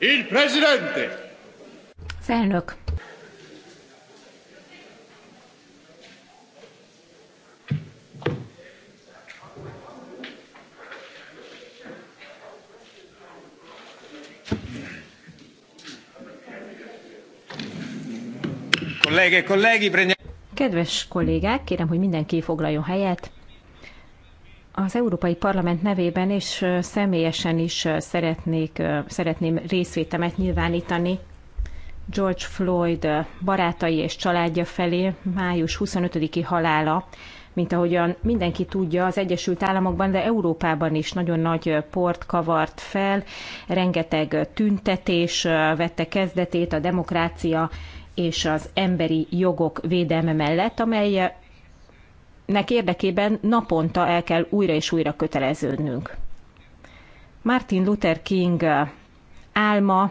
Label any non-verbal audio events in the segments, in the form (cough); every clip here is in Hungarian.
Il Presidente! Felnök. Kedves kollégák, kérem, hogy mindenki foglaljon helyet az Európai Parlament nevében és személyesen is szeretnék, szeretném részvétemet nyilvánítani George Floyd barátai és családja felé május 25-i halála, mint ahogyan mindenki tudja, az Egyesült Államokban, de Európában is nagyon nagy port kavart fel, rengeteg tüntetés vette kezdetét a demokrácia és az emberi jogok védelme mellett, amely nek érdekében naponta el kell újra és újra köteleződnünk. Martin Luther King álma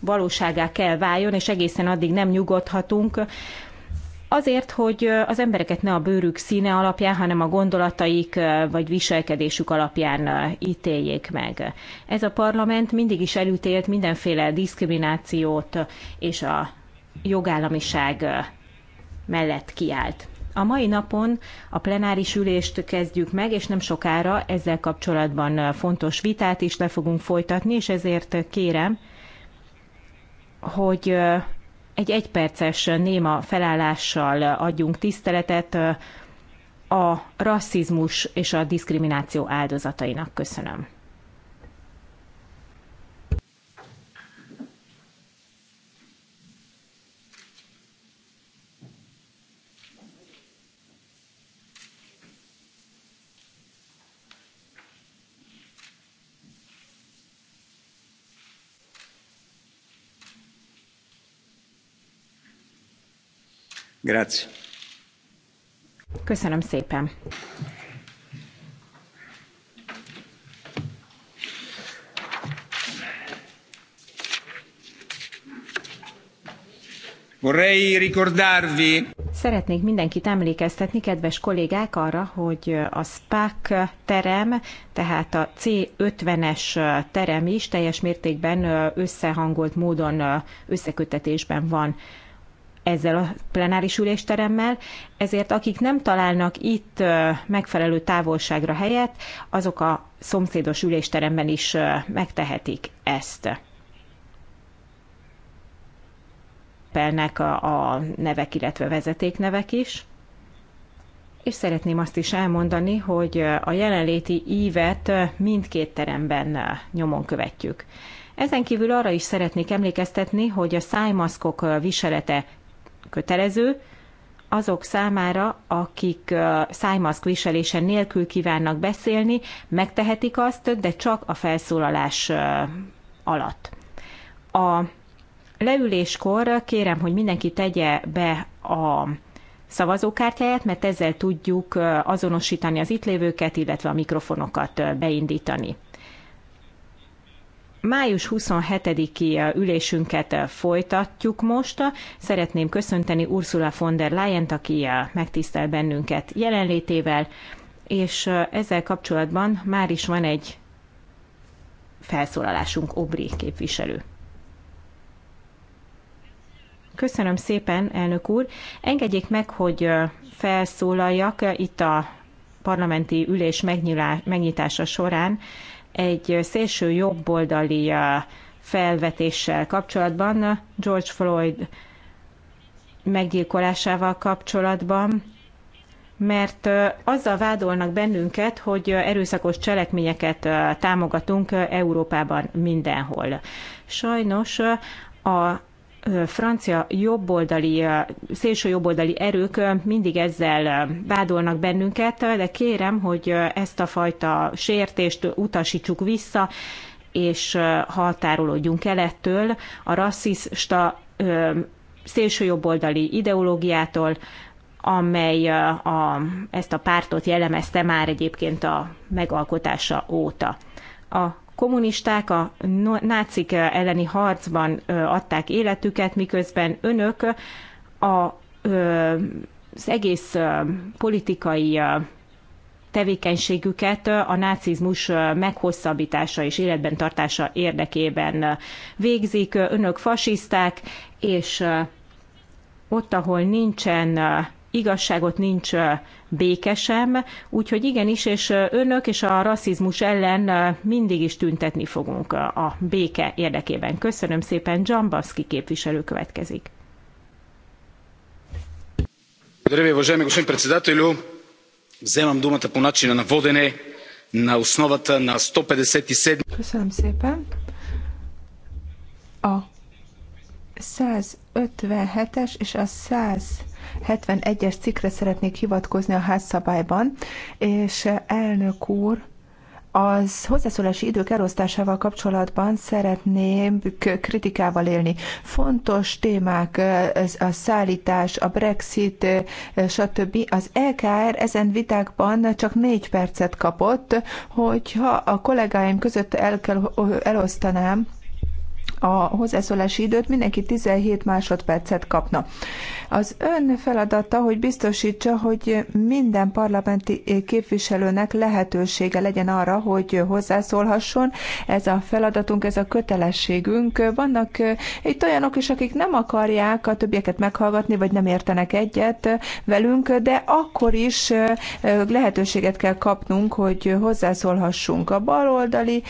valóságá kell váljon, és egészen addig nem nyugodhatunk, Azért, hogy az embereket ne a bőrük színe alapján, hanem a gondolataik vagy viselkedésük alapján ítéljék meg. Ez a parlament mindig is elütélt mindenféle diszkriminációt és a jogállamiság mellett kiállt. A mai napon a plenáris ülést kezdjük meg, és nem sokára ezzel kapcsolatban uh, fontos vitát is le fogunk folytatni, és ezért uh, kérem, hogy uh, egy egyperces néma felállással adjunk tiszteletet a rasszizmus és a diszkrimináció áldozatainak. Köszönöm. Grazie. Köszönöm szépen. Szeretnék mindenkit emlékeztetni, kedves kollégák, arra, hogy a SPAC terem, tehát a C50-es terem is teljes mértékben összehangolt módon összekötetésben van ezzel a plenáris ülésteremmel, ezért akik nem találnak itt megfelelő távolságra helyet, azok a szomszédos ülésteremben is megtehetik ezt. Pelnek a, a nevek, illetve vezetéknevek is. És szeretném azt is elmondani, hogy a jelenléti ívet mindkét teremben nyomon követjük. Ezen kívül arra is szeretnék emlékeztetni, hogy a szájmaszkok viselete kötelező azok számára, akik szájmaszk viselése nélkül kívánnak beszélni, megtehetik azt, de csak a felszólalás alatt. A leüléskor kérem, hogy mindenki tegye be a szavazókártyáját, mert ezzel tudjuk azonosítani az itt lévőket, illetve a mikrofonokat beindítani. Május 27-i ülésünket folytatjuk most. Szeretném köszönteni Ursula von der leyen aki megtisztel bennünket jelenlétével, és ezzel kapcsolatban már is van egy felszólalásunk Obri képviselő. Köszönöm szépen, elnök úr. Engedjék meg, hogy felszólaljak itt a parlamenti ülés megnyitása során egy szélső jobboldali uh, felvetéssel kapcsolatban, George Floyd meggyilkolásával kapcsolatban, mert uh, azzal vádolnak bennünket, hogy uh, erőszakos cselekményeket támogatunk Európában mindenhol. Sajnos a francia jobboldali, szélső jobboldali erők mindig ezzel vádolnak bennünket, de kérem, hogy ezt a fajta sértést utasítsuk vissza, és határolódjunk el ettől a rasszista szélsőjobboldali ideológiától, amely a, ezt a pártot jellemezte már egyébként a megalkotása óta. A kommunisták a nácik eh, elleni harcban eh, adták életüket, miközben önök a, az egész politikai tevékenységüket a nácizmus meghosszabbítása és életben tartása érdekében végzik. Önök fasiszták, és ott, ahol nincsen igazságot nincs békesem, úgyhogy igenis, és önök és a rasszizmus ellen mindig is tüntetni fogunk a béke érdekében. Köszönöm szépen, Dzsambaszki képviselő következik. Благодаря Ви, уважаеми господин председателю. Вземам думата по начина на водене на основата на 157. Köszönöm szépen. A 157-es és a 100 71-es cikre szeretnék hivatkozni a házszabályban, és eh, elnök úr, az hozzászólási idők elosztásával kapcsolatban szeretném kritikával élni. Fontos témák, eh, a szállítás, a Brexit, eh, stb. Az LKR ezen vitákban csak négy percet kapott, hogyha a kollégáim között el kell, elosztanám, a hozzászólási időt, mindenki 17 másodpercet kapna. Az ön feladata, hogy biztosítsa, hogy minden parlamenti képviselőnek lehetősége legyen arra, hogy hozzászólhasson. Ez a feladatunk, ez a kötelességünk. Vannak eh, itt olyanok is, akik nem akarják a többieket meghallgatni, vagy nem értenek egyet eh, velünk, de akkor is eh, lehetőséget kell kapnunk, hogy hozzászólhassunk. A baloldali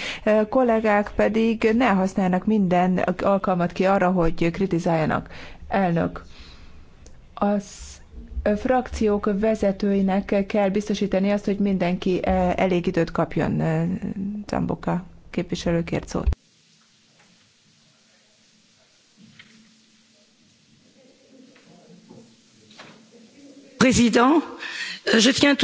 kollégák pedig ne használnak minden minden alkalmat ki arra, hogy kritizáljanak. Elnök, az frakciók vezetőinek kell biztosítani azt, hogy mindenki e, elég időt kapjon. E, Zamboka képviselőkért szót. Président,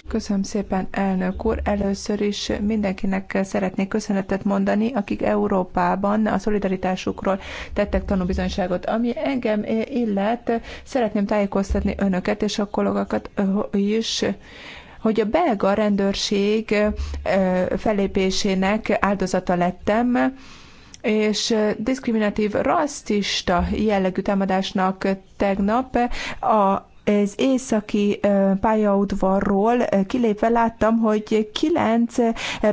Köszönöm szépen, elnök úr. Először is mindenkinek szeretnék köszönetet mondani, akik Európában a szolidaritásukról tettek tanúbizonyságot. Ami engem illet, szeretném tájékoztatni önöket és a kollégákat is, hogy a belga rendőrség fellépésének áldozata lettem, és diszkriminatív, rasszista jellegű támadásnak tegnap a az északi pályaudvarról kilépve láttam, hogy kilenc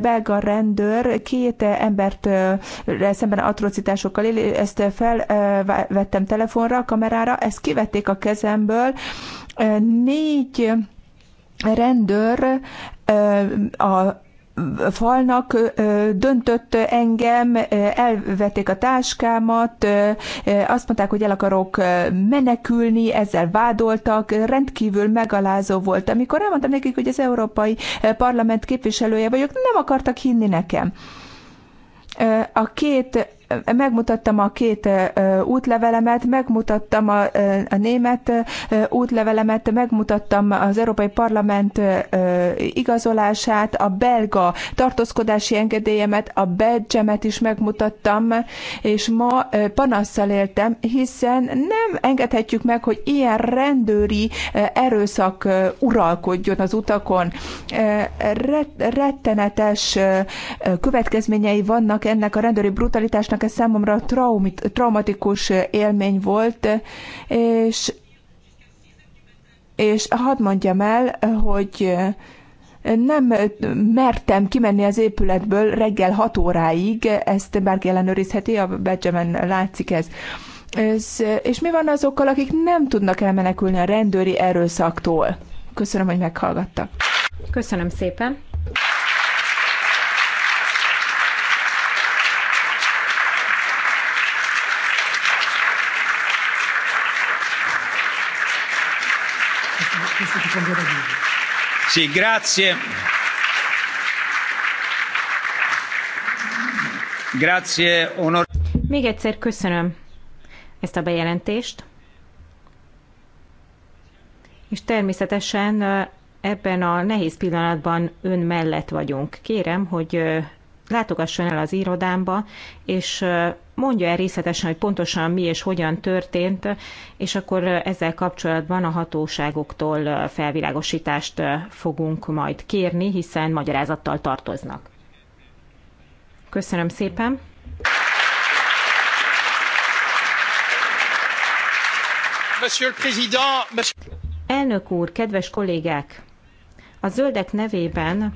belga rendőr két embert szemben atrocitásokkal él, ezt felvettem telefonra, kamerára, ezt kivették a kezemből, négy rendőr a falnak döntött engem, elvették a táskámat, azt mondták, hogy el akarok menekülni, ezzel vádoltak, rendkívül megalázó volt. Amikor elmondtam nekik, hogy az Európai Parlament képviselője vagyok, nem akartak hinni nekem. A két megmutattam a két útlevelemet, megmutattam a, a német útlevelemet, megmutattam az Európai Parlament igazolását, a belga tartózkodási engedélyemet, a bedzsemet is megmutattam, és ma panasszal éltem, hiszen nem engedhetjük meg, hogy ilyen rendőri erőszak uralkodjon az utakon. Rettenetes következményei vannak ennek a rendőri brutalitásnak, ez számomra traumit, traumatikus élmény volt, és, és hadd mondjam el, hogy nem mertem kimenni az épületből reggel 6 óráig, ezt bárki ellenőrizheti, a badge látszik ez. ez. És mi van azokkal, akik nem tudnak elmenekülni a rendőri erőszaktól? Köszönöm, hogy meghallgattak. Köszönöm szépen. Sì, grazie. Grazie, onor... Még egyszer köszönöm ezt a bejelentést. És természetesen ebben a nehéz pillanatban ön mellett vagyunk. Kérem, hogy látogasson el az irodámba, és mondja el részletesen, hogy pontosan mi és hogyan történt, és akkor ezzel kapcsolatban a hatóságoktól felvilágosítást fogunk majd kérni, hiszen magyarázattal tartoznak. Köszönöm szépen! Elnök úr, kedves kollégák! A zöldek nevében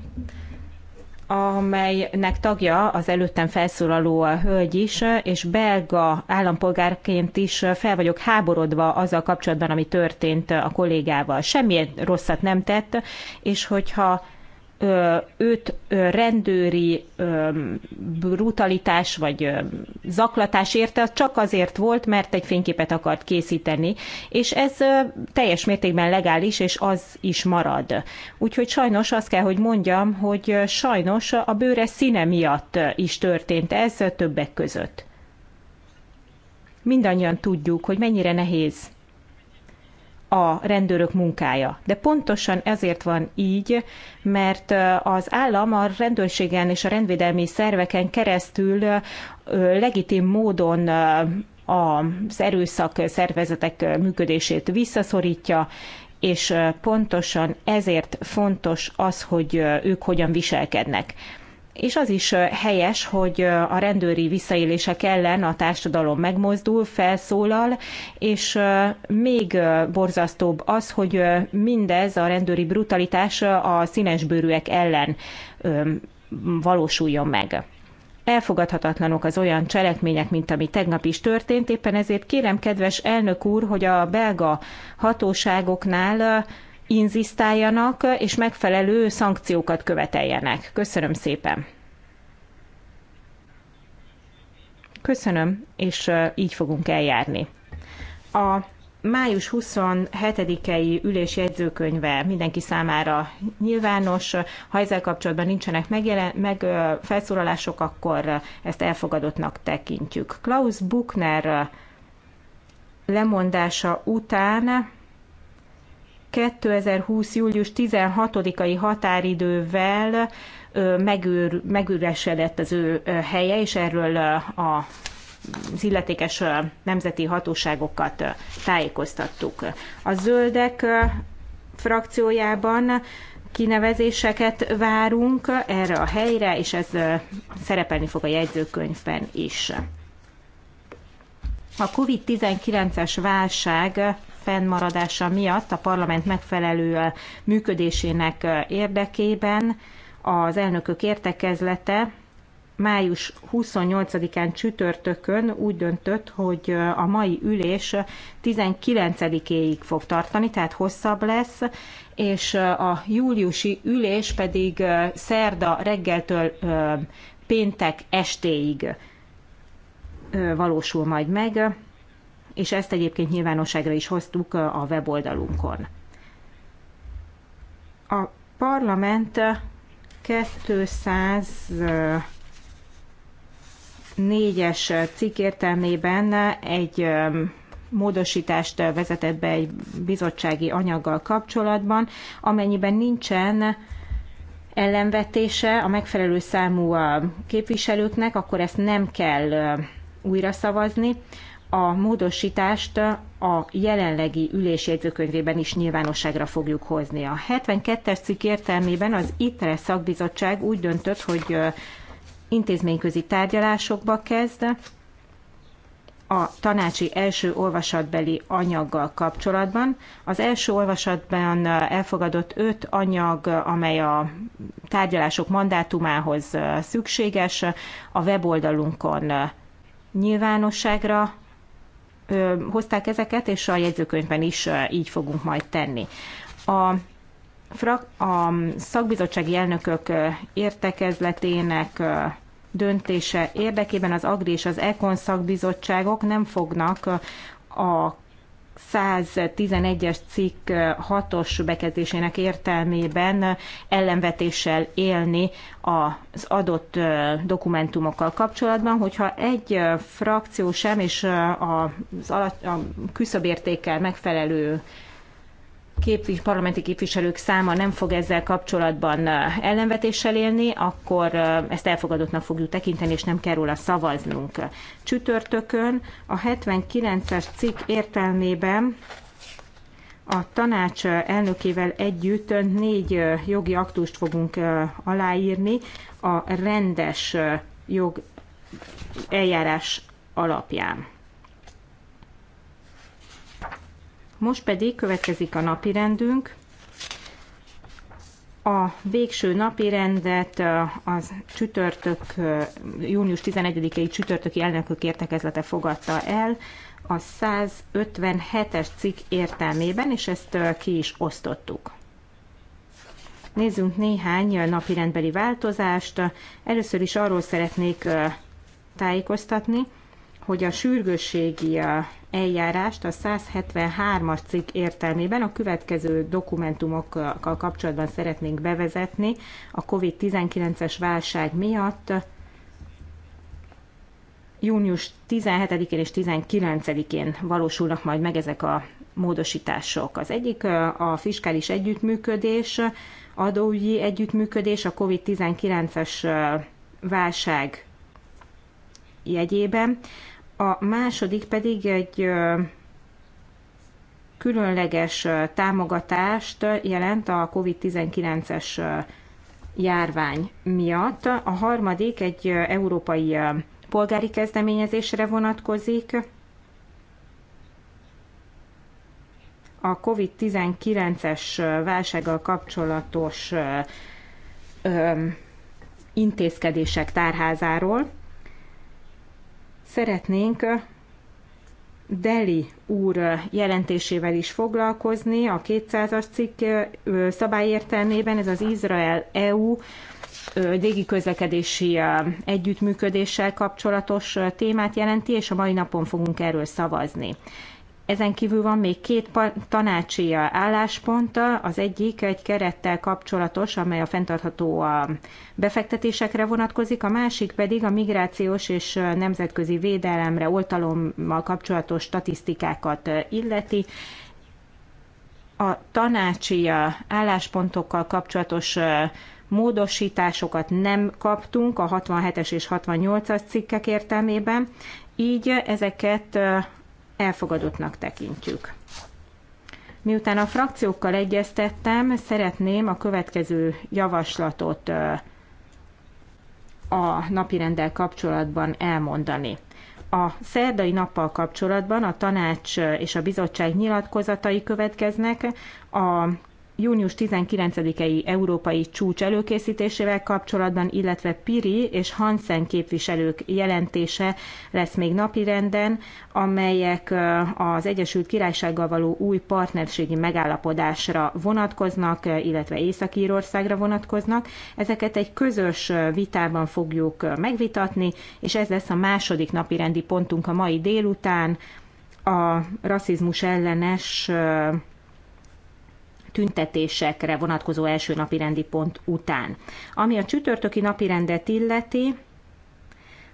amelynek tagja az előttem felszólaló hölgy is, és belga állampolgárként is fel vagyok háborodva azzal kapcsolatban, ami történt a kollégával. Semmilyen rosszat nem tett, és hogyha öt rendőri brutalitás vagy zaklatás érte, csak azért volt, mert egy fényképet akart készíteni, és ez teljes mértékben legális, és az is marad. Úgyhogy sajnos azt kell, hogy mondjam, hogy sajnos a bőre színe miatt is történt ez többek között. Mindannyian tudjuk, hogy mennyire nehéz a rendőrök munkája. De pontosan ezért van így, mert az állam a rendőrségen és a rendvédelmi szerveken keresztül legitim módon az erőszak szervezetek működését visszaszorítja, és pontosan ezért fontos az, hogy ők hogyan viselkednek és az is helyes, hogy a rendőri visszaélések ellen a társadalom megmozdul, felszólal, és még borzasztóbb az, hogy mindez a rendőri brutalitás a színesbőrűek ellen valósuljon meg. Elfogadhatatlanok az olyan cselekmények, mint ami tegnap is történt, éppen ezért kérem, kedves elnök úr, hogy a belga hatóságoknál inzisztáljanak, és megfelelő szankciókat követeljenek. Köszönöm szépen! Köszönöm, és így fogunk eljárni. A május 27-i ülés jegyzőkönyve mindenki számára nyilvános. Ha ezzel kapcsolatban nincsenek megjelen, meg felszólalások, akkor ezt elfogadottnak tekintjük. Klaus Buchner lemondása után 2020. július 16-ai határidővel megőr, megüresedett az ő helye, és erről a az illetékes nemzeti hatóságokat tájékoztattuk. A zöldek frakciójában kinevezéseket várunk erre a helyre, és ez szerepelni fog a jegyzőkönyvben is. A COVID-19-es válság fennmaradása miatt a parlament megfelelő működésének érdekében az elnökök értekezlete május 28-án csütörtökön úgy döntött, hogy a mai ülés 19-éig fog tartani, tehát hosszabb lesz, és a júliusi ülés pedig szerda reggeltől péntek estéig valósul majd meg és ezt egyébként nyilvánosságra is hoztuk a weboldalunkon. A parlament 204-es cikk értelmében egy módosítást vezetett be egy bizottsági anyaggal kapcsolatban, amennyiben nincsen ellenvetése a megfelelő számú képviselőknek, akkor ezt nem kell újra szavazni a módosítást a jelenlegi ülésjegyzőkönyvében is nyilvánosságra fogjuk hozni. A 72-es cikk értelmében az ITRE szakbizottság úgy döntött, hogy intézményközi tárgyalásokba kezd a tanácsi első olvasatbeli anyaggal kapcsolatban. Az első olvasatban elfogadott öt anyag, amely a tárgyalások mandátumához szükséges, a weboldalunkon nyilvánosságra hozták ezeket, és a jegyzőkönyvben is így fogunk majd tenni. A a szakbizottsági elnökök értekezletének döntése érdekében az AGRI és az ECON szakbizottságok nem fognak a 111-es cikk 6-os bekezdésének értelmében ellenvetéssel élni az adott dokumentumokkal kapcsolatban, hogyha egy frakció sem és az alatt, a küszöbértékkel megfelelő képvis, parlamenti képviselők száma nem fog ezzel kapcsolatban ellenvetéssel élni, akkor ezt elfogadottnak fogjuk tekinteni, és nem kell róla szavaznunk. Csütörtökön a 79-es cikk értelmében a tanács elnökével együtt négy jogi aktust fogunk aláírni a rendes jog eljárás alapján. Most pedig következik a napirendünk. A végső napirendet az csütörtök, június 11-i csütörtöki elnökök értekezlete fogadta el a 157-es cikk értelmében, és ezt ki is osztottuk. Nézzünk néhány napirendbeli változást. Először is arról szeretnék tájékoztatni, hogy a sürgősségi uh, eljárást a 173-as cikk értelmében a következő dokumentumokkal kapcsolatban szeretnénk bevezetni a COVID-19-es válság miatt június 17-én és 19-én valósulnak majd meg ezek a módosítások. Az egyik uh, a fiskális együttműködés, adóügyi együttműködés a COVID-19-es uh, válság jegyében a második pedig egy különleges támogatást jelent a COVID-19-es járvány miatt. A harmadik egy európai polgári kezdeményezésre vonatkozik. A COVID-19-es válsággal kapcsolatos intézkedések tárházáról. Szeretnénk Deli úr jelentésével is foglalkozni, a 200-as cikk szabályértelmében. ez az Izrael-EU végi közlekedési együttműködéssel kapcsolatos témát jelenti, és a mai napon fogunk erről szavazni. Ezen kívül van még két tanácsi uh, álláspont, az egyik egy kerettel kapcsolatos, amely a fenntartható uh, befektetésekre vonatkozik, a másik pedig a migrációs és uh, nemzetközi védelemre, oltalommal kapcsolatos statisztikákat illeti. A tanácsi álláspontokkal kapcsolatos módosításokat nem kaptunk a 67-es és 68-as cikkek értelmében, így ezeket elfogadottnak tekintjük. Miután a frakciókkal egyeztettem, szeretném a következő javaslatot a napirendel kapcsolatban elmondani. A szerdai nappal kapcsolatban a tanács és a bizottság nyilatkozatai következnek, a június 19-i európai csúcs előkészítésével kapcsolatban, illetve Piri és Hansen képviselők jelentése lesz még napirenden, amelyek az Egyesült Királysággal való új partnerségi megállapodásra vonatkoznak, illetve Észak-Írországra vonatkoznak. Ezeket egy közös vitában fogjuk megvitatni, és ez lesz a második napirendi pontunk a mai délután, a rasszizmus ellenes tüntetésekre vonatkozó első napirendi pont után. Ami a csütörtöki napirendet illeti,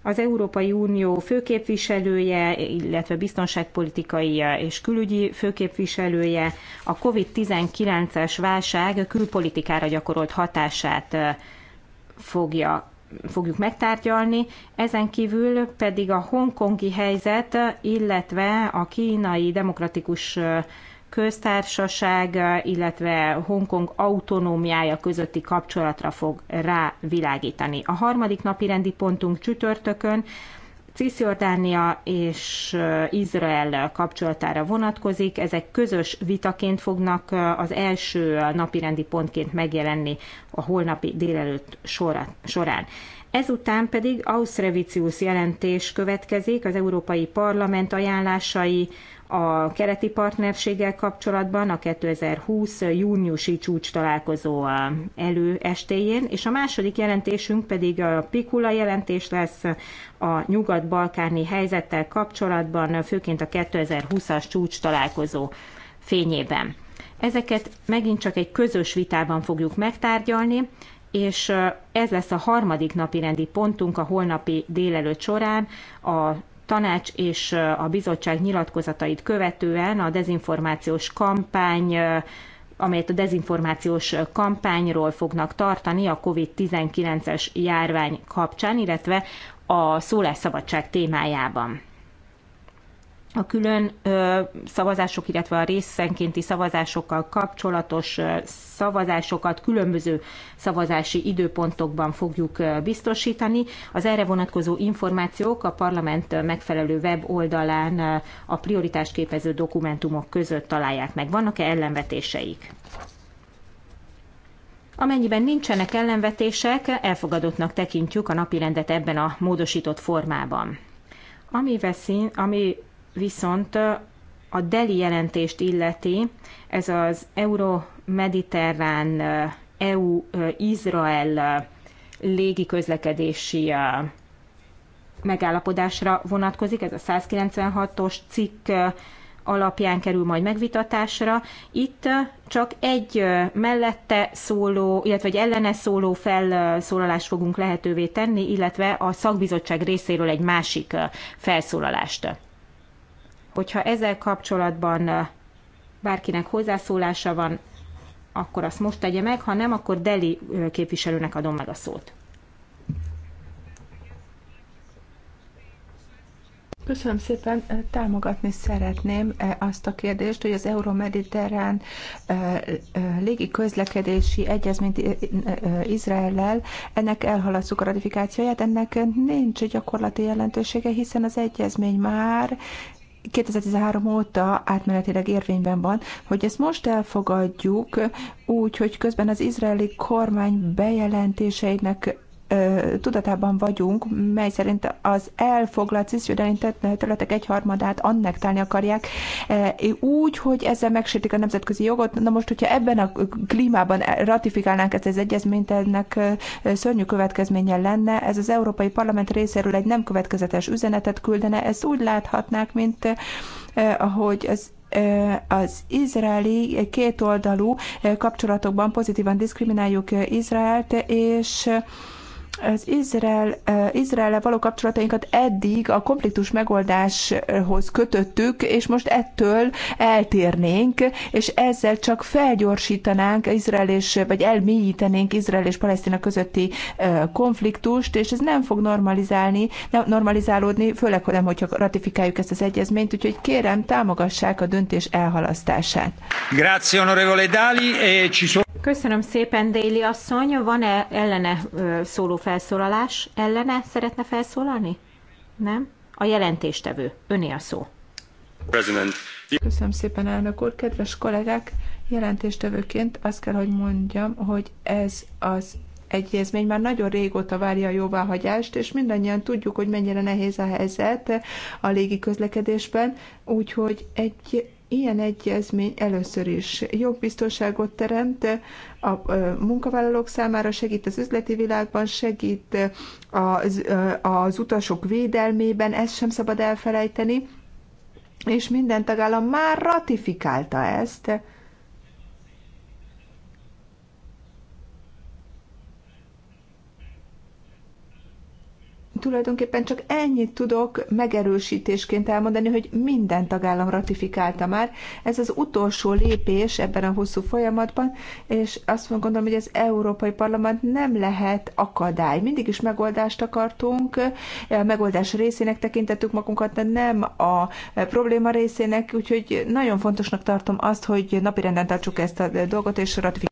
az Európai Unió főképviselője, illetve biztonságpolitikai és külügyi főképviselője a COVID-19-es válság külpolitikára gyakorolt hatását fogja fogjuk megtárgyalni, ezen kívül pedig a hongkongi helyzet, illetve a kínai demokratikus köztársaság, illetve Hongkong autonómiája közötti kapcsolatra fog rávilágítani. A harmadik napi rendi pontunk csütörtökön Cisziordánia és uh, Izrael kapcsolatára vonatkozik. Ezek közös vitaként fognak uh, az első uh, napirendi pontként megjelenni a holnapi délelőtt során. Ezután pedig Ausrevicius jelentés következik, az Európai Parlament ajánlásai a kereti partnerséggel kapcsolatban a 2020. júniusi csúcs találkozó előestéjén, és a második jelentésünk pedig a Pikula jelentés lesz a nyugat-balkáni helyzettel kapcsolatban, főként a 2020-as csúcs találkozó fényében. Ezeket megint csak egy közös vitában fogjuk megtárgyalni, és ez lesz a harmadik napi rendi pontunk a holnapi délelőtt során a tanács és a bizottság nyilatkozatait követően a dezinformációs kampány amelyet a dezinformációs kampányról fognak tartani a COVID-19-es járvány kapcsán, illetve a szólásszabadság témájában a külön szavazások, illetve a részenkénti szavazásokkal kapcsolatos szavazásokat különböző szavazási időpontokban fogjuk biztosítani. Az erre vonatkozó információk a parlament megfelelő weboldalán a prioritást képező dokumentumok között találják meg. Vannak-e ellenvetéseik? Amennyiben nincsenek ellenvetések, elfogadottnak tekintjük a napirendet ebben a módosított formában. Ami, veszi, ami viszont a DELI jelentést illeti, ez az Euró-Mediterrán EU-Izrael légiközlekedési megállapodásra vonatkozik, ez a 196-os cikk alapján kerül majd megvitatásra. Itt csak egy mellette szóló, illetve egy ellene szóló felszólalást fogunk lehetővé tenni, illetve a szakbizottság részéről egy másik felszólalást. Hogyha ezzel kapcsolatban bárkinek hozzászólása van, akkor azt most tegye meg, ha nem, akkor Deli képviselőnek adom meg a szót. Köszönöm szépen. Támogatni szeretném azt a kérdést, hogy az Euromediterrán légi közlekedési egyezményt Izraellel, ennek elhalasszuk a ratifikációját, ennek nincs gyakorlati jelentősége, hiszen az egyezmény már 2013 óta átmenetileg érvényben van, hogy ezt most elfogadjuk úgy, hogy közben az izraeli kormány bejelentéseinek tudatában vagyunk, mely szerint az elfoglalt ciszjudani területek egyharmadát annektálni akarják, úgy, hogy ezzel megsértik a nemzetközi jogot. Na most, hogyha ebben a klímában ratifikálnánk ezt az egyezményt, ennek szörnyű következménye lenne. Ez az Európai Parlament részéről egy nem következetes üzenetet küldene. Ezt úgy láthatnák, mint ahogy az az izraeli kétoldalú kapcsolatokban pozitívan diszkrimináljuk Izraelt, és az Izrael, Izrael való kapcsolatainkat eddig a konfliktus megoldáshoz kötöttük, és most ettől eltérnénk, és ezzel csak felgyorsítanánk Izrael és, vagy elmélyítenénk Izrael és Palesztina közötti konfliktust, és ez nem fog normalizálni, nem normalizálódni, főleg nem, hogyha ratifikáljuk ezt az egyezményt, úgyhogy kérem, támogassák a döntés elhalasztását. Grazie, onorevole Dali, e ci sono... Köszönöm szépen, Déli asszony. Van-e ellene szóló felszólalás? Ellene szeretne felszólalni? Nem? A jelentéstevő. Öné a szó. President. Köszönöm szépen, elnök úr. Kedves kollégák, jelentéstevőként azt kell, hogy mondjam, hogy ez az egyezmény már nagyon régóta várja a jóváhagyást, és mindannyian tudjuk, hogy mennyire nehéz a helyzet a légi közlekedésben, úgyhogy egy ilyen egyezmény először is jogbiztonságot teremt a munkavállalók számára, segít az üzleti világban, segít az, az utasok védelmében, ezt sem szabad elfelejteni, és minden tagállam már ratifikálta ezt. tulajdonképpen csak ennyit tudok megerősítésként elmondani, hogy minden tagállam ratifikálta már. Ez az utolsó lépés ebben a hosszú folyamatban, és azt gondolom, hogy az Európai Parlament nem lehet akadály. Mindig is megoldást akartunk, a megoldás részének tekintettük magunkat, de nem a probléma részének, úgyhogy nagyon fontosnak tartom azt, hogy napirenden tartsuk ezt a dolgot, és ratifikáljuk.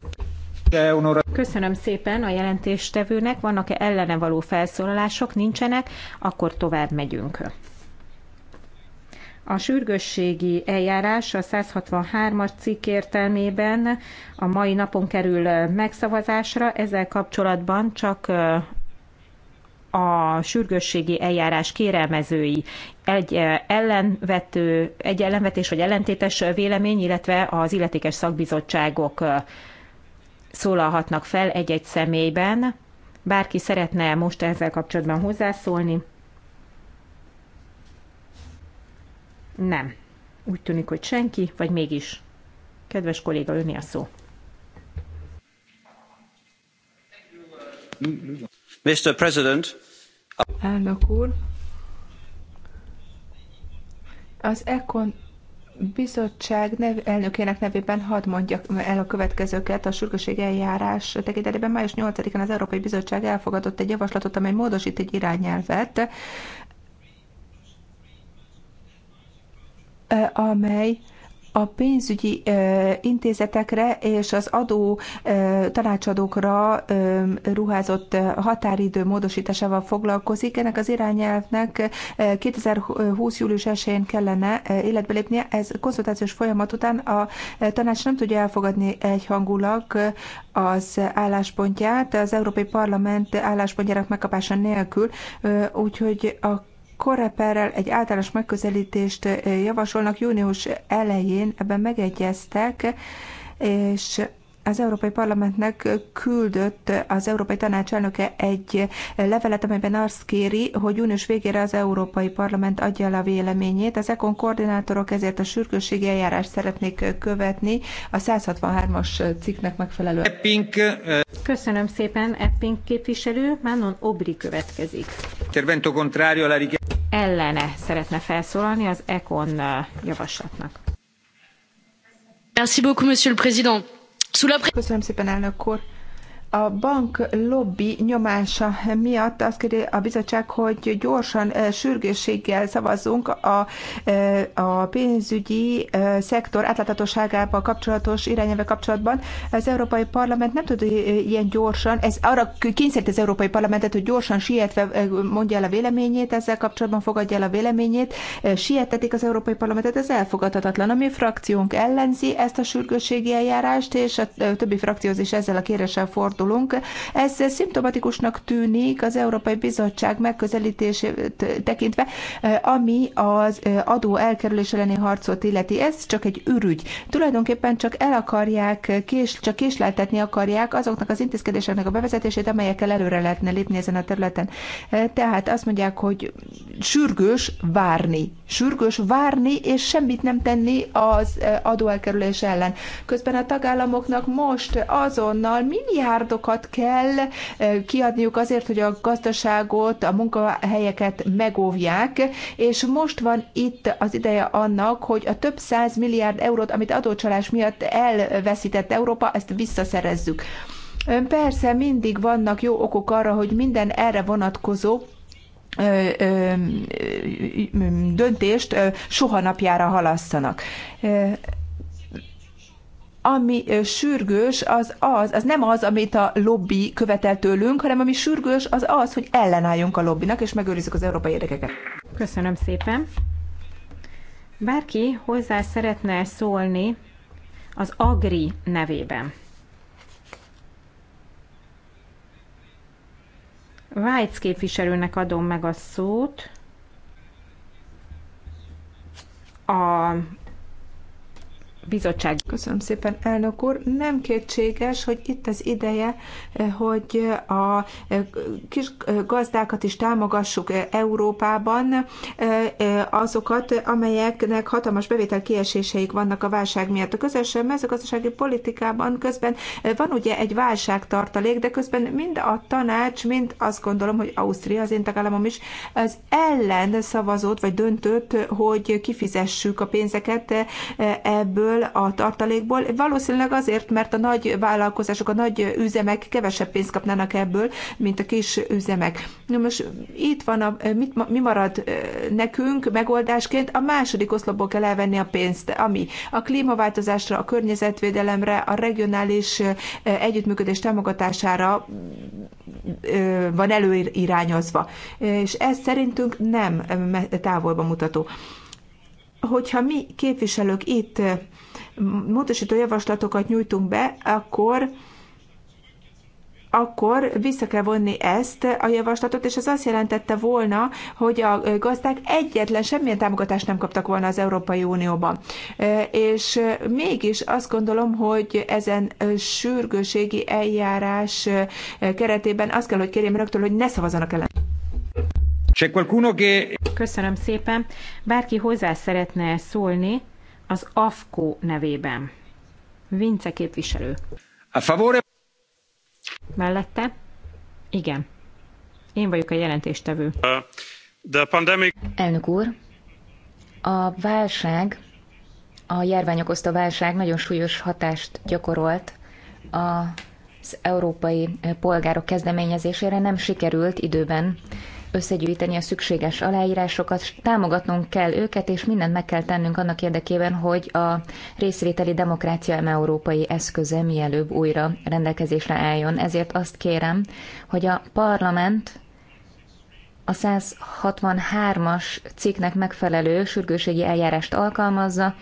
Köszönöm szépen a jelentéstevőnek. Vannak-e ellene való felszólalások? Nincsenek, akkor tovább megyünk. A sürgősségi eljárás a 163-as cikk értelmében a mai napon kerül megszavazásra. Ezzel kapcsolatban csak a sürgősségi eljárás kérelmezői egy ellenvető, egy ellenvetés vagy ellentétes vélemény, illetve az illetékes szakbizottságok szólalhatnak fel egy-egy személyben. Bárki szeretne most ezzel kapcsolatban hozzászólni? Nem. Úgy tűnik, hogy senki, vagy mégis. Kedves kolléga, önni a szó. Mr. President. Elnök úr, az ECON bizottság nev, elnökének nevében hadd mondjak el a következőket. A sürgőség eljárás tekintetében május 8-án az Európai Bizottság elfogadott egy javaslatot, amely módosít egy irányelvet, eh, amely a pénzügyi intézetekre és az adó tanácsadókra ruházott határidő módosításával foglalkozik. Ennek az irányelvnek 2020. július 1-én kellene életbe lépnie. Ez konzultációs folyamat után a tanács nem tudja elfogadni egyhangulag az álláspontját, az Európai Parlament álláspontjának megkapása nélkül, úgyhogy a Koreperrel egy általános megközelítést eh, javasolnak június elején, ebben megegyeztek, és az Európai Parlamentnek küldött az Európai Tanács elnöke egy levelet, amelyben azt kéri, hogy június végére az Európai Parlament adja el a véleményét. Az EKON koordinátorok ezért a sürgősségi eljárást szeretnék követni a 163-as cikknek megfelelően. Epping. Köszönöm szépen, Epping képviselő. Manon Obri következik. Intervento contrario alla Ellene szeretne felszólalni az ekon javaslatnak. Merci beaucoup, monsieur le président Köszönöm szépen, elnök úr a bank lobby nyomása miatt azt kéri a bizottság, hogy gyorsan, eh, sürgősséggel szavazzunk a, eh, a pénzügyi eh, szektor átláthatóságával kapcsolatos irányelve kapcsolatban. Az Európai Parlament nem tud ilyen gyorsan, ez arra kényszerít az Európai Parlamentet, hogy gyorsan sietve mondja el a véleményét, ezzel kapcsolatban fogadja el a véleményét, sietetik az Európai Parlamentet, ez elfogadhatatlan. A mi frakciónk ellenzi ezt a sürgősségi eljárást, és a többi frakcióz is ezzel a kéréssel fordul fordulunk. Ez szimptomatikusnak tűnik az Európai Bizottság megközelítését tekintve, ami az adó elkerülés elleni harcot illeti. Ez csak egy ürügy. Tulajdonképpen csak el akarják, kés, csak késleltetni akarják azoknak az intézkedéseknek a bevezetését, amelyekkel előre lehetne lépni ezen a területen. Tehát azt mondják, hogy sürgős várni. Sürgős várni, és semmit nem tenni az adóelkerülés ellen. Közben a tagállamoknak most azonnal milliárd adatokat kell eh, kiadniuk azért, hogy a gazdaságot, a munkahelyeket megóvják, és most van itt az ideje annak, hogy a több száz milliárd eurót, amit adócsalás miatt elveszített Európa, ezt visszaszerezzük. Persze mindig vannak jó okok arra, hogy minden erre vonatkozó döntést soha napjára halasszanak ami sürgős, az az, az nem az, amit a lobby követel tőlünk, hanem ami sürgős, az az, hogy ellenálljunk a lobbynak, és megőrizzük az európai érdekeket. Köszönöm szépen. Bárki hozzá szeretne szólni az Agri nevében. Vájc képviselőnek adom meg a szót. A bizottság. Köszönöm szépen, elnök úr. Nem kétséges, hogy itt az ideje, eh, hogy a eh, kis eh, gazdákat is támogassuk Európában, azokat, amelyeknek hatalmas bevétel kieséseik vannak a válság miatt. A közös mezőgazdasági politikában közben van ugye egy válságtartalék, de közben mind a tanács, mind azt gondolom, hogy Ausztria, az én tagállamom is, az ellen szavazott, vagy döntött, hogy kifizessük a pénzeket ebből ebből a tartalékból, valószínűleg azért, mert a nagy vállalkozások, a nagy üzemek kevesebb pénzt kapnának ebből, mint a kis üzemek. Na most itt van, a, mit, mi marad nekünk megoldásként, a második oszlopból kell elvenni a pénzt, ami a klímaváltozásra, a környezetvédelemre, a regionális együttműködés támogatására van előirányozva. És ez szerintünk nem távolba mutató hogyha mi képviselők itt eh, módosító javaslatokat nyújtunk be, akkor akkor vissza kell vonni ezt a javaslatot, és ez azt jelentette volna, hogy a gazdák egyetlen semmilyen támogatást nem kaptak volna az Európai Unióban. Eh, és eh, mégis azt gondolom, hogy ezen sürgőségi eljárás keretében azt kell, hogy kérjem rögtön, hogy ne szavazzanak ellen. C'è qualcuno che... Köszönöm szépen. Bárki hozzá szeretne szólni az AFKO nevében. Vince képviselő. A favore... Mellette? Igen. Én vagyok a jelentéstevő. Uh, the pandemic... Elnök úr, a válság, a járvány okozta válság nagyon súlyos hatást gyakorolt az európai polgárok kezdeményezésére, nem sikerült időben összegyűjteni a szükséges aláírásokat, támogatnunk kell őket, és mindent meg kell tennünk annak érdekében, hogy a részvételi demokrácia európai eszköze mielőbb újra rendelkezésre álljon. Ezért azt kérem, hogy a parlament a 163-as cikknek megfelelő sürgőségi eljárást alkalmazza,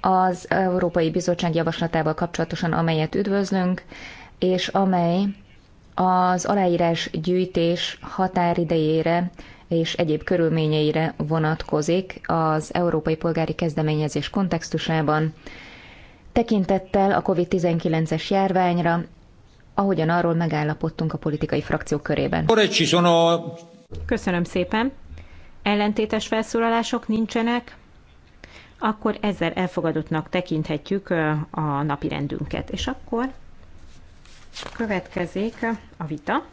az Európai Bizottság javaslatával kapcsolatosan, amelyet üdvözlünk, és amely az aláírás gyűjtés határidejére és egyéb körülményeire vonatkozik az Európai Polgári Kezdeményezés kontextusában, tekintettel a COVID-19-es járványra, ahogyan arról megállapodtunk a politikai frakciók körében. Köszönöm szépen. Ellentétes felszólalások nincsenek, akkor ezzel elfogadottnak tekinthetjük a napirendünket. És akkor Következik a vita.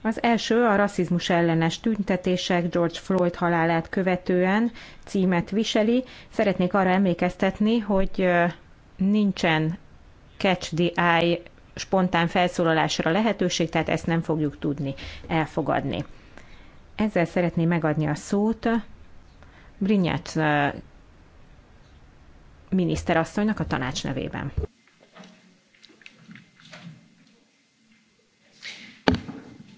Az első a rasszizmus ellenes tüntetések George Floyd halálát követően címet viseli. Szeretnék arra emlékeztetni, hogy nincsen catch the eye spontán felszólalásra lehetőség, tehát ezt nem fogjuk tudni elfogadni. Ezzel szeretném megadni a szót Brinyát miniszterasszonynak a tanács nevében.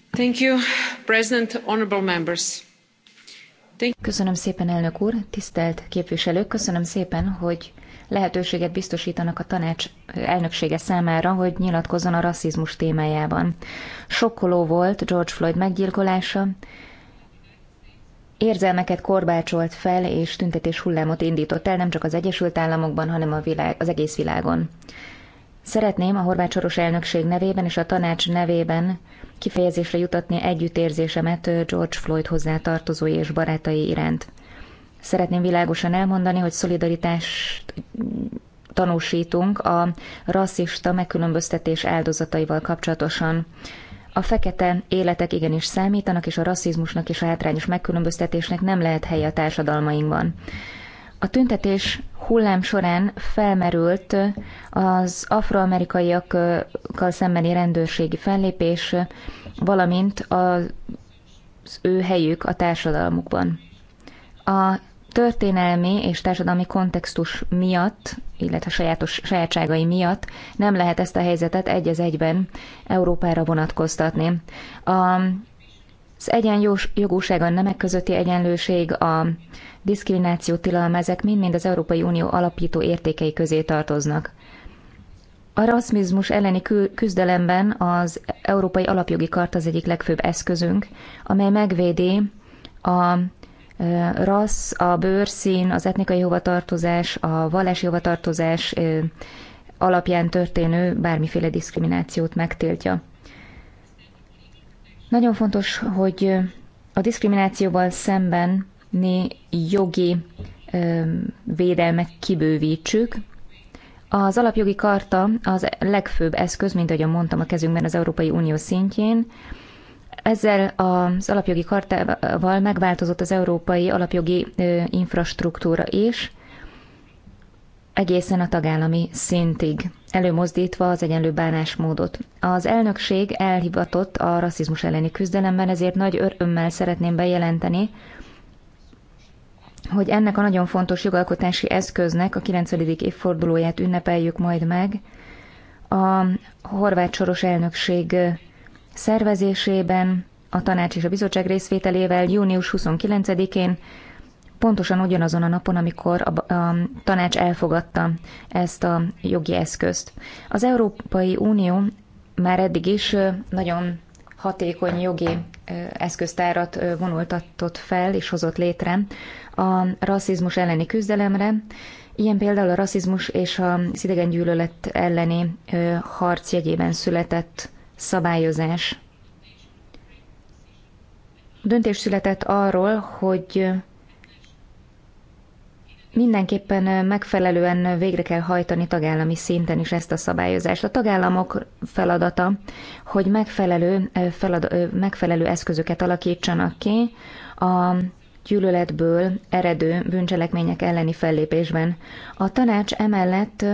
Thank you, President, honorable members. Thank köszönöm szépen, elnök úr, tisztelt képviselők, köszönöm szépen, hogy lehetőséget biztosítanak a tanács elnöksége számára, hogy nyilatkozzon a rasszizmus témájában. Sokkoló volt George Floyd meggyilkolása, érzelmeket korbácsolt fel, és tüntetés hullámot indított el nem csak az Egyesült Államokban, hanem a világ, az egész világon. Szeretném a horvát soros elnökség nevében és a tanács nevében kifejezésre jutatni együttérzésemet George Floyd hozzátartozói és barátai iránt. Szeretném világosan elmondani, hogy szolidaritást tanúsítunk a rasszista megkülönböztetés áldozataival kapcsolatosan. A fekete életek igenis számítanak, és a rasszizmusnak és a hátrányos megkülönböztetésnek nem lehet helye a társadalmainkban. A tüntetés hullám során felmerült az afroamerikaiakkal szembeni rendőrségi fellépés, valamint az ő helyük a társadalmukban. A történelmi és társadalmi kontextus miatt, illetve sajátos sajátságai miatt nem lehet ezt a helyzetet egy az egyben Európára vonatkoztatni. A, az egyenjós a nemek közötti egyenlőség, a diszkrimináció tilalma, ezek mind-mind az Európai Unió alapító értékei közé tartoznak. A rasszmizmus elleni küzdelemben az Európai Alapjogi Kart az egyik legfőbb eszközünk, amely megvédi a rassz, a bőrszín, az etnikai hovatartozás, a vallási hovatartozás alapján történő bármiféle diszkriminációt megtiltja. Nagyon fontos, hogy a diszkriminációval szemben jogi védelmet kibővítsük. Az alapjogi karta az legfőbb eszköz, mint ahogy mondtam, a kezünkben az Európai Unió szintjén, ezzel az alapjogi kartával megváltozott az európai alapjogi infrastruktúra is, egészen a tagállami szintig, előmozdítva az egyenlő bánásmódot. Az elnökség elhivatott a rasszizmus elleni küzdelemben, ezért nagy örömmel szeretném bejelenteni, hogy ennek a nagyon fontos jogalkotási eszköznek a 9. évfordulóját ünnepeljük majd meg a horvát soros elnökség szervezésében, a tanács és a bizottság részvételével június 29-én, pontosan ugyanazon a napon, amikor a, a tanács elfogadta ezt a jogi eszközt. Az Európai Unió már eddig is nagyon hatékony jogi eszköztárat vonultatott fel és hozott létre a rasszizmus elleni küzdelemre, Ilyen például a rasszizmus és a gyűlölet elleni harc jegyében született szabályozás. Döntés született arról, hogy mindenképpen megfelelően végre kell hajtani tagállami szinten is ezt a szabályozást. A tagállamok feladata, hogy megfelelő, felad, megfelelő eszközöket alakítsanak ki a gyűlöletből eredő bűncselekmények elleni fellépésben. A tanács emellett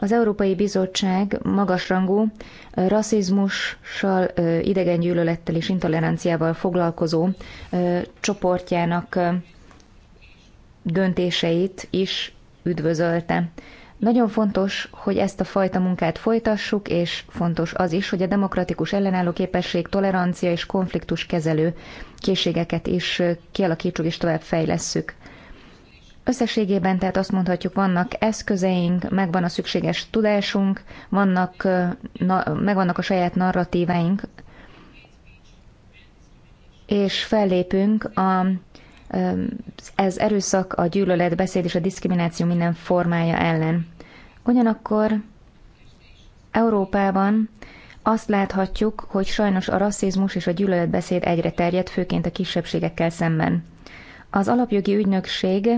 az Európai Bizottság magasrangú rasszizmussal, idegengyűlölettel és intoleranciával foglalkozó csoportjának döntéseit is üdvözölte. Nagyon fontos, hogy ezt a fajta munkát folytassuk, és fontos az is, hogy a demokratikus ellenálló képesség, tolerancia és konfliktus kezelő készségeket is kialakítsuk és tovább fejlesszük. Összességében tehát azt mondhatjuk, vannak eszközeink, megvan a szükséges tudásunk, vannak, na, megvannak a saját narratíváink, és fellépünk a, ez erőszak, a gyűlölet, beszéd és a diszkrimináció minden formája ellen. Ugyanakkor Európában azt láthatjuk, hogy sajnos a rasszizmus és a gyűlöletbeszéd egyre terjed, főként a kisebbségekkel szemben. Az alapjogi ügynökség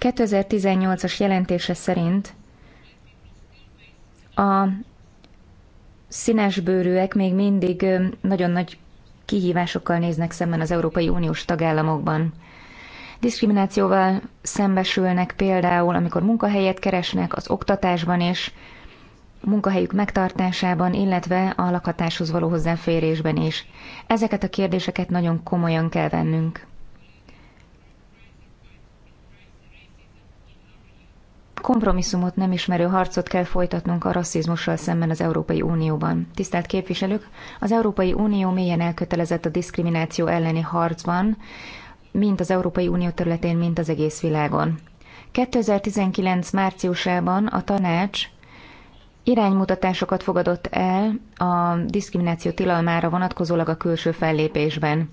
2018-as jelentése szerint a színesbőrűek még mindig nagyon nagy kihívásokkal néznek szemben az Európai Uniós tagállamokban. Diszkriminációval szembesülnek például, amikor munkahelyet keresnek az oktatásban és munkahelyük megtartásában, illetve a lakhatáshoz való hozzáférésben is. Ezeket a kérdéseket nagyon komolyan kell vennünk. kompromisszumot nem ismerő harcot kell folytatnunk a rasszizmussal szemben az Európai Unióban. Tisztelt képviselők, az Európai Unió mélyen elkötelezett a diszkrimináció elleni harcban, mint az Európai Unió területén, mint az egész világon. 2019. márciusában a tanács iránymutatásokat fogadott el a diszkrimináció tilalmára vonatkozólag a külső fellépésben.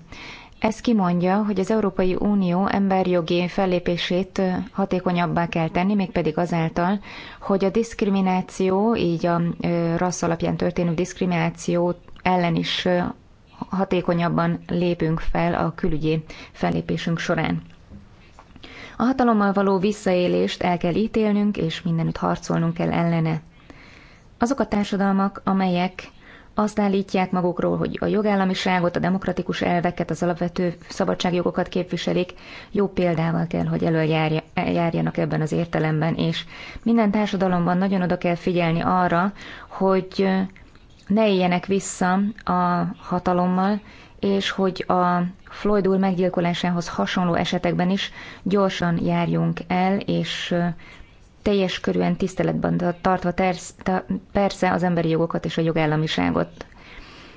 Ez kimondja, hogy az Európai Unió emberjogi fellépését hatékonyabbá kell tenni, mégpedig azáltal, hogy a diszkrimináció, így a rassz alapján történő diszkrimináció ellen is hatékonyabban lépünk fel a külügyi fellépésünk során. A hatalommal való visszaélést el kell ítélnünk, és mindenütt harcolnunk kell ellene. Azok a társadalmak, amelyek azt állítják magukról, hogy a jogállamiságot, a demokratikus elveket, az alapvető szabadságjogokat képviselik, jó példával kell, hogy előjárjanak ebben az értelemben, és minden társadalomban nagyon oda kell figyelni arra, hogy ne éljenek vissza a hatalommal, és hogy a Floyd úr meggyilkolásához hasonló esetekben is gyorsan járjunk el, és teljes körűen tiszteletben tartva persze az emberi jogokat és a jogállamiságot.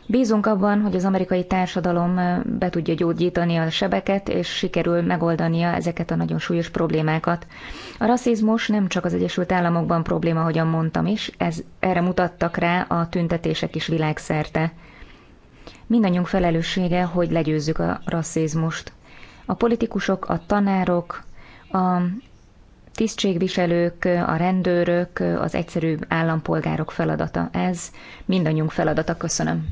Bízunk abban, hogy az amerikai társadalom be tudja gyógyítani a sebeket, és sikerül megoldania ezeket a nagyon súlyos problémákat. A rasszizmus nem csak az Egyesült Államokban probléma, ahogyan mondtam is, ez, erre mutattak rá a tüntetések is világszerte. Mindannyiunk felelőssége, hogy legyőzzük a rasszizmust. A politikusok, a tanárok, a tisztségviselők, a rendőrök, az egyszerű állampolgárok feladata. Ez mindannyiunk feladata. Köszönöm.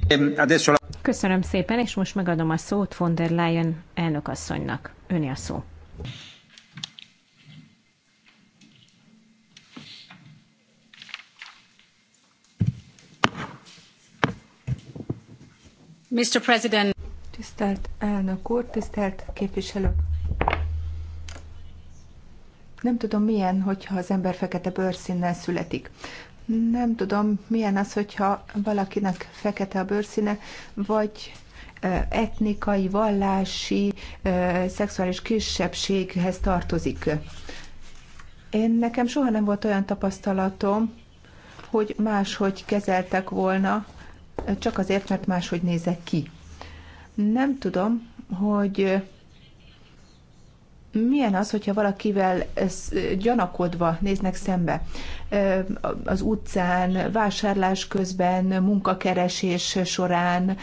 Köszönöm szépen, és most megadom a szót von der Leyen elnökasszonynak. Öni a szó. Mr. President. Tisztelt elnök úr, tisztelt képviselők! Nem tudom milyen, hogyha az ember fekete bőrszínnel születik. Nem tudom milyen az, hogyha valakinek fekete a bőrszíne, vagy etnikai, vallási, szexuális kisebbséghez tartozik. Én nekem soha nem volt olyan tapasztalatom, hogy máshogy kezeltek volna, csak azért, mert máshogy nézek ki. Nem tudom, hogy milyen az, hogyha valakivel eh, eh, gyanakodva néznek szembe eh, az utcán, vásárlás közben, munkakeresés során,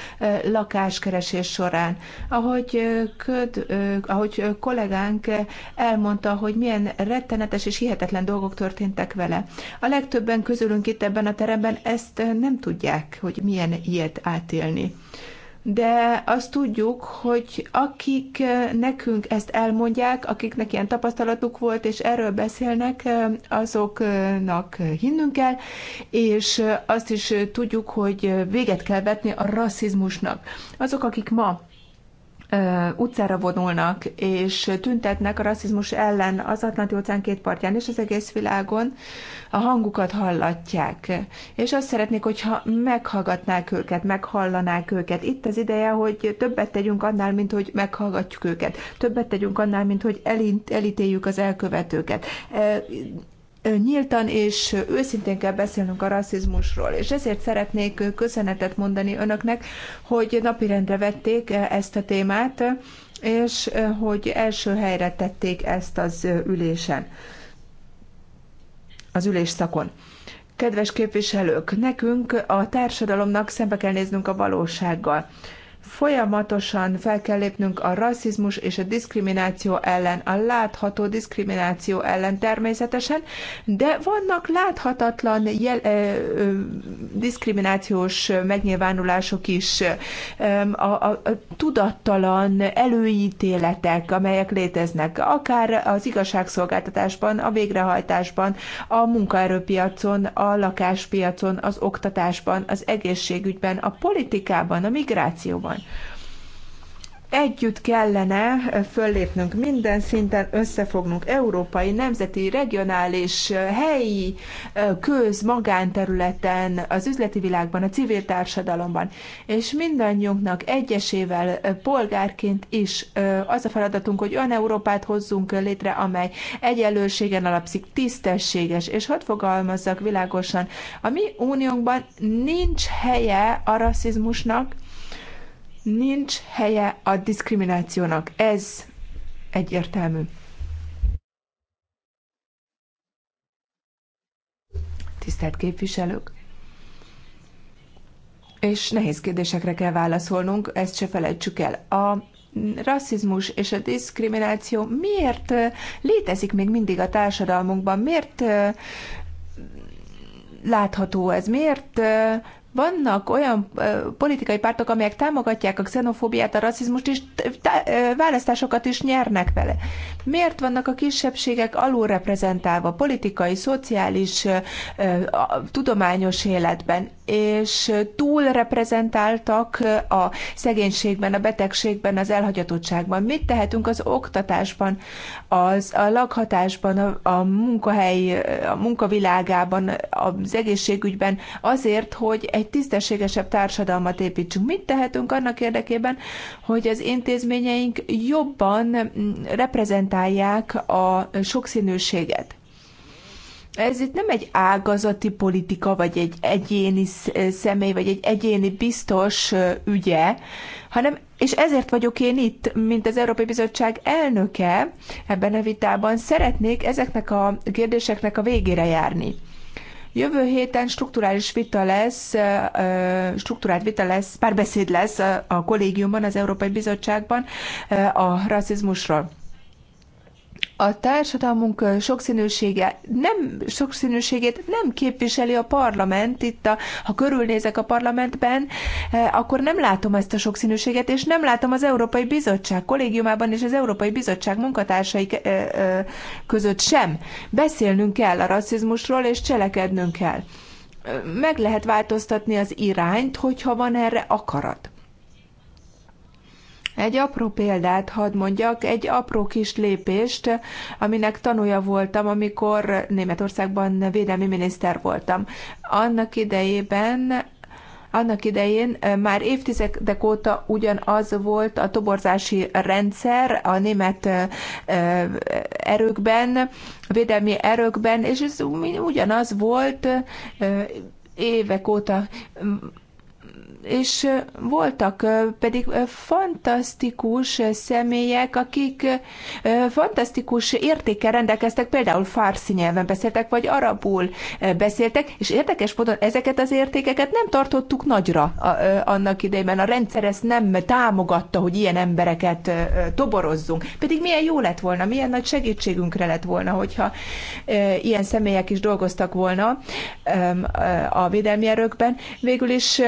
lakáskeresés során. Ahogy, köd, ahogy kollégánk elmondta, hogy milyen rettenetes és hihetetlen dolgok történtek vele. A legtöbben közülünk itt ebben a teremben ezt nem tudják, hogy milyen ilyet átélni de azt tudjuk, hogy akik eh, nekünk ezt elmondják, akiknek ilyen tapasztalatuk volt, és erről beszélnek, eh, azoknak eh, hinnünk kell, és azt is tudjuk, hogy véget kell vetni a rasszizmusnak. Azok, akik ma utcára vonulnak, és tüntetnek a rasszizmus ellen az Atlanti-óceán két partján és az egész világon, a hangukat hallatják. És azt szeretnék, hogyha meghallgatnák őket, meghallanák őket. Itt az ideje, hogy többet tegyünk annál, mint hogy meghallgatjuk őket. Többet tegyünk annál, mint hogy elint, elítéljük az elkövetőket nyíltan és őszintén kell beszélnünk a rasszizmusról, és ezért szeretnék köszönetet mondani önöknek, hogy napirendre vették ezt a témát, és hogy első helyre tették ezt az ülésen, az ülésszakon. Kedves képviselők, nekünk a társadalomnak szembe kell néznünk a valósággal. Folyamatosan fel kell lépnünk a rasszizmus és a diszkrimináció ellen, a látható diszkrimináció ellen természetesen, de vannak láthatatlan jel, diszkriminációs megnyilvánulások is, a, a, a tudattalan előítéletek, amelyek léteznek, akár az igazságszolgáltatásban, a végrehajtásban, a munkaerőpiacon, a lakáspiacon, az oktatásban, az egészségügyben, a politikában, a migrációban. Együtt kellene föllépnünk minden szinten, összefognunk európai, nemzeti, regionális, helyi, köz, magánterületen, az üzleti világban, a civil társadalomban. És mindannyiunknak egyesével, polgárként is az a feladatunk, hogy olyan Európát hozzunk létre, amely egyenlőségen alapszik, tisztességes, és hadd fogalmazzak világosan, a mi uniónkban nincs helye a rasszizmusnak, Nincs helye a diszkriminációnak. Ez egyértelmű. Tisztelt képviselők! És nehéz kérdésekre kell válaszolnunk, ezt se felejtsük el. A rasszizmus és a diszkrimináció miért létezik még mindig a társadalmunkban? Miért látható ez? Miért vannak olyan politikai pártok, amelyek támogatják a xenofóbiát, a rasszizmust, és választásokat is nyernek vele. Miért vannak a kisebbségek alulreprezentálva politikai, szociális, tudományos életben? és túl reprezentáltak a szegénységben, a betegségben, az elhagyatottságban. Mit tehetünk az oktatásban, az, a lakhatásban, a, a munkahely, a munkavilágában, az egészségügyben azért, hogy egy tisztességesebb társadalmat építsünk? Mit tehetünk annak érdekében, hogy az intézményeink jobban reprezentálják a sokszínűséget? Ez itt nem egy ágazati politika, vagy egy egyéni személy, vagy egy egyéni biztos ügye, hanem, és ezért vagyok én itt, mint az Európai Bizottság elnöke ebben a vitában, szeretnék ezeknek a kérdéseknek a végére járni. Jövő héten strukturális vita lesz, strukturált vita lesz, párbeszéd lesz a kollégiumban, az Európai Bizottságban a rasszizmusról a társadalmunk sokszínűsége nem, sokszínűségét nem képviseli a parlament. Itt, a, ha körülnézek a parlamentben, akkor nem látom ezt a sokszínűséget, és nem látom az Európai Bizottság kollégiumában és az Európai Bizottság munkatársai között sem. Beszélnünk kell a rasszizmusról, és cselekednünk kell. Meg lehet változtatni az irányt, hogyha van erre akarat. Egy apró példát hadd mondjak, egy apró kis lépést, aminek tanúja voltam, amikor Németországban védelmi miniszter voltam. Annak idejében annak idején már évtizedek óta ugyanaz volt a toborzási rendszer a német erőkben, védelmi erőkben, és ez ugyanaz volt évek óta és voltak pedig fantasztikus személyek, akik fantasztikus értékkel rendelkeztek, például farsi nyelven beszéltek, vagy arabul beszéltek, és érdekes módon ezeket az értékeket nem tartottuk nagyra annak idejében. A rendszer ezt nem támogatta, hogy ilyen embereket toborozzunk. Pedig milyen jó lett volna, milyen nagy segítségünkre lett volna, hogyha ilyen személyek is dolgoztak volna a védelmi erőkben. Végül is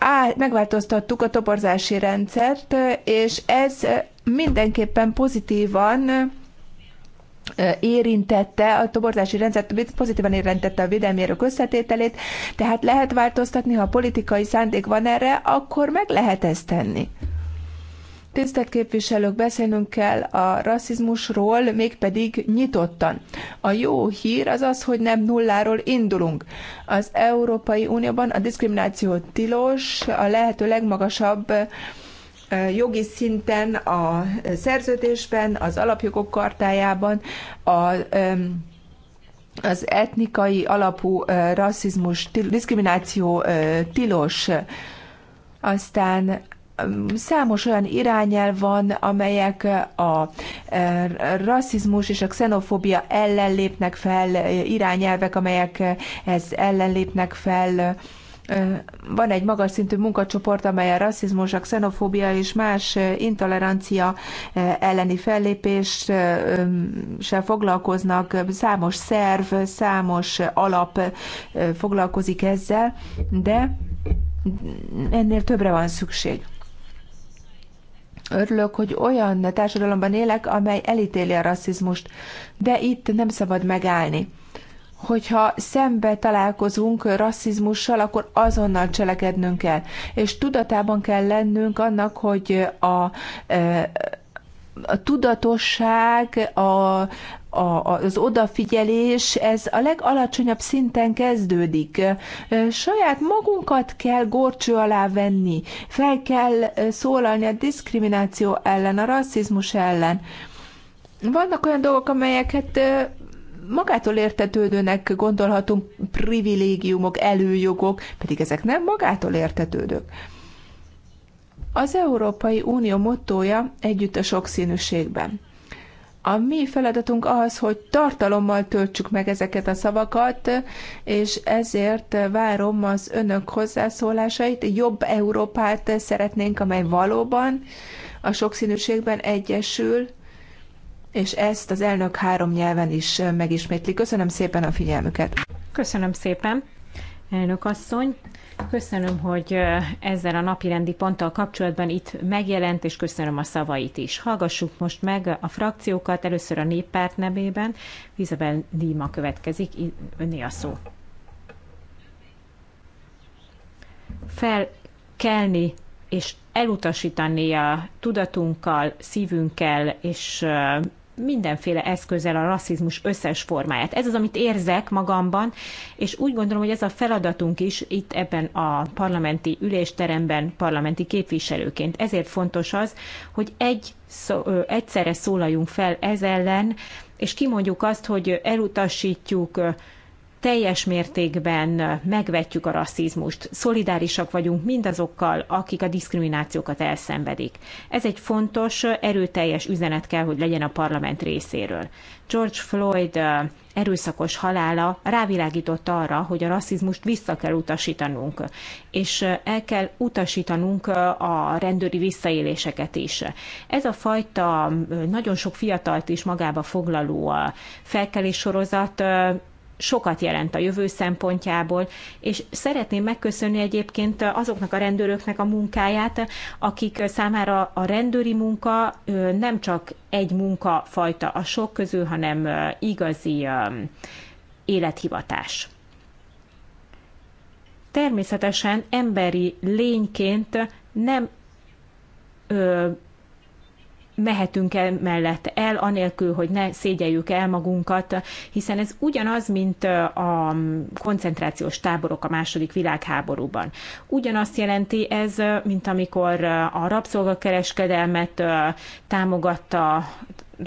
á, megváltoztattuk a toborzási rendszert, és ez mindenképpen pozitívan érintette a toborzási rendszert, pozitívan érintette a védelmi erők összetételét, tehát lehet változtatni, ha politikai szándék van erre, akkor meg lehet ezt tenni. Tisztelt képviselők, beszélnünk kell a rasszizmusról, mégpedig nyitottan. A jó hír az az, hogy nem nulláról indulunk. Az Európai Unióban a diszkrimináció tilos, a lehető legmagasabb jogi szinten, a szerződésben, az alapjogok kartájában, a az etnikai alapú rasszizmus, diszkrimináció tilos, aztán Számos olyan irányel van, amelyek a e, rasszizmus és a xenofóbia ellen lépnek fel, e, irányelvek, amelyek e, ez ellen lépnek fel, van egy magas szintű munkacsoport, amely a rasszizmus, a xenofóbia és más intolerancia elleni fellépéssel foglalkoznak. Számos szerv, számos alap foglalkozik ezzel, de ennél többre van szükség. Örülök, hogy olyan társadalomban élek, amely elítéli a rasszizmust, de itt nem szabad megállni. Hogyha szembe találkozunk rasszizmussal, akkor azonnal cselekednünk kell, és tudatában kell lennünk annak, hogy a e, a tudatosság, a, a, az odafigyelés, ez a legalacsonyabb szinten kezdődik. Saját magunkat kell gorcső alá venni, fel kell szólalni a diszkrimináció ellen, a rasszizmus ellen. Vannak olyan dolgok, amelyeket magától értetődőnek gondolhatunk, privilégiumok, előjogok, pedig ezek nem magától értetődők az Európai Unió mottója együtt a sokszínűségben. A mi feladatunk az, hogy tartalommal töltsük meg ezeket a szavakat, és ezért várom az önök hozzászólásait. Jobb Európát szeretnénk, amely valóban a sokszínűségben egyesül, és ezt az elnök három nyelven is megismétli. Köszönöm szépen a figyelmüket. Köszönöm szépen, elnök asszony. Köszönöm, hogy ezzel a napirendi ponttal kapcsolatban itt megjelent, és köszönöm a szavait is. Hallgassuk most meg a frakciókat, először a néppárt nevében. Isabel Díma következik, önné a szó. kellni és elutasítani a tudatunkkal, szívünkkel és mindenféle eszközzel a rasszizmus összes formáját. Ez az, amit érzek magamban, és úgy gondolom, hogy ez a feladatunk is itt ebben a parlamenti ülésteremben, parlamenti képviselőként. Ezért fontos az, hogy egy szó, egyszerre szólaljunk fel ez ellen, és kimondjuk azt, hogy elutasítjuk teljes mértékben megvetjük a rasszizmust, szolidárisak vagyunk mindazokkal, akik a diszkriminációkat elszenvedik. Ez egy fontos, erőteljes üzenet kell, hogy legyen a parlament részéről. George Floyd erőszakos halála rávilágított arra, hogy a rasszizmust vissza kell utasítanunk, és el kell utasítanunk a rendőri visszaéléseket is. Ez a fajta nagyon sok fiatalt is magába foglaló felkelés sorozat sokat jelent a jövő szempontjából, és szeretném megköszönni egyébként azoknak a rendőröknek a munkáját, akik számára a rendőri munka nem csak egy munkafajta a sok közül, hanem igazi élethivatás. Természetesen emberi lényként nem mehetünk el mellett el, anélkül, hogy ne szégyeljük el magunkat, hiszen ez ugyanaz, mint a koncentrációs táborok a második világháborúban. Ugyanazt jelenti ez, mint amikor a rabszolgakereskedelmet támogatta,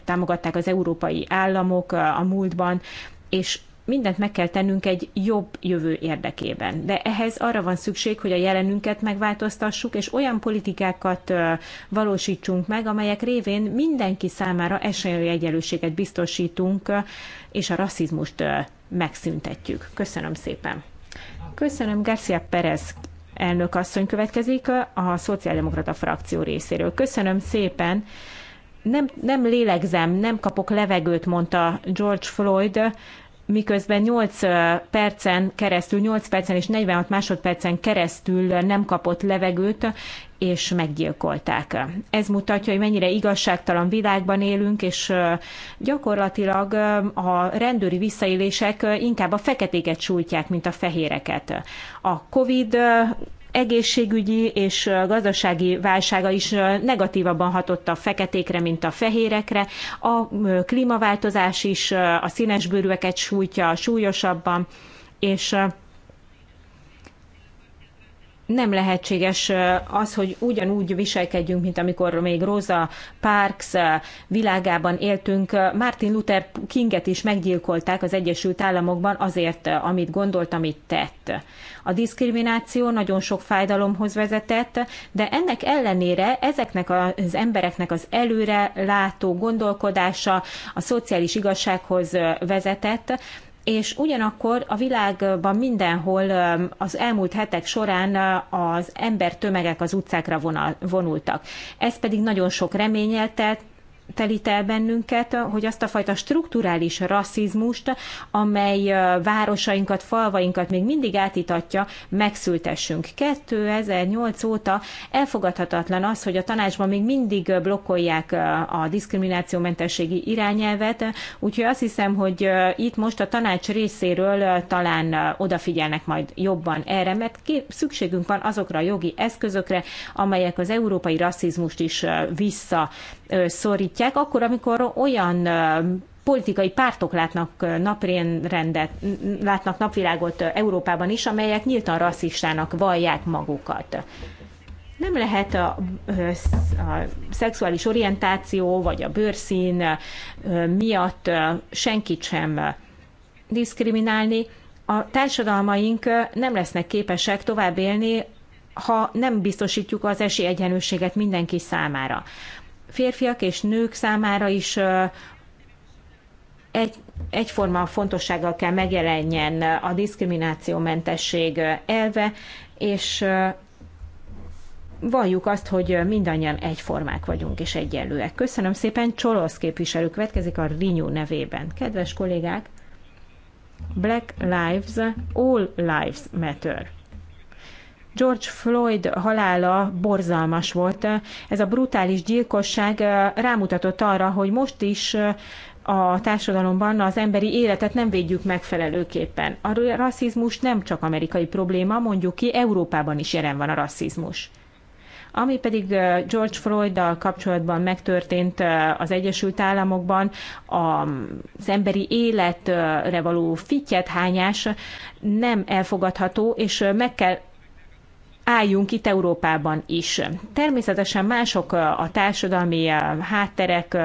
támogatták az európai államok a múltban, és mindent meg kell tennünk egy jobb jövő érdekében. De ehhez arra van szükség, hogy a jelenünket megváltoztassuk, és olyan politikákat valósítsunk meg, amelyek révén mindenki számára esélyi egyenlőséget biztosítunk, és a rasszizmust megszüntetjük. Köszönöm szépen. Köszönöm, Garcia Perez elnök asszony következik a Szociáldemokrata frakció részéről. Köszönöm szépen nem, nem lélegzem, nem kapok levegőt, mondta George Floyd, miközben 8 percen keresztül, 8 percen és 46 másodpercen keresztül nem kapott levegőt, és meggyilkolták. Ez mutatja, hogy mennyire igazságtalan világban élünk, és gyakorlatilag a rendőri visszaélések inkább a feketéket sújtják, mint a fehéreket. A COVID egészségügyi és gazdasági válsága is negatívabban hatott a feketékre, mint a fehérekre. A klímaváltozás is a színesbőrűeket sújtja súlyosabban, és nem lehetséges az, hogy ugyanúgy viselkedjünk, mint amikor még Rosa Parks világában éltünk. Martin Luther Kinget is meggyilkolták az Egyesült Államokban azért, amit gondolt, amit tett. A diszkrimináció nagyon sok fájdalomhoz vezetett, de ennek ellenére ezeknek az embereknek az előre látó gondolkodása a szociális igazsághoz vezetett, és ugyanakkor a világban mindenhol az elmúlt hetek során az ember tömegek az utcákra vonultak. Ez pedig nagyon sok reményeltet, telít el bennünket, hogy azt a fajta strukturális rasszizmust, amely városainkat, falvainkat még mindig átítatja, megszültessünk. 2008 óta elfogadhatatlan az, hogy a tanácsban még mindig blokkolják a diszkriminációmentességi irányelvet, úgyhogy azt hiszem, hogy itt most a tanács részéről talán odafigyelnek majd jobban erre, mert szükségünk van azokra a jogi eszközökre, amelyek az európai rasszizmust is vissza szorítják, akkor, amikor olyan politikai pártok látnak naprendet, látnak napvilágot Európában is, amelyek nyíltan rasszistának vallják magukat. Nem lehet a, a szexuális orientáció vagy a bőrszín miatt senkit sem diszkriminálni. A társadalmaink nem lesznek képesek tovább élni, ha nem biztosítjuk az esélyegyenlőséget mindenki számára férfiak és nők számára is egy, egyforma fontossággal kell megjelenjen a diszkriminációmentesség elve, és valljuk azt, hogy mindannyian egyformák vagyunk és egyenlőek. Köszönöm szépen, Csolosz képviselő következik a Rinyú nevében. Kedves kollégák, Black Lives, All Lives Matter. George Floyd halála borzalmas volt. Ez a brutális gyilkosság rámutatott arra, hogy most is a társadalomban az emberi életet nem védjük megfelelőképpen. A rasszizmus nem csak amerikai probléma, mondjuk ki, Európában is jelen van a rasszizmus. Ami pedig George Floyddal kapcsolatban megtörtént az Egyesült Államokban, az emberi életre való fityethányás nem elfogadható, és meg kell álljunk itt Európában is. Természetesen mások a társadalmi hátterek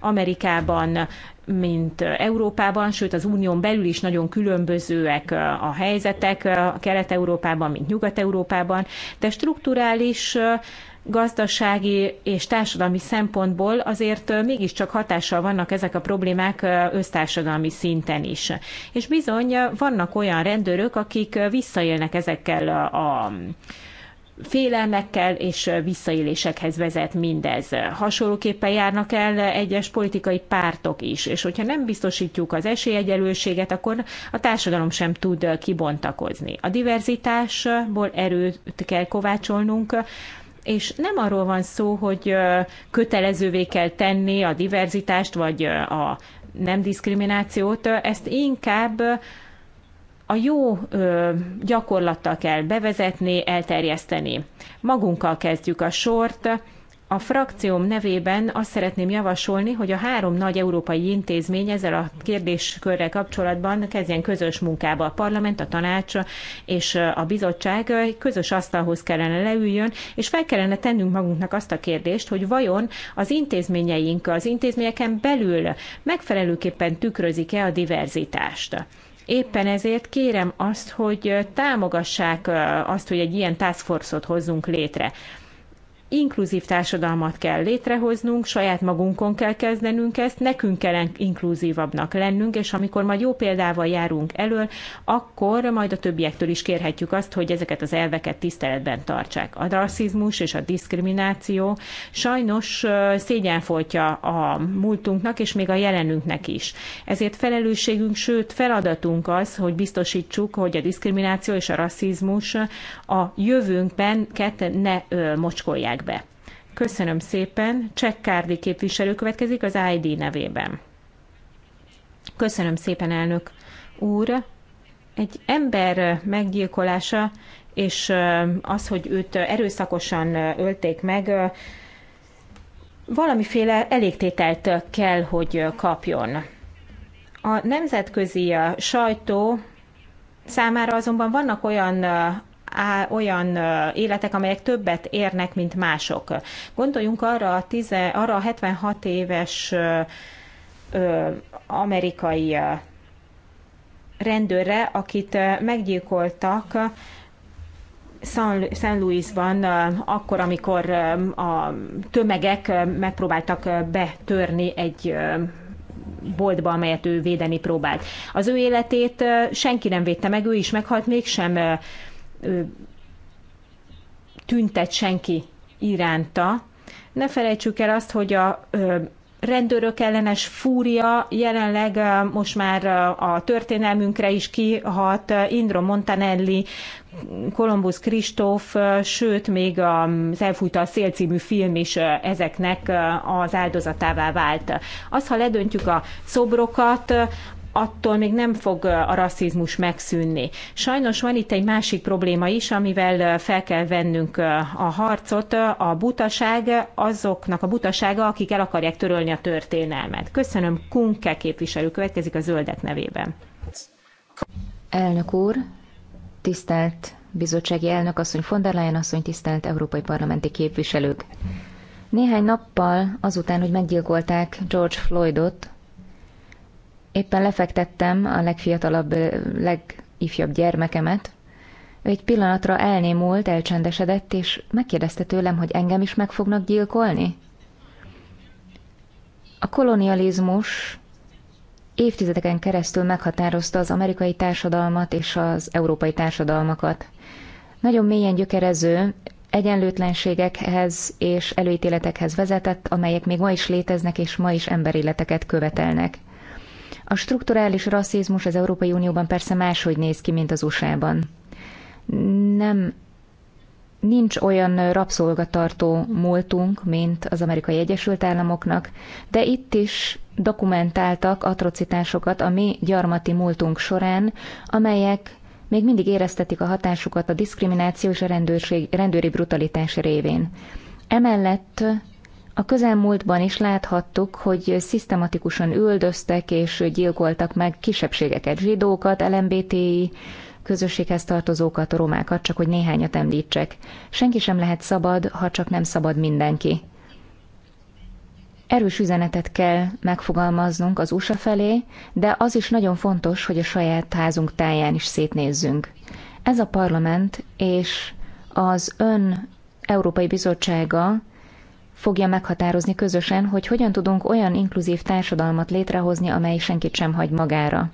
Amerikában, mint Európában, sőt az unión belül is nagyon különbözőek a helyzetek Kelet-Európában, mint Nyugat-Európában, de strukturális gazdasági és társadalmi szempontból azért mégiscsak hatással vannak ezek a problémák össztársadalmi szinten is. És bizony vannak olyan rendőrök, akik visszaélnek ezekkel a félelmekkel és visszaélésekhez vezet mindez. Hasonlóképpen járnak el egyes politikai pártok is, és hogyha nem biztosítjuk az esélyegyelőséget, akkor a társadalom sem tud kibontakozni. A diverzitásból erőt kell kovácsolnunk, és nem arról van szó, hogy kötelezővé kell tenni a diverzitást, vagy a nem diszkriminációt, ezt inkább a jó ö, gyakorlattal kell bevezetni, elterjeszteni. Magunkkal kezdjük a sort. A frakcióm nevében azt szeretném javasolni, hogy a három nagy európai intézmény ezzel a kérdéskörrel kapcsolatban kezdjen közös munkába. A parlament, a tanács és a bizottság közös asztalhoz kellene leüljön, és fel kellene tennünk magunknak azt a kérdést, hogy vajon az intézményeink az intézményeken belül megfelelőképpen tükrözik-e a diverzitást. Éppen ezért kérem azt, hogy támogassák azt, hogy egy ilyen taskforce-ot hozzunk létre inkluzív társadalmat kell létrehoznunk, saját magunkon kell kezdenünk ezt, nekünk kell inkluzívabbnak lennünk, és amikor majd jó példával járunk elől, akkor majd a többiektől is kérhetjük azt, hogy ezeket az elveket tiszteletben tartsák. A rasszizmus és a diszkrimináció sajnos szégyenfoltja a múltunknak és még a jelenünknek is. Ezért felelősségünk, sőt feladatunk az, hogy biztosítsuk, hogy a diszkrimináció és a rasszizmus a jövőnkben ne mocskolják be. Köszönöm szépen. Kárdi képviselő következik az ID nevében. Köszönöm szépen, elnök úr. Egy ember meggyilkolása és az, hogy őt erőszakosan ölték meg, valamiféle elégtételt kell, hogy kapjon. A nemzetközi sajtó számára azonban vannak olyan olyan életek, amelyek többet érnek, mint mások. Gondoljunk arra a, tize, arra a 76 éves ö, amerikai rendőre, akit meggyilkoltak St. Louisban akkor, amikor a tömegek megpróbáltak betörni egy boltba, amelyet ő védeni próbált. Az ő életét senki nem védte meg, ő is meghalt, mégsem tüntet senki iránta. Ne felejtsük el azt, hogy a rendőrök ellenes fúria jelenleg most már a történelmünkre is kihat. Indro Montanelli, Columbus Kristóf, sőt még az Elfújta a szél című film is ezeknek az áldozatává vált. Azt, ha ledöntjük a szobrokat, attól még nem fog a rasszizmus megszűnni. Sajnos van itt egy másik probléma is, amivel fel kell vennünk a harcot, a butaság azoknak a butasága, akik el akarják törölni a történelmet. Köszönöm, Kunke képviselő következik a zöldek nevében. Elnök úr, tisztelt bizottsági elnök asszony, von der Leyen asszony, tisztelt európai parlamenti képviselők. Néhány nappal azután, hogy meggyilkolták George Floydot, Éppen lefektettem a legfiatalabb, legifjabb gyermekemet. Ő egy pillanatra elnémult, elcsendesedett, és megkérdezte tőlem, hogy engem is meg fognak gyilkolni. A kolonializmus évtizedeken keresztül meghatározta az amerikai társadalmat és az európai társadalmakat. Nagyon mélyen gyökerező egyenlőtlenségekhez és előítéletekhez vezetett, amelyek még ma is léteznek és ma is emberéleteket követelnek. A strukturális rasszizmus az Európai Unióban persze máshogy néz ki, mint az USA-ban. Nem nincs olyan rabszolgatartó múltunk, mint az amerikai Egyesült Államoknak, de itt is dokumentáltak atrocitásokat a mi gyarmati múltunk során, amelyek még mindig éreztetik a hatásukat a diszkrimináció és a rendőrség, rendőri brutalitás révén. Emellett a közelmúltban is láthattuk, hogy szisztematikusan üldöztek és gyilkoltak meg kisebbségeket, zsidókat, LMBTI közösséghez tartozókat, romákat, csak hogy néhányat említsek. Senki sem lehet szabad, ha csak nem szabad mindenki. Erős üzenetet kell megfogalmaznunk az USA felé, de az is nagyon fontos, hogy a saját házunk táján is szétnézzünk. Ez a parlament és az ön Európai Bizottsága fogja meghatározni közösen, hogy hogyan tudunk olyan inkluzív társadalmat létrehozni, amely senkit sem hagy magára.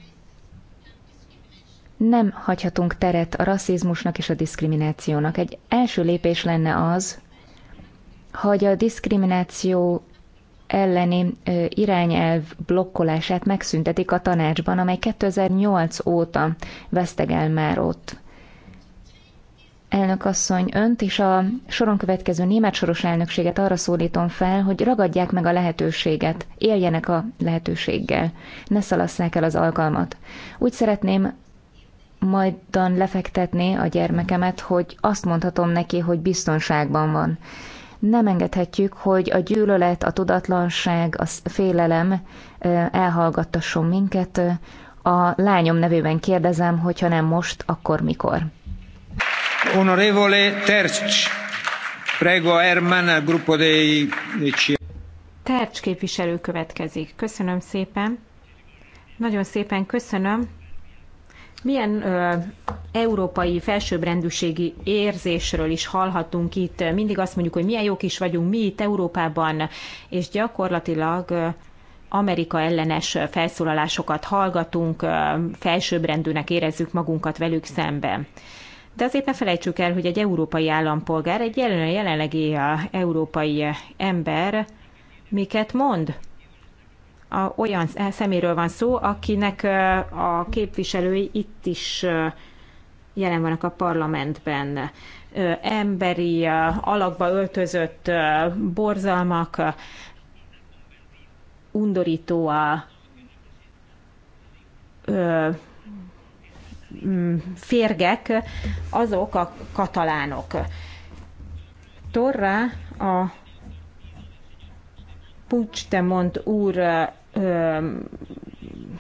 Nem hagyhatunk teret a rasszizmusnak és a diszkriminációnak. Egy első lépés lenne az, hogy a diszkrimináció elleni irányelv blokkolását megszüntetik a tanácsban, amely 2008 óta vesztegel már ott elnök asszony önt és a soron következő német soros elnökséget arra szólítom fel, hogy ragadják meg a lehetőséget, éljenek a lehetőséggel, ne szalasszák el az alkalmat. Úgy szeretném majdan lefektetni a gyermekemet, hogy azt mondhatom neki, hogy biztonságban van. Nem engedhetjük, hogy a gyűlölet, a tudatlanság, a félelem elhallgattasson minket. A lányom nevében kérdezem, hogyha nem most, akkor mikor. Onorevole Tercs, prego Herman, a gruppo dei... Tercs képviselő következik. Köszönöm szépen. Nagyon szépen köszönöm. Milyen ö, európai felsőbbrendűségi érzésről is hallhatunk itt. Mindig azt mondjuk, hogy milyen jók is vagyunk mi itt Európában, és gyakorlatilag ö, Amerika ellenes felszólalásokat hallgatunk, ö, felsőbbrendűnek érezzük magunkat velük szemben. De azért ne felejtsük el, hogy egy európai állampolgár, egy jelenlegi európai ember miket mond? a, olyan szeméről van szó, akinek a képviselői itt is jelen vannak a parlamentben. Emberi alakba öltözött borzalmak, undorító a Mm, férgek azok a katalánok. Torra a Puigdemont úr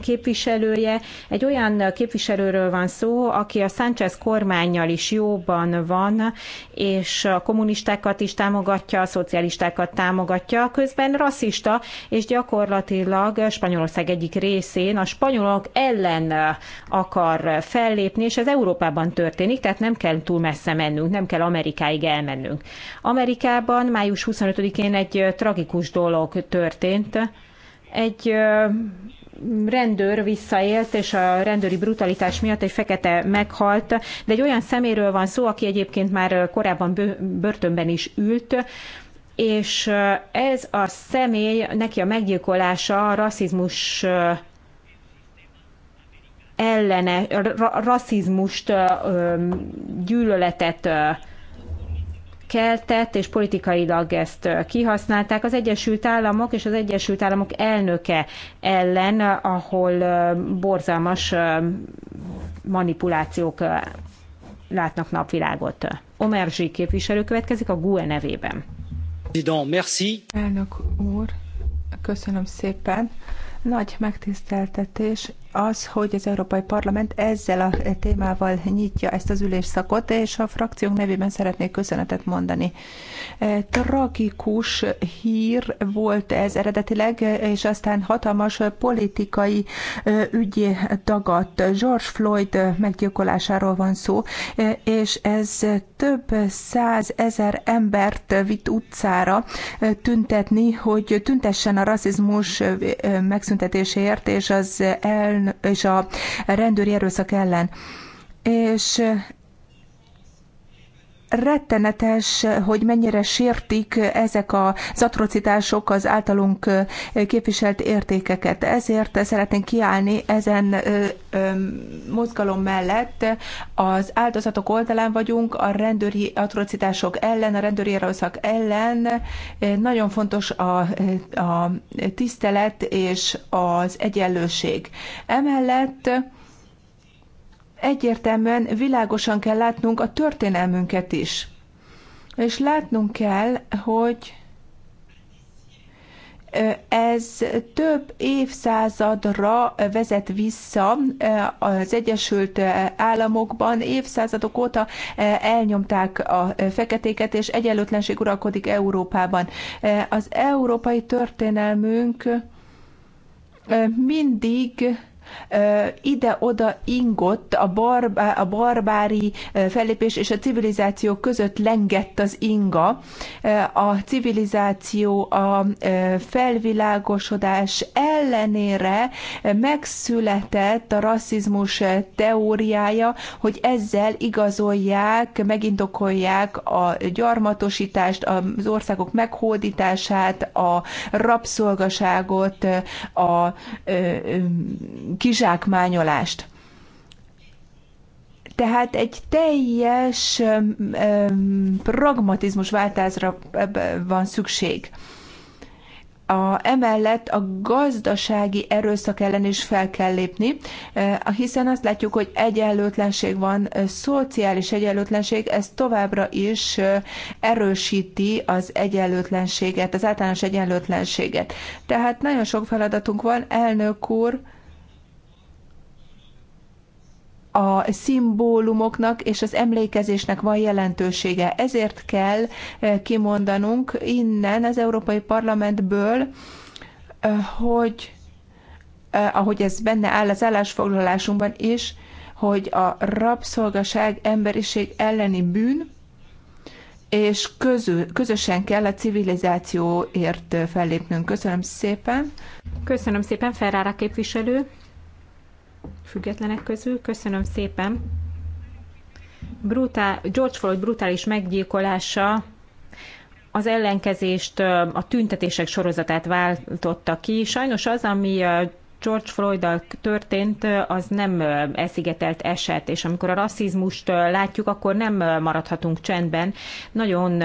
képviselője. Egy olyan képviselőről van szó, aki a Sánchez kormányjal is jóban van, és a kommunistákat is támogatja, a szocialistákat támogatja, közben rasszista, és gyakorlatilag Spanyolország egyik részén a spanyolok ellen akar fellépni, és ez Európában történik, tehát nem kell túl messze mennünk, nem kell Amerikáig elmennünk. Amerikában május 25-én egy tragikus dolog történt, egy rendőr visszaélt, és a rendőri brutalitás miatt egy fekete meghalt, de egy olyan szeméről van szó, aki egyébként már korábban börtönben is ült, és ez a személy, neki a meggyilkolása a rasszizmus ellene, rasszizmust, gyűlöletet keltett, és politikailag ezt kihasználták az Egyesült Államok és az Egyesült Államok elnöke ellen, ahol borzalmas manipulációk látnak napvilágot. Omer Zsí képviselő következik a GUE nevében. Elnök úr, köszönöm szépen. Nagy megtiszteltetés az, hogy az Európai Parlament ezzel a témával nyitja ezt az ülésszakot, és a frakciónk nevében szeretnék köszönetet mondani. E, tragikus hír volt ez eredetileg, és aztán hatalmas politikai e, ügyé dagadt. George Floyd meggyilkolásáról van szó, e, és ez több száz ezer embert vitt utcára tüntetni, hogy tüntessen a rasszizmus megszüntetéséért, és az el és a rendőri erőszak ellen. És rettenetes, hogy mennyire sértik ezek az atrocitások az általunk képviselt értékeket. Ezért szeretnénk kiállni ezen mozgalom mellett. Az áldozatok oldalán vagyunk, a rendőri atrocitások ellen, a rendőri erőszak ellen. Nagyon fontos a, a tisztelet és az egyenlőség. Emellett egyértelműen, világosan kell látnunk a történelmünket is. És látnunk kell, hogy ez több évszázadra vezet vissza az Egyesült Államokban. Évszázadok óta elnyomták a feketéket, és egyenlőtlenség uralkodik Európában. Az európai történelmünk mindig ide-oda ingott, a, barbá, a barbári fellépés és a civilizáció között lengett az inga. A civilizáció, a felvilágosodás ellenére megszületett a rasszizmus teóriája, hogy ezzel igazolják, megindokolják a gyarmatosítást, az országok meghódítását, a rabszolgaságot, a kizsákmányolást. Tehát egy teljes pragmatizmus váltázra van szükség. A, emellett a gazdasági erőszak ellen is fel kell lépni, hiszen azt látjuk, hogy egyenlőtlenség van, szociális egyenlőtlenség, ez továbbra is erősíti az egyenlőtlenséget, az általános egyenlőtlenséget. Tehát nagyon sok feladatunk van, elnök úr, a szimbólumoknak és az emlékezésnek van jelentősége. Ezért kell eh, kimondanunk innen az Európai Parlamentből, eh, hogy eh, ahogy ez benne áll az állásfoglalásunkban is, hogy a rabszolgaság emberiség elleni bűn, és közül, közösen kell a civilizációért fellépnünk. Köszönöm szépen. Köszönöm szépen, Ferrara képviselő függetlenek közül. Köszönöm szépen. Brutál, George Floyd brutális meggyilkolása az ellenkezést, a tüntetések sorozatát váltotta ki. Sajnos az, ami George floyd történt, az nem elszigetelt eset, és amikor a rasszizmust látjuk, akkor nem maradhatunk csendben. Nagyon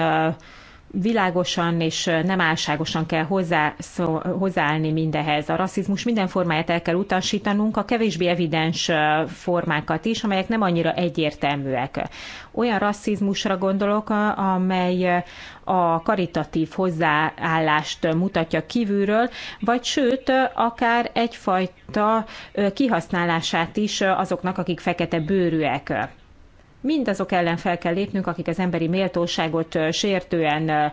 világosan és nem álságosan kell hozzá, szó, hozzáállni mindehez. A rasszizmus minden formáját el kell utasítanunk, a kevésbé evidens formákat is, amelyek nem annyira egyértelműek. Olyan rasszizmusra gondolok, amely a karitatív hozzáállást mutatja kívülről, vagy sőt, akár egyfajta kihasználását is azoknak, akik fekete bőrűek mindazok ellen fel kell lépnünk, akik az emberi méltóságot sértően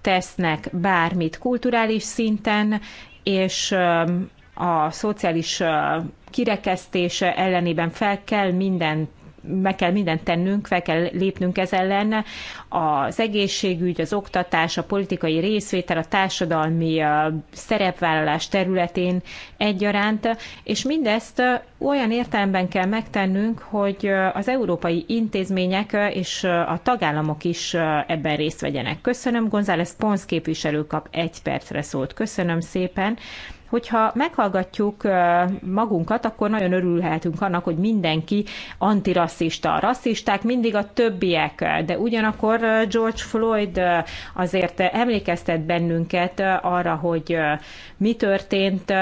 tesznek bármit kulturális szinten, és a szociális kirekesztése ellenében fel kell minden meg kell mindent tennünk, fel kell lépnünk ez ellen. Az egészségügy, az oktatás, a politikai részvétel, a társadalmi szerepvállalás területén egyaránt, és mindezt olyan értelemben kell megtennünk, hogy az európai intézmények és a tagállamok is ebben részt vegyenek. Köszönöm, González Pons képviselő kap egy percre szólt. Köszönöm szépen hogyha meghallgatjuk magunkat, akkor nagyon örülhetünk annak, hogy mindenki antirasszista. A rasszisták mindig a többiek, de ugyanakkor George Floyd azért emlékeztet bennünket arra, hogy mi történt,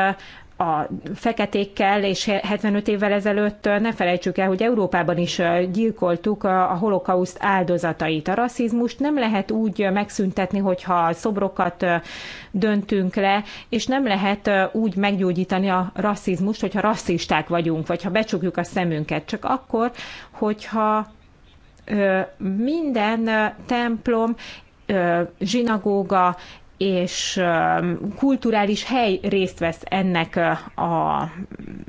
a feketékkel, és 75 évvel ezelőtt ne felejtsük el, hogy Európában is gyilkoltuk a holokauszt áldozatait. A rasszizmust nem lehet úgy megszüntetni, hogyha szobrokat döntünk le, és nem lehet úgy meggyógyítani a rasszizmust, hogyha rasszisták vagyunk, vagy ha becsukjuk a szemünket, csak akkor, hogyha minden templom zsinagóga és um, kulturális hely részt vesz ennek uh, a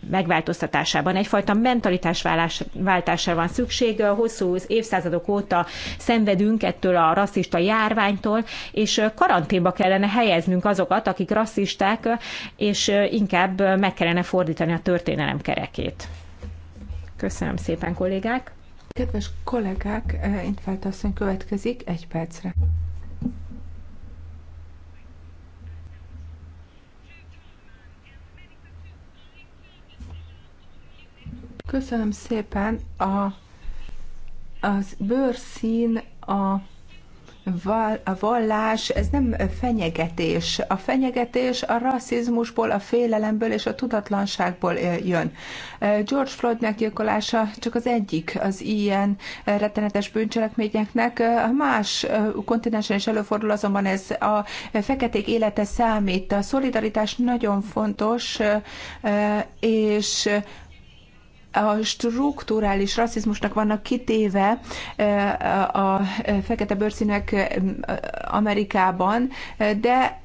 megváltoztatásában. Egyfajta mentalitásváltásra van szükség. Uh, hosszú évszázadok óta szenvedünk ettől a rasszista járványtól, és uh, karanténba kellene helyeznünk azokat, akik rasszisták, és inkább meg kellene fordítani a történelem kerekét. Köszönöm szépen, kollégák! Kedves kollégák, eh, Intfelt asszony következik egy percre. Köszönöm szépen. A, az bőrszín a a vallás, ez nem fenyegetés. A fenyegetés a rasszizmusból, a félelemből és a tudatlanságból jön. George Floyd meggyilkolása csak az egyik az ilyen rettenetes bűncselekményeknek. Más kontinensen is előfordul, azonban ez a feketék élete számít. A szolidaritás nagyon fontos, és a strukturális rasszizmusnak vannak kitéve a fekete bőrszínek Amerikában, de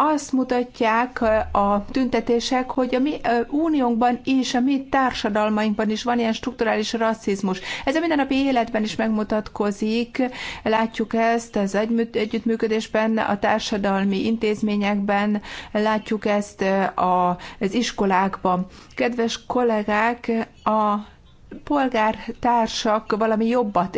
azt mutatják a tüntetések, hogy a mi uniónkban és a mi társadalmainkban is van ilyen strukturális rasszizmus. Ez a mindennapi életben is megmutatkozik, látjuk ezt az együttműködésben, a társadalmi intézményekben, látjuk ezt az iskolákban. Kedves kollégák, a polgártársak valami jobbat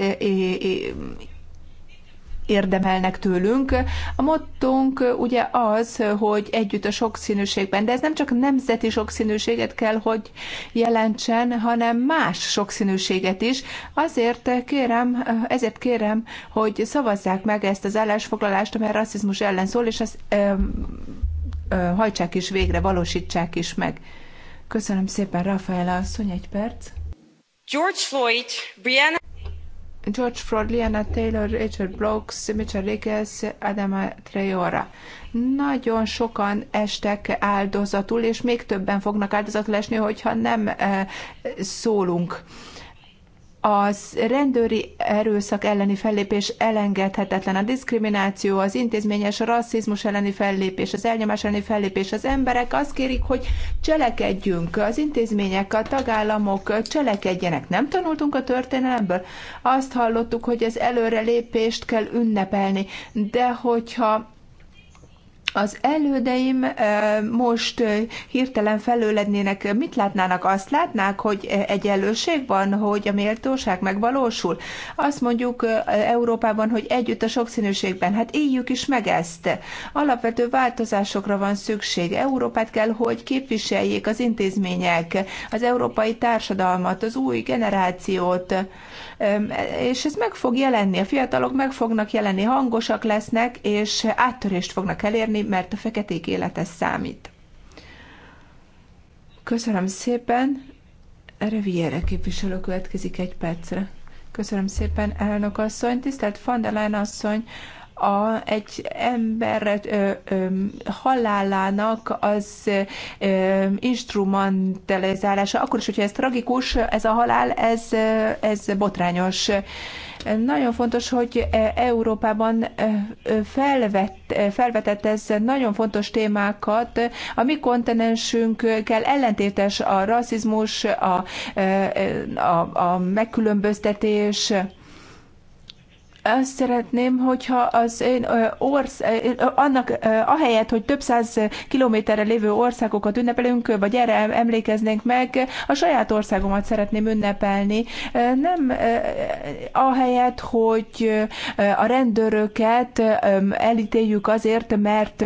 érdemelnek tőlünk. A mottónk ugye az, hogy együtt a sokszínűségben, de ez nem csak nemzeti sokszínűséget kell, hogy jelentsen, hanem más sokszínűséget is. Azért kérem, ezért kérem, hogy szavazzák meg ezt az állásfoglalást, amely rasszizmus ellen szól, és ezt ö, ö, hajtsák is végre, valósítsák is meg. Köszönöm szépen, Rafaela asszony, egy perc. George Floyd, Brianna... George Floyd, Liana Taylor, Richard Brooks, Mitchell Riggs, Adam Treora. Nagyon sokan estek áldozatul, és még többen fognak áldozatul esni, hogyha nem eh, szólunk az rendőri erőszak elleni fellépés elengedhetetlen. A diszkrimináció, az intézményes rasszizmus elleni fellépés, az elnyomás elleni fellépés. Az emberek azt kérik, hogy cselekedjünk, az intézmények, a tagállamok cselekedjenek. Nem tanultunk a történelemből? Azt hallottuk, hogy az előrelépést kell ünnepelni, de hogyha az elődeim most hirtelen felőlednének, mit látnának? Azt látnák, hogy egyenlőség van, hogy a méltóság megvalósul. Azt mondjuk Európában, hogy együtt a sokszínűségben, hát éljük is meg ezt. Alapvető változásokra van szükség. Európát kell, hogy képviseljék az intézmények, az európai társadalmat, az új generációt és ez meg fog jelenni, a fiatalok meg fognak jelenni, hangosak lesznek, és áttörést fognak elérni, mert a feketék élete számít. Köszönöm szépen. Reviere képviselő következik egy percre. Köszönöm szépen, elnök asszony. Tisztelt Fandelán asszony, a, egy ember ö, ö, halálának az ö, instrumentalizálása, akkor is, hogyha ez tragikus, ez a halál, ez, ez botrányos. Nagyon fontos, hogy Európában felvett, felvetett ez nagyon fontos témákat. A mi kontinensünkkel ellentétes a rasszizmus, a, a, a megkülönböztetés, azt szeretném, hogyha az én orsz, annak ahelyett, hogy több száz kilométerre lévő országokat ünnepelünk, vagy erre emlékeznénk meg, a saját országomat szeretném ünnepelni. Nem ahelyett, hogy a rendőröket elítéljük azért, mert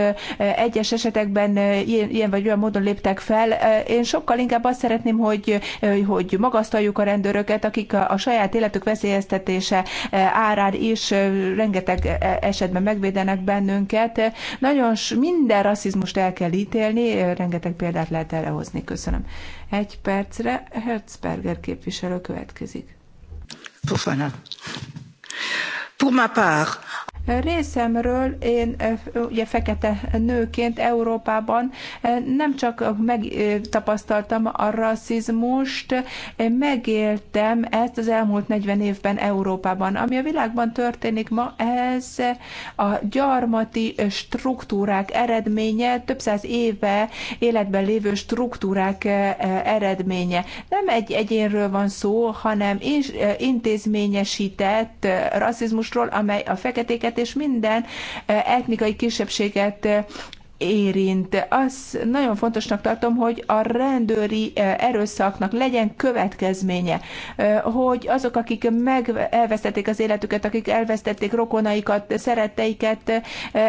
egyes esetekben ilyen vagy olyan módon léptek fel. Én sokkal inkább azt szeretném, hogy, hogy magasztaljuk a rendőröket, akik a saját életük veszélyeztetése árán is rengeteg e, esetben megvédenek bennünket. Nagyon minden rasszizmust el kell ítélni, rengeteg példát lehet erre hozni. Köszönöm. Egy percre Herzberger képviselő következik. Pour ma part, Részemről én eh, ugye fekete nőként Európában eh, nem csak megtapasztaltam eh, a rasszizmust, megéltem ezt az elmúlt 40 évben Európában. Ami a világban történik ma, ez a gyarmati struktúrák eredménye, több száz éve életben lévő struktúrák eredménye. Nem egy egyénről van szó, hanem intézményesített rasszizmusról, amely a feketéket és minden eh, etnikai kisebbséget eh, érint. Az nagyon fontosnak tartom, hogy a rendőri eh, erőszaknak legyen következménye, eh, hogy azok, akik meg elvesztették az életüket, akik elvesztették rokonaikat, szeretteiket, eh,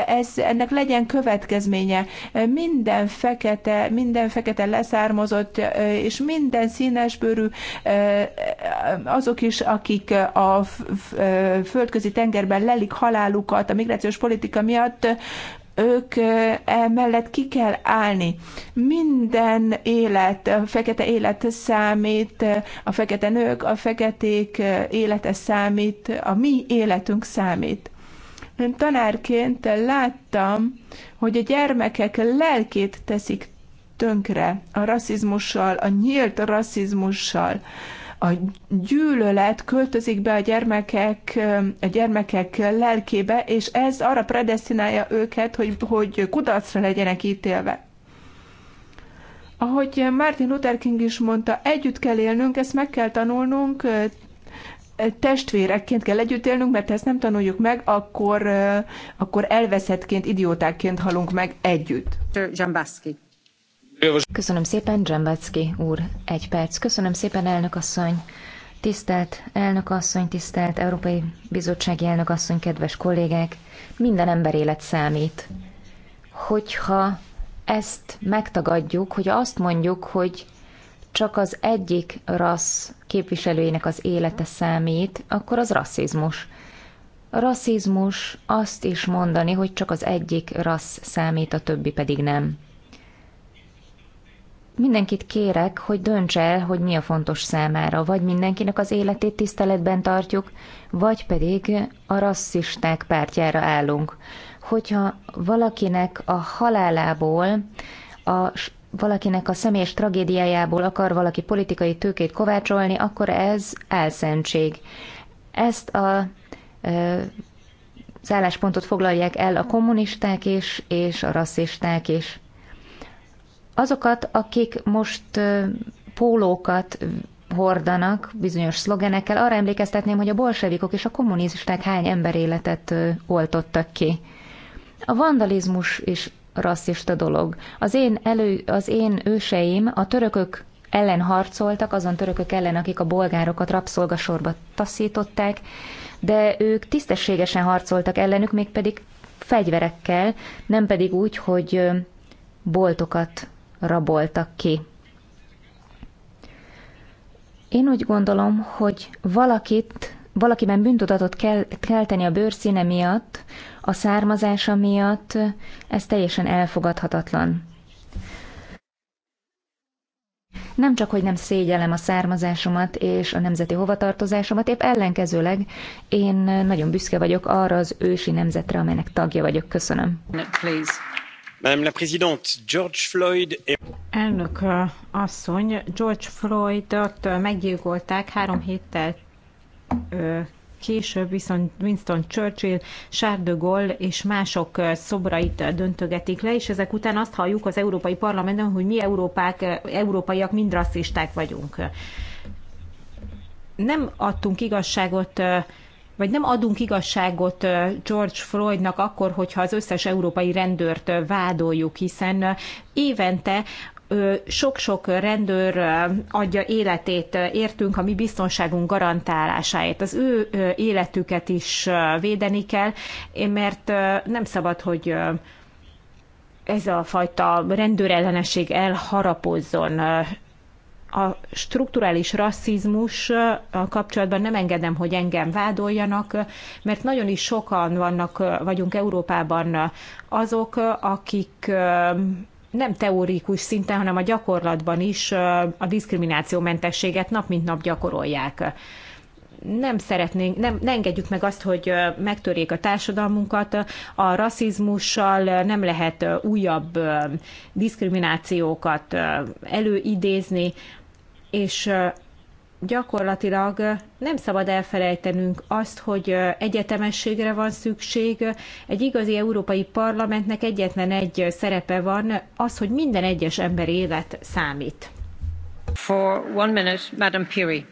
ez, ennek legyen következménye. Minden fekete, minden fekete leszármazott, és minden színesbőrű, azok is, akik a földközi tengerben lelik halálukat a migrációs politika miatt, ők e mellett ki kell állni. Minden élet, a fekete élet számít, a fekete nők, a feketék élete számít, a mi életünk számít. Én tanárként láttam, hogy a gyermekek lelkét teszik tönkre a rasszizmussal, a nyílt rasszizmussal a gyűlölet költözik be a gyermekek, a gyermekek lelkébe, és ez arra predestinálja őket, hogy, hogy kudarcra legyenek ítélve. Ahogy Martin Luther King is mondta, együtt kell élnünk, ezt meg kell tanulnunk, testvérekként kell együtt élnünk, mert ha ezt nem tanuljuk meg, akkor, akkor elveszettként, idiótákként halunk meg együtt. Zsambászki. Köszönöm szépen, Dzsambacki úr. Egy perc. Köszönöm szépen, elnök asszony. Tisztelt elnök asszony, tisztelt Európai Bizottsági elnök asszony, kedves kollégák. Minden ember élet számít. Hogyha ezt megtagadjuk, hogy azt mondjuk, hogy csak az egyik rassz képviselőjének az élete számít, akkor az rasszizmus. A rasszizmus azt is mondani, hogy csak az egyik rassz számít, a többi pedig nem mindenkit kérek, hogy dönts el, hogy mi a fontos számára. Vagy mindenkinek az életét tiszteletben tartjuk, vagy pedig a rasszisták pártjára állunk. Hogyha valakinek a halálából, a, valakinek a személyes tragédiájából akar valaki politikai tőkét kovácsolni, akkor ez elszentség. Ezt a e, az álláspontot foglalják el a kommunisták is, és a rasszisták is azokat, akik most pólókat hordanak bizonyos szlogenekkel, arra emlékeztetném, hogy a bolsevikok és a kommunisták hány emberéletet oltottak ki. A vandalizmus is rasszista dolog. Az én, elő, az én őseim a törökök ellen harcoltak, azon törökök ellen, akik a bolgárokat rabszolgasorba taszították, de ők tisztességesen harcoltak ellenük, mégpedig fegyverekkel, nem pedig úgy, hogy boltokat raboltak ki. Én úgy gondolom, hogy valakit, valakiben bűntudatot kell kelteni a bőrszíne miatt, a származása miatt, ez teljesen elfogadhatatlan. Nem csak, hogy nem szégyellem a származásomat és a nemzeti hovatartozásomat, épp ellenkezőleg én nagyon büszke vagyok arra az ősi nemzetre, amelynek tagja vagyok. Köszönöm. Please. Elnök asszony, George Floydot meggyilkolták három héttel később viszont Winston Churchill, Charles de Gaulle és mások szobrait döntögetik le, és ezek után azt halljuk az Európai Parlamentben, hogy mi Európák, európaiak mind rasszisták vagyunk. Nem adtunk igazságot vagy nem adunk igazságot George Floydnak akkor, hogyha az összes európai rendőrt vádoljuk, hiszen évente sok-sok rendőr adja életét értünk a mi biztonságunk garantálásáért. Az ő életüket is védeni kell, mert nem szabad, hogy ez a fajta rendőrellenesség elharapozzon a strukturális rasszizmus kapcsolatban nem engedem, hogy engem vádoljanak, mert nagyon is sokan vannak, vagyunk Európában azok, akik nem teórikus szinten, hanem a gyakorlatban is a diszkriminációmentességet nap mint nap gyakorolják nem szeretnénk, nem, nem engedjük meg azt, hogy megtörjék a társadalmunkat. A rasszizmussal nem lehet újabb diszkriminációkat előidézni, és gyakorlatilag nem szabad elfelejtenünk azt, hogy egyetemességre van szükség. Egy igazi európai parlamentnek egyetlen egy szerepe van, az, hogy minden egyes ember élet számít. For one minute, Madam Piri.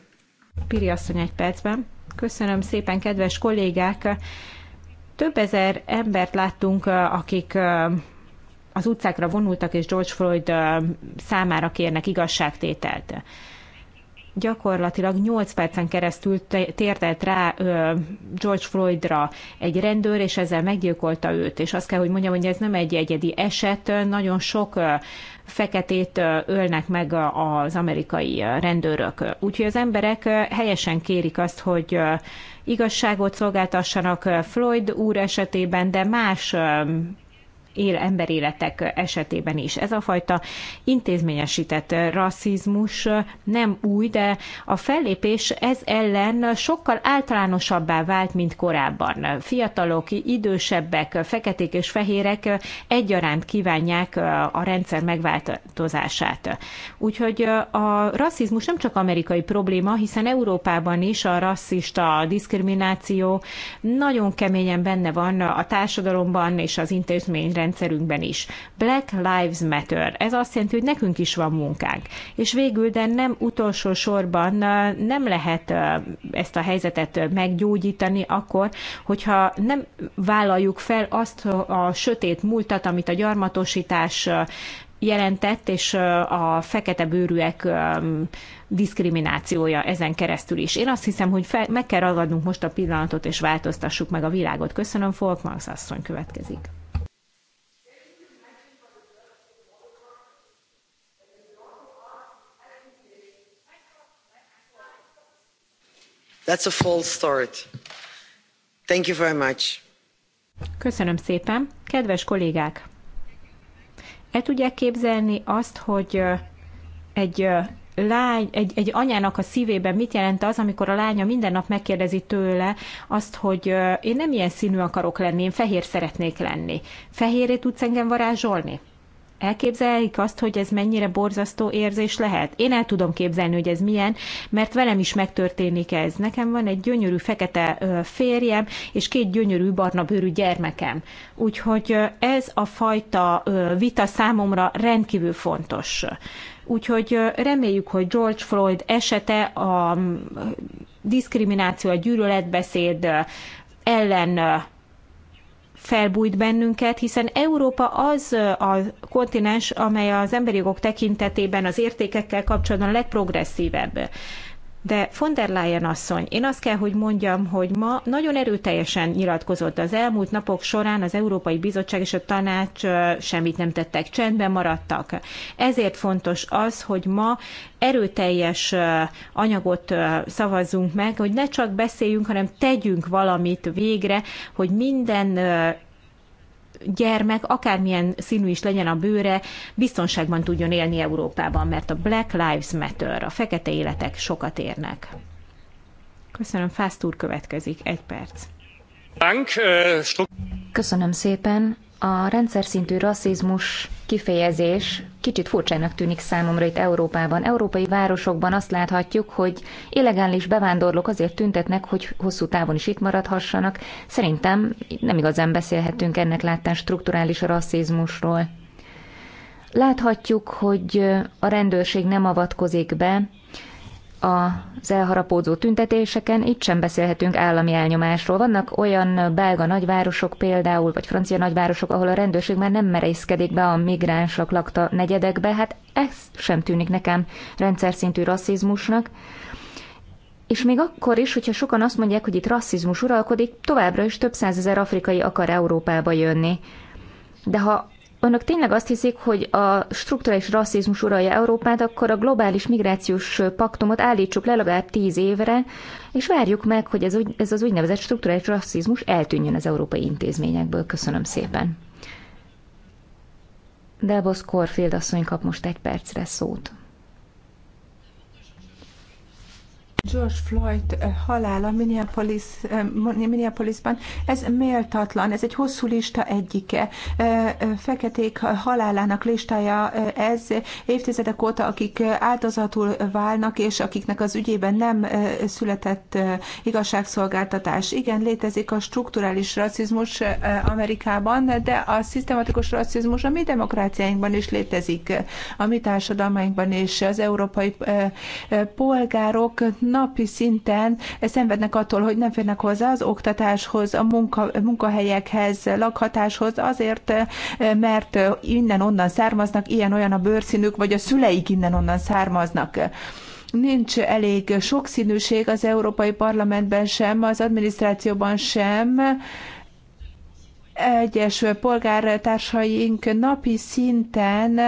Piri asszony egy percben. Köszönöm szépen, kedves kollégák! Több ezer embert láttunk, akik az utcákra vonultak, és George Floyd számára kérnek igazságtételt. Gyakorlatilag 8 percen keresztül tértelt rá George Floydra egy rendőr, és ezzel meggyilkolta őt. És azt kell, hogy mondjam, hogy ez nem egy egyedi eset, nagyon sok feketét ölnek meg az amerikai rendőrök. Úgyhogy az emberek helyesen kérik azt, hogy igazságot szolgáltassanak Floyd úr esetében, de más él emberéletek esetében is. Ez a fajta intézményesített rasszizmus nem új, de a fellépés ez ellen sokkal általánosabbá vált, mint korábban. Fiatalok, idősebbek, feketék és fehérek egyaránt kívánják a rendszer megváltozását. Úgyhogy a rasszizmus nem csak amerikai probléma, hiszen Európában is a rasszista a diszkrimináció nagyon keményen benne van a társadalomban és az intézményre rendszerünkben is. Black Lives Matter. Ez azt jelenti, hogy nekünk is van munkánk. És végül, de nem utolsó sorban nem lehet ezt a helyzetet meggyógyítani akkor, hogyha nem vállaljuk fel azt a sötét múltat, amit a gyarmatosítás jelentett, és a fekete bőrűek diszkriminációja ezen keresztül is. Én azt hiszem, hogy fel, meg kell ragadnunk most a pillanatot, és változtassuk meg a világot. Köszönöm, Folkmans asszony következik. That's a false start. Thank you very much. Köszönöm szépen. Kedves kollégák, E tudják képzelni azt, hogy egy lány, egy, egy anyának a szívében mit jelent az, amikor a lánya minden nap megkérdezi tőle azt, hogy én nem ilyen színű akarok lenni, én fehér szeretnék lenni. Fehéré tudsz engem varázsolni? Elképzelik azt, hogy ez mennyire borzasztó érzés lehet? Én el tudom képzelni, hogy ez milyen, mert velem is megtörténik ez. Nekem van egy gyönyörű fekete férjem, és két gyönyörű barna bőrű gyermekem. Úgyhogy ez a fajta vita számomra rendkívül fontos. Úgyhogy reméljük, hogy George Floyd esete a diszkrimináció, a gyűlöletbeszéd ellen felbújt bennünket, hiszen Európa az a kontinens, amely az emberi jogok tekintetében az értékekkel kapcsolatban a legprogresszívebb. De von der Leyen asszony, én azt kell, hogy mondjam, hogy ma nagyon erőteljesen nyilatkozott az elmúlt napok során az Európai Bizottság és a tanács semmit nem tettek, csendben maradtak. Ezért fontos az, hogy ma erőteljes anyagot szavazzunk meg, hogy ne csak beszéljünk, hanem tegyünk valamit végre, hogy minden gyermek, akármilyen színű is legyen a bőre, biztonságban tudjon élni Európában, mert a Black Lives Matter, a fekete életek sokat érnek. Köszönöm, Fázt következik, egy perc. Köszönöm szépen a rendszer szintű rasszizmus kifejezés kicsit furcsának tűnik számomra itt Európában. Európai városokban azt láthatjuk, hogy illegális bevándorlók azért tüntetnek, hogy hosszú távon is itt maradhassanak. Szerintem nem igazán beszélhetünk ennek láttán strukturális rasszizmusról. Láthatjuk, hogy a rendőrség nem avatkozik be, az elharapódzó tüntetéseken, itt sem beszélhetünk állami elnyomásról. Vannak olyan belga nagyvárosok például, vagy francia nagyvárosok, ahol a rendőrség már nem merészkedik be a migránsok lakta negyedekbe, hát ez sem tűnik nekem rendszer szintű rasszizmusnak. És még akkor is, hogyha sokan azt mondják, hogy itt rasszizmus uralkodik, továbbra is több százezer afrikai akar Európába jönni. De ha önök tényleg azt hiszik, hogy a strukturális rasszizmus uralja Európát, akkor a globális migrációs paktumot állítsuk le legalább tíz évre, és várjuk meg, hogy ez, ez az úgynevezett strukturális rasszizmus eltűnjön az európai intézményekből. Köszönöm szépen. Delbos Corfield asszony kap most egy percre szót. George Floyd eh, halála Minneapolis, eh, Minneapolisban, ez méltatlan, ez egy hosszú lista egyike. Eh, feketék halálának listája ez évtizedek óta, akik áldozatul válnak, és akiknek az ügyében nem született igazságszolgáltatás. Igen, létezik a strukturális rasszizmus Amerikában, de a szisztematikus rasszizmus a mi demokráciáinkban is létezik, a mi társadalmainkban és az európai polgárok napi szinten szenvednek attól, hogy nem férnek hozzá az oktatáshoz, a munka, munkahelyekhez, lakhatáshoz, azért, mert innen-onnan származnak, ilyen-olyan a bőrszínük, vagy a szüleik innen-onnan származnak nincs elég sokszínűség az Európai Parlamentben sem, az adminisztrációban sem. Egyes polgártársaink napi szinten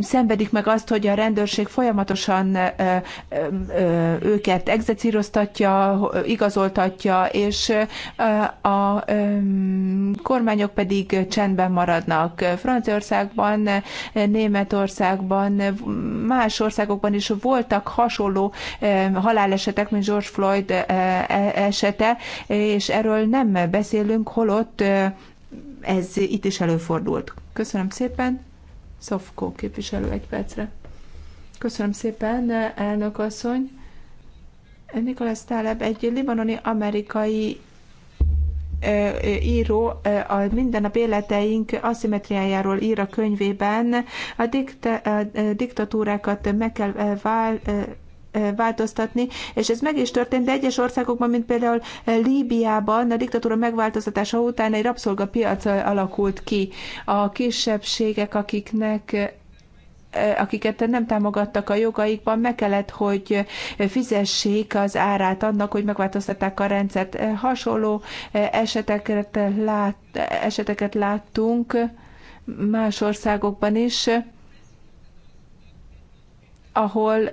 szenvedik meg azt, hogy a rendőrség folyamatosan őket egzecíroztatja, igazoltatja, és a kormányok pedig csendben maradnak. Franciaországban, Németországban, más országokban is voltak hasonló halálesetek, mint George Floyd e, esete, és erről nem beszélünk, holott ez itt is előfordult. Köszönöm szépen! Szafkó képviselő egy percre. Köszönöm szépen, elnök asszony. Nicholas Taleb egy libanoni amerikai író a mindennap életeink aszimetriájáról ír a könyvében. A, dikta, a diktatúrákat meg kell vál, változtatni, és ez meg is történt, de egyes országokban, mint például Líbiában, a diktatúra megváltoztatása után egy rabszolgapiac alakult ki. A kisebbségek, akiknek akiket nem támogattak a jogaikban, meg kellett, hogy fizessék az árát annak, hogy megváltoztatták a rendszert. Hasonló eseteket, lát, eseteket láttunk más országokban is, ahol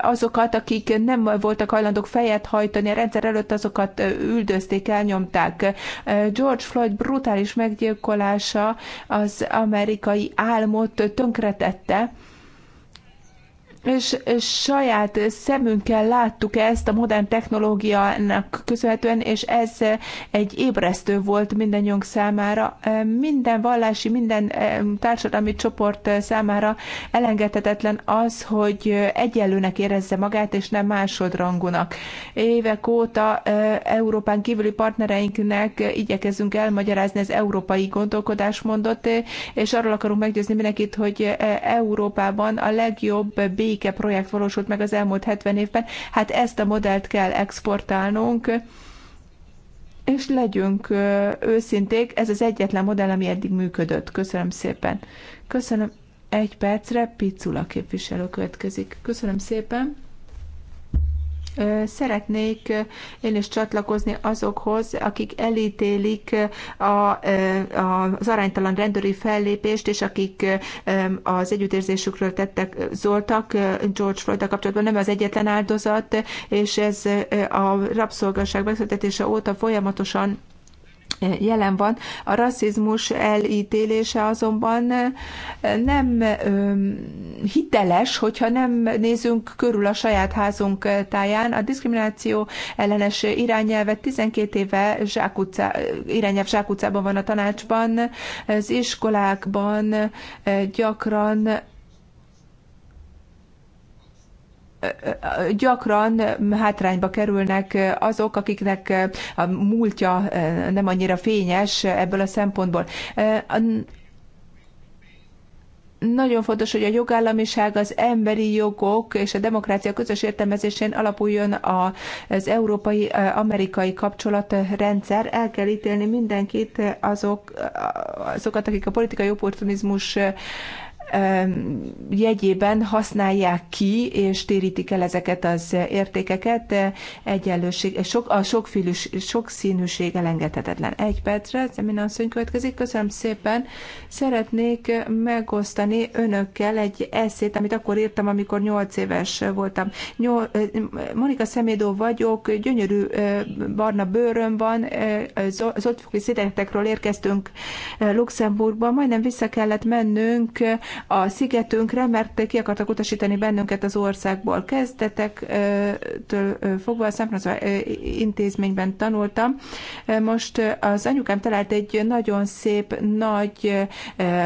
azokat, akik nem voltak hajlandók fejet hajtani a rendszer előtt, azokat üldözték, elnyomták. George Floyd brutális meggyilkolása az amerikai álmot tönkretette, és saját szemünkkel láttuk ezt a modern technológiának köszönhetően, és ez egy ébresztő volt mindannyiunk számára, minden vallási, minden eh, társadalmi csoport számára elengedhetetlen az, hogy egyenlőnek érezze magát, és nem másodrangúnak. Évek óta eh, Európán kívüli partnereinknek igyekezünk elmagyarázni az európai gondolkodásmondot, eh, és arról akarunk meggyőzni mindenkit, hogy Európában a legjobb békés béke projekt valósult meg az elmúlt 70 évben, hát ezt a modellt kell exportálnunk, és legyünk őszinték, ez az egyetlen modell, ami eddig működött. Köszönöm szépen. Köszönöm. Egy percre Picula képviselő következik. Köszönöm szépen. Szeretnék én is csatlakozni azokhoz, akik elítélik a, az aránytalan rendőri fellépést, és akik az együttérzésükről tettek, zoltak George floyd kapcsolatban. Nem az egyetlen áldozat, és ez a rabszolgasság megszületése óta folyamatosan jelen van. A rasszizmus elítélése azonban nem hiteles, hogyha nem nézünk körül a saját házunk táján. A diszkrimináció ellenes irányelvet 12 éve zsákutca, irányelv zsákutcában van a tanácsban, az iskolákban gyakran gyakran hátrányba kerülnek azok, akiknek a múltja nem annyira fényes ebből a szempontból nagyon fontos, hogy a jogállamiság, az emberi jogok és a demokrácia közös értelmezésén alapuljon az európai-amerikai kapcsolatrendszer. El kell ítélni mindenkit azok, azokat, akik a politikai opportunizmus jegyében használják ki és térítik el ezeket az értékeket. Egyenlőség, sok, a sokfélűs, sokszínűség elengedhetetlen. Egy percre, Zemin asszony következik. Köszönöm szépen. Szeretnék megosztani önökkel egy eszét, amit akkor írtam, amikor nyolc éves voltam. Nyol, Monika Szemédó vagyok, gyönyörű barna bőröm van, az ott szigetekről érkeztünk Luxemburgba, majdnem vissza kellett mennünk a szigetünkre, mert ki akartak utasítani bennünket az országból. Kezdetektől fogva a San intézményben tanultam. Most az anyukám talált egy nagyon szép, nagy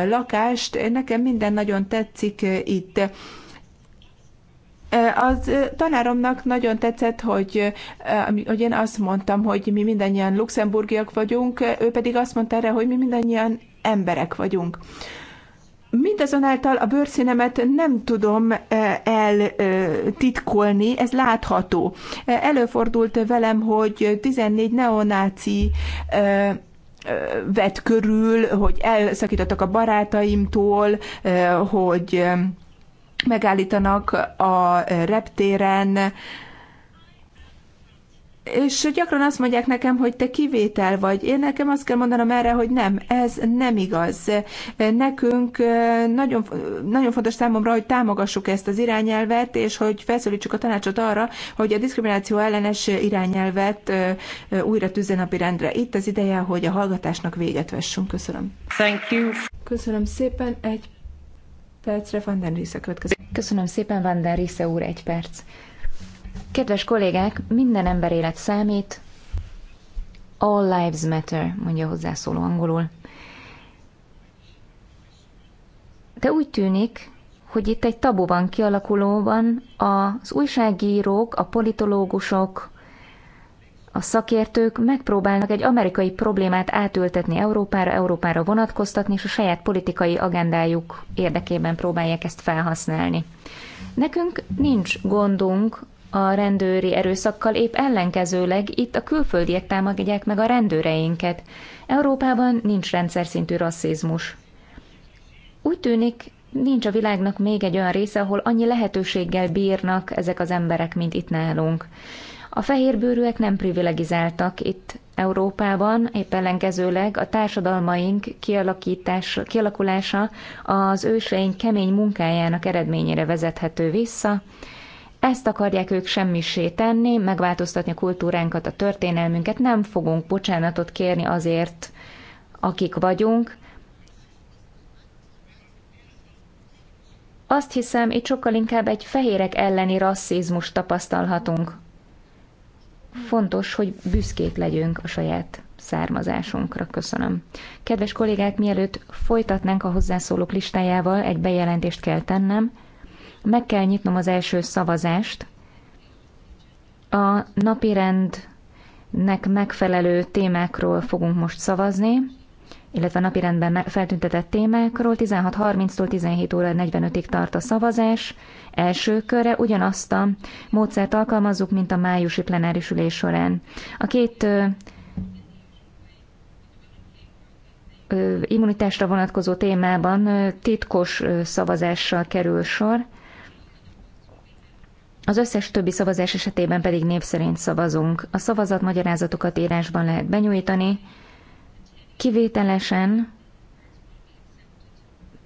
lakást. Nekem minden nagyon tetszik itt. Az tanáromnak nagyon tetszett, hogy, hogy én azt mondtam, hogy mi mindannyian luxemburgiak vagyunk, ő pedig azt mondta erre, hogy mi mindannyian emberek vagyunk. Mindazonáltal a bőrszínemet nem tudom eh, eltitkolni, eh, ez látható. Eh, előfordult velem, hogy 14 neonáci vett körül, hogy elszakítottak a barátaimtól, hogy megállítanak a reptéren, és gyakran azt mondják nekem, hogy te kivétel vagy. Én nekem azt kell mondanom erre, hogy nem, ez nem igaz. Nekünk nagyon, nagyon fontos számomra, hogy támogassuk ezt az irányelvet, és hogy felszólítsuk a tanácsot arra, hogy a diszkrimináció ellenes irányelvet újra tűzze napirendre. Itt az ideje, hogy a hallgatásnak véget vessünk. Köszönöm. Thank you. Köszönöm szépen. Egy percre Van der Riese következik. Köszönöm szépen, Van der Riese úr, egy perc. Kedves kollégák, minden ember élet számít. All lives matter, mondja hozzászóló angolul. De úgy tűnik, hogy itt egy tabuban kialakulóban az újságírók, a politológusok, a szakértők megpróbálnak egy amerikai problémát átültetni Európára, Európára vonatkoztatni, és a saját politikai agendájuk érdekében próbálják ezt felhasználni. Nekünk nincs gondunk a rendőri erőszakkal, épp ellenkezőleg itt a külföldiek támadják meg a rendőreinket. Európában nincs rendszer szintű rasszizmus. Úgy tűnik, nincs a világnak még egy olyan része, ahol annyi lehetőséggel bírnak ezek az emberek, mint itt nálunk. A fehérbőrűek nem privilegizáltak itt Európában, épp ellenkezőleg a társadalmaink kialakítás, kialakulása az őseink kemény munkájának eredményére vezethető vissza, ezt akarják ők semmisé tenni, megváltoztatni a kultúránkat, a történelmünket, nem fogunk bocsánatot kérni azért, akik vagyunk. Azt hiszem, itt sokkal inkább egy fehérek elleni rasszizmus tapasztalhatunk. Fontos, hogy büszkék legyünk a saját származásunkra. Köszönöm. Kedves kollégák, mielőtt folytatnánk a hozzászólók listájával, egy bejelentést kell tennem meg kell nyitnom az első szavazást. A napirendnek megfelelő témákról fogunk most szavazni, illetve a napirendben feltüntetett témákról. 16.30-tól 17 óra 45-ig tart a szavazás. Első körre ugyanazt a módszert alkalmazzuk, mint a májusi plenáris ülés során. A két immunitásra vonatkozó témában titkos szavazással kerül sor. Az összes többi szavazás esetében pedig név szerint szavazunk. A szavazat magyarázatokat írásban lehet benyújtani, kivételesen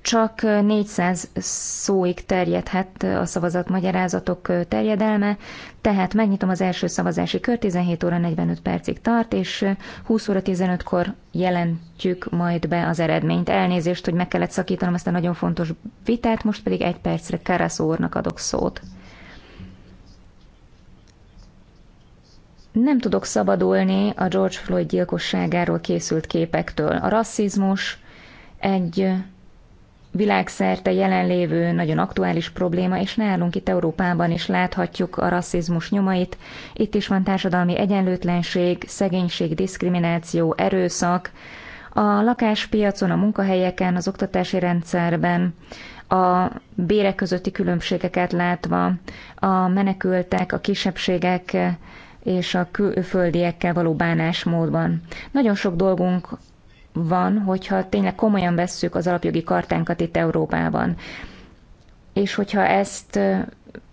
csak 400 szóig terjedhet a szavazat magyarázatok terjedelme, tehát megnyitom az első szavazási kör, 17 óra 45 percig tart, és 20 óra 15-kor jelentjük majd be az eredményt. Elnézést, hogy meg kellett szakítanom ezt a nagyon fontos vitát, most pedig egy percre Karasz úrnak adok szót. nem tudok szabadulni a George Floyd gyilkosságáról készült képektől. A rasszizmus egy világszerte jelenlévő nagyon aktuális probléma, és nálunk itt Európában is láthatjuk a rasszizmus nyomait. Itt is van társadalmi egyenlőtlenség, szegénység, diszkrimináció, erőszak. A lakáspiacon, a munkahelyeken, az oktatási rendszerben, a bérek közötti különbségeket látva, a menekültek, a kisebbségek és a külföldiekkel való bánásmódban. Nagyon sok dolgunk van, hogyha tényleg komolyan vesszük az alapjogi kartánkat itt Európában. És hogyha ezt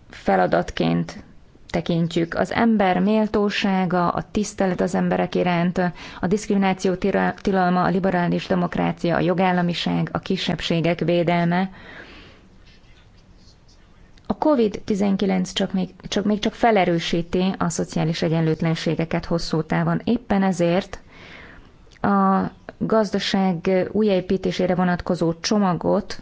feladatként tekintjük. Az ember méltósága, a tisztelet az emberek iránt, a diszkrimináció tilalma, a liberális demokrácia, a jogállamiság, a kisebbségek védelme, a COVID-19 csak még, csak még csak felerősíti a szociális egyenlőtlenségeket hosszú távon. Éppen ezért a gazdaság újjáépítésére vonatkozó csomagot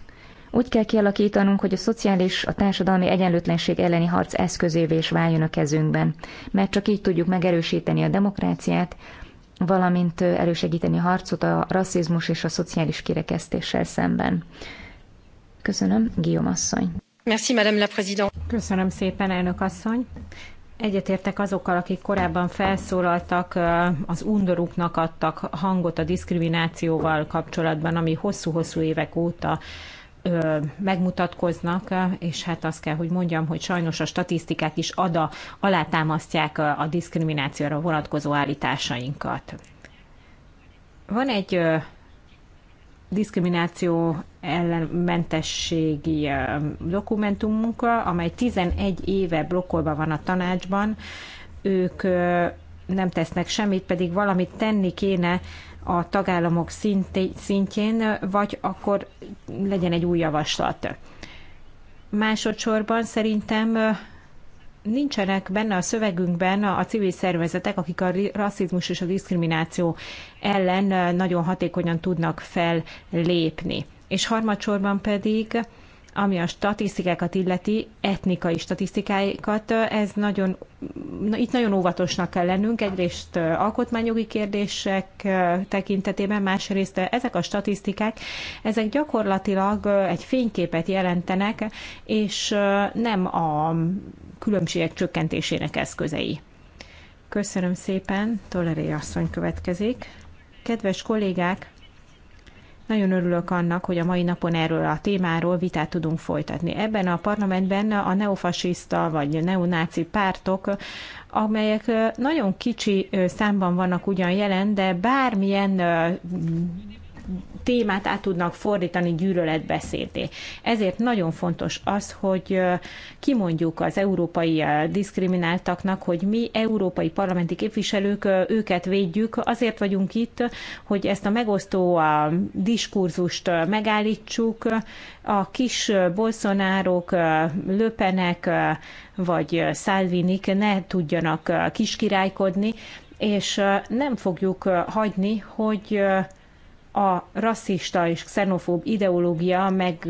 úgy kell kialakítanunk, hogy a szociális, a társadalmi egyenlőtlenség elleni harc eszközévé is váljon a kezünkben, mert csak így tudjuk megerősíteni a demokráciát, valamint elősegíteni a harcot a rasszizmus és a szociális kirekesztéssel szemben. Köszönöm, Guillaume asszony. Merci, Madame la Présidente. Köszönöm szépen, elnök asszony. Egyetértek azokkal, akik korábban felszólaltak, az undoruknak adtak hangot a diszkriminációval kapcsolatban, ami hosszú-hosszú évek óta megmutatkoznak, és hát azt kell, hogy mondjam, hogy sajnos a statisztikák is ada, alátámasztják a diszkriminációra vonatkozó állításainkat. Van egy diszkrimináció ellenmentességi dokumentumunkra, amely 11 éve blokkolva van a tanácsban. Ők nem tesznek semmit, pedig valamit tenni kéne a tagállamok szintjén, vagy akkor legyen egy új javaslat. Másodszorban szerintem nincsenek benne a szövegünkben a civil szervezetek, akik a rasszizmus és a diszkrimináció ellen nagyon hatékonyan tudnak fellépni és harmadsorban pedig ami a statisztikákat illeti, etnikai statisztikákat, ez nagyon, na, itt nagyon óvatosnak kell lennünk, egyrészt alkotmányjogi kérdések tekintetében, másrészt ezek a statisztikák, ezek gyakorlatilag egy fényképet jelentenek, és nem a különbségek csökkentésének eszközei. Köszönöm szépen, Toleré asszony következik. Kedves kollégák, nagyon örülök annak, hogy a mai napon erről a témáról vitát tudunk folytatni. Ebben a parlamentben a neofasiszta vagy neonáci pártok, amelyek nagyon kicsi számban vannak ugyan jelen, de bármilyen témát át tudnak fordítani gyűlöletbeszédé. Ezért nagyon fontos az, hogy kimondjuk az európai diszkrimináltaknak, hogy mi európai parlamenti képviselők őket védjük, azért vagyunk itt, hogy ezt a megosztó diskurzust megállítsuk, a kis bolszonárok, löpenek vagy szálvinik ne tudjanak kiskirálykodni, és nem fogjuk hagyni, hogy a rasszista és xenofób ideológia meg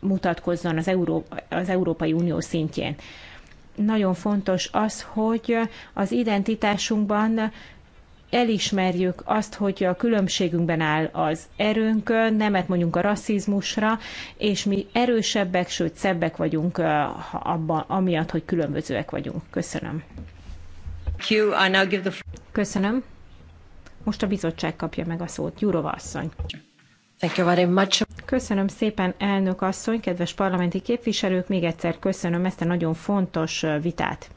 mutatkozzon az, Euró- az Európai Unió szintjén. Nagyon fontos az, hogy az identitásunkban elismerjük azt, hogy a különbségünkben áll az erőnk, nemet mondjunk a rasszizmusra, és mi erősebbek, sőt szebbek vagyunk abban, amiatt, hogy különbözőek vagyunk. Köszönöm. Köszönöm. Most a bizottság kapja meg a szót. Jurova asszony. Thank you very much. Köszönöm szépen, elnök asszony, kedves parlamenti képviselők, még egyszer köszönöm ezt a nagyon fontos vitát.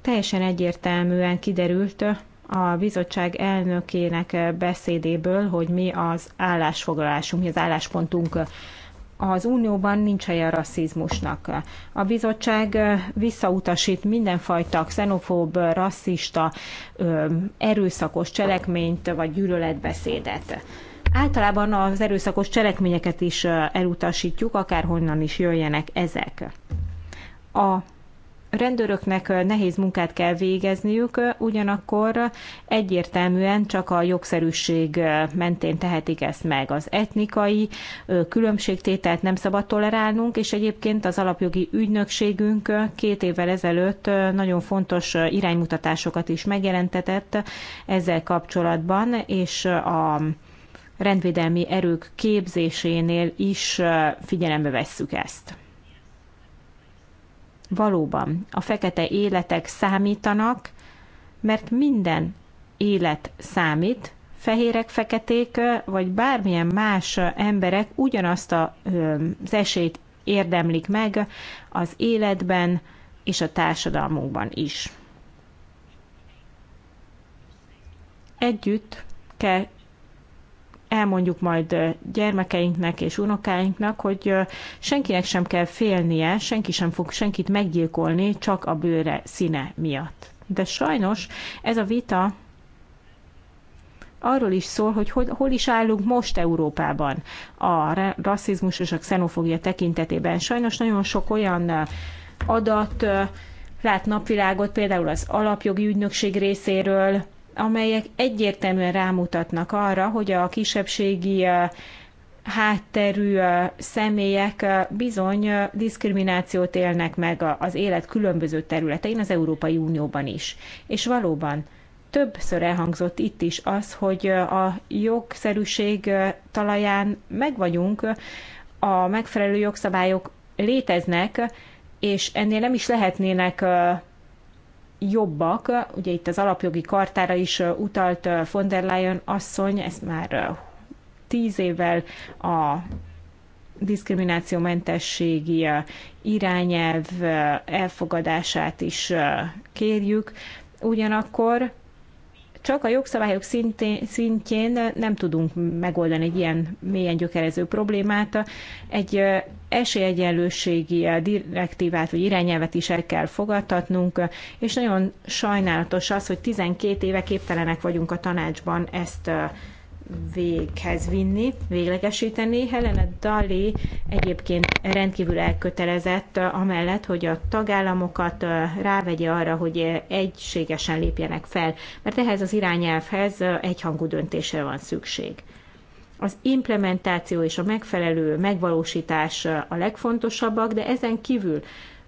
Teljesen egyértelműen kiderült a bizottság elnökének beszédéből, hogy mi az állásfoglalásunk, mi az álláspontunk az Unióban nincs helye a rasszizmusnak. A bizottság visszautasít mindenfajta xenofób, rasszista, erőszakos cselekményt vagy gyűlöletbeszédet. Általában az erőszakos cselekményeket is elutasítjuk, akárhonnan is jöjjenek ezek. A rendőröknek nehéz munkát kell végezniük, ugyanakkor egyértelműen csak a jogszerűség mentén tehetik ezt meg. Az etnikai különbségtételt nem szabad tolerálnunk, és egyébként az alapjogi ügynökségünk két évvel ezelőtt nagyon fontos iránymutatásokat is megjelentetett ezzel kapcsolatban, és a rendvédelmi erők képzésénél is figyelembe vesszük ezt. Valóban a fekete életek számítanak, mert minden élet számít, fehérek, feketék, vagy bármilyen más emberek ugyanazt a, az esélyt érdemlik meg az életben és a társadalmunkban is. Együtt kell elmondjuk majd gyermekeinknek és unokáinknak, hogy senkinek sem kell félnie, senki sem fog senkit meggyilkolni, csak a bőre színe miatt. De sajnos ez a vita arról is szól, hogy hol, is állunk most Európában a rasszizmus és a xenofógia tekintetében. Sajnos nagyon sok olyan adat lát napvilágot, például az alapjogi ügynökség részéről, amelyek egyértelműen rámutatnak arra, hogy a kisebbségi hátterű személyek bizony diszkriminációt élnek meg az élet különböző területein, az Európai Unióban is. És valóban többször elhangzott itt is az, hogy a jogszerűség talaján megvagyunk, a megfelelő jogszabályok léteznek, és ennél nem is lehetnének jobbak. Ugye itt az alapjogi kartára is utalt von der Leyen asszony, ezt már tíz évvel a diszkriminációmentességi irányelv elfogadását is kérjük. Ugyanakkor csak a jogszabályok szintén, szintjén nem tudunk megoldani egy ilyen mélyen gyökerező problémát. Egy esélyegyenlőségi direktívát vagy irányelvet is el kell fogadtatnunk, és nagyon sajnálatos az, hogy 12 éve képtelenek vagyunk a tanácsban ezt véghez vinni, véglegesíteni. Helena Dali egyébként rendkívül elkötelezett amellett, hogy a tagállamokat rávegye arra, hogy egységesen lépjenek fel, mert ehhez az irányelvhez egyhangú döntésre van szükség. Az implementáció és a megfelelő megvalósítás a legfontosabbak, de ezen kívül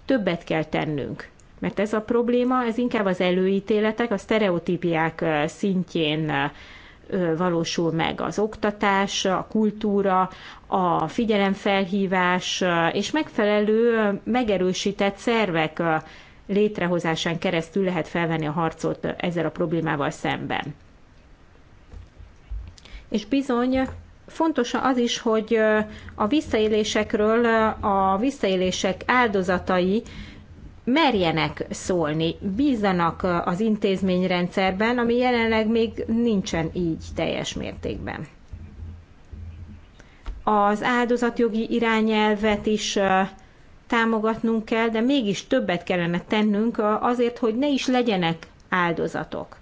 többet kell tennünk. Mert ez a probléma, ez inkább az előítéletek, a sztereotípiák szintjén valósul meg az oktatás, a kultúra, a figyelemfelhívás és megfelelő megerősített szervek létrehozásán keresztül lehet felvenni a harcot ezzel a problémával szemben és bizony fontos az is, hogy a visszaélésekről a visszaélések áldozatai merjenek szólni, bízzanak az intézményrendszerben, ami jelenleg még nincsen így teljes mértékben. Az áldozatjogi irányelvet is támogatnunk kell, de mégis többet kellene tennünk azért, hogy ne is legyenek áldozatok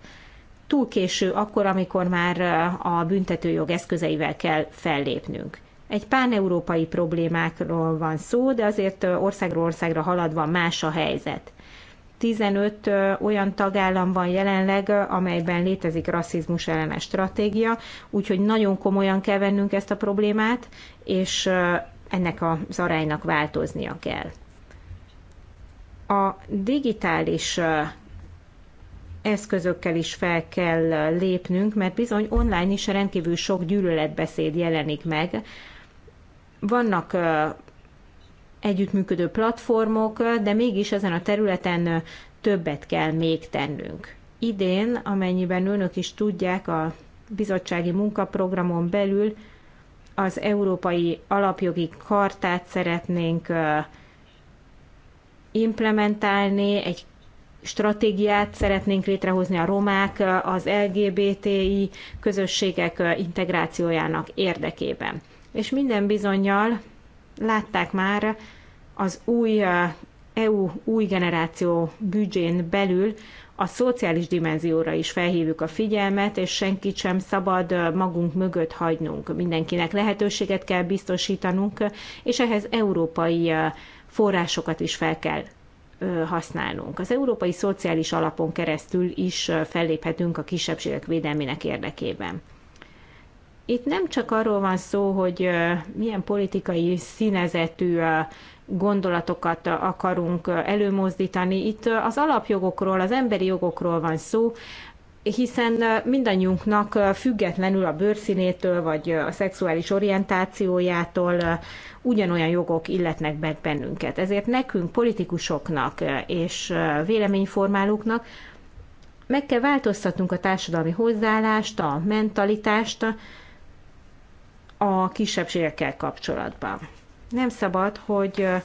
túl késő akkor, amikor már a büntetőjog eszközeivel kell fellépnünk. Egy európai problémákról van szó, de azért országról országra haladva más a helyzet. 15 olyan tagállam van jelenleg, amelyben létezik rasszizmus ellenes stratégia, úgyhogy nagyon komolyan kell vennünk ezt a problémát, és ennek az aránynak változnia kell. A digitális eszközökkel is fel kell lépnünk, mert bizony online is rendkívül sok gyűlöletbeszéd jelenik meg. Vannak együttműködő platformok, de mégis ezen a területen többet kell még tennünk. Idén, amennyiben önök is tudják, a bizottsági munkaprogramon belül az Európai Alapjogi Kartát szeretnénk implementálni, egy stratégiát szeretnénk létrehozni a romák, az LGBTI közösségek integrációjának érdekében. És minden bizonyal látták már az új EU új generáció büdzsén belül a szociális dimenzióra is felhívjuk a figyelmet, és senkit sem szabad magunk mögött hagynunk. Mindenkinek lehetőséget kell biztosítanunk, és ehhez európai forrásokat is fel kell használnunk. Az Európai Szociális Alapon keresztül is felléphetünk a kisebbségek védelmének érdekében. Itt nem csak arról van szó, hogy milyen politikai színezetű gondolatokat akarunk előmozdítani. Itt az alapjogokról, az emberi jogokról van szó, hiszen mindannyiunknak függetlenül a bőrszínétől, vagy a szexuális orientációjától, ugyanolyan jogok illetnek meg bennünket. Ezért nekünk, politikusoknak eh, és eh, véleményformálóknak meg kell változtatnunk a társadalmi hozzáállást, a mentalitást a kisebbségekkel kapcsolatban. Nem szabad, hogy eh,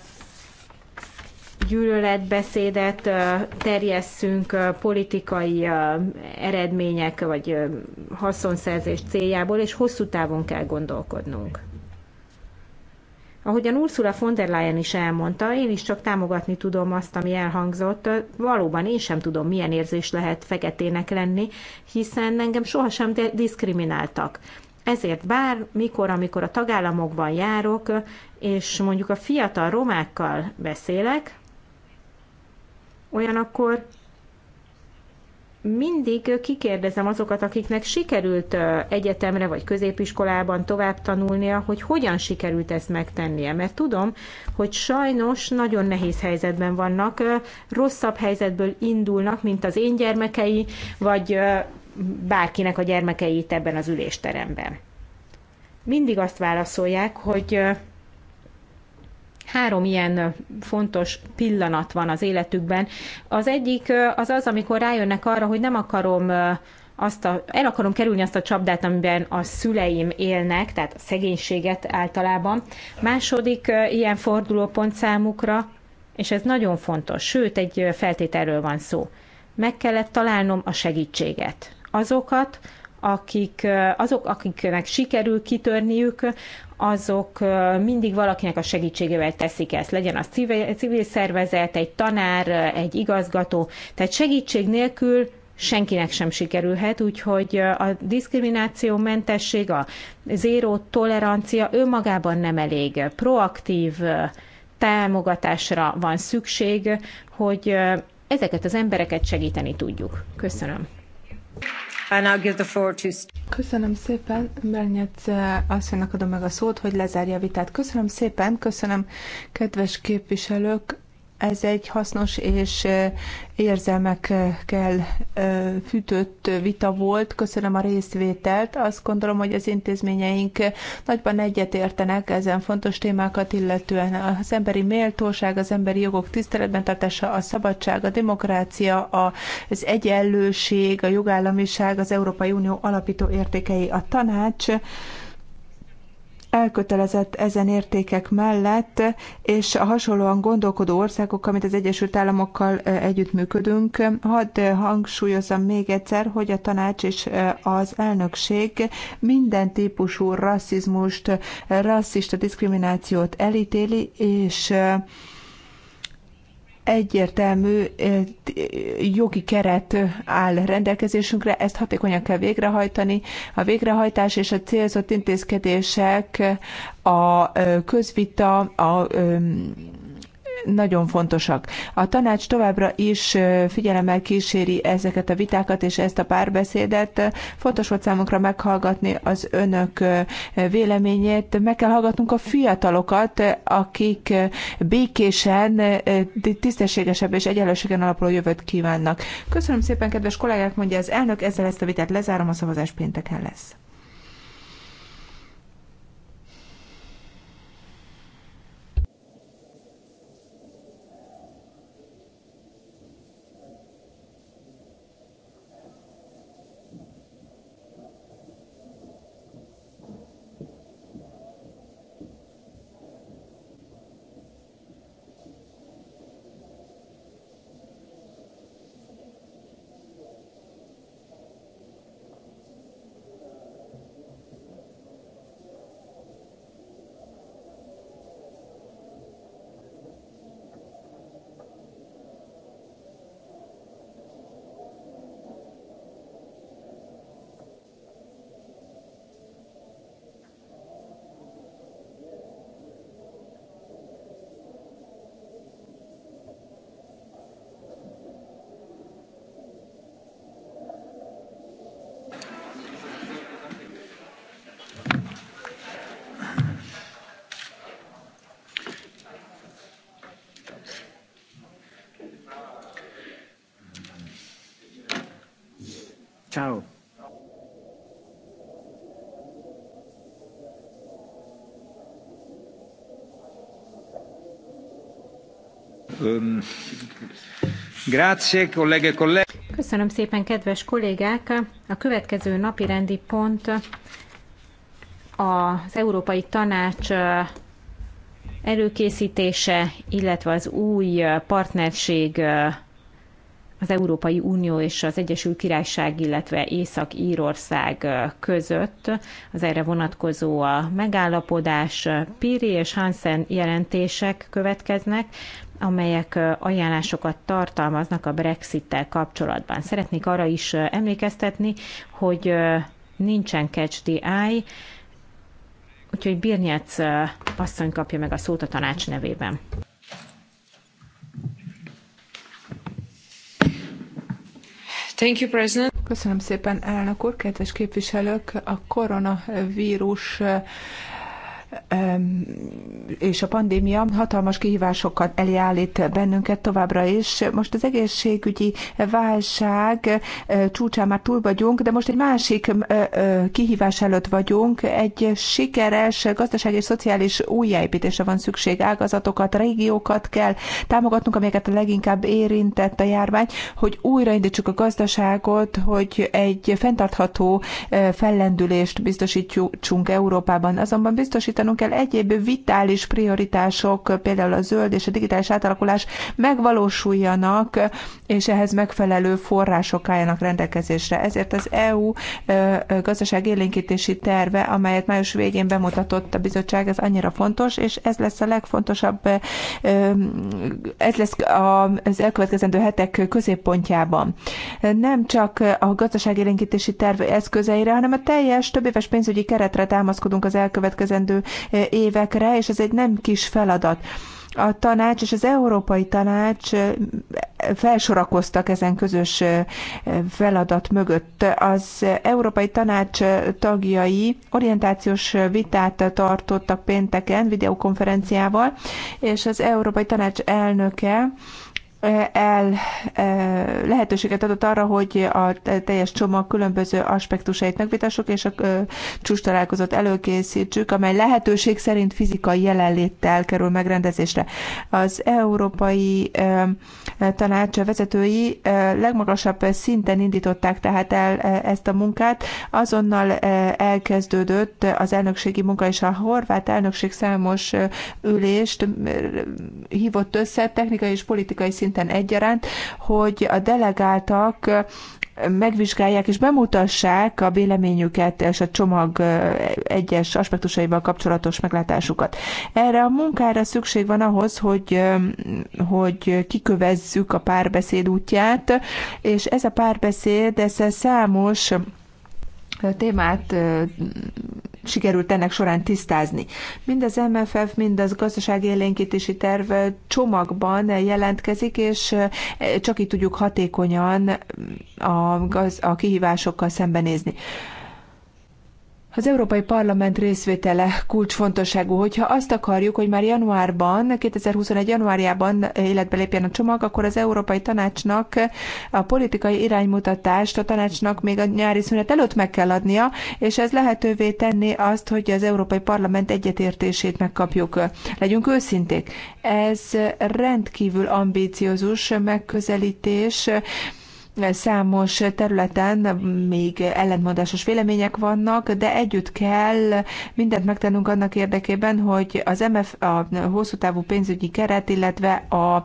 gyűlöletbeszédet terjesszünk politikai eredmények vagy haszonszerzés céljából, és hosszú távon kell gondolkodnunk. Ahogyan Ursula von der Leyen is elmondta, én is csak támogatni tudom azt, ami elhangzott. Valóban én sem tudom, milyen érzés lehet feketének lenni, hiszen engem sohasem diszkrimináltak. Ezért bár, mikor, amikor a tagállamokban járok, és mondjuk a fiatal romákkal beszélek, olyan akkor mindig kikérdezem azokat, akiknek sikerült egyetemre vagy középiskolában tovább tanulnia, hogy hogyan sikerült ezt megtennie. Mert tudom, hogy sajnos nagyon nehéz helyzetben vannak, rosszabb helyzetből indulnak, mint az én gyermekei, vagy bárkinek a gyermekei itt ebben az ülésteremben. Mindig azt válaszolják, hogy Három ilyen fontos pillanat van az életükben. Az egyik az az, amikor rájönnek arra, hogy nem akarom azt a, el akarom kerülni azt a csapdát, amiben a szüleim élnek, tehát a szegénységet általában. Második ilyen fordulópont számukra, és ez nagyon fontos, sőt, egy feltételről van szó. Meg kellett találnom a segítséget. Azokat, akik, azok, akiknek sikerül kitörniük, azok mindig valakinek a segítségével teszik ezt. Legyen az civil, civil szervezet, egy tanár, egy igazgató. Tehát segítség nélkül senkinek sem sikerülhet, úgyhogy a diszkrimináció mentesség, a zéró tolerancia önmagában nem elég. Proaktív támogatásra van szükség, hogy ezeket az embereket segíteni tudjuk. Köszönöm. Köszönöm szépen, Bernyet eh, asszonynak adom meg a szót, hogy lezárja a vitát. Köszönöm szépen, köszönöm kedves képviselők ez egy hasznos és érzelmekkel fűtött vita volt. Köszönöm a részvételt. Azt gondolom, hogy az intézményeink nagyban egyetértenek ezen fontos témákat, illetően az emberi méltóság, az emberi jogok tiszteletben tartása, a szabadság, a demokrácia, az egyenlőség, a jogállamiság, az Európai Unió alapító értékei, a tanács elkötelezett ezen értékek mellett, és a hasonlóan gondolkodó országokkal, mint az Egyesült Államokkal együttműködünk. Hadd hangsúlyozzam még egyszer, hogy a tanács és az elnökség minden típusú rasszizmust, rasszista diszkriminációt elítéli, és egyértelmű eh, jogi keret áll rendelkezésünkre, ezt hatékonyan kell végrehajtani. A végrehajtás és a célzott intézkedések, a eh, közvita, a eh, nagyon fontosak. A tanács továbbra is figyelemmel kíséri ezeket a vitákat és ezt a párbeszédet. Fontos volt számunkra meghallgatni az önök véleményét. Meg kell hallgatnunk a fiatalokat, akik békésen, tisztességesebb és egyenlőségen alapuló jövőt kívánnak. Köszönöm szépen, kedves kollégák, mondja az elnök, ezzel ezt a vitát lezárom, a szavazás pénteken lesz. E Köszönöm szépen, kedves kollégák! A következő napi rendi pont az Európai Tanács előkészítése, illetve az új partnerség az Európai Unió és az Egyesült Királyság, illetve Észak-Írország között az erre vonatkozó a megállapodás, Piri és Hansen jelentések következnek, amelyek ajánlásokat tartalmaznak a Brexit-tel kapcsolatban. Szeretnék arra is emlékeztetni, hogy nincsen catch the eye, úgyhogy Birnyec asszony kapja meg a szót a tanács nevében. Thank you, President. Köszönöm szépen, elnök úr, kedves képviselők! A koronavírus és a pandémia hatalmas kihívásokkal elé állít bennünket továbbra is. Most az egészségügyi válság csúcsán már túl vagyunk, de most egy másik kihívás előtt vagyunk. Egy sikeres gazdasági és szociális újjáépítésre van szükség. Ágazatokat, régiókat kell támogatnunk, amelyeket a leginkább érintett a járvány, hogy újraindítsuk a gazdaságot, hogy egy fenntartható fellendülést biztosítsunk Európában. Azonban biztosítani biztosítanunk kell egyéb vitális prioritások, például a zöld és a digitális átalakulás megvalósuljanak, és ehhez megfelelő források álljanak rendelkezésre. Ezért az EU gazdaság élénkítési terve, amelyet május végén bemutatott a bizottság, ez annyira fontos, és ez lesz a legfontosabb, ez lesz az elkövetkezendő hetek középpontjában. Nem csak a élénkítési terv eszközeire, hanem a teljes többéves pénzügyi keretre támaszkodunk az elkövetkezendő évekre, és ez egy nem kis feladat. A tanács és az Európai Tanács felsorakoztak ezen közös feladat mögött. Az Európai Tanács tagjai orientációs vitát tartottak pénteken videokonferenciával, és az Európai Tanács elnöke el lehetőséget adott arra, hogy a teljes csomag különböző aspektusait megvitassuk, és a csúcs találkozót előkészítsük, amely lehetőség szerint fizikai jelenléttel kerül megrendezésre. Az Európai Tanács vezetői legmagasabb szinten indították tehát el ezt a munkát. Azonnal elkezdődött az elnökségi munka, és a horvát elnökség számos ülést hívott össze technikai és politikai szinten szinten egyaránt, hogy a delegáltak megvizsgálják és bemutassák a véleményüket és a csomag egyes aspektusaival kapcsolatos meglátásukat. Erre a munkára szükség van ahhoz, hogy, hogy kikövezzük a párbeszéd útját, és ez a párbeszéd, ez számos témát sikerült ennek során tisztázni. Mind az MFF, mind az gazdasági élénkítési terv csomagban jelentkezik, és csak így tudjuk hatékonyan mm, a, gaz, a kihívásokkal szembenézni. Az Európai Parlament részvétele kulcsfontosságú, hogyha azt akarjuk, hogy már januárban, 2021. januárjában életbe lépjen a csomag, akkor az Európai Tanácsnak a politikai iránymutatást a tanácsnak még a nyári szünet előtt meg kell adnia, és ez lehetővé tenni azt, hogy az Európai Parlament egyetértését megkapjuk. Legyünk őszinték. Ez rendkívül ambíciózus megközelítés, számos területen még ellentmondásos vélemények vannak, de együtt kell mindent megtennünk annak érdekében, hogy az MF, a hosszú távú pénzügyi keret, illetve a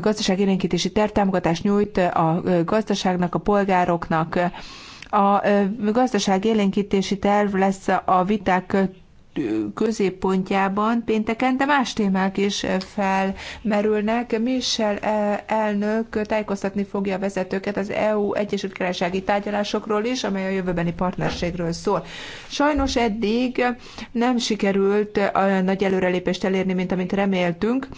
gazdaságélénkítési terv támogatást nyújt a gazdaságnak, a polgároknak. A gazdaság élénkítési terv lesz a viták középpontjában pénteken, de más témák is felmerülnek. Michel e, elnök tájékoztatni fogja a vezetőket az EU Egyesült Királysági tárgyalásokról is, amely a jövőbeni partnerségről szól. Sajnos eddig nem sikerült olyan e, nagy előrelépést elérni, mint amit reméltünk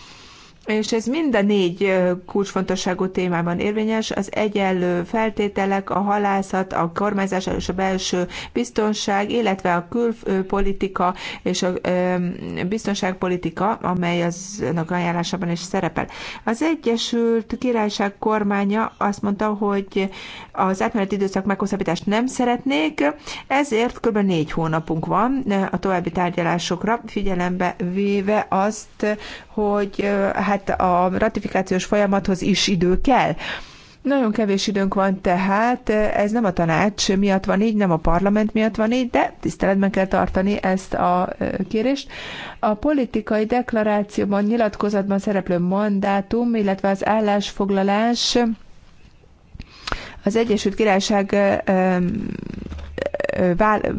és ez mind a négy kulcsfontosságú témában érvényes, az egyenlő feltételek, a halászat, a kormányzás és a belső biztonság, illetve a külpolitika és a biztonságpolitika, amely aznak ajánlásában is szerepel. Az Egyesült Királyság kormánya azt mondta, hogy az átmeneti időszak meghosszabbítást nem szeretnék, ezért kb. négy hónapunk van a további tárgyalásokra, figyelembe véve azt, hogy hát a ratifikációs folyamathoz is idő kell. Nagyon kevés időnk van tehát, ez nem a tanács miatt van így, nem a parlament miatt van így, de tiszteletben kell tartani ezt a kérést. A politikai deklarációban, nyilatkozatban szereplő mandátum, illetve az állásfoglalás az Egyesült Királyság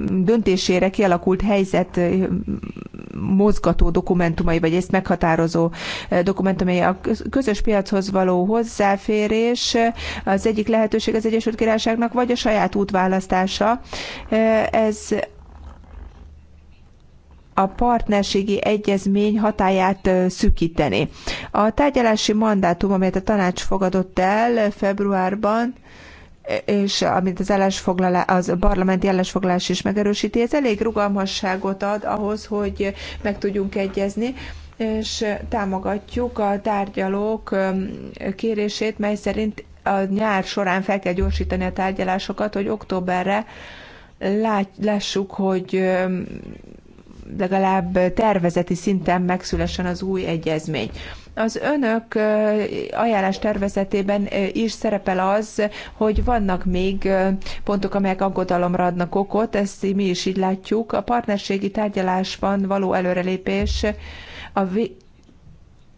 döntésére kialakult helyzet mozgató dokumentumai, vagy ezt meghatározó eh, dokumentumai. A közös piachoz való hozzáférés eh, az egyik lehetőség az Egyesült Királyságnak, vagy a saját útválasztása. Eh, ez a partnerségi egyezmény hatáját szükíteni. A tárgyalási mandátum, amelyet a tanács fogadott el februárban, és amit az, ellensfoglalás, az parlamenti ellensfoglalás is megerősíti, ez elég rugalmasságot ad ahhoz, hogy meg tudjunk egyezni, és támogatjuk a tárgyalók kérését, mely szerint a nyár során fel kell gyorsítani a tárgyalásokat, hogy októberre lát, lássuk, hogy legalább tervezeti szinten megszülessen az új egyezmény. Az önök ajánlás tervezetében is szerepel az, hogy vannak még pontok, amelyek aggodalomra adnak okot, ezt mi is így látjuk. A partnerségi tárgyalásban való előrelépés a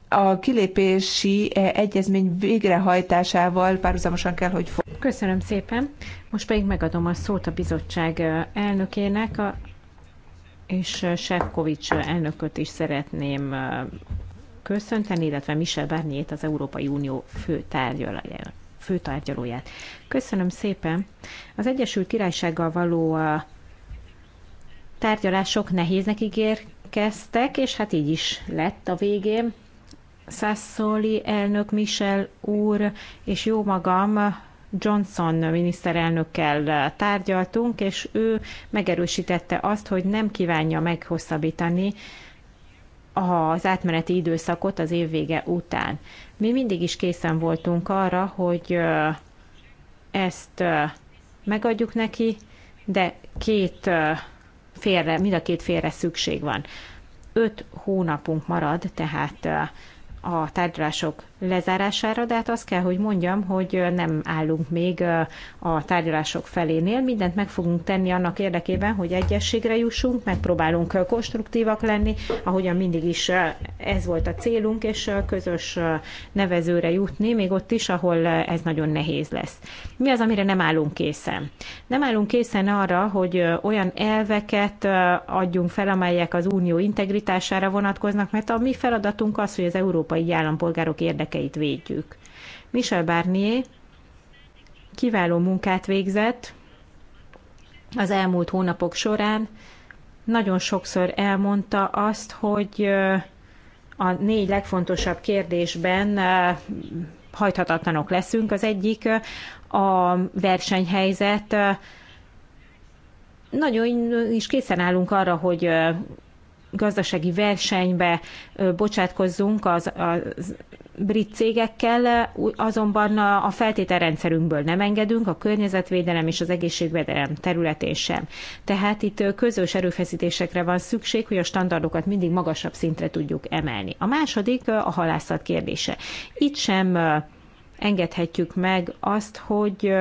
a kilépési egyezmény végrehajtásával párhuzamosan kell, hogy fog. Köszönöm szépen. Most pedig megadom a szót a bizottság elnökének, a, és Sefkovics elnököt is szeretném köszönteni, illetve Michel Barnier-t, az Európai Unió fő tárgyalóját főtárgyalóját. Köszönöm szépen. Az Egyesült Királysággal való tárgyalások nehéznek ígérkeztek, és hát így is lett a végén. Sassoli elnök, Michel úr és jó magam Johnson miniszterelnökkel tárgyaltunk, és ő megerősítette azt, hogy nem kívánja meghosszabbítani az átmeneti időszakot az évvége után. Mi mindig is készen voltunk arra, hogy ezt megadjuk neki, de két félre, mind a két félre szükség van. Öt hónapunk marad tehát a tárgyalások lezárására, de hát azt kell, hogy mondjam, hogy nem állunk még a tárgyalások felénél. Mindent meg fogunk tenni annak érdekében, hogy egyességre jussunk, megpróbálunk konstruktívak lenni, ahogyan mindig is ez volt a célunk, és közös nevezőre jutni, még ott is, ahol ez nagyon nehéz lesz. Mi az, amire nem állunk készen? Nem állunk készen arra, hogy olyan elveket adjunk fel, amelyek az unió integritására vonatkoznak, mert a mi feladatunk az, hogy az európai állampolgárok érdekében érdekeit védjük. Michel Barnier kiváló munkát végzett az elmúlt hónapok során. Nagyon sokszor elmondta azt, hogy a négy legfontosabb kérdésben hajthatatlanok leszünk. Az egyik a versenyhelyzet. Nagyon is készen állunk arra, hogy gazdasági versenybe bocsátkozzunk az, az brit cégekkel, azonban a feltételrendszerünkből nem engedünk, a környezetvédelem és az egészségvédelem területén sem. Tehát itt közös erőfeszítésekre van szükség, hogy a standardokat mindig magasabb szintre tudjuk emelni. A második a halászat kérdése. Itt sem engedhetjük meg azt, hogy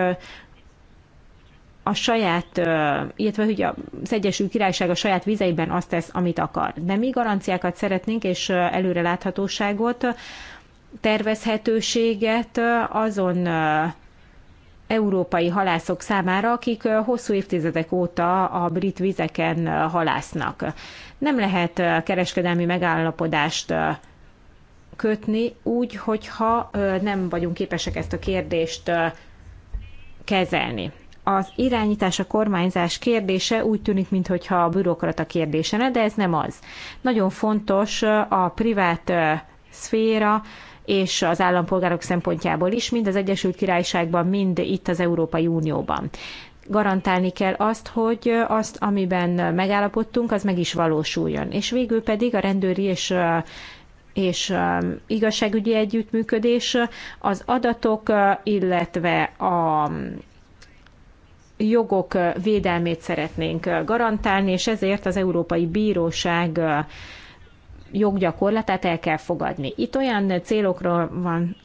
a saját, illetve hogy az Egyesült Királyság a saját vizeiben azt tesz, amit akar. De mi garanciákat szeretnénk, és előreláthatóságot tervezhetőséget azon európai halászok számára, akik hosszú évtizedek óta a brit vizeken halásznak. Nem lehet kereskedelmi megállapodást kötni úgy, hogyha nem vagyunk képesek ezt a kérdést kezelni. Az irányítás, a kormányzás kérdése úgy tűnik, mintha a bürokrata kérdése, de ez nem az. Nagyon fontos a privát szféra, és az állampolgárok szempontjából is, mind az Egyesült Királyságban, mind itt az Európai Unióban. Garantálni kell azt, hogy azt, amiben megállapodtunk, az meg is valósuljon. És végül pedig a rendőri és és um, igazságügyi együttműködés, az adatok, illetve a um, jogok védelmét szeretnénk garantálni, és ezért az Európai Bíróság joggyakorlatát el kell fogadni. Itt olyan célokról van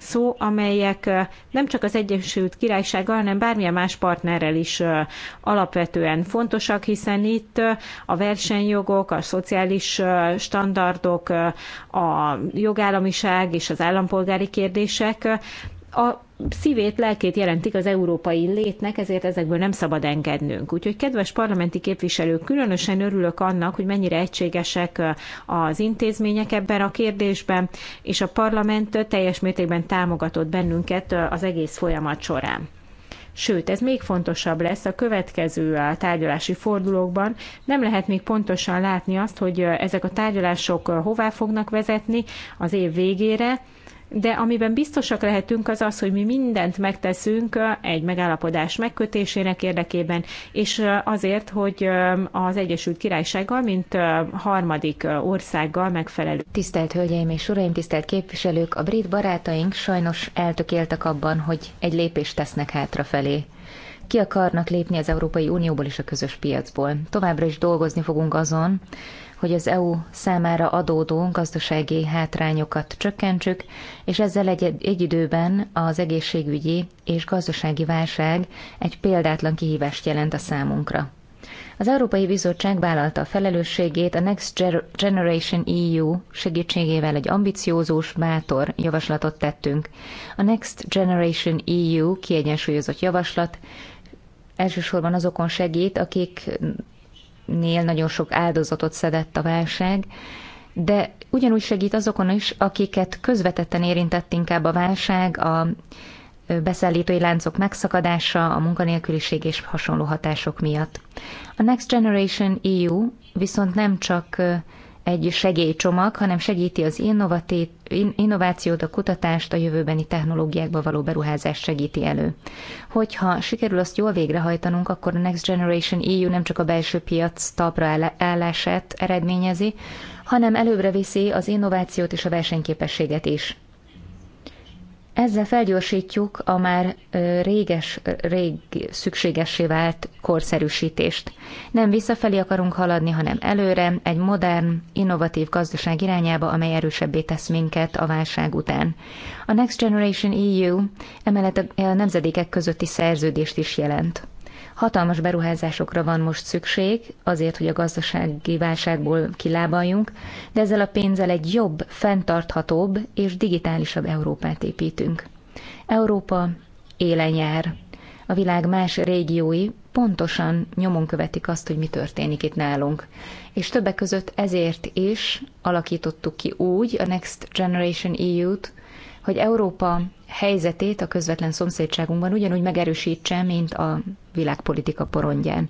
szó, amelyek nem csak az Egyesült Királysággal, hanem bármilyen más partnerrel is alapvetően fontosak, hiszen itt a versenyjogok, a szociális standardok, a jogállamiság és az állampolgári kérdések a szívét, lelkét jelentik az európai létnek, ezért ezekből nem szabad engednünk. Úgyhogy kedves parlamenti képviselők, különösen örülök annak, hogy mennyire egységesek az intézmények ebben a kérdésben, és a parlament teljes mértékben támogatott bennünket az egész folyamat során. Sőt, ez még fontosabb lesz a következő tárgyalási fordulókban. Nem lehet még pontosan látni azt, hogy ezek a tárgyalások hová fognak vezetni az év végére, de amiben biztosak lehetünk az az, hogy mi mindent megteszünk egy megállapodás megkötésének érdekében, és azért, hogy az Egyesült Királysággal, mint harmadik országgal megfelelő. Tisztelt Hölgyeim és Uraim, tisztelt képviselők, a brit barátaink sajnos eltökéltek abban, hogy egy lépést tesznek hátrafelé. Ki akarnak lépni az Európai Unióból és a közös piacból. Továbbra is dolgozni fogunk azon, hogy az EU számára adódó gazdasági hátrányokat csökkentsük, és ezzel egy, egy időben az egészségügyi és gazdasági válság egy példátlan kihívást jelent a számunkra. Az Európai Bizottság vállalta a felelősségét a Next Generation EU segítségével egy ambiciózus, bátor javaslatot tettünk. A Next Generation EU kiegyensúlyozott javaslat elsősorban azokon segít, akik akiknél nagyon sok áldozatot szedett a válság, de ugyanúgy segít azokon is, akiket közvetetten érintett inkább a válság, a beszállítói láncok megszakadása, a munkanélküliség és hasonló hatások miatt. A Next Generation EU viszont nem csak egy segélycsomag, hanem segíti az innovációt, a kutatást, a jövőbeni technológiákba való beruházást segíti elő. Hogyha sikerül azt jól végrehajtanunk, akkor a Next Generation EU nem csak a belső piac talpra állását eredményezi, hanem előbbre viszi az innovációt és a versenyképességet is. Ezzel felgyorsítjuk a már réges, rég szükségessé vált korszerűsítést. Nem visszafelé akarunk haladni, hanem előre, egy modern, innovatív gazdaság irányába, amely erősebbé tesz minket a válság után. A Next Generation EU emellett a nemzedékek közötti szerződést is jelent. Hatalmas beruházásokra van most szükség, azért, hogy a gazdasági válságból kilábaljunk, de ezzel a pénzzel egy jobb, fenntarthatóbb és digitálisabb Európát építünk. Európa élen jár. A világ más régiói pontosan nyomon követik azt, hogy mi történik itt nálunk. És többek között ezért is alakítottuk ki úgy a Next Generation EU-t, hogy Európa helyzetét a közvetlen szomszédságunkban ugyanúgy megerősítse, mint a világpolitika porondján.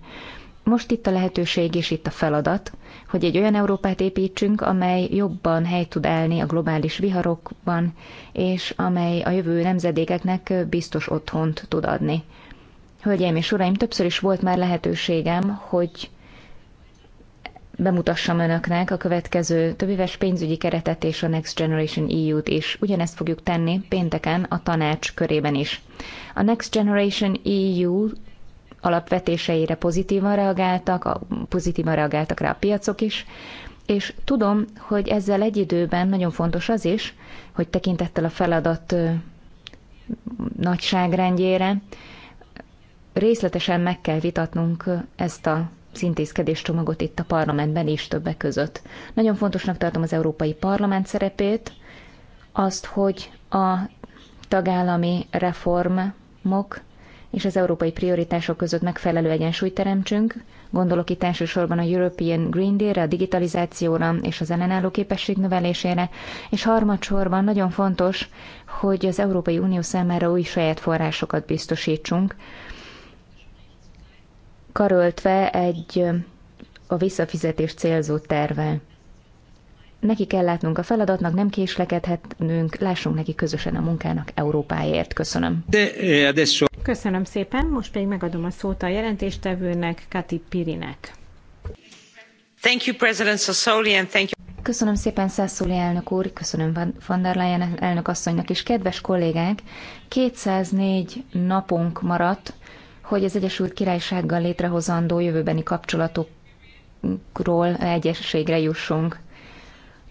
Most itt a lehetőség és itt a feladat, hogy egy olyan Európát építsünk, amely jobban hely tud állni a globális viharokban, és amely a jövő nemzedékeknek biztos otthont tud adni. Hölgyeim és uraim, többször is volt már lehetőségem, hogy bemutassam önöknek a következő többéves pénzügyi keretet és a Next Generation EU-t is. Ugyanezt fogjuk tenni pénteken a tanács körében is. A Next Generation EU alapvetéseire pozitívan reagáltak, a, pozitívan reagáltak rá a piacok is, és tudom, hogy ezzel egy időben nagyon fontos az is, hogy tekintettel a feladat nagyságrendjére részletesen meg kell vitatnunk ezt a intézkedés csomagot itt a parlamentben is többek között. Nagyon fontosnak tartom az Európai Parlament szerepét, azt, hogy a tagállami reformok és az európai prioritások között megfelelő egyensúlyt teremtsünk. Gondolok itt elsősorban a European Green Deal-re, a digitalizációra és az ellenálló képesség növelésére, és harmadsorban nagyon fontos, hogy az Európai Unió számára új saját forrásokat biztosítsunk, karöltve egy a visszafizetés célzó tervel neki kell látnunk a feladatnak, nem késlekedhetnünk, lássunk neki közösen a munkának Európáért. Köszönöm. De, eh, adesso... Köszönöm szépen, most pedig megadom a szót a jelentéstevőnek, Kati Pirinek. Thank you, President Sassoli, and thank you. Köszönöm szépen Szászóli elnök úr, köszönöm van der Leyen elnök asszonynak is. Kedves kollégák, 204 napunk maradt, hogy az Egyesült Királysággal létrehozandó jövőbeni kapcsolatokról egyességre jussunk.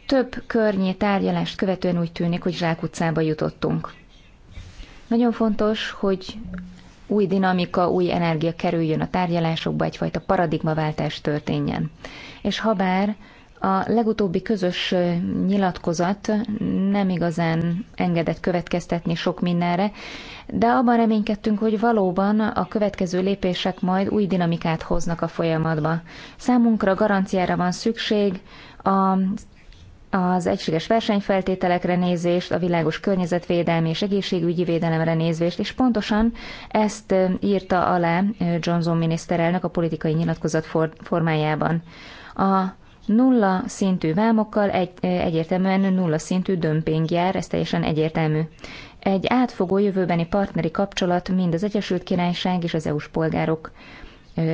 Több környé tárgyalást követően úgy tűnik, hogy zsákutcába jutottunk. Nagyon fontos, hogy új dinamika, új energia kerüljön a tárgyalásokba, egyfajta paradigmaváltás történjen. És habár a legutóbbi közös nyilatkozat nem igazán engedett következtetni sok mindenre, de abban reménykedtünk, hogy valóban a következő lépések majd új dinamikát hoznak a folyamatba. Számunkra garanciára van szükség a az egységes versenyfeltételekre nézést, a világos környezetvédelmi és egészségügyi védelemre nézést, és pontosan ezt írta alá Johnson miniszterelnök a politikai nyilatkozat for- formájában. A nulla szintű vámokkal egy, egyértelműen nulla szintű dömping jár, ez teljesen egyértelmű. Egy átfogó jövőbeni partneri kapcsolat mind az Egyesült Királyság és az EU-s polgárok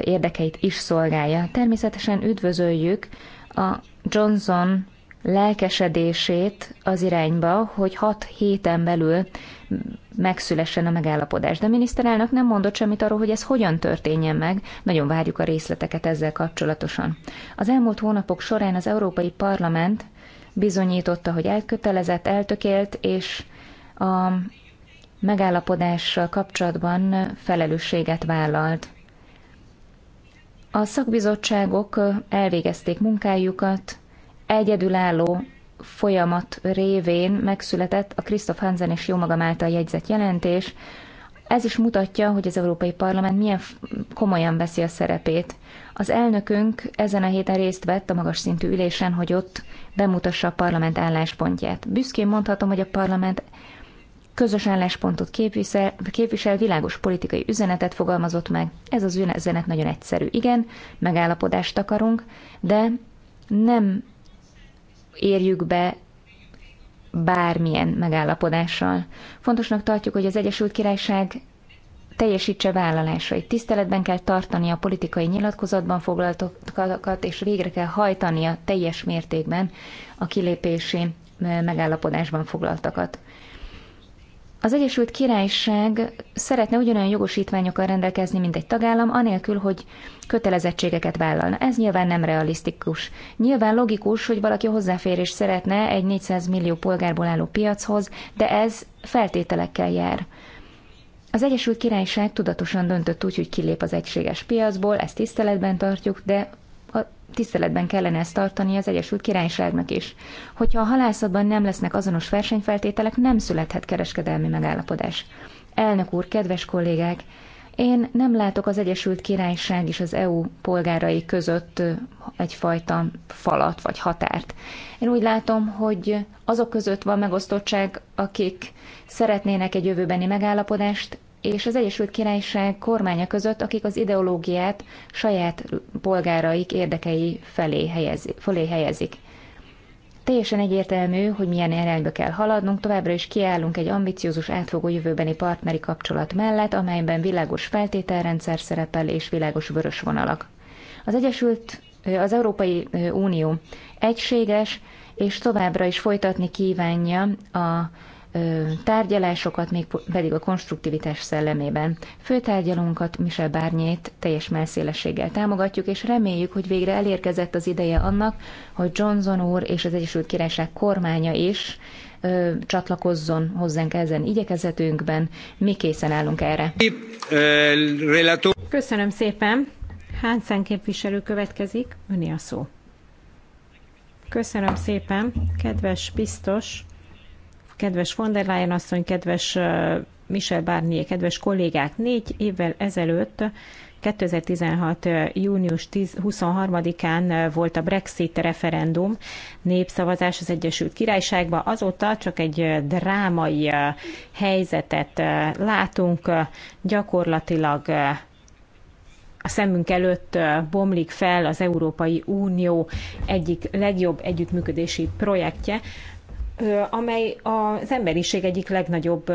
érdekeit is szolgálja. Természetesen üdvözöljük a Johnson lelkesedését az irányba, hogy hat héten belül megszülessen a megállapodás. De a miniszterelnök nem mondott semmit arról, hogy ez hogyan történjen meg, nagyon várjuk a részleteket ezzel kapcsolatosan. Az elmúlt hónapok során az Európai Parlament bizonyította, hogy elkötelezett, eltökélt, és a megállapodással kapcsolatban felelősséget vállalt. A szakbizottságok elvégezték munkájukat, egyedülálló folyamat révén megszületett a Christoph Hansen és jó magam által jegyzett jelentés. Ez is mutatja, hogy az Európai Parlament milyen komolyan veszi a szerepét. Az elnökünk ezen a héten részt vett a magas szintű ülésen, hogy ott bemutassa a parlament álláspontját. Büszkén mondhatom, hogy a parlament közös álláspontot képvisel, képvisel, világos politikai üzenetet fogalmazott meg. Ez az üzenet nagyon egyszerű. Igen, megállapodást akarunk, de nem érjük be bármilyen megállapodással. Fontosnak tartjuk, hogy az Egyesült Királyság teljesítse vállalásait. Tiszteletben kell tartani a politikai nyilatkozatban foglaltakat, és végre kell hajtani a teljes mértékben a kilépési megállapodásban foglaltakat. Az Egyesült Királyság szeretne ugyanolyan jogosítványokkal rendelkezni, mint egy tagállam, anélkül, hogy kötelezettségeket vállalna. Ez nyilván nem realisztikus. Nyilván logikus, hogy valaki hozzáférés szeretne egy 400 millió polgárból álló piachoz, de ez feltételekkel jár. Az Egyesült Királyság tudatosan döntött úgy, hogy kilép az egységes piacból, ezt tiszteletben tartjuk, de tiszteletben kellene ezt tartani az Egyesült Királyságnak is. Hogyha a halászatban nem lesznek azonos versenyfeltételek, nem születhet kereskedelmi megállapodás. Elnök úr, kedves kollégák, én nem látok az Egyesült Királyság és az EU polgárai között egyfajta falat vagy határt. Én úgy látom, hogy azok között van megosztottság, akik szeretnének egy jövőbeni megállapodást, és az Egyesült Királyság kormánya között, akik az ideológiát saját polgáraik érdekei felé, helyezi, felé helyezik. Teljesen egyértelmű, hogy milyen irányba kell haladnunk, továbbra is kiállunk egy ambiciózus átfogó jövőbeni partneri kapcsolat mellett, amelyben világos feltételrendszer szerepel és világos vörös vonalak. Az Egyesült, az Európai Unió egységes, és továbbra is folytatni kívánja a tárgyalásokat, még pedig a konstruktivitás szellemében. Főtárgyalónkat, Michel Bárnyét teljes melszélességgel támogatjuk, és reméljük, hogy végre elérkezett az ideje annak, hogy Johnson úr és az Egyesült Királyság kormánya is ö, csatlakozzon hozzánk ezen igyekezetünkben. Mi készen állunk erre. Köszönöm szépen. Hánszán képviselő következik. Öné a szó. Köszönöm szépen, kedves biztos kedves von der Leyen asszony, kedves Michel Barnier, kedves kollégák, négy évvel ezelőtt 2016. június 23-án volt a Brexit referendum népszavazás az Egyesült Királyságban. Azóta csak egy drámai helyzetet látunk, gyakorlatilag a szemünk előtt bomlik fel az Európai Unió egyik legjobb együttműködési projektje, amely az emberiség egyik legnagyobb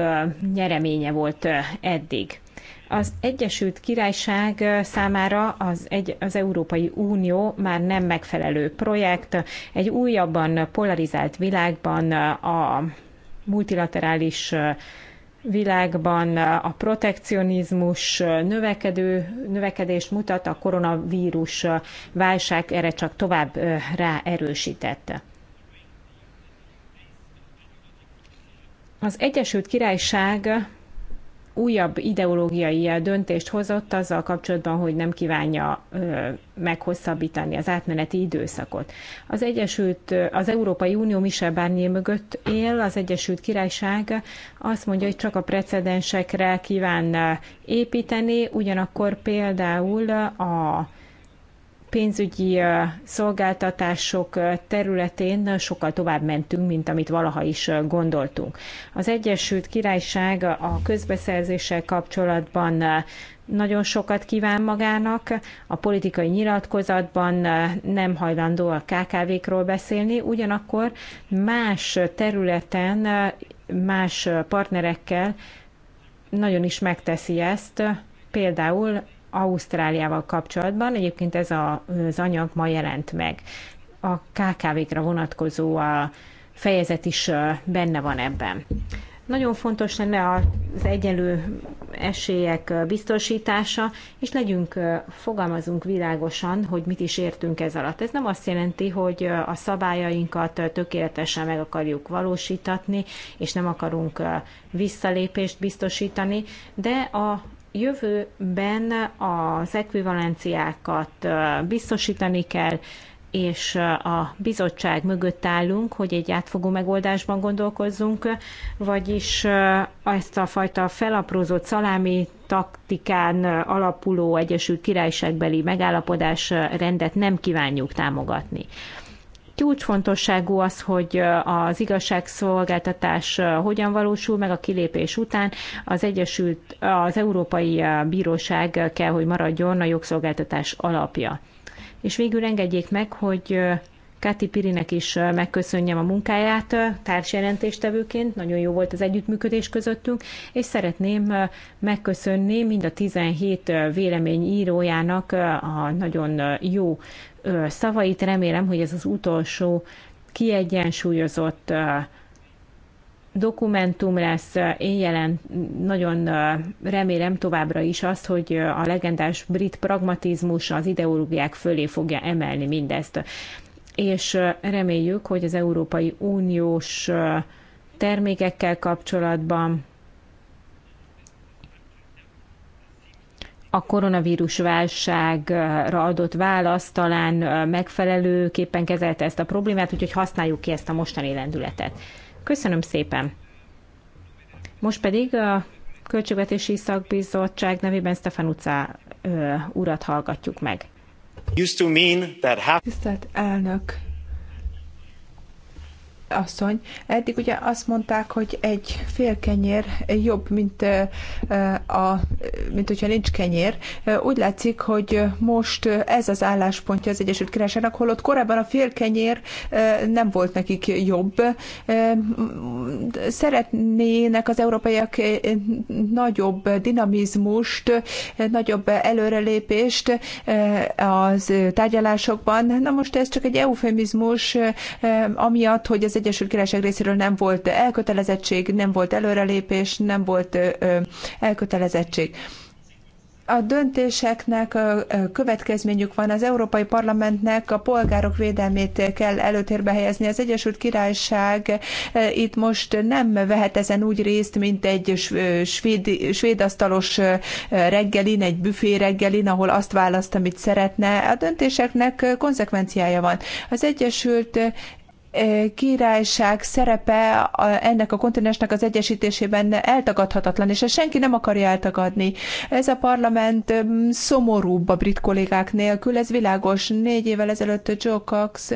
nyereménye volt eddig. Az Egyesült Királyság számára az, egy, az Európai Unió már nem megfelelő projekt. Egy újabban polarizált világban, a multilaterális világban a protekcionizmus növekedő, növekedést mutat, a koronavírus válság erre csak tovább ráerősítette. Az Egyesült Királyság újabb ideológiai döntést hozott azzal kapcsolatban, hogy nem kívánja meghosszabbítani az átmeneti időszakot. Az Egyesült, az Európai Unió Michel Barnier mögött él, az Egyesült Királyság azt mondja, hogy csak a precedensekre kíván építeni, ugyanakkor például a pénzügyi szolgáltatások területén sokkal tovább mentünk, mint amit valaha is gondoltunk. Az Egyesült Királyság a közbeszerzéssel kapcsolatban nagyon sokat kíván magának, a politikai nyilatkozatban nem hajlandó a KKV-król beszélni, ugyanakkor más területen, más partnerekkel nagyon is megteszi ezt, például Ausztráliával kapcsolatban. Egyébként ez a, az anyag ma jelent meg. A KKV-kra vonatkozó a fejezet is benne van ebben. Nagyon fontos lenne az egyenlő esélyek biztosítása, és legyünk, fogalmazunk világosan, hogy mit is értünk ez alatt. Ez nem azt jelenti, hogy a szabályainkat tökéletesen meg akarjuk valósítatni, és nem akarunk visszalépést biztosítani, de a jövőben az ekvivalenciákat biztosítani kell, és a bizottság mögött állunk, hogy egy átfogó megoldásban gondolkozzunk, vagyis ezt a fajta felaprózott szalámi taktikán alapuló Egyesült Királyságbeli megállapodás rendet nem kívánjuk támogatni. Kulcsfontosságú az, hogy az igazságszolgáltatás hogyan valósul meg a kilépés után. Az Egyesült, az Európai Bíróság kell, hogy maradjon a jogszolgáltatás alapja. És végül engedjék meg, hogy Káti Pirinek is megköszönjem a munkáját társjelentéstevőként, nagyon jó volt az együttműködés közöttünk, és szeretném megköszönni mind a 17 vélemény írójának a nagyon jó szavait. Remélem, hogy ez az utolsó kiegyensúlyozott dokumentum lesz. Én jelen nagyon remélem továbbra is azt, hogy a legendás brit pragmatizmus az ideológiák fölé fogja emelni mindezt. És reméljük, hogy az Európai Uniós termékekkel kapcsolatban a koronavírus válságra adott válasz talán megfelelőképpen kezelte ezt a problémát, úgyhogy használjuk ki ezt a mostani lendületet. Köszönöm szépen! Most pedig a Költségvetési Szakbizottság nevében Stefan Utca urat hallgatjuk meg. Tisztelt elnök asszony, eddig ugye azt mondták, hogy egy fél kenyér jobb, mint, a, mint hogyha nincs kenyér. Úgy látszik, hogy most ez az álláspontja az Egyesült Királyságnak, holott korábban a fél kenyér nem volt nekik jobb. Szeretnének az európaiak nagyobb dinamizmust, nagyobb előrelépést az tárgyalásokban. Na most ez csak egy eufemizmus, amiatt, hogy az Egyesült Királyság részéről nem volt elkötelezettség, nem volt előrelépés, nem volt elkötelezettség a döntéseknek következményük van. Az Európai Parlamentnek a polgárok védelmét kell előtérbe helyezni. Az Egyesült Királyság itt most nem vehet ezen úgy részt, mint egy svéd, svédasztalos reggelin, egy büfé reggelin, ahol azt választ, amit szeretne. A döntéseknek konzekvenciája van. Az Egyesült Királyság szerepe ennek a kontinensnek az egyesítésében eltagadhatatlan, és ezt senki nem akarja eltagadni. Ez a parlament szomorúbb a brit kollégák nélkül, ez világos. Négy évvel ezelőtt Joe Cox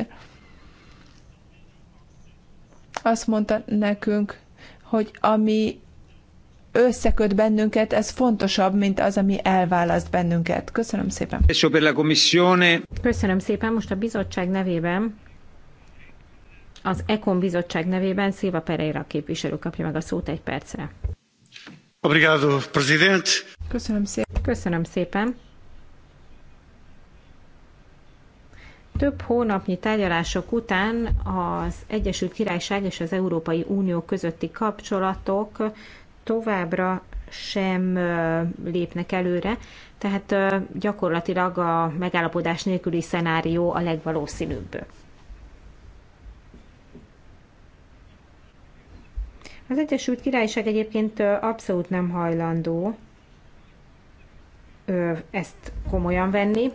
azt mondta nekünk, hogy ami összeköt bennünket, ez fontosabb, mint az, ami elválaszt bennünket. Köszönöm szépen. Köszönöm szépen. Most a bizottság nevében az EKON bizottság nevében Szilva Pereira képviselő kapja meg a szót egy percre. Obrigado, president. Köszönöm szépen. Köszönöm szépen. Több hónapnyi tárgyalások után az Egyesült Királyság és az Európai Unió közötti kapcsolatok továbbra sem lépnek előre, tehát gyakorlatilag a megállapodás nélküli szenárió a legvalószínűbb. Az Egyesült Királyság egyébként abszolút nem hajlandó ezt komolyan venni,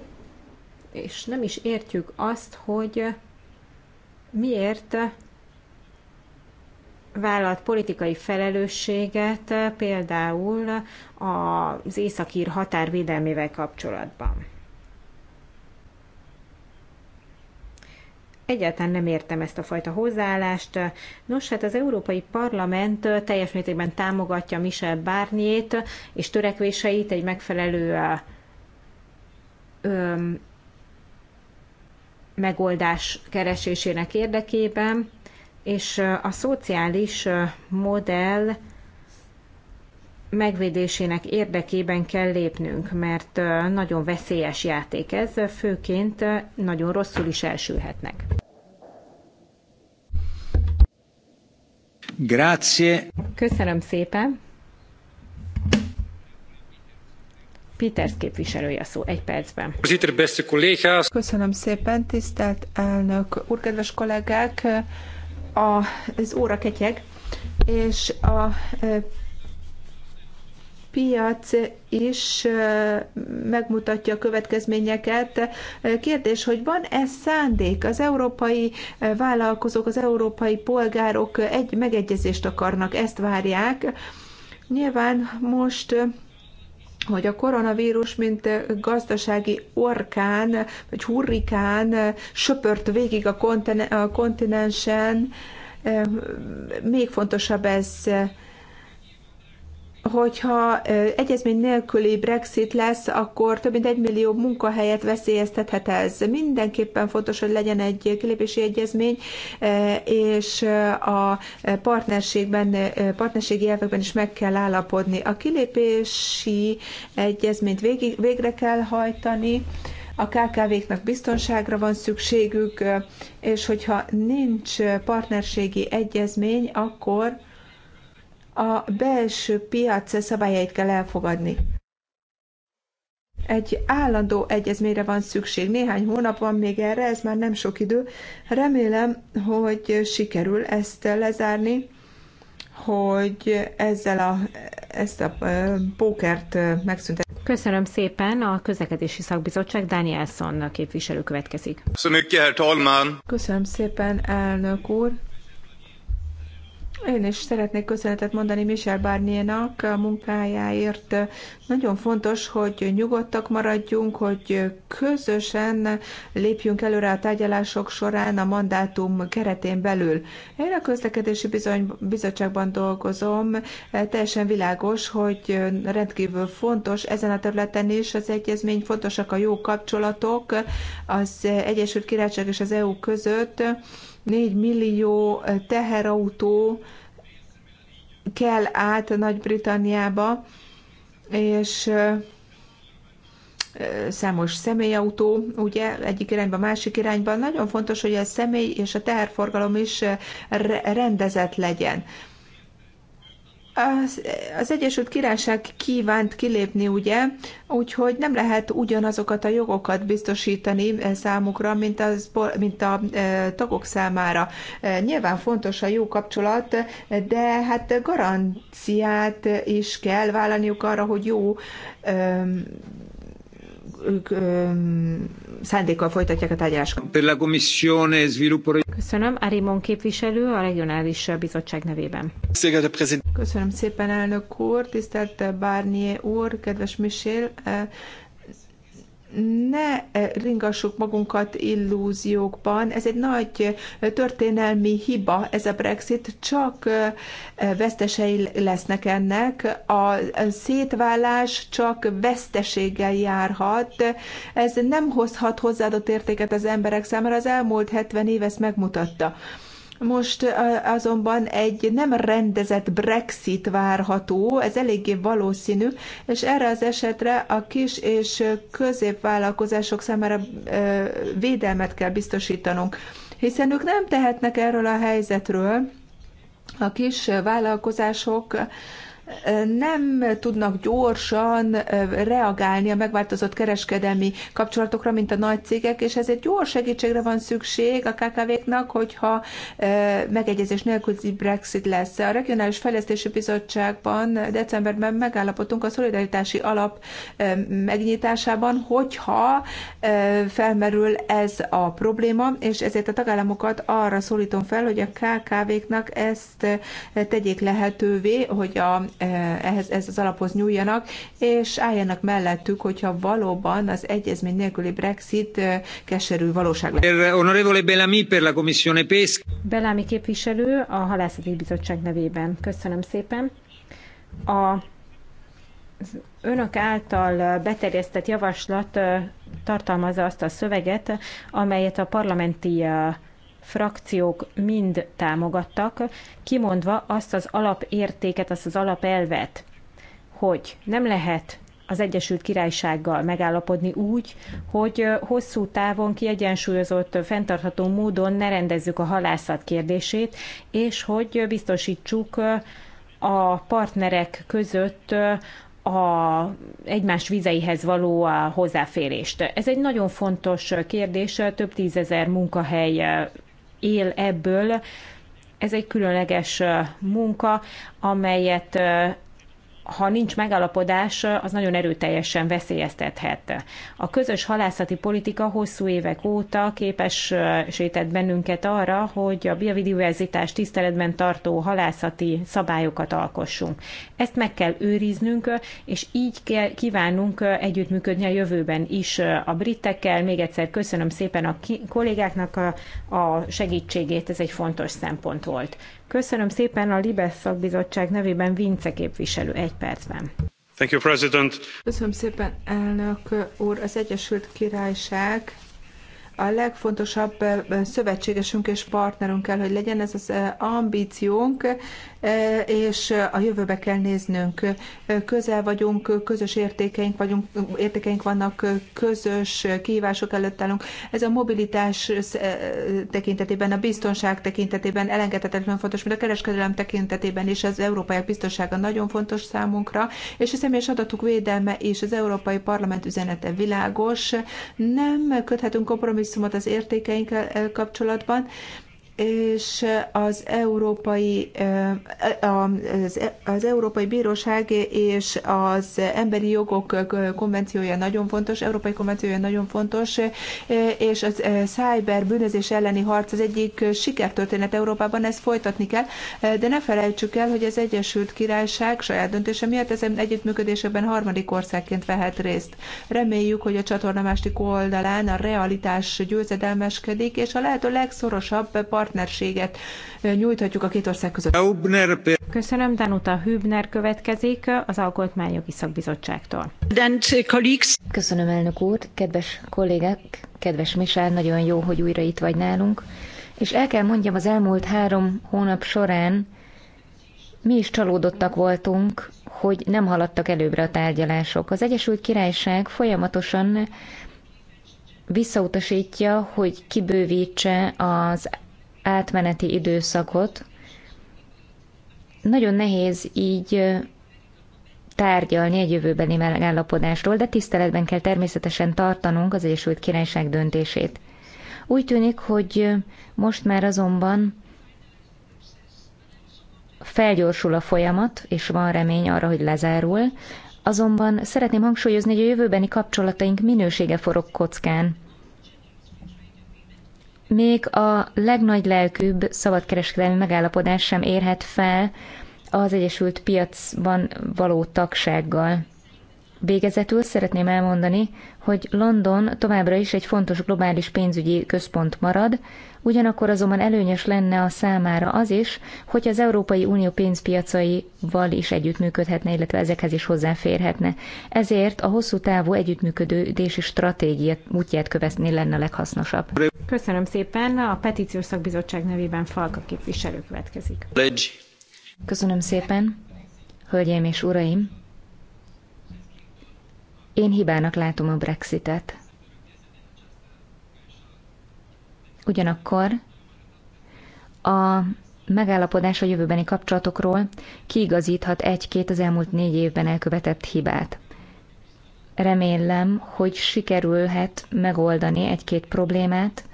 és nem is értjük azt, hogy miért vállalt politikai felelősséget például az északír határvédelmével kapcsolatban. Egyáltalán nem értem ezt a fajta hozzáállást. Nos, hát az Európai Parlament teljes mértékben támogatja Michel Barnier-t és törekvéseit egy megfelelő öm, megoldás keresésének érdekében, és a szociális modell megvédésének érdekében kell lépnünk, mert nagyon veszélyes játék ez, főként nagyon rosszul is elsülhetnek. Grazie. Köszönöm szépen. Peters képviselője szó egy percben. Köszönöm szépen, tisztelt elnök úr, kedves kollégák! Az óra ketyeg, és a piac is megmutatja a következményeket. Kérdés, hogy van-e szándék? Az európai vállalkozók, az európai polgárok egy megegyezést akarnak, ezt várják. Nyilván most hogy a koronavírus, mint gazdasági orkán, vagy hurrikán söpört végig a, kontinen- a kontinensen, még fontosabb ez hogyha egyezmény nélküli Brexit lesz, akkor több mint egy millió munkahelyet veszélyeztethet ez. Mindenképpen fontos, hogy legyen egy kilépési egyezmény, és a partnerségben, partnerségi elvekben is meg kell állapodni. A kilépési egyezményt végig, végre kell hajtani, a KKV-knak biztonságra van szükségük, és hogyha nincs partnerségi egyezmény, akkor a belső piac szabályait kell elfogadni. Egy állandó egyezményre van szükség. Néhány hónap van még erre, ez már nem sok idő. Remélem, hogy sikerül ezt lezárni, hogy ezzel a, ezt a pókert megszüntetni. Köszönöm szépen. A közlekedési szakbizottság Danielson képviselő következik. Köszönöm szépen, elnök úr. Én is szeretnék köszönetet mondani Michel Barnier-nak a munkájáért. Nagyon fontos, hogy nyugodtak maradjunk, hogy közösen lépjünk előre a tárgyalások során a mandátum keretén belül. Én a közlekedési bizony, bizottságban dolgozom, teljesen világos, hogy rendkívül fontos ezen a területen is az egyezmény, fontosak a jó kapcsolatok az Egyesült Királyság és az EU között, 4 millió teherautó kell át Nagy-Britanniába, és számos személyautó, ugye, egyik irányba, másik irányba. Nagyon fontos, hogy a személy és a teherforgalom is rendezett legyen. Az, az Egyesült Királyság kívánt kilépni, ugye, úgyhogy nem lehet ugyanazokat a jogokat biztosítani eh, számukra, mint, az, mint a eh, tagok számára. Eh, nyilván fontos a jó kapcsolat, de hát garanciát is kell vállalniuk arra, hogy jó ehm, ehm, szándékkal folytatják a tárgyalásokat. Köszönöm. Arimon képviselő a Regionális Bizottság nevében. Köszönöm szépen, elnök úr, tisztelt Barnier úr, kedves Michel ne eh, ringassuk magunkat illúziókban. Ez egy nagy eh, történelmi hiba, ez a Brexit, csak eh, vesztesei lesznek ennek. A szétválás csak veszteséggel járhat. Ez nem hozhat hozzáadott értéket az emberek számára. Az elmúlt 70 év ezt megmutatta. Most azonban egy nem rendezett Brexit várható, ez eléggé valószínű, és erre az esetre a kis és középvállalkozások számára védelmet kell biztosítanunk, hiszen ők nem tehetnek erről a helyzetről. A kis vállalkozások nem tudnak gyorsan reagálni a megváltozott kereskedelmi kapcsolatokra, mint a nagy cégek, és ezért gyors segítségre van szükség a KKV-knak, hogyha megegyezés nélküli Brexit lesz. A Regionális Fejlesztési Bizottságban decemberben megállapodtunk a szolidaritási alap megnyitásában, hogyha felmerül ez a probléma, és ezért a tagállamokat arra szólítom fel, hogy a KKV-knak ezt tegyék lehetővé, hogy a Eh, ehhez, ehhez az alaphoz nyúljanak, és álljanak mellettük, hogyha valóban az egyezmény nélküli Brexit eh, keserű valóság lesz. Honorevole per la Commissione képviselő a Halászati Bizottság nevében. Köszönöm szépen. A az önök által beterjesztett javaslat eh, tartalmazza azt a szöveget, amelyet a parlamenti frakciók mind támogattak, kimondva azt az alapértéket, azt az alapelvet, hogy nem lehet az Egyesült Királysággal megállapodni úgy, hogy hosszú távon kiegyensúlyozott, fenntartható módon ne rendezzük a halászat kérdését, és hogy biztosítsuk a partnerek között a egymás vizeihez való a hozzáférést. Ez egy nagyon fontos kérdés, több tízezer munkahely él ebből. Ez egy különleges munka, amelyet ha nincs megalapodás, az nagyon erőteljesen veszélyeztethet. A közös halászati politika hosszú évek óta képesített bennünket arra, hogy a biodiverzitás tiszteletben tartó halászati szabályokat alkossunk. Ezt meg kell őriznünk, és így kell, kívánunk együttműködni a jövőben is a britekkel. Még egyszer köszönöm szépen a kollégáknak a segítségét, ez egy fontos szempont volt. Köszönöm szépen a Libes szakbizottság nevében Vince képviselő egy percben. Thank you, President. Köszönöm szépen, elnök úr. Az Egyesült Királyság a legfontosabb szövetségesünk és partnerünk kell, hogy legyen ez az ambíciónk, E, és a jövőbe kell néznünk. E, közel vagyunk, közös értékeink, vagyunk, értékeink vannak, közös kihívások előtt állunk. Ez a mobilitás e, tekintetében, a biztonság tekintetében elengedhetetlen fontos, mint a kereskedelem tekintetében is az európai biztonsága nagyon fontos számunkra, és a személyes adatok védelme és az Európai Parlament üzenete világos. Nem köthetünk kompromisszumot az értékeinkkel kapcsolatban, és az Európai, e- az, Európai Bíróság és az Emberi Jogok konvenciója nagyon fontos, Európai Konvenciója nagyon fontos, és a szájber bűnözés elleni harc az egyik sikertörténet Európában, ezt folytatni kell, de ne felejtsük el, hogy az Egyesült Királyság saját döntése miatt ezen együttműködésekben harmadik országként vehet részt. Reméljük, hogy a csatorna másik oldalán a realitás győzedelmeskedik, és a lehető legszorosabb part partnerséget nyújthatjuk a két ország között. Köszönöm, Danuta Hübner következik az Alkotmányjogi Szakbizottságtól. Köszönöm, elnök úr, kedves kollégák, kedves Misár, nagyon jó, hogy újra itt vagy nálunk. És el kell mondjam, az elmúlt három hónap során mi is csalódottak voltunk, hogy nem haladtak előbbre a tárgyalások. Az Egyesült Királyság folyamatosan visszautasítja, hogy kibővítse az átmeneti időszakot. Nagyon nehéz így tárgyalni egy jövőbeni megállapodásról, de tiszteletben kell természetesen tartanunk az Egyesült Királyság döntését. Úgy tűnik, hogy most már azonban felgyorsul a folyamat, és van remény arra, hogy lezárul, azonban szeretném hangsúlyozni, hogy a jövőbeni kapcsolataink minősége forog kockán még a legnagy lelkűbb szabadkereskedelmi megállapodás sem érhet fel az Egyesült Piacban való tagsággal. Végezetül szeretném elmondani, hogy London továbbra is egy fontos globális pénzügyi központ marad, ugyanakkor azonban előnyös lenne a számára az is, hogy az Európai Unió pénzpiacaival is együttműködhetne, illetve ezekhez is hozzáférhetne. Ezért a hosszú távú együttműködési stratégia útját követni lenne a leghasznosabb. Köszönöm szépen. A Petíciós Szakbizottság nevében Falka képviselő következik. Köszönöm szépen. Hölgyeim és uraim! Én hibának látom a Brexitet. Ugyanakkor a megállapodás a jövőbeni kapcsolatokról kiigazíthat egy-két az elmúlt négy évben elkövetett hibát. Remélem, hogy sikerülhet megoldani egy-két problémát.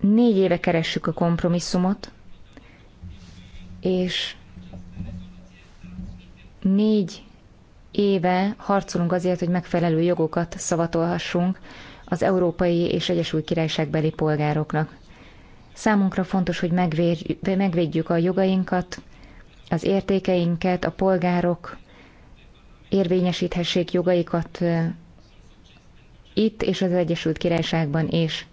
Négy éve keressük a kompromisszumot, és négy éve harcolunk azért, hogy megfelelő jogokat szavatolhassunk az európai és Egyesült Királyságbeli polgároknak. Számunkra fontos, hogy megvédjük a jogainkat, az értékeinket, a polgárok érvényesíthessék jogaikat itt és az Egyesült Királyságban is.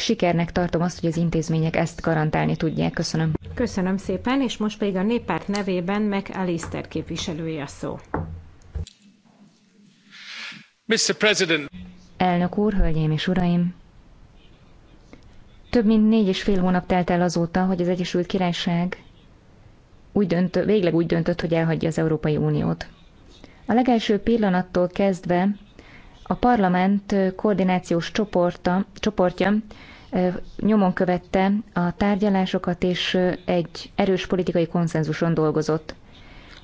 Sikernek tartom azt, hogy az intézmények ezt garantálni tudják. Köszönöm. Köszönöm szépen, és most pedig a néppárt nevében meg Alistair képviselője a szó. Mr. President. Elnök úr, hölgyeim és uraim! Több mint négy és fél hónap telt el azóta, hogy az Egyesült Királyság úgy dönt, végleg úgy döntött, hogy elhagyja az Európai Uniót. A legelső pillanattól kezdve a parlament koordinációs csoporta, csoportja nyomon követte a tárgyalásokat, és egy erős politikai konszenzuson dolgozott.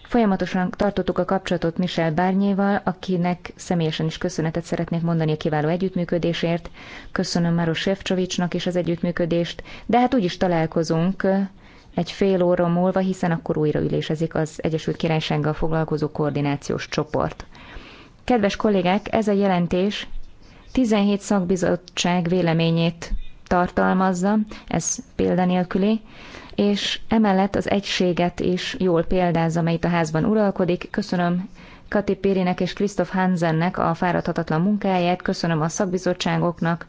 Folyamatosan tartottuk a kapcsolatot Michel Bárnyéval, akinek személyesen is köszönetet szeretnék mondani a kiváló együttműködésért. Köszönöm Maros Sefcsovicsnak is az együttműködést, de hát is találkozunk egy fél óra múlva, hiszen akkor újra ülésezik az Egyesült Királysággal foglalkozó koordinációs csoport. Kedves kollégák, ez a jelentés 17 szakbizottság véleményét tartalmazza, ez példanélküli, és emellett az egységet is jól példázza, amelyet a házban uralkodik. Köszönöm Kati Périnek és Krisztof Hansennek a fáradhatatlan munkáját, köszönöm a szakbizottságoknak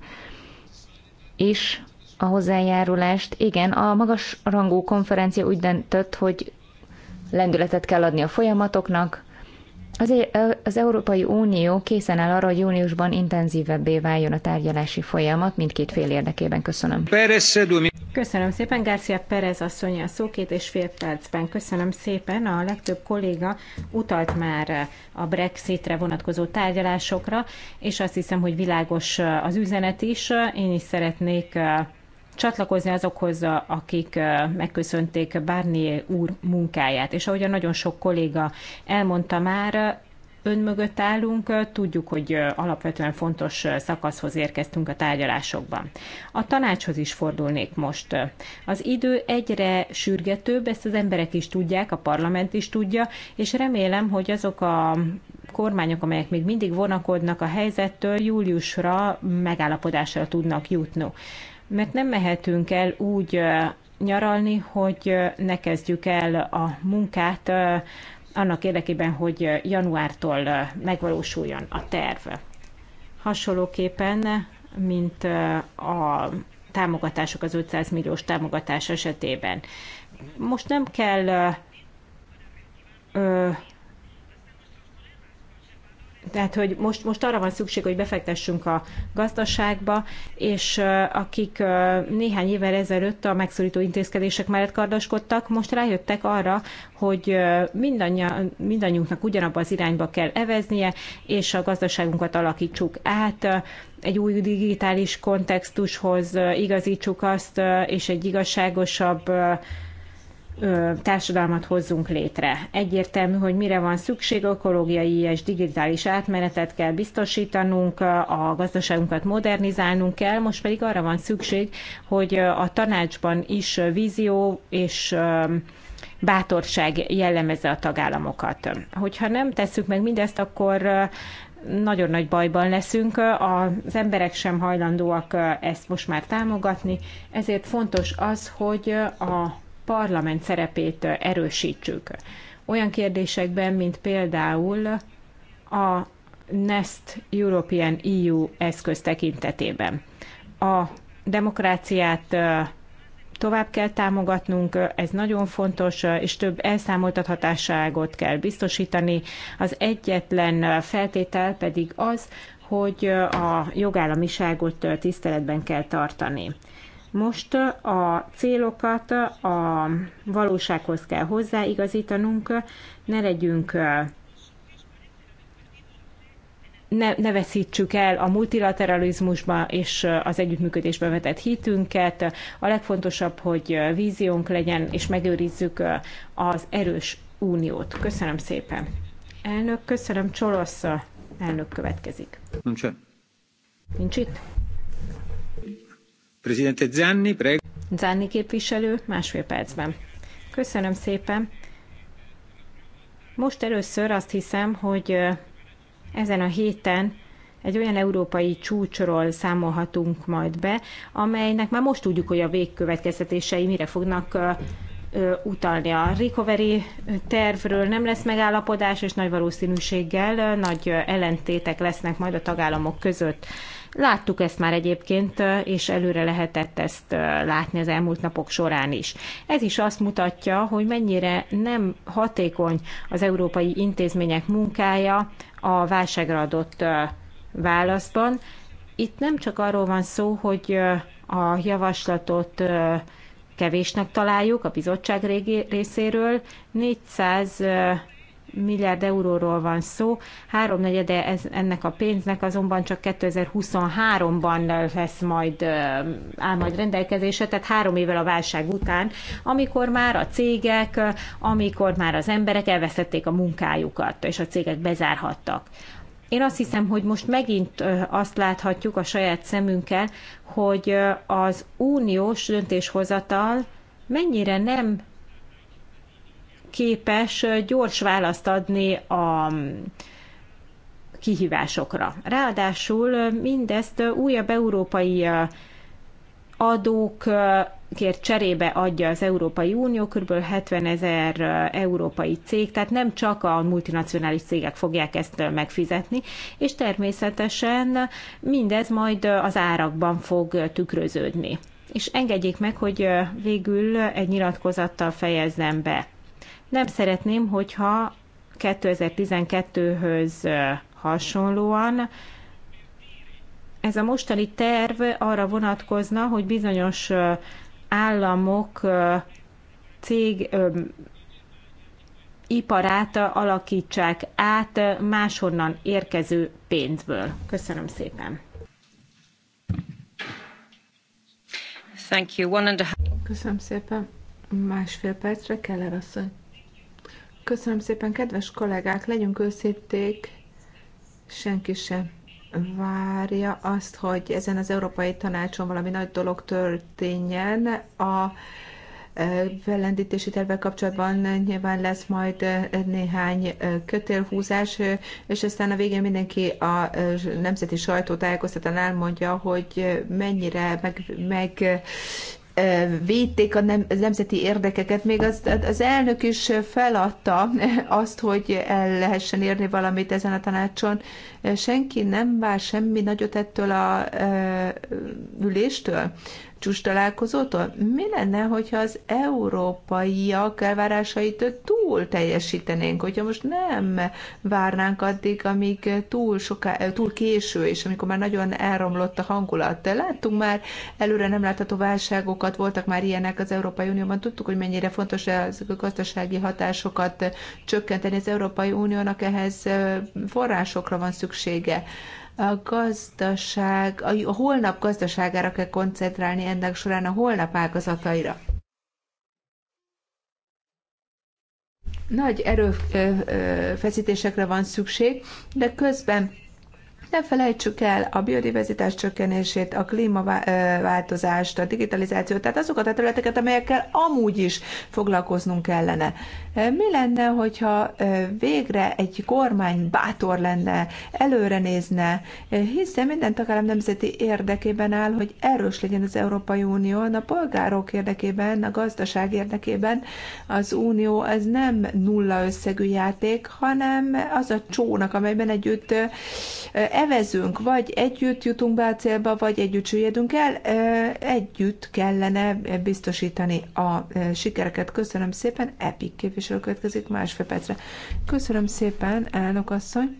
is a hozzájárulást. Igen, a magas rangú konferencia úgy döntött, hogy lendületet kell adni a folyamatoknak, az Európai Unió készen áll arra, hogy júniusban intenzívebbé váljon a tárgyalási folyamat mindkét fél érdekében. Köszönöm. Köszönöm szépen, Garcia Perez asszony a szó két és fél percben. Köszönöm szépen, a legtöbb kolléga utalt már a Brexitre vonatkozó tárgyalásokra, és azt hiszem, hogy világos az üzenet is. Én is szeretnék csatlakozni azokhoz, akik megköszönték Barnier úr munkáját. És a nagyon sok kolléga elmondta már, ön mögött állunk, tudjuk, hogy alapvetően fontos szakaszhoz érkeztünk a tárgyalásokban. A tanácshoz is fordulnék most. Az idő egyre sürgetőbb, ezt az emberek is tudják, a parlament is tudja, és remélem, hogy azok a kormányok, amelyek még mindig vonakodnak a helyzettől, júliusra megállapodásra tudnak jutni mert nem mehetünk el úgy nyaralni, hogy ne kezdjük el a munkát annak érdekében, hogy januártól megvalósuljon a terv. Hasonlóképpen, mint a támogatások, az 500 milliós támogatás esetében. Most nem kell tehát, hogy most, most arra van szükség, hogy befektessünk a gazdaságba, és akik néhány évvel ezelőtt a megszorító intézkedések mellett kardoskodtak, most rájöttek arra, hogy mindannyi mindannyiunknak ugyanabba az irányba kell eveznie, és a gazdaságunkat alakítsuk át, egy új digitális kontextushoz igazítsuk azt, és egy igazságosabb társadalmat hozzunk létre. Egyértelmű, hogy mire van szükség, ökológiai és digitális átmenetet kell biztosítanunk, a gazdaságunkat modernizálnunk kell, most pedig arra van szükség, hogy a tanácsban is vízió és bátorság jellemezze a tagállamokat. Hogyha nem tesszük meg mindezt, akkor nagyon nagy bajban leszünk, az emberek sem hajlandóak ezt most már támogatni, ezért fontos az, hogy a parlament szerepét erősítsük. Olyan kérdésekben, mint például a Nest European EU eszköz tekintetében. A demokráciát tovább kell támogatnunk, ez nagyon fontos, és több elszámoltathatáságot kell biztosítani. Az egyetlen feltétel pedig az, hogy a jogállamiságot tiszteletben kell tartani. Most a célokat a valósághoz kell hozzáigazítanunk, ne legyünk ne, ne veszítsük el a multilateralizmusba és az együttműködésbe vetett hitünket. A legfontosabb, hogy víziónk legyen, és megőrizzük az erős uniót. Köszönöm szépen. Elnök, köszönöm. Csolosz elnök következik. Nincs. Nincs itt? Presidente Zanni, prego. Zanni képviselő, másfél percben. Köszönöm szépen. Most először azt hiszem, hogy ezen a héten egy olyan európai csúcsról számolhatunk majd be, amelynek már most tudjuk, hogy a végkövetkeztetései mire fognak utalni. A recovery tervről nem lesz megállapodás, és nagy valószínűséggel nagy ellentétek lesznek majd a tagállamok között. Láttuk ezt már egyébként, és előre lehetett ezt látni az elmúlt napok során is. Ez is azt mutatja, hogy mennyire nem hatékony az európai intézmények munkája a válságra adott válaszban. Itt nem csak arról van szó, hogy a javaslatot kevésnek találjuk a bizottság részéről, 400 milliárd euróról van szó, háromnegyede ez, ennek a pénznek azonban csak 2023-ban lesz majd, áll majd rendelkezésre, tehát három évvel a válság után, amikor már a cégek, amikor már az emberek elvesztették a munkájukat, és a cégek bezárhattak. Én azt hiszem, hogy most megint azt láthatjuk a saját szemünkkel, hogy az uniós döntéshozatal mennyire nem képes gyors választ adni a kihívásokra. Ráadásul mindezt újabb európai adókért cserébe adja az Európai Unió, kb. 70 ezer európai cég, tehát nem csak a multinacionális cégek fogják ezt megfizetni, és természetesen mindez majd az árakban fog tükröződni. És engedjék meg, hogy végül egy nyilatkozattal fejezzem be. Nem szeretném, hogyha 2012-höz hasonlóan ez a mostani terv arra vonatkozna, hogy bizonyos államok cég iparát alakítsák át máshonnan érkező pénzből. Köszönöm szépen. Thank you. One and a... Köszönöm szépen. Másfél percre kell asszony. Köszönöm szépen, kedves kollégák, legyünk őszíték, senki sem várja azt, hogy ezen az Európai Tanácson valami nagy dolog történjen. A e, fellendítési tervek kapcsolatban nyilván lesz majd e, néhány e, kötélhúzás, és aztán a végén mindenki a nemzeti sajtótájékoztatán elmondja, hogy mennyire meg, meg védték a nem, nemzeti érdekeket, még az, az elnök is feladta azt, hogy el lehessen érni valamit ezen a tanácson. Senki nem vár semmi nagyot ettől a üléstől csúcs találkozótól? Mi lenne, hogyha az európaiak elvárásait túl teljesítenénk, hogyha most nem várnánk addig, amíg túl, soká, túl késő, és amikor már nagyon elromlott a hangulat. láttunk már előre nem látható válságokat, voltak már ilyenek az Európai Unióban, tudtuk, hogy mennyire fontos az gazdasági hatásokat csökkenteni. Az Európai Uniónak ehhez forrásokra van szüksége a gazdaság, a holnap gazdaságára kell koncentrálni ennek során a holnap ágazataira. Nagy erőfeszítésekre van szükség, de közben ne felejtsük el a biodiverzitás csökkenését, a klímaváltozást, a digitalizációt, tehát azokat a területeket, amelyekkel amúgy is foglalkoznunk kellene. Mi lenne, hogyha végre egy kormány bátor lenne, előre nézne, hiszen minden tagállam nemzeti érdekében áll, hogy erős legyen az Európai Unió, a polgárok érdekében, a gazdaság érdekében az Unió ez nem nulla összegű játék, hanem az a csónak, amelyben együtt evezünk, vagy együtt jutunk be a célba, vagy együtt süllyedünk el, együtt kellene biztosítani a sikereket. Köszönöm szépen, Epik képviselő kérdésről következik másfél percre. Köszönöm szépen, elnök asszony.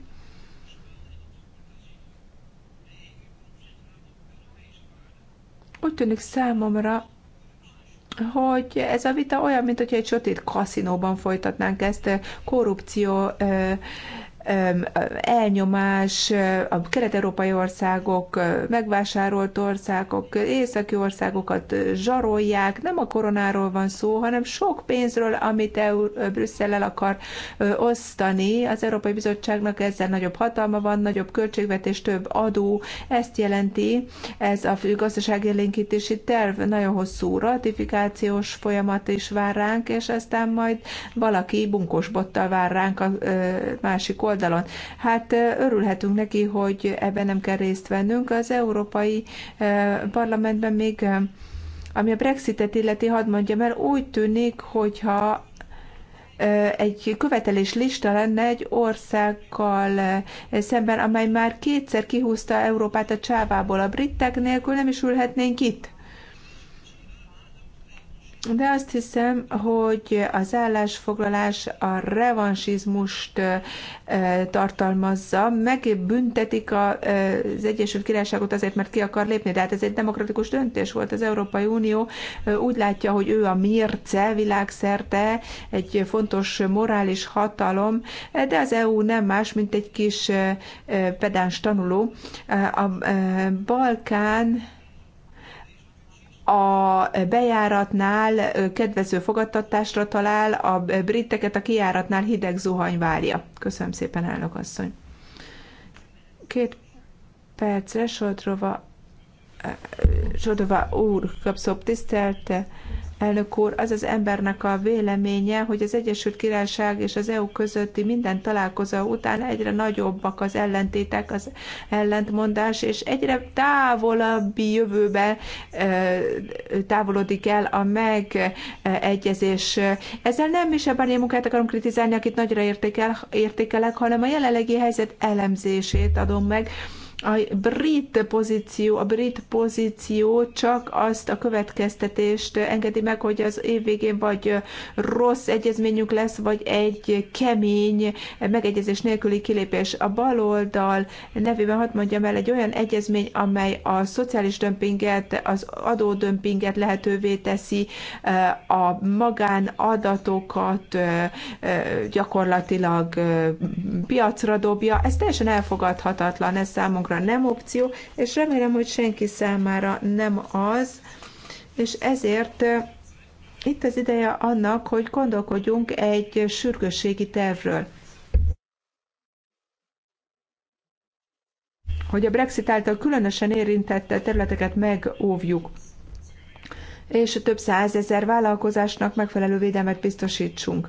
Úgy tűnik számomra, hogy ez a vita olyan, mint hogyha egy sötét kaszinóban folytatnánk ezt korrupció elnyomás, a kelet-európai országok, megvásárolt országok, északi országokat zsarolják, nem a koronáról van szó, hanem sok pénzről, amit EU, Brüsszel el akar osztani. Az Európai Bizottságnak ezzel nagyobb hatalma van, nagyobb költségvetés, több adó, ezt jelenti ez a gazdaságélénkítési terv. Nagyon hosszú ratifikációs folyamat is vár ránk, és aztán majd valaki bunkos bottal vár ránk a másik oldalon, oldalon. Hát örülhetünk neki, hogy ebben nem kell részt vennünk. Az Európai Parlamentben még, ami a Brexitet illeti, hadd mondjam el, úgy tűnik, hogyha egy követelés lista lenne egy országgal szemben, amely már kétszer kihúzta Európát a csávából. A britek nélkül nem is ülhetnénk itt de azt hiszem, hogy az állásfoglalás a revansizmust tartalmazza, büntetik az Egyesült Királyságot azért, mert ki akar lépni, de hát ez egy demokratikus döntés volt. Az Európai Unió úgy látja, hogy ő a mérce világszerte, egy fontos morális hatalom, de az EU nem más, mint egy kis pedáns tanuló. A Balkán a bejáratnál kedvező fogadtatásra talál, a briteket a kijáratnál hideg zuhany várja. Köszönöm szépen, elnök asszony. Két percre Sodrova, Sodrova úr kapszok tisztelte Elnök úr, az az embernek a véleménye, hogy az Egyesült Királyság és az EU közötti minden találkozó után egyre nagyobbak az ellentétek, az ellentmondás, és egyre távolabbi jövőbe távolodik el a megegyezés. ezzel nem is ebben a munkát akarom kritizálni, akit nagyra értékel, értékelek, hanem a jelenlegi helyzet elemzését adom meg, a brit pozíció, a brit pozíció csak azt a következtetést engedi meg, hogy az év végén vagy rossz egyezményünk lesz, vagy egy kemény megegyezés nélküli kilépés. A baloldal nevében hadd mondjam el egy olyan egyezmény, amely a szociális dömpinget, az adódömpinget lehetővé teszi, eh, a magánadatokat eh, eh, gyakorlatilag piacra dobja. Ez teljesen elfogadhatatlan, ez számunkra számunkra nem opció, és remélem, hogy senki számára nem az, és ezért itt az ideje annak, hogy gondolkodjunk egy sürgősségi tervről. Hogy a Brexit által különösen érintett területeket megóvjuk, és több százezer vállalkozásnak megfelelő védelmet biztosítsunk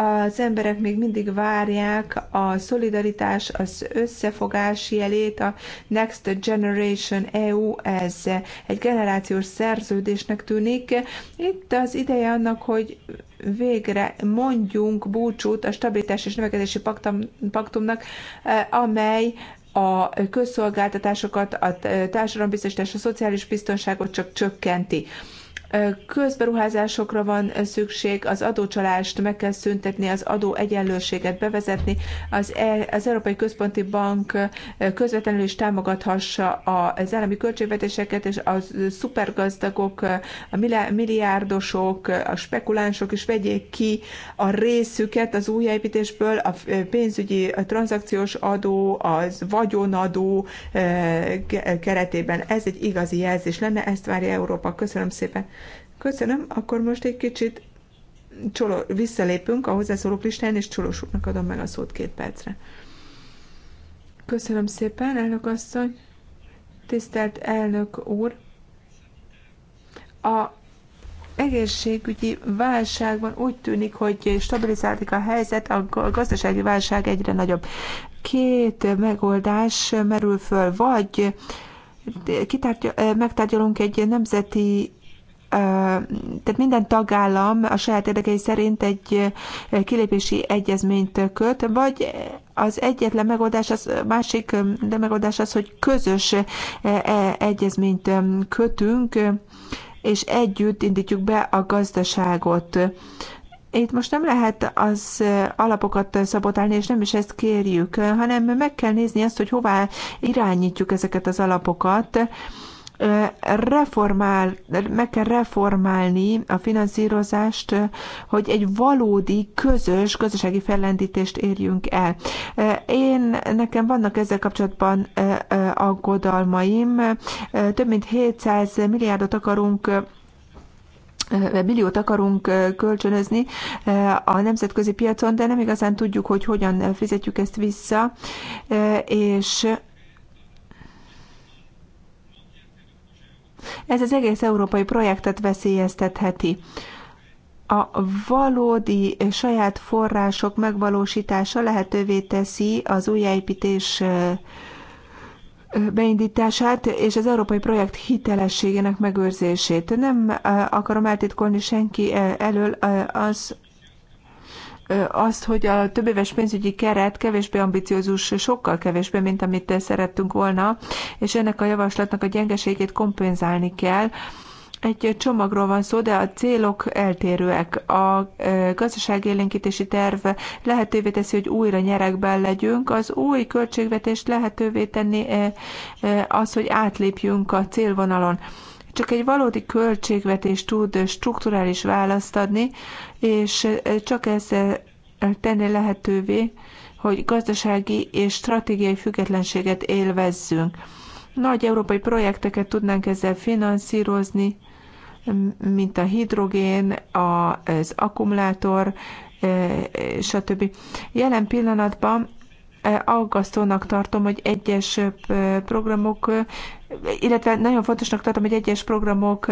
az emberek még mindig várják a szolidaritás, az összefogás jelét, a Next Generation EU, ez egy generációs szerződésnek tűnik. Itt az ideje annak, hogy végre mondjunk búcsút a stabilitás és növekedési paktum, paktumnak, amely a közszolgáltatásokat, a társadalombiztosítás, a szociális biztonságot csak csökkenti. Közberuházásokra van szükség, az adócsalást meg kell szüntetni, az adó egyenlőséget bevezetni, az, e, az Európai Központi Bank közvetlenül is támogathassa az állami költségvetéseket, és a szupergazdagok, a milliárdosok, a spekulánsok is vegyék ki a részüket az újjáépítésből, a pénzügyi a tranzakciós adó, az vagyonadó keretében. Ez egy igazi jelzés lenne, ezt várja Európa. Köszönöm szépen. Köszönöm, akkor most egy kicsit csolo, visszalépünk a hozzászólók listán, és csolósuknak adom meg a szót két percre. Köszönöm szépen, elnök asszony. Tisztelt elnök úr. A egészségügyi válságban úgy tűnik, hogy stabilizálódik a helyzet, a gazdasági válság egyre nagyobb. Két megoldás merül föl, vagy kitárgya, megtárgyalunk egy nemzeti tehát minden tagállam a saját érdekei szerint egy eh, kilépési egyezményt köt, vagy az egyetlen megoldás, az másik eh, de megoldás az, hogy közös eh, e, egyezményt kötünk, és együtt indítjuk be a gazdaságot. Itt most nem lehet az alapokat szabotálni, és nem is ezt kérjük, hanem meg kell nézni azt, hogy hová irányítjuk ezeket az alapokat, reformál, meg kell reformálni a finanszírozást, hogy egy valódi közös közösségi fellendítést érjünk el. Én, nekem vannak ezzel kapcsolatban aggodalmaim. Több mint 700 milliárdot akarunk milliót akarunk kölcsönözni a nemzetközi piacon, de nem igazán tudjuk, hogy hogyan fizetjük ezt vissza, és Ez az egész európai projektet veszélyeztetheti a valódi saját források megvalósítása lehetővé teszi az újjáépítés beindítását és az európai projekt hitelességének megőrzését. Nem akarom eltitkolni senki elől az, azt, hogy a többéves pénzügyi keret kevésbé ambiciózus, sokkal kevésbé, mint amit szerettünk volna, és ennek a javaslatnak a gyengeségét kompenzálni kell. Egy csomagról van szó, de a célok eltérőek. A gazdaságélénkítési terv lehetővé teszi, hogy újra nyerekben legyünk. Az új költségvetést lehetővé tenni az, hogy átlépjünk a célvonalon. Csak egy valódi költségvetés tud strukturális választ adni, és csak ez tenni lehetővé, hogy gazdasági és stratégiai függetlenséget élvezzünk. Nagy európai projekteket tudnánk ezzel finanszírozni, mint a hidrogén, az akkumulátor, stb. Jelen pillanatban aggasztónak tartom, hogy egyes programok, illetve nagyon fontosnak tartom, hogy egyes programok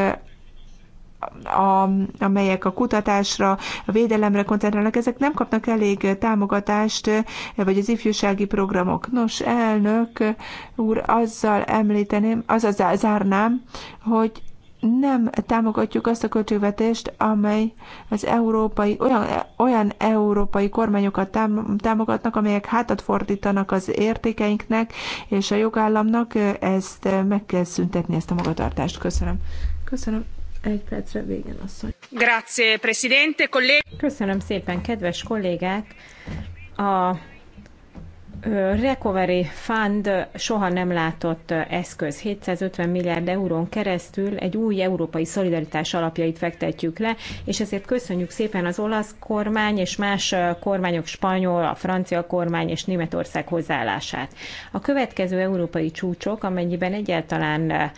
a, amelyek a kutatásra, a védelemre koncentrálnak, ezek nem kapnak elég támogatást, vagy az ifjúsági programok. Nos, elnök úr, azzal említeném, azzal zárnám, hogy nem támogatjuk azt a költségvetést, amely az európai, olyan, olyan európai kormányokat támogatnak, amelyek hátat fordítanak az értékeinknek és a jogállamnak. Ezt meg kell szüntetni, ezt a magatartást. Köszönöm. Köszönöm. Egy asszony. Grazie, presidente, kollég... Köszönöm szépen, kedves kollégák! A Recovery Fund soha nem látott eszköz. 750 milliárd eurón keresztül egy új európai szolidaritás alapjait fektetjük le, és ezért köszönjük szépen az olasz kormány és más kormányok, spanyol, a francia kormány és Németország hozzáállását. A következő európai csúcsok, amennyiben egyáltalán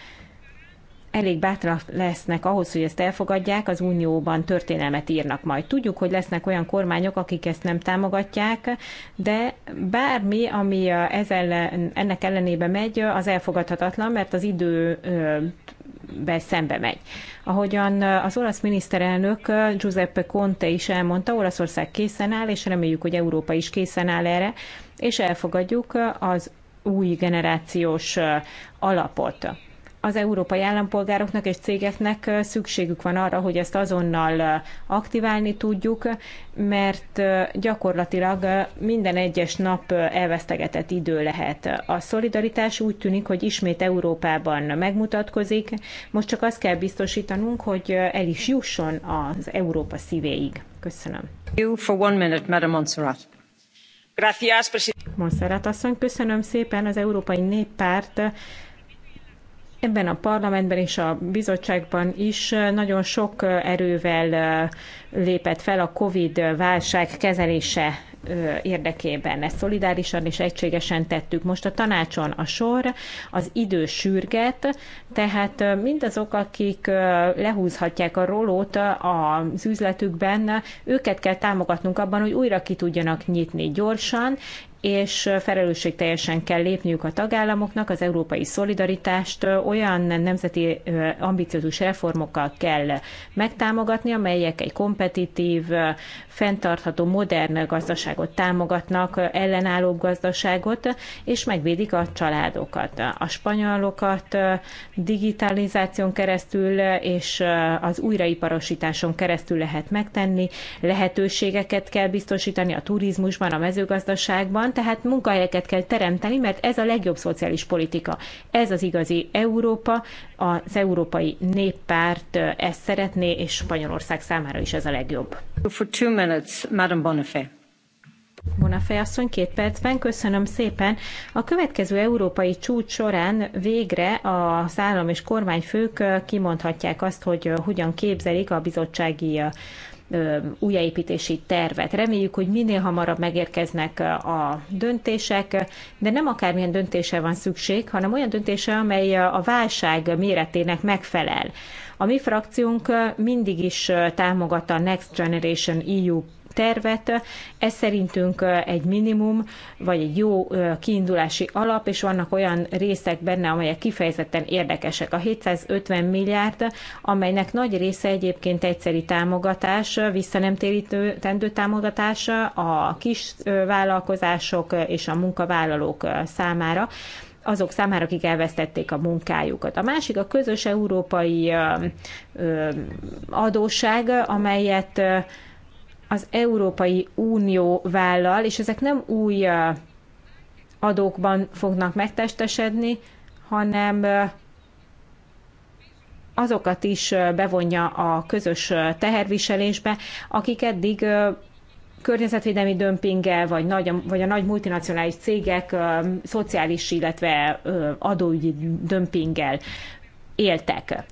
elég bátrak lesznek ahhoz, hogy ezt elfogadják, az unióban történelmet írnak majd. Tudjuk, hogy lesznek olyan kormányok, akik ezt nem támogatják, de bármi, ami ez ellen, ennek ellenébe megy, az elfogadhatatlan, mert az idő be szembe megy. Ahogyan az olasz miniszterelnök Giuseppe Conte is elmondta, Olaszország készen áll, és reméljük, hogy Európa is készen áll erre, és elfogadjuk az új generációs alapot az európai állampolgároknak és cégeknek szükségük van arra, hogy ezt azonnal aktiválni tudjuk, mert gyakorlatilag minden egyes nap elvesztegetett idő lehet. A szolidaritás úgy tűnik, hogy ismét Európában megmutatkozik, most csak azt kell biztosítanunk, hogy el is jusson az Európa szívéig. Köszönöm. You for one minute, Madam Montserrat. Gracias, President. Monserrat, asszony, köszönöm szépen az Európai Néppárt ebben a parlamentben és a bizottságban is nagyon sok erővel lépett fel a COVID válság kezelése érdekében. Ezt szolidárisan és egységesen tettük. Most a tanácson a sor, az idő sürget, tehát mindazok, akik lehúzhatják a rolót az üzletükben, őket kell támogatnunk abban, hogy újra ki tudjanak nyitni gyorsan, és teljesen kell lépniük a tagállamoknak, az európai szolidaritást olyan nemzeti ambiciózus reformokkal kell megtámogatni, amelyek egy kompetitív, fenntartható, modern gazdaságot támogatnak, ellenálló gazdaságot, és megvédik a családokat, a spanyolokat digitalizáción keresztül és az újraiparosításon keresztül lehet megtenni, lehetőségeket kell biztosítani a turizmusban, a mezőgazdaságban, van, tehát munkahelyeket kell teremteni, mert ez a legjobb szociális politika. Ez az igazi Európa, az Európai Néppárt ezt szeretné, és Spanyolország számára is ez a legjobb. For two minutes, Madam Bonifay. Bonafé asszony, két percben, köszönöm szépen. A következő európai csúcs során végre az állam és kormányfők kimondhatják azt, hogy hogyan képzelik a bizottsági újjáépítési tervet. Reméljük, hogy minél hamarabb megérkeznek a döntések, de nem akármilyen döntése van szükség, hanem olyan döntése, amely a válság méretének megfelel. A mi frakciónk mindig is támogatta a Next Generation EU tervet. Ez szerintünk egy minimum, vagy egy jó kiindulási alap, és vannak olyan részek benne, amelyek kifejezetten érdekesek. A 750 milliárd, amelynek nagy része egyébként egyszeri támogatás, visszanemtérítendő támogatás a kis vállalkozások és a munkavállalók számára azok számára, akik elvesztették a munkájukat. A másik a közös európai adósság, amelyet az Európai Unió vállal, és ezek nem új adókban fognak megtestesedni, hanem azokat is bevonja a közös teherviselésbe, akik eddig környezetvédelmi dömpinggel, vagy, nagy, vagy a nagy multinacionális cégek szociális, illetve adóügyi dömpinggel éltek.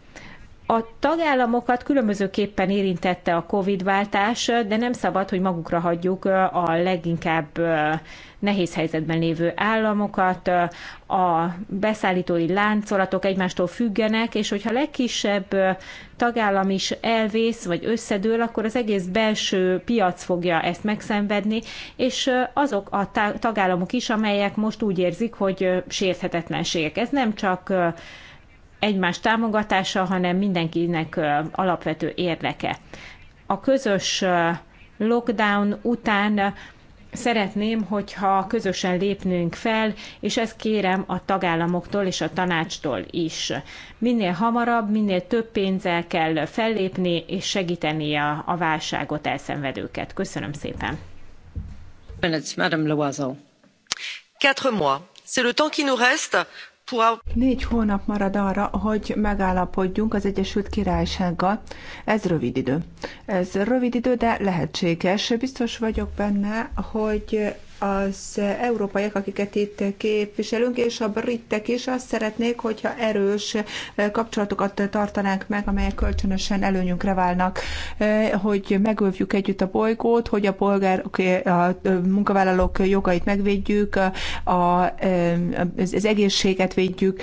A tagállamokat különbözőképpen érintette a COVID-váltás, de nem szabad, hogy magukra hagyjuk a leginkább nehéz helyzetben lévő államokat, a beszállítói láncolatok egymástól függenek, és hogyha legkisebb tagállam is elvész, vagy összedől, akkor az egész belső piac fogja ezt megszenvedni, és azok a tagállamok is, amelyek most úgy érzik, hogy sérthetetlenségek. Ez nem csak egymás támogatása, hanem mindenkinek alapvető érdeke. A közös lockdown után szeretném, hogyha közösen lépnünk fel, és ezt kérem a tagállamoktól és a tanácstól is. Minél hamarabb, minél több pénzzel kell fellépni és segíteni a, a válságot elszenvedőket. Köszönöm szépen. Minutes, Madame Loiseau. Quatre mois. C'est le temps qui nous reste Négy hónap marad arra, hogy megállapodjunk az Egyesült Királysággal. Ez rövid idő. Ez rövid idő, de lehetséges. Biztos vagyok benne, hogy az európaiak, akiket itt képviselünk, és a britek is azt szeretnék, hogyha erős kapcsolatokat tartanánk meg, amelyek kölcsönösen előnyünkre válnak, hogy megölvjük együtt a bolygót, hogy a polgárok, a munkavállalók jogait megvédjük, a, az egészséget védjük,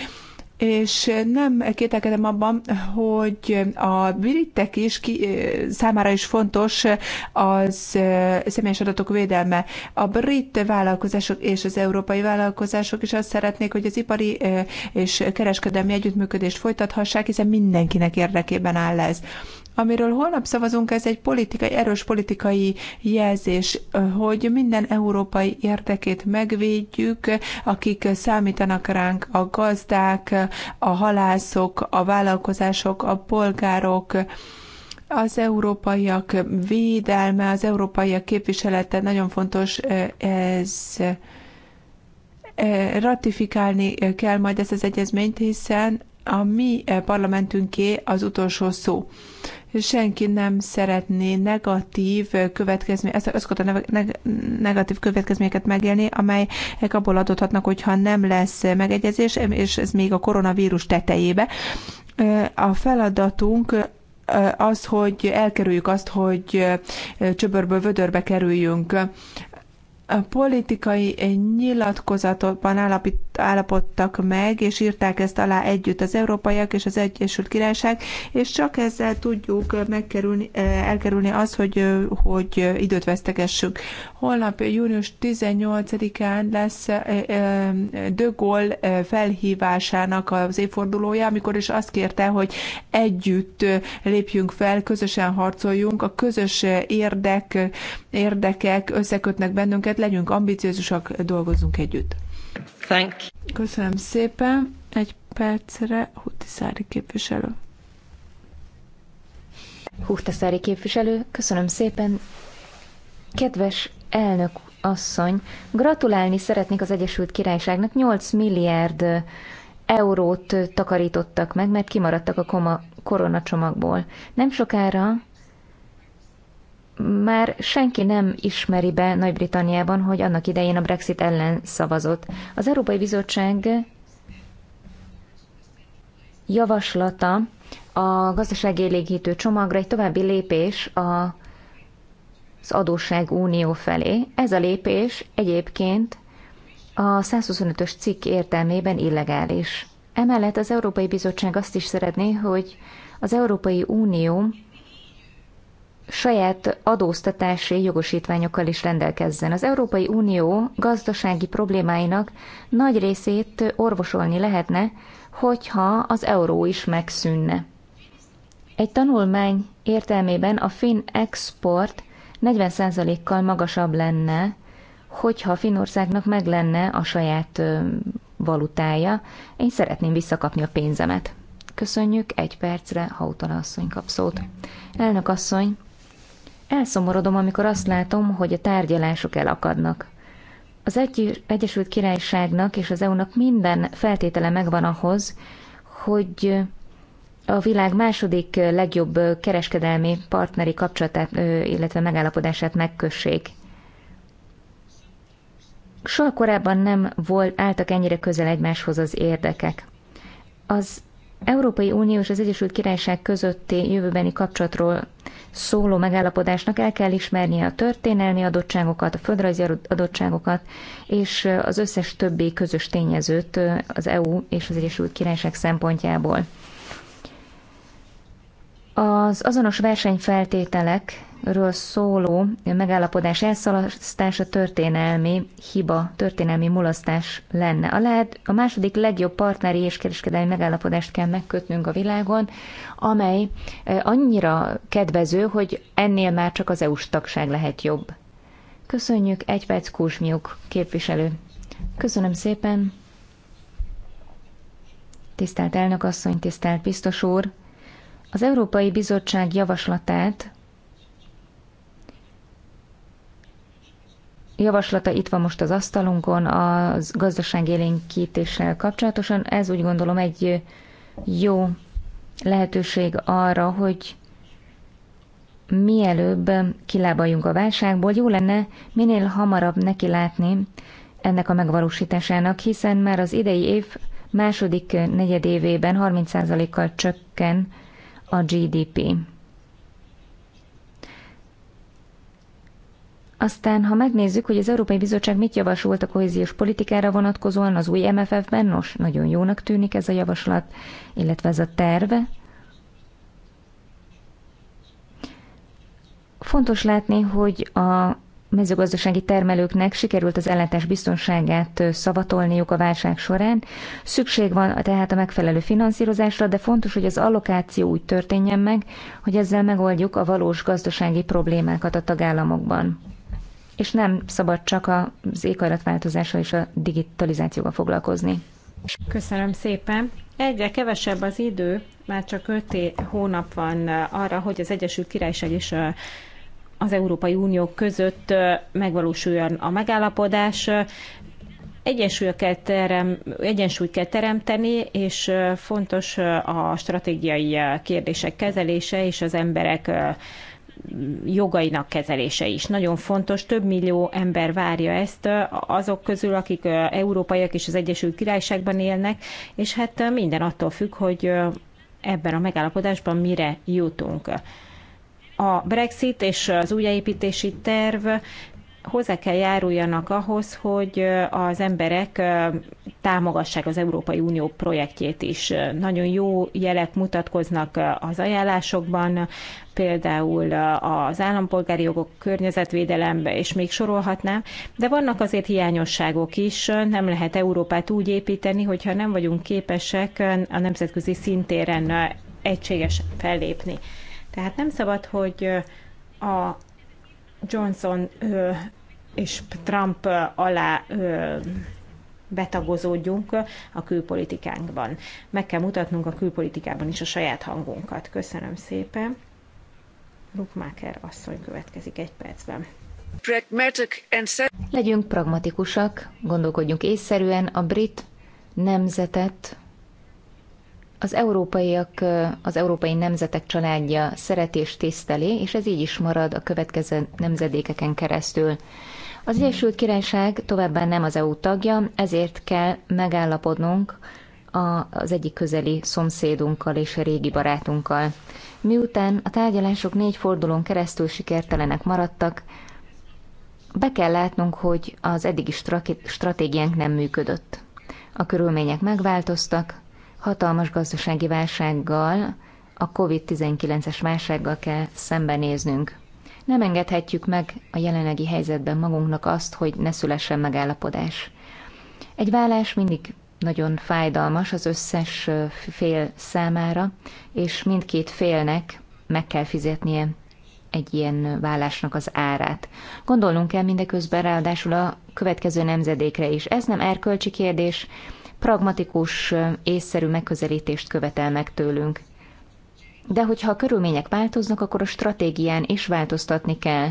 és nem kételkedem abban, hogy a britek is ki, számára is fontos az személyes adatok védelme. A brit vállalkozások és az európai vállalkozások is azt szeretnék, hogy az ipari és kereskedelmi együttműködést folytathassák, hiszen mindenkinek érdekében áll ez. Amiről holnap szavazunk, ez egy politikai, erős politikai jelzés, hogy minden európai érdekét megvédjük, akik számítanak ránk, a gazdák, a halászok, a vállalkozások, a polgárok, az európaiak védelme, az európaiak képviselete nagyon fontos, eh, ez eh, ratifikálni kell majd ezt az egyezményt, hiszen a mi eh, parlamentünké az utolsó szó senki nem szeretné negatív következményeket, azokat a negatív következményeket megélni, amelyek abból adódhatnak, hogyha nem lesz megegyezés, és ez még a koronavírus tetejébe. A feladatunk az, hogy elkerüljük azt, hogy csöbörből vödörbe kerüljünk a politikai nyilatkozatokban állapodtak meg, és írták ezt alá együtt az európaiak és az Egyesült Királyság, és csak ezzel tudjuk megkerülni, eh, elkerülni azt, hogy, eh, hogy időt vesztegessük. Holnap június 18-án lesz eh, De Gaulle felhívásának az évfordulója, amikor is azt kérte, hogy együtt lépjünk fel, közösen harcoljunk, a közös érdek, érdekek összekötnek bennünket, legyünk ambiciózusak, dolgozzunk együtt. Thank. Köszönöm szépen. Egy percre Hutiszári képviselő. Huhtaszári képviselő, köszönöm szépen. Kedves elnök asszony, gratulálni szeretnék az Egyesült Királyságnak. 8 milliárd eurót takarítottak meg, mert kimaradtak a koma, koronacsomagból. Nem sokára már senki nem ismeri be Nagy-Britanniában, hogy annak idején a Brexit ellen szavazott. Az Európai Bizottság javaslata a élégítő csomagra egy további lépés a az adósság unió felé. Ez a lépés egyébként a 125-ös cikk értelmében illegális. Emellett az Európai Bizottság azt is szeretné, hogy az Európai Unió saját adóztatási jogosítványokkal is rendelkezzen. Az Európai Unió gazdasági problémáinak nagy részét orvosolni lehetne, hogyha az euró is megszűnne. Egy tanulmány értelmében a finn export 40%-kal magasabb lenne, hogyha Finnországnak meg lenne a saját valutája. Én szeretném visszakapni a pénzemet. Köszönjük, egy percre Hautala asszony kap szót. Elnök asszony, Elszomorodom, amikor azt látom, hogy a tárgyalások elakadnak. Az egy, Egyesült Királyságnak és az EU-nak minden feltétele megvan ahhoz, hogy a világ második legjobb kereskedelmi partneri kapcsolatát, illetve megállapodását megkössék. Soha korábban nem volt, álltak ennyire közel egymáshoz az érdekek. Az Európai Unió és az Egyesült Királyság közötti jövőbeni kapcsolatról szóló megállapodásnak el kell ismernie a történelmi adottságokat, a földrajzi adottságokat, és az összes többi közös tényezőt az EU és az Egyesült Királyság szempontjából. Az azonos versenyfeltételek ről szóló megállapodás elszalasztása történelmi hiba, történelmi mulasztás lenne. A, lehet, a második legjobb partneri és kereskedelmi megállapodást kell megkötnünk a világon, amely eh, annyira kedvező, hogy ennél már csak az EU-s tagság lehet jobb. Köszönjük, egy perc Kúsmiuk képviselő. Köszönöm szépen. Tisztelt elnök asszony, tisztelt biztos úr! Az Európai Bizottság javaslatát javaslata itt van most az asztalunkon a gazdaságélénkítéssel kapcsolatosan. Ez úgy gondolom egy jó lehetőség arra, hogy mielőbb kilábaljunk a válságból, jó lenne minél hamarabb neki látni ennek a megvalósításának, hiszen már az idei év második negyedévében 30%-kal csökken a GDP. Aztán, ha megnézzük, hogy az Európai Bizottság mit javasolt a kohéziós politikára vonatkozóan az új MFF-ben, nos, nagyon jónak tűnik ez a javaslat, illetve ez a terve. Fontos látni, hogy a mezőgazdasági termelőknek sikerült az ellátás biztonságát szavatolniuk a válság során. Szükség van tehát a megfelelő finanszírozásra, de fontos, hogy az allokáció úgy történjen meg, hogy ezzel megoldjuk a valós gazdasági problémákat a tagállamokban és nem szabad csak az éghajlatváltozással és a digitalizációval foglalkozni. Köszönöm szépen. Egyre kevesebb az idő, már csak öt hónap van arra, hogy az Egyesült Királyság és az Európai Unió között megvalósuljon a megállapodás. Egyensúlyt kell, terem, egyensúlyt kell teremteni, és fontos a stratégiai kérdések kezelése és az emberek jogainak kezelése is. Nagyon fontos, több millió ember várja ezt, azok közül, akik európaiak és az Egyesült Királyságban élnek, és hát minden attól függ, hogy ebben a megállapodásban mire jutunk. A Brexit és az újjáépítési terv hozzá kell járuljanak ahhoz, hogy az emberek támogassák az Európai Unió projektjét is. Nagyon jó jelek mutatkoznak az ajánlásokban, például az állampolgári jogok környezetvédelembe, és még sorolhatnám, de vannak azért hiányosságok is, nem lehet Európát úgy építeni, hogyha nem vagyunk képesek a nemzetközi szintéren egységes fellépni. Tehát nem szabad, hogy a Johnson és Trump alá betagozódjunk a külpolitikánkban. Meg kell mutatnunk a külpolitikában is a saját hangunkat. Köszönöm szépen. Rukmáker asszony következik egy percben. Legyünk pragmatikusak, gondolkodjunk észszerűen, a brit nemzetet az európaiak, az európai nemzetek családja szereti és tiszteli, és ez így is marad a következő nemzedékeken keresztül. Az Egyesült Királyság továbbá nem az EU tagja, ezért kell megállapodnunk az egyik közeli szomszédunkkal és régi barátunkkal. Miután a tárgyalások négy fordulón keresztül sikertelenek maradtak, be kell látnunk, hogy az eddigi stratégiánk nem működött. A körülmények megváltoztak, hatalmas gazdasági válsággal, a COVID-19-es válsággal kell szembenéznünk. Nem engedhetjük meg a jelenlegi helyzetben magunknak azt, hogy ne szülessen megállapodás. Egy vállás mindig nagyon fájdalmas az összes fél számára, és mindkét félnek meg kell fizetnie egy ilyen vállásnak az árát. Gondolnunk kell mindeközben ráadásul a következő nemzedékre is. Ez nem erkölcsi kérdés, pragmatikus, észszerű megközelítést követel meg tőlünk. De hogyha a körülmények változnak, akkor a stratégián is változtatni kell.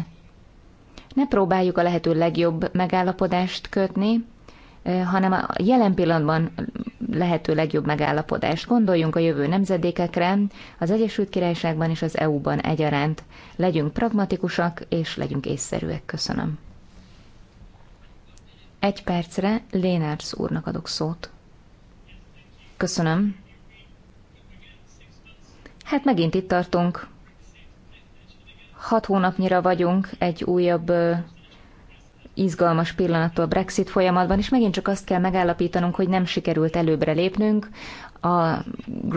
Ne próbáljuk a lehető legjobb megállapodást kötni, hanem a jelen pillanatban lehető legjobb megállapodást. Gondoljunk a jövő nemzedékekre, az Egyesült Királyságban és az EU-ban egyaránt. Legyünk pragmatikusak és legyünk észszerűek. Köszönöm. Egy percre Lénársz úrnak adok szót. Köszönöm. Hát megint itt tartunk. Hat hónapnyira vagyunk egy újabb izgalmas pillanattól Brexit folyamatban, és megint csak azt kell megállapítanunk, hogy nem sikerült előbbre lépnünk. A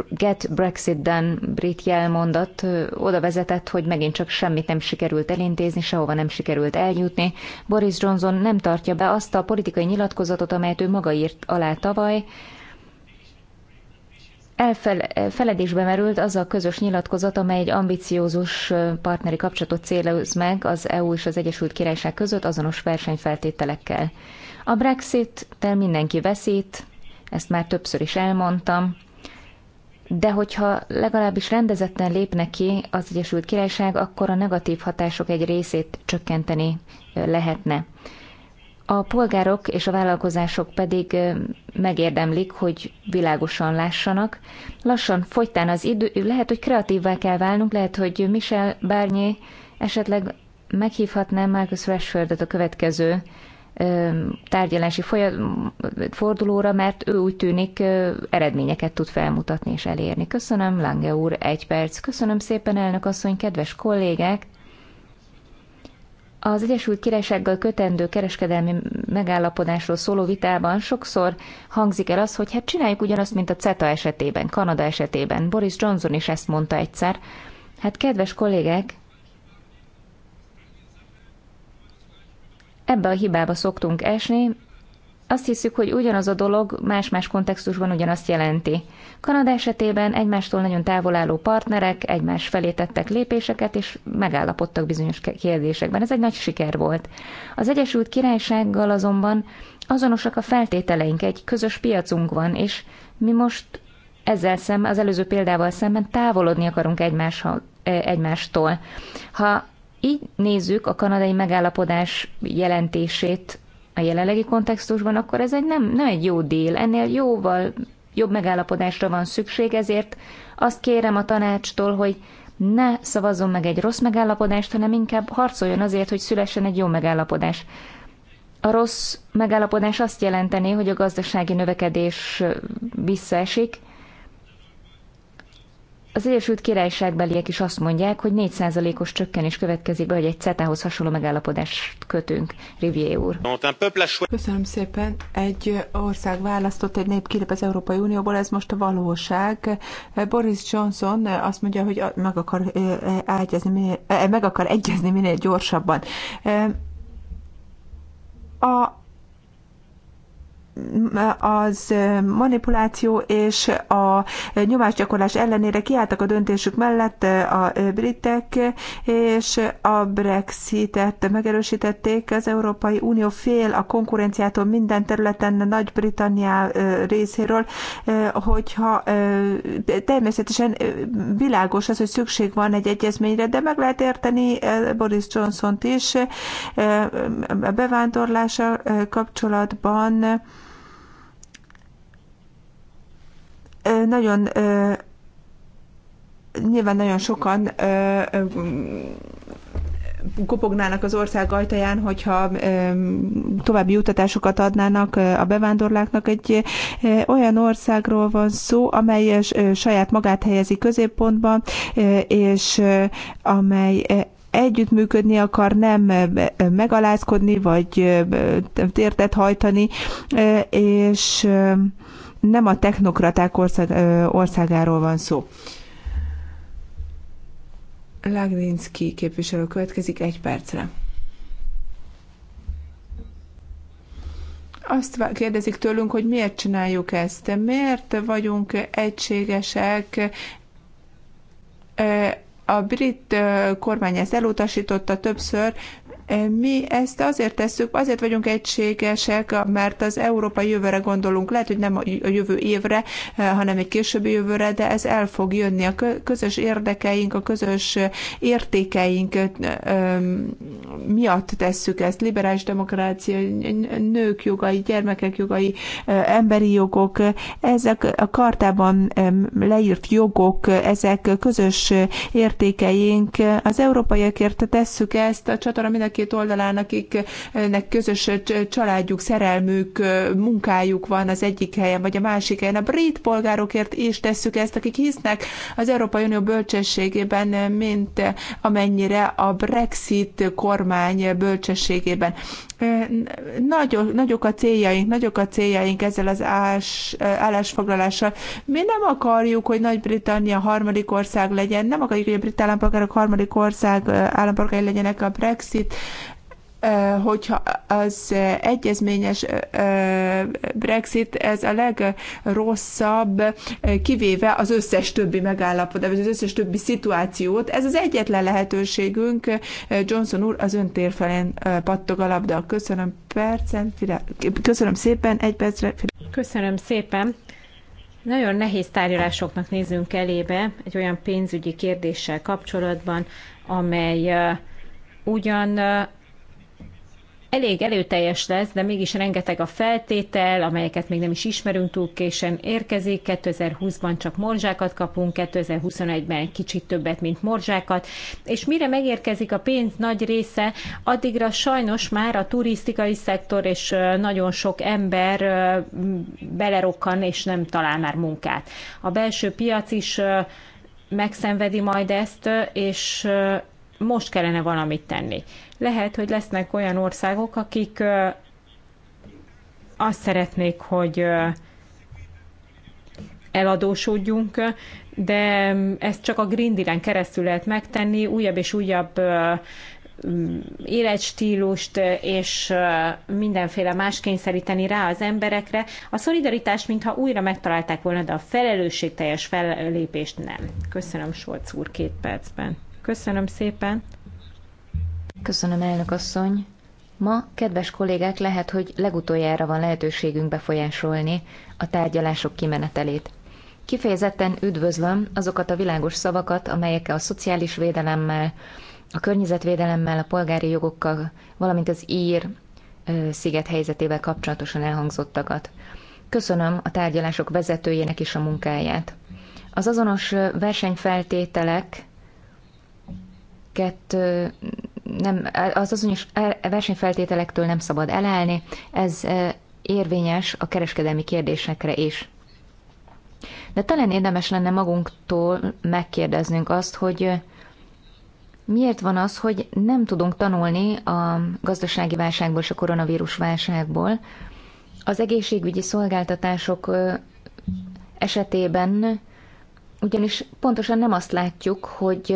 Get Brexit Done brit jelmondat oda vezetett, hogy megint csak semmit nem sikerült elintézni, sehova nem sikerült eljutni. Boris Johnson nem tartja be azt a politikai nyilatkozatot, amelyet ő maga írt alá tavaly, elfeledésbe merült az a közös nyilatkozat, amely egy ambiciózus partneri kapcsolatot céloz meg az EU és az Egyesült Királyság között azonos versenyfeltételekkel. A Brexit-tel mindenki veszít, ezt már többször is elmondtam, de hogyha legalábbis rendezetten lépnek ki az Egyesült Királyság, akkor a negatív hatások egy részét csökkenteni lehetne. A polgárok és a vállalkozások pedig megérdemlik, hogy világosan lássanak. Lassan fogytán az idő, lehet, hogy kreatívvá kell válnunk, lehet, hogy Michel Barnier esetleg meghívhatná Marcus rashford a következő tárgyalási fordulóra, mert ő úgy tűnik eredményeket tud felmutatni és elérni. Köszönöm, Lange úr, egy perc. Köszönöm szépen, elnök asszony, kedves kollégák! Az Egyesült Királysággal kötendő kereskedelmi megállapodásról szóló vitában sokszor hangzik el az, hogy hát csináljuk ugyanazt, mint a CETA esetében, Kanada esetében. Boris Johnson is ezt mondta egyszer. Hát kedves kollégek, ebbe a hibába szoktunk esni, azt hiszük, hogy ugyanaz a dolog más-más kontextusban ugyanazt jelenti. Kanada esetében egymástól nagyon távol álló partnerek egymás felé tettek lépéseket, és megállapodtak bizonyos kérdésekben. Ez egy nagy siker volt. Az Egyesült Királysággal azonban azonosak a feltételeink, egy közös piacunk van, és mi most ezzel szemben, az előző példával szemben távolodni akarunk egymás, e, egymástól. Ha így nézzük a kanadai megállapodás jelentését a jelenlegi kontextusban, akkor ez egy nem, nem egy jó dél. Ennél jóval jobb megállapodásra van szükség, ezért azt kérem a tanácstól, hogy ne szavazzon meg egy rossz megállapodást, hanem inkább harcoljon azért, hogy szülessen egy jó megállapodás. A rossz megállapodás azt jelenteni, hogy a gazdasági növekedés visszaesik, az Egyesült Királyságbeliek is azt mondják, hogy 4%-os csökkenés következik be, hogy egy CETA-hoz hasonló megállapodást kötünk, Rivier úr. Köszönöm szépen. Egy ország választott egy nép az Európai Unióból, ez most a valóság. Boris Johnson azt mondja, hogy meg akar, ágyazni, meg akar egyezni minél gyorsabban. A az manipuláció és a nyomásgyakorlás ellenére kiálltak a döntésük mellett a britek, és a Brexitet megerősítették. Az Európai Unió fél a konkurenciától minden területen Nagy-Britannia részéről, hogyha természetesen világos az, hogy szükség van egy egyezményre, de meg lehet érteni Boris Johnson-t is a bevándorlása kapcsolatban nagyon nyilván nagyon sokan kopognának az ország ajtaján, hogyha további jutatásokat adnának a bevándorláknak. Egy olyan országról van szó, amely saját magát helyezi középpontban, és amely együttműködni akar, nem megalázkodni, vagy tértet hajtani, és nem a technokraták ország, országáról van szó. Lagrinski képviselő következik egy percre. Azt kérdezik tőlünk, hogy miért csináljuk ezt, miért vagyunk egységesek, a brit kormány ezt elutasította többször, mi ezt azért tesszük, azért vagyunk egységesek, mert az európai jövőre gondolunk. Lehet, hogy nem a jövő évre, hanem egy későbbi jövőre, de ez el fog jönni. A közös érdekeink, a közös értékeink miatt tesszük ezt. Liberális demokrácia, nők jogai, gyermekek jogai, emberi jogok, ezek a kartában leírt jogok, ezek közös értékeink. Az európaiakért tesszük ezt, a csatorna mindenki két oldalán, akiknek közös családjuk, szerelmük, munkájuk van az egyik helyen, vagy a másik helyen. A brit polgárokért is tesszük ezt, akik hisznek az Európai Unió bölcsességében, mint amennyire a Brexit kormány bölcsességében. Nagyok, nagyok a céljaink, nagyok a céljaink ezzel az ás, állásfoglalással. Mi nem akarjuk, hogy Nagy-Britannia harmadik ország legyen, nem akarjuk, hogy a brit állampolgárok harmadik ország állampolgárai legyenek a Brexit hogyha az egyezményes Brexit, ez a legrosszabb, kivéve az összes többi megállapodás, az összes többi szituációt. Ez az egyetlen lehetőségünk. Johnson úr, az ön térfelén pattog a labda. Köszönöm percen, köszönöm szépen, egy percre. Köszönöm szépen. Nagyon nehéz tárgyalásoknak nézünk elébe egy olyan pénzügyi kérdéssel kapcsolatban, amely uh, ugyan elég előteljes lesz, de mégis rengeteg a feltétel, amelyeket még nem is ismerünk, túl későn érkezik. 2020-ban csak morzsákat kapunk, 2021-ben kicsit többet, mint morzsákat, és mire megérkezik a pénz nagy része, addigra sajnos már a turisztikai szektor és nagyon sok ember belerokkan és nem talál már munkát. A belső piac is megszenvedi majd ezt, és most kellene valamit tenni. Lehet, hogy lesznek olyan országok, akik azt szeretnék, hogy eladósodjunk, de ezt csak a Green Deal-en keresztül lehet megtenni, újabb és újabb életstílust és mindenféle más kényszeríteni rá az emberekre. A szolidaritás, mintha újra megtalálták volna, de a felelősségteljes fellépést nem. Köszönöm, Solc úr, két percben. Köszönöm szépen. Köszönöm, elnök asszony. Ma, kedves kollégák, lehet, hogy legutoljára van lehetőségünk befolyásolni a tárgyalások kimenetelét. Kifejezetten üdvözlöm azokat a világos szavakat, amelyek a szociális védelemmel, a környezetvédelemmel, a polgári jogokkal, valamint az ír sziget helyzetével kapcsolatosan elhangzottakat. Köszönöm a tárgyalások vezetőjének is a munkáját. Az azonos versenyfeltételek amiket nem, az azonos versenyfeltételektől nem szabad elállni, ez érvényes a kereskedelmi kérdésekre is. De talán érdemes lenne magunktól megkérdeznünk azt, hogy miért van az, hogy nem tudunk tanulni a gazdasági válságból és a koronavírus válságból. Az egészségügyi szolgáltatások esetében ugyanis pontosan nem azt látjuk, hogy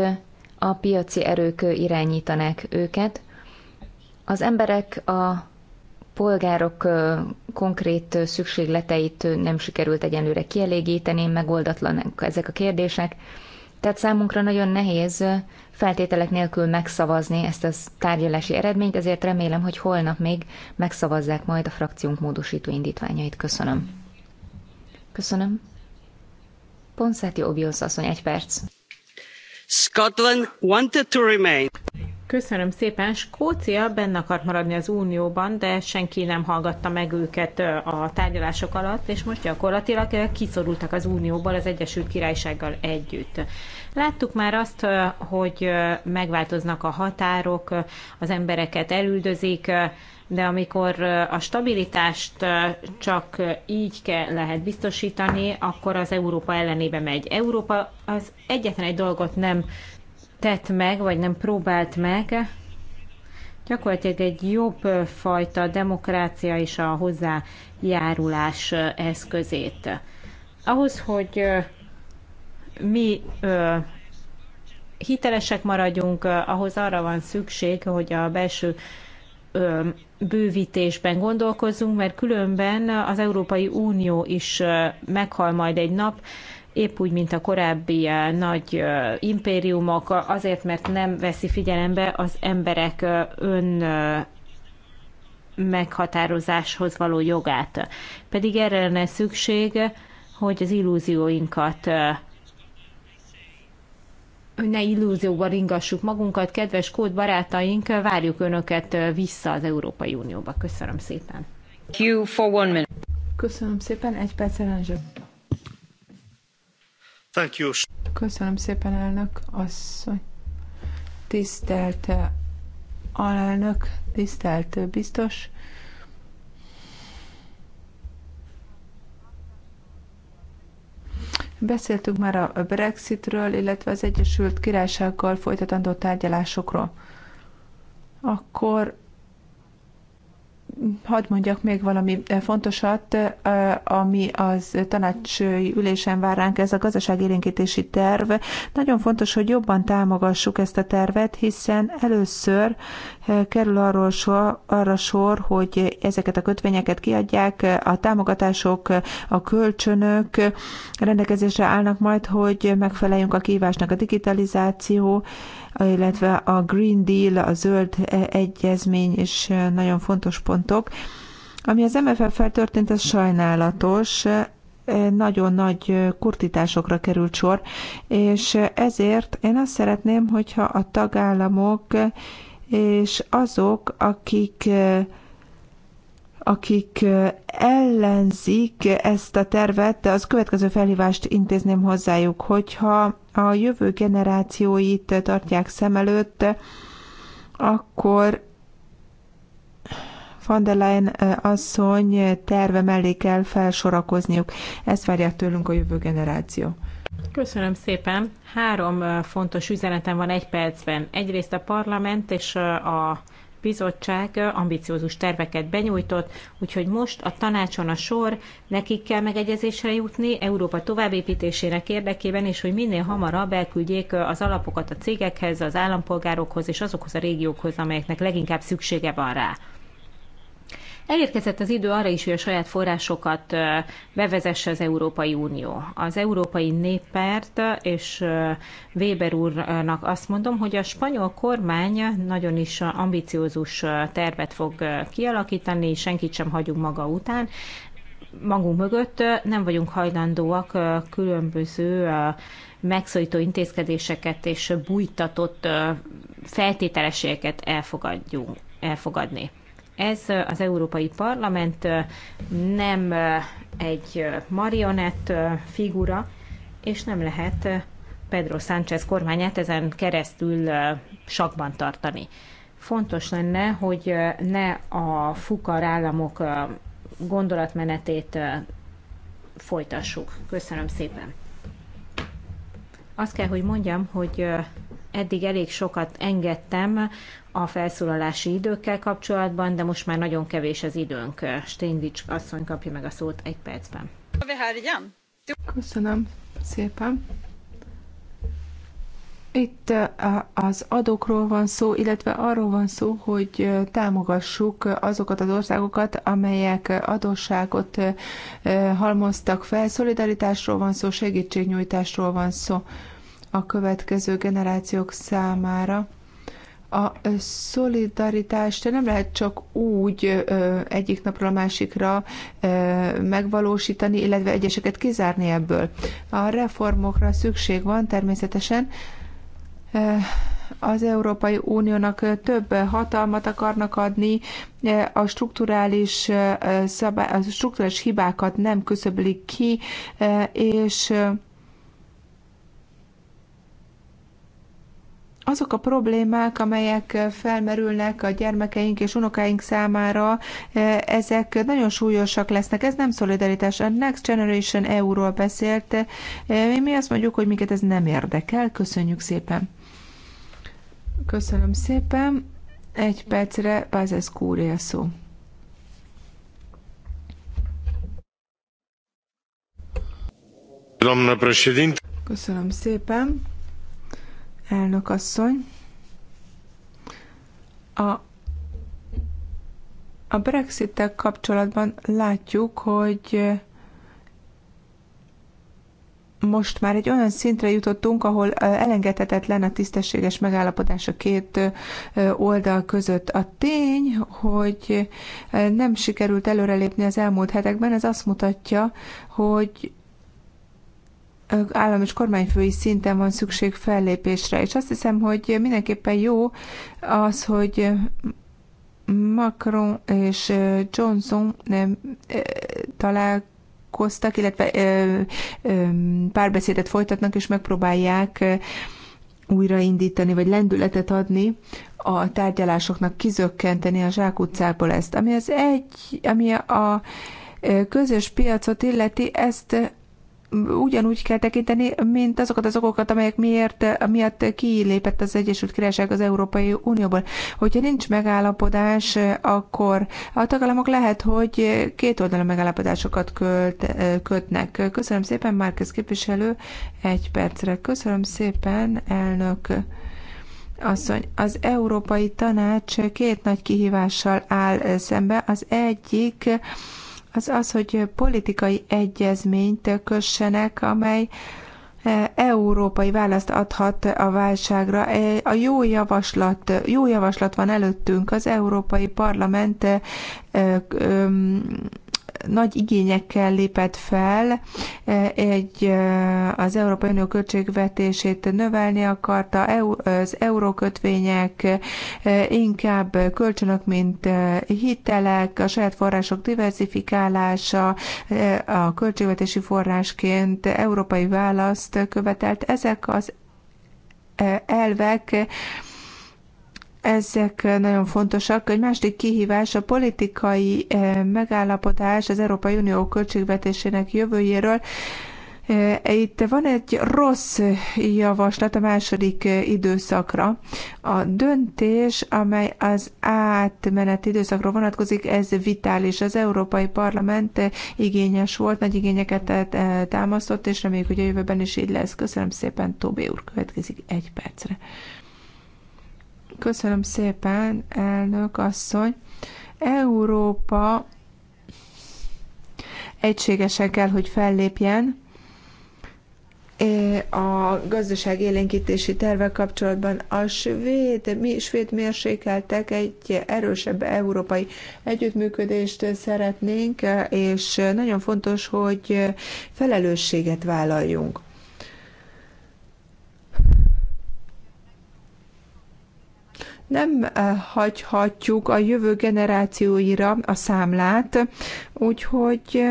a piaci erők irányítanák őket. Az emberek a polgárok konkrét szükségleteit nem sikerült egyenlőre kielégíteni, megoldatlanak ezek a kérdések. Tehát számunkra nagyon nehéz feltételek nélkül megszavazni ezt a tárgyalási eredményt, ezért remélem, hogy holnap még megszavazzák majd a frakciónk módosító indítványait. Köszönöm. Köszönöm. Ponszáti Obiosz asszony, egy perc. Scotland wanted to remain. Köszönöm szépen. Skócia benne akart maradni az Unióban, de senki nem hallgatta meg őket a tárgyalások alatt, és most gyakorlatilag kiszorultak az Unióból az Egyesült Királysággal együtt. Láttuk már azt, hogy megváltoznak a határok, az embereket elüldözik, de amikor a stabilitást csak így kell, lehet biztosítani, akkor az Európa ellenébe megy. Európa az egyetlen egy dolgot nem tett meg, vagy nem próbált meg, gyakorlatilag egy jobb fajta demokrácia és a hozzájárulás eszközét. Ahhoz, hogy mi hitelesek maradjunk, ahhoz arra van szükség, hogy a belső bővítésben gondolkozzunk, mert különben az Európai Unió is meghal majd egy nap, épp úgy, mint a korábbi nagy impériumok, azért, mert nem veszi figyelembe az emberek ön meghatározáshoz való jogát. Pedig erre lenne szükség, hogy az illúzióinkat ne illúzióban ringassuk magunkat, kedves kód barátaink, várjuk Önöket vissza az Európai Unióba. Köszönöm szépen. for one minute. Köszönöm szépen, egy perc Thank you. Köszönöm szépen, elnök asszony. Tisztelt eh, alelnök, tisztelt eh, biztos. Beszéltünk már a Brexitről, illetve az Egyesült Királysággal folytatandó tárgyalásokról. Akkor hadd mondjak még valami eh, fontosat, eh, ami az tanács ülésen vár ránk, ez a gazdaságélénkítési terv. Nagyon fontos, hogy jobban támogassuk ezt a tervet, hiszen először eh, kerül arról sor, arra sor, hogy ezeket a kötvényeket kiadják, a támogatások, a kölcsönök rendelkezésre állnak majd, hogy megfeleljünk a kívásnak a digitalizáció, illetve a Green Deal, a zöld egyezmény is nagyon fontos pontok. Ami az MFF-fel történt, ez sajnálatos, nagyon nagy kurtításokra került sor, és ezért én azt szeretném, hogyha a tagállamok és azok, akik akik ellenzik ezt a tervet, az következő felhívást intézném hozzájuk, hogyha a jövő generációit tartják szem előtt, akkor van der Leyen asszony terve mellé kell felsorakozniuk. Ezt várják tőlünk a jövő generáció. Köszönöm szépen. Három fontos üzenetem van egy percben. Egyrészt a parlament és a bizottság ambiciózus terveket benyújtott, úgyhogy most a tanácson a sor, nekik kell megegyezésre jutni Európa továbbépítésének érdekében, és hogy minél hamarabb elküldjék az alapokat a cégekhez, az állampolgárokhoz és azokhoz a régiókhoz, amelyeknek leginkább szüksége van rá. Elérkezett az idő arra is, hogy a saját forrásokat bevezesse az Európai Unió. Az Európai Néppárt és Weber úrnak azt mondom, hogy a spanyol kormány nagyon is ambiciózus tervet fog kialakítani, senkit sem hagyunk maga után, magunk mögött nem vagyunk hajlandóak különböző megszólító intézkedéseket és bújtatott feltételességeket elfogadjunk, elfogadni. Ez az Európai Parlament nem egy marionett figura, és nem lehet Pedro Sánchez kormányát ezen keresztül sakban tartani. Fontos lenne, hogy ne a fukar államok gondolatmenetét folytassuk. Köszönöm szépen. Azt kell, hogy mondjam, hogy eddig elég sokat engedtem a felszólalási időkkel kapcsolatban, de most már nagyon kevés az időnk. Stendics asszony kapja meg a szót egy percben. Köszönöm szépen. Itt az adókról van szó, illetve arról van szó, hogy támogassuk azokat az országokat, amelyek adósságot halmoztak fel. Szolidaritásról van szó, segítségnyújtásról van szó a következő generációk számára. A szolidaritást nem lehet csak úgy egyik napról a másikra megvalósítani, illetve egyeseket kizárni ebből. A reformokra szükség van természetesen, az Európai Uniónak több hatalmat akarnak adni, a strukturális, szabály, a strukturális hibákat nem küszöbölik ki, és azok a problémák, amelyek felmerülnek a gyermekeink és unokáink számára, ezek nagyon súlyosak lesznek. Ez nem szolidaritás. A Next Generation EU-ról beszélt. Mi azt mondjuk, hogy minket ez nem érdekel. Köszönjük szépen. Köszönöm szépen. Egy percre Pázesz Kúria szó. Köszönöm szépen elnök asszony. A, a brexit kapcsolatban látjuk, hogy most már egy olyan szintre jutottunk, ahol elengedhetetlen a tisztességes megállapodás a két oldal között. A tény, hogy nem sikerült előrelépni az elmúlt hetekben, ez azt mutatja, hogy állam és kormányfői szinten van szükség fellépésre, és azt hiszem, hogy mindenképpen jó az, hogy Macron és Johnson találkoztak, illetve párbeszédet folytatnak, és megpróbálják újraindítani, vagy lendületet adni a tárgyalásoknak, kizökkenteni a zsákutcából ezt. Ami az egy, ami a közös piacot illeti, ezt ugyanúgy kell tekinteni, mint azokat az okokat, amelyek miért, miatt kilépett az Egyesült Királyság az Európai Unióból. Hogyha nincs megállapodás, akkor a tagállamok lehet, hogy két oldalon megállapodásokat költ, kötnek. Köszönöm szépen, Márkez képviselő, egy percre. Köszönöm szépen, elnök asszony, az Európai Tanács két nagy kihívással áll szembe. Az egyik az az, hogy politikai egyezményt kössenek, amely e, európai választ adhat a válságra. E, a jó javaslat, jó javaslat van előttünk, az Európai Parlament e, nagy igényekkel lépett fel, e, egy e, az Európai Unió költségvetését növelni akarta, e, az eurókötvények inkább kölcsönök, mint hitelek, a saját források diversifikálása, a költségvetési forrásként európai választ követelt. Ezek az elvek ezek nagyon fontosak. Egy másik kihívás a politikai eh, megállapodás az Európai Unió költségvetésének jövőjéről. Eh, itt van egy rossz javaslat a második eh, időszakra. A döntés, amely az átmeneti időszakra vonatkozik, ez vitális. Az Európai Parlament igényes volt, nagy igényeket támasztott, és reméljük, hogy a jövőben is így lesz. Köszönöm szépen, Tóbé úr, következik egy percre. Köszönöm szépen, elnök asszony. Európa egységesen kell, hogy fellépjen a gazdaság élénkítési terve kapcsolatban a svéd, mi svéd mérsékeltek egy erősebb európai együttműködést szeretnénk, és nagyon fontos, hogy felelősséget vállaljunk. nem eh, hagyhatjuk a jövő generációira a számlát, úgyhogy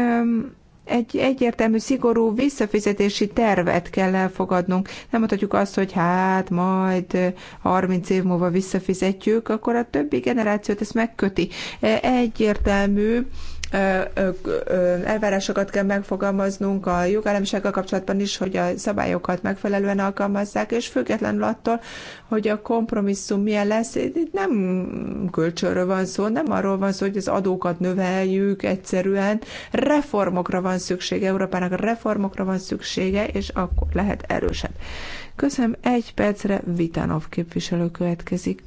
egy egyértelmű, szigorú visszafizetési tervet kell elfogadnunk. Nem mondhatjuk azt, hogy hát majd 30 eh, év múlva visszafizetjük, akkor a többi generációt ezt megköti. Eh, egyértelmű elvárásokat kell megfogalmaznunk a jogállamisággal kapcsolatban is, hogy a szabályokat megfelelően alkalmazzák, és függetlenül attól, hogy a kompromisszum milyen lesz, itt nem kölcsönről van szó, nem arról van szó, hogy az adókat növeljük egyszerűen, reformokra van szüksége, Európának reformokra van szüksége, és akkor lehet erősebb. Köszönöm, egy percre Vitanov képviselő következik.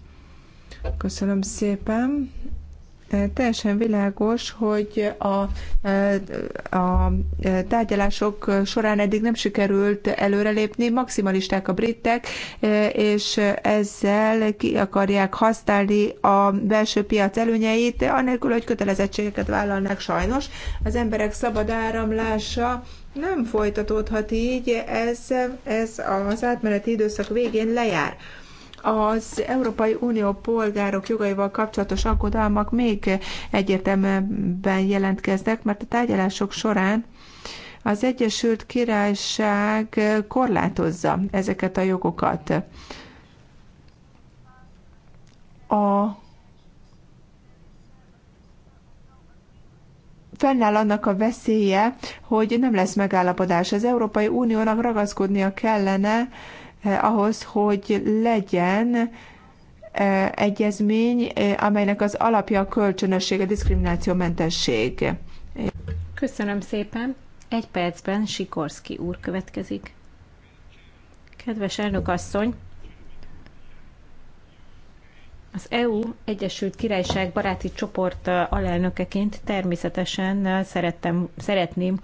Köszönöm szépen teljesen világos, hogy a, a tárgyalások során eddig nem sikerült előrelépni, maximalisták a britek, és ezzel ki akarják használni a belső piac előnyeit, anélkül, hogy kötelezettségeket vállalnak sajnos. Az emberek szabad áramlása nem folytatódhat így, ez, ez az átmeneti időszak végén lejár. Az Európai Unió polgárok jogaival kapcsolatos aggodalmak még egyértelműbben jelentkeznek, mert a tárgyalások során az Egyesült Királyság korlátozza ezeket a jogokat. A fennáll annak a veszélye, hogy nem lesz megállapodás. Az Európai Uniónak ragaszkodnia kellene Eh, ahhoz, hogy legyen eh, egyezmény, eh, amelynek az alapja a kölcsönösség, a diszkriminációmentesség. Köszönöm szépen. Egy percben Sikorszki úr következik. Kedves elnök asszony, az EU Egyesült Királyság baráti csoport alelnökeként természetesen szerettem, szeretném,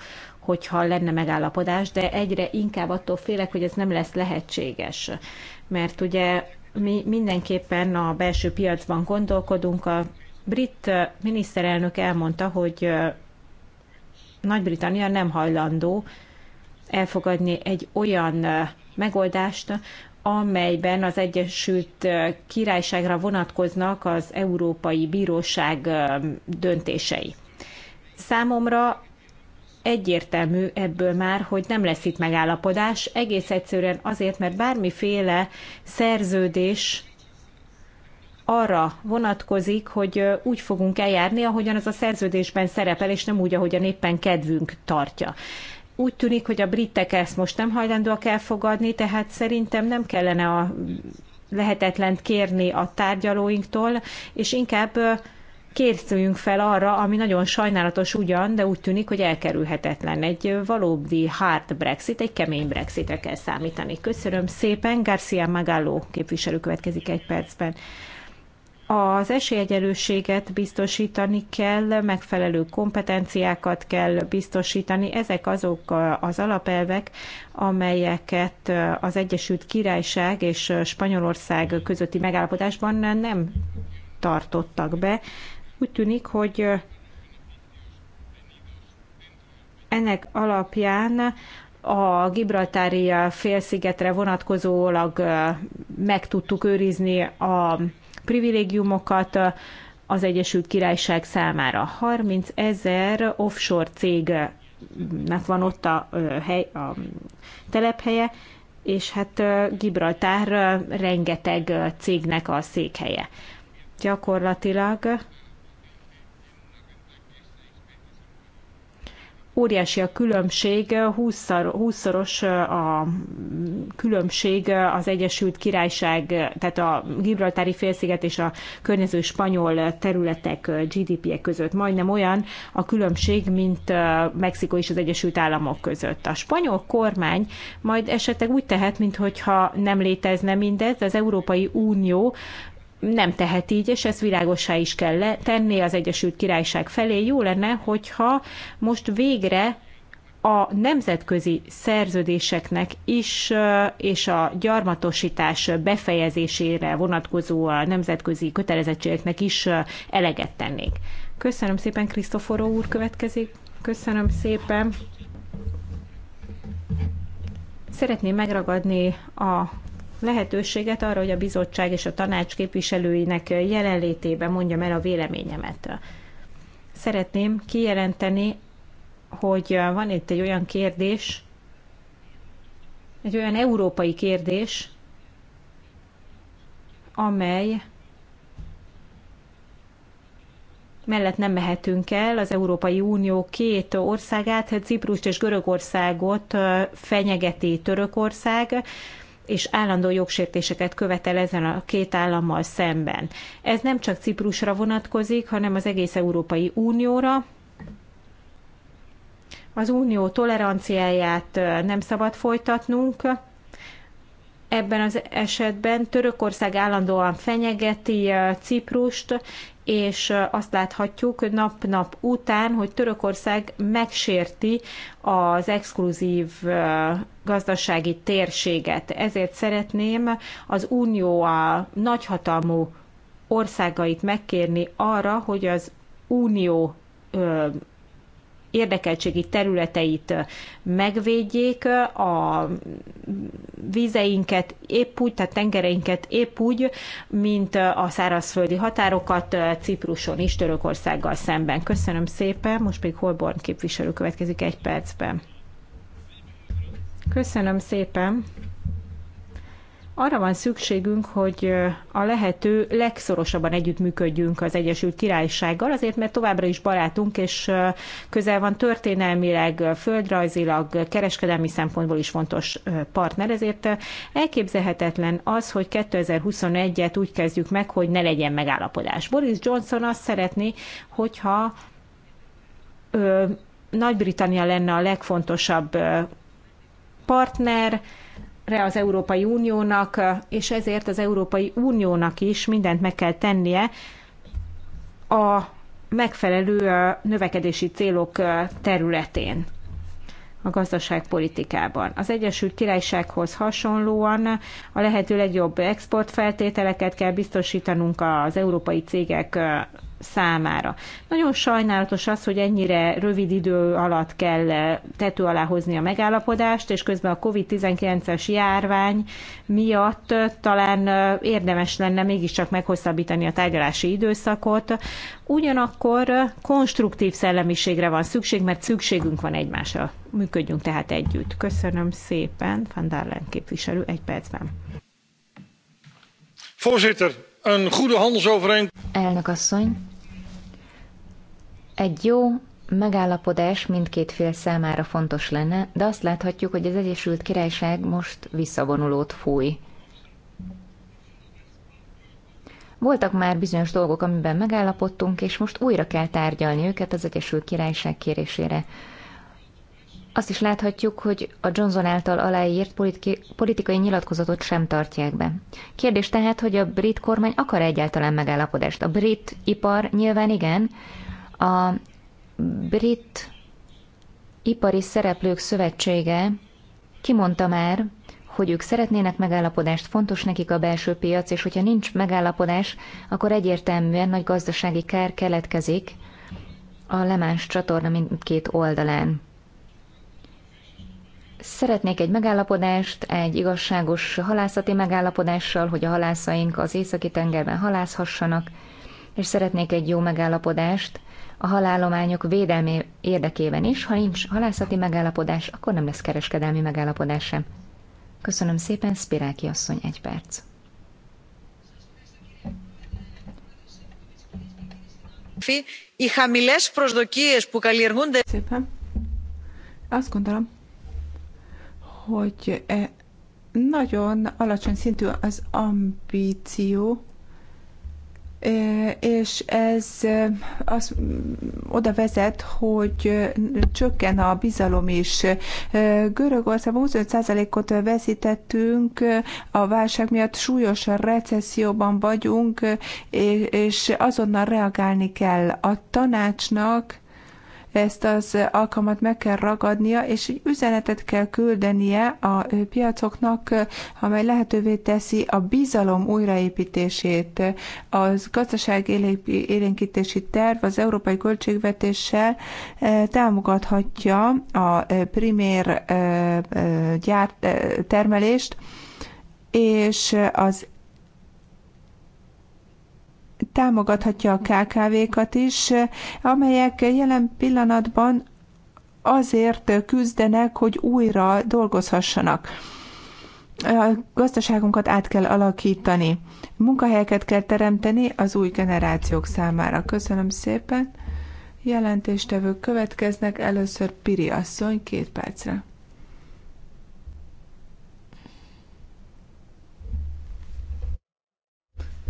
hogyha lenne megállapodás, de egyre inkább attól félek, hogy ez nem lesz lehetséges. Mert ugye mi mindenképpen a belső piacban gondolkodunk. A brit miniszterelnök elmondta, hogy Nagy-Britannia nem hajlandó elfogadni egy olyan megoldást, amelyben az Egyesült Királyságra vonatkoznak az Európai Bíróság döntései. Számomra egyértelmű ebből már, hogy nem lesz itt megállapodás, egész egyszerűen azért, mert bármiféle szerződés arra vonatkozik, hogy úgy fogunk eljárni, ahogyan az a szerződésben szerepel, és nem úgy, ahogyan éppen kedvünk tartja. Úgy tűnik, hogy a britek ezt most nem hajlandóak elfogadni, tehát szerintem nem kellene a lehetetlent kérni a tárgyalóinktól, és inkább készüljünk fel arra, ami nagyon sajnálatos ugyan, de úgy tűnik, hogy elkerülhetetlen. Egy valódi hard Brexit, egy kemény Brexitre kell számítani. Köszönöm szépen. Garcia Magalló képviselő következik egy percben. Az esélyegyelőséget biztosítani kell, megfelelő kompetenciákat kell biztosítani. Ezek azok az alapelvek, amelyeket az Egyesült Királyság és Spanyolország közötti megállapodásban nem tartottak be, úgy tűnik, hogy ennek alapján a Gibraltári félszigetre vonatkozólag meg tudtuk őrizni a privilégiumokat az Egyesült Királyság számára. 30 ezer offshore cégnek van ott a, hely, a telephelye, és hát Gibraltár rengeteg cégnek a székhelye. Gyakorlatilag óriási a különbség, 20-szoros a különbség az Egyesült Királyság, tehát a Gibraltári félsziget és a környező spanyol területek GDP-je között. Majdnem olyan a különbség, mint Mexikó és az Egyesült Államok között. A spanyol kormány majd esetleg úgy tehet, mintha nem létezne mindez, az Európai Unió nem tehet így, és ezt világosá is kell tenni az Egyesült Királyság felé. Jó lenne, hogyha most végre a nemzetközi szerződéseknek is, és a gyarmatosítás befejezésére vonatkozó a nemzetközi kötelezettségeknek is eleget tennék. Köszönöm szépen, Krisztoforó úr következik. Köszönöm szépen. Szeretném megragadni a lehetőséget arra, hogy a bizottság és a tanács képviselőinek jelenlétében mondjam el a véleményemet. Szeretném kijelenteni, hogy van itt egy olyan kérdés, egy olyan európai kérdés, amely mellett nem mehetünk el. Az Európai Unió két országát, Ciprust és Görögországot fenyegeti Törökország és állandó jogsértéseket követel ezen a két állammal szemben. Ez nem csak Ciprusra vonatkozik, hanem az egész Európai Unióra. Az unió toleranciáját nem szabad folytatnunk. Ebben az esetben Törökország állandóan fenyegeti Ciprust, és azt láthatjuk nap-nap után, hogy Törökország megsérti az exkluzív gazdasági térséget. Ezért szeretném az Unió a nagyhatalmú országait megkérni arra, hogy az Unió érdekeltségi területeit megvédjék, a vízeinket épp úgy, tehát tengereinket épp úgy, mint a szárazföldi határokat Cipruson is Törökországgal szemben. Köszönöm szépen, most még Holborn képviselő következik egy percben. Köszönöm szépen arra van szükségünk, hogy a lehető legszorosabban együttműködjünk az Egyesült Királysággal, azért mert továbbra is barátunk, és közel van történelmileg, földrajzilag, kereskedelmi szempontból is fontos partner, ezért elképzelhetetlen az, hogy 2021-et úgy kezdjük meg, hogy ne legyen megállapodás. Boris Johnson azt szeretné, hogyha Nagy-Britannia lenne a legfontosabb partner, az Európai Uniónak, és ezért az Európai Uniónak is mindent meg kell tennie a megfelelő növekedési célok területén a gazdaságpolitikában. Az Egyesült Királysághoz hasonlóan a lehető legjobb exportfeltételeket kell biztosítanunk az európai cégek számára. Nagyon sajnálatos az, hogy ennyire rövid idő alatt kell eh, tető alá hozni a megállapodást, és közben a COVID-19-es járvány miatt eh, talán eh, érdemes lenne mégiscsak meghosszabbítani a tárgyalási időszakot. Ugyanakkor konstruktív szellemiségre van szükség, mert szükségünk van egymásra. Működjünk tehát együtt. Köszönöm szépen, Van Darlen képviselő, egy percben. Voorzitter, Een goede handelsovereenkomst. Elnök asszony, egy jó megállapodás mindkét fél számára fontos lenne, de azt láthatjuk, hogy az Egyesült Királyság most visszavonulót fúj. Voltak már bizonyos dolgok, amiben megállapodtunk, és most újra kell tárgyalni őket az Egyesült Királyság kérésére. Azt is láthatjuk, hogy a Johnson által aláírt politikai, politikai nyilatkozatot sem tartják be. Kérdés tehát, hogy a brit kormány akar -e egyáltalán megállapodást. A brit ipar nyilván igen, a brit ipari szereplők szövetsége kimondta már, hogy ők szeretnének megállapodást, fontos nekik a belső piac, és hogyha nincs megállapodás, akkor egyértelműen nagy gazdasági kár keletkezik a Lemáns csatorna mindkét oldalán. Szeretnék egy megállapodást, egy igazságos halászati megállapodással, hogy a halászaink az északi tengerben halászhassanak, és szeretnék egy jó megállapodást a halálományok védelmi érdekében is. Ha nincs halászati megállapodás, akkor nem lesz kereskedelmi megállapodás sem. Köszönöm szépen, Spiráki asszony, egy perc. Szépen. Azt gondolom, hogy eh, nagyon alacsony szintű az ambíció, eh, és ez eh, az oda vezet, hogy csökken a bizalom is. Görögországban 25%-ot veszítettünk, a válság miatt súlyos recesszióban vagyunk, és azonnal reagálni kell a tanácsnak, ezt az alkalmat meg kell ragadnia, és egy üzenetet kell küldenie a piacoknak, amely lehetővé teszi a bizalom újraépítését. Az gazdaság élénkítési terv az európai költségvetéssel eh, támogathatja a eh, primér eh, gyárt, termelést, és az támogathatja a KKV-kat is, amelyek jelen pillanatban azért küzdenek, hogy újra dolgozhassanak. A gazdaságunkat át kell alakítani, munkahelyeket kell teremteni az új generációk számára. Köszönöm szépen! Jelentéstevők következnek, először Piri asszony két percre.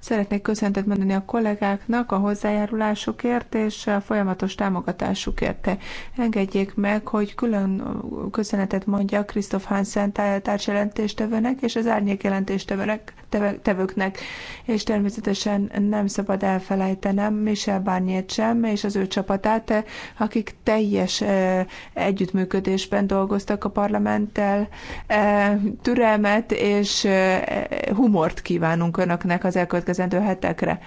Szeretnék köszöntet mondani a kollégáknak a hozzájárulásukért és a folyamatos támogatásukért. Engedjék meg, hogy külön köszönetet mondja Krisztof Hansen társjelentéstevőnek és az árnyék jelentéstevőnek tevőknek, és természetesen nem szabad elfelejtenem Michel Barnier sem, és az ő csapatát, akik teljes eh, együttműködésben dolgoztak a parlamenttel. Eh, türelmet és eh, humort kívánunk önöknek az elkövetkező elkövetkezendő hetekre.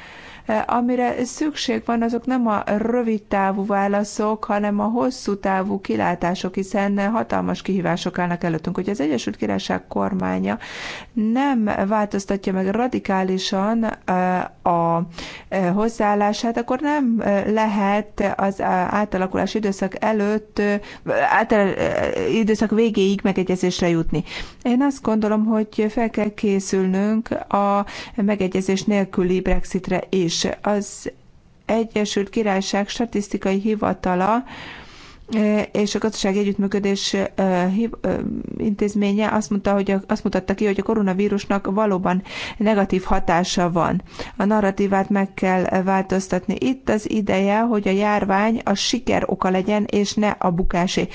E, amire szükség van, azok nem a rövid távú válaszok, hanem a hosszú távú kilátások, hiszen hatalmas kihívások állnak előttünk. Hogy az Egyesült Királyság kormánya nem változtatja meg radikálisan e, a e, hozzáállását, akkor nem lehet az átalakulás időszak előtt, átal, időszak végéig megegyezésre jutni. Én azt gondolom, hogy fel kell készülnünk a megegyezés nélküli Brexitre is. Az Egyesült Királyság statisztikai hivatala eh, és a gazdasági együttműködés eh, eh, intézménye azt, mondta, hogy a, azt mutatta ki, hogy a koronavírusnak valóban negatív hatása van. A narratívát meg kell változtatni. Itt az ideje, hogy a járvány a siker oka legyen, és ne a bukásé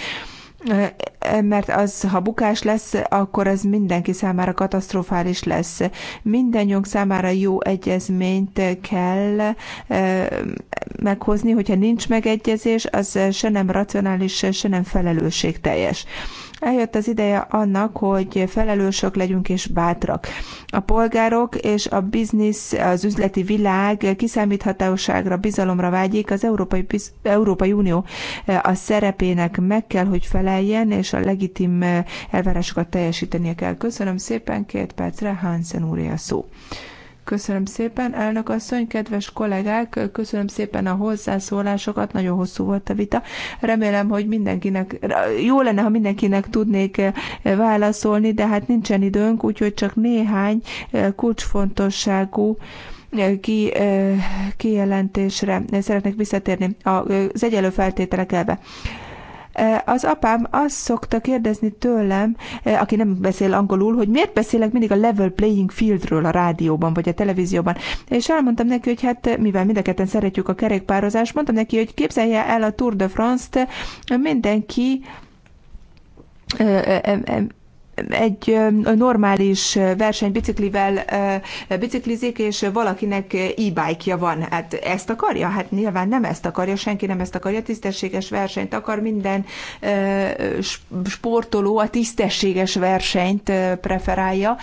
mert az, ha bukás lesz, akkor ez mindenki számára katasztrofális lesz. Minden jog számára jó egyezményt kell meghozni, hogyha nincs megegyezés, az se nem racionális, se nem felelősségteljes. teljes Eljött az ideje annak, hogy felelősök legyünk és bátrak. A polgárok és a biznisz, az üzleti világ kiszámíthatóságra, bizalomra vágyik. Az Európai, Európai Unió eh, a szerepének meg kell, hogy feleljen, és a legitim eh, elvárásokat teljesítenie kell. Köszönöm szépen, két percre Hansen úr a szó. Köszönöm szépen, elnök asszony, kedves kollégák, köszönöm szépen a hozzászólásokat, nagyon hosszú volt a vita. Remélem, hogy mindenkinek, jó lenne, ha mindenkinek tudnék eh, válaszolni, de hát nincsen időnk, úgyhogy csak néhány eh, kulcsfontosságú eh, ki, kijelentésre szeretnék visszatérni az egyenlő feltételek elve. Az apám azt szokta kérdezni tőlem, aki nem beszél angolul, hogy miért beszélek mindig a level playing fieldről a rádióban vagy a televízióban. És elmondtam neki, hogy hát mivel mindeket szeretjük a kerékpározást, mondtam neki, hogy képzelje el a Tour de France-t, mindenki egy normális biciklivel biciklizik, és valakinek e-bike-ja van. Hát ezt akarja? Hát nyilván nem ezt akarja, senki nem ezt akarja. Tisztességes versenyt akar minden sportoló, a tisztességes versenyt preferálja.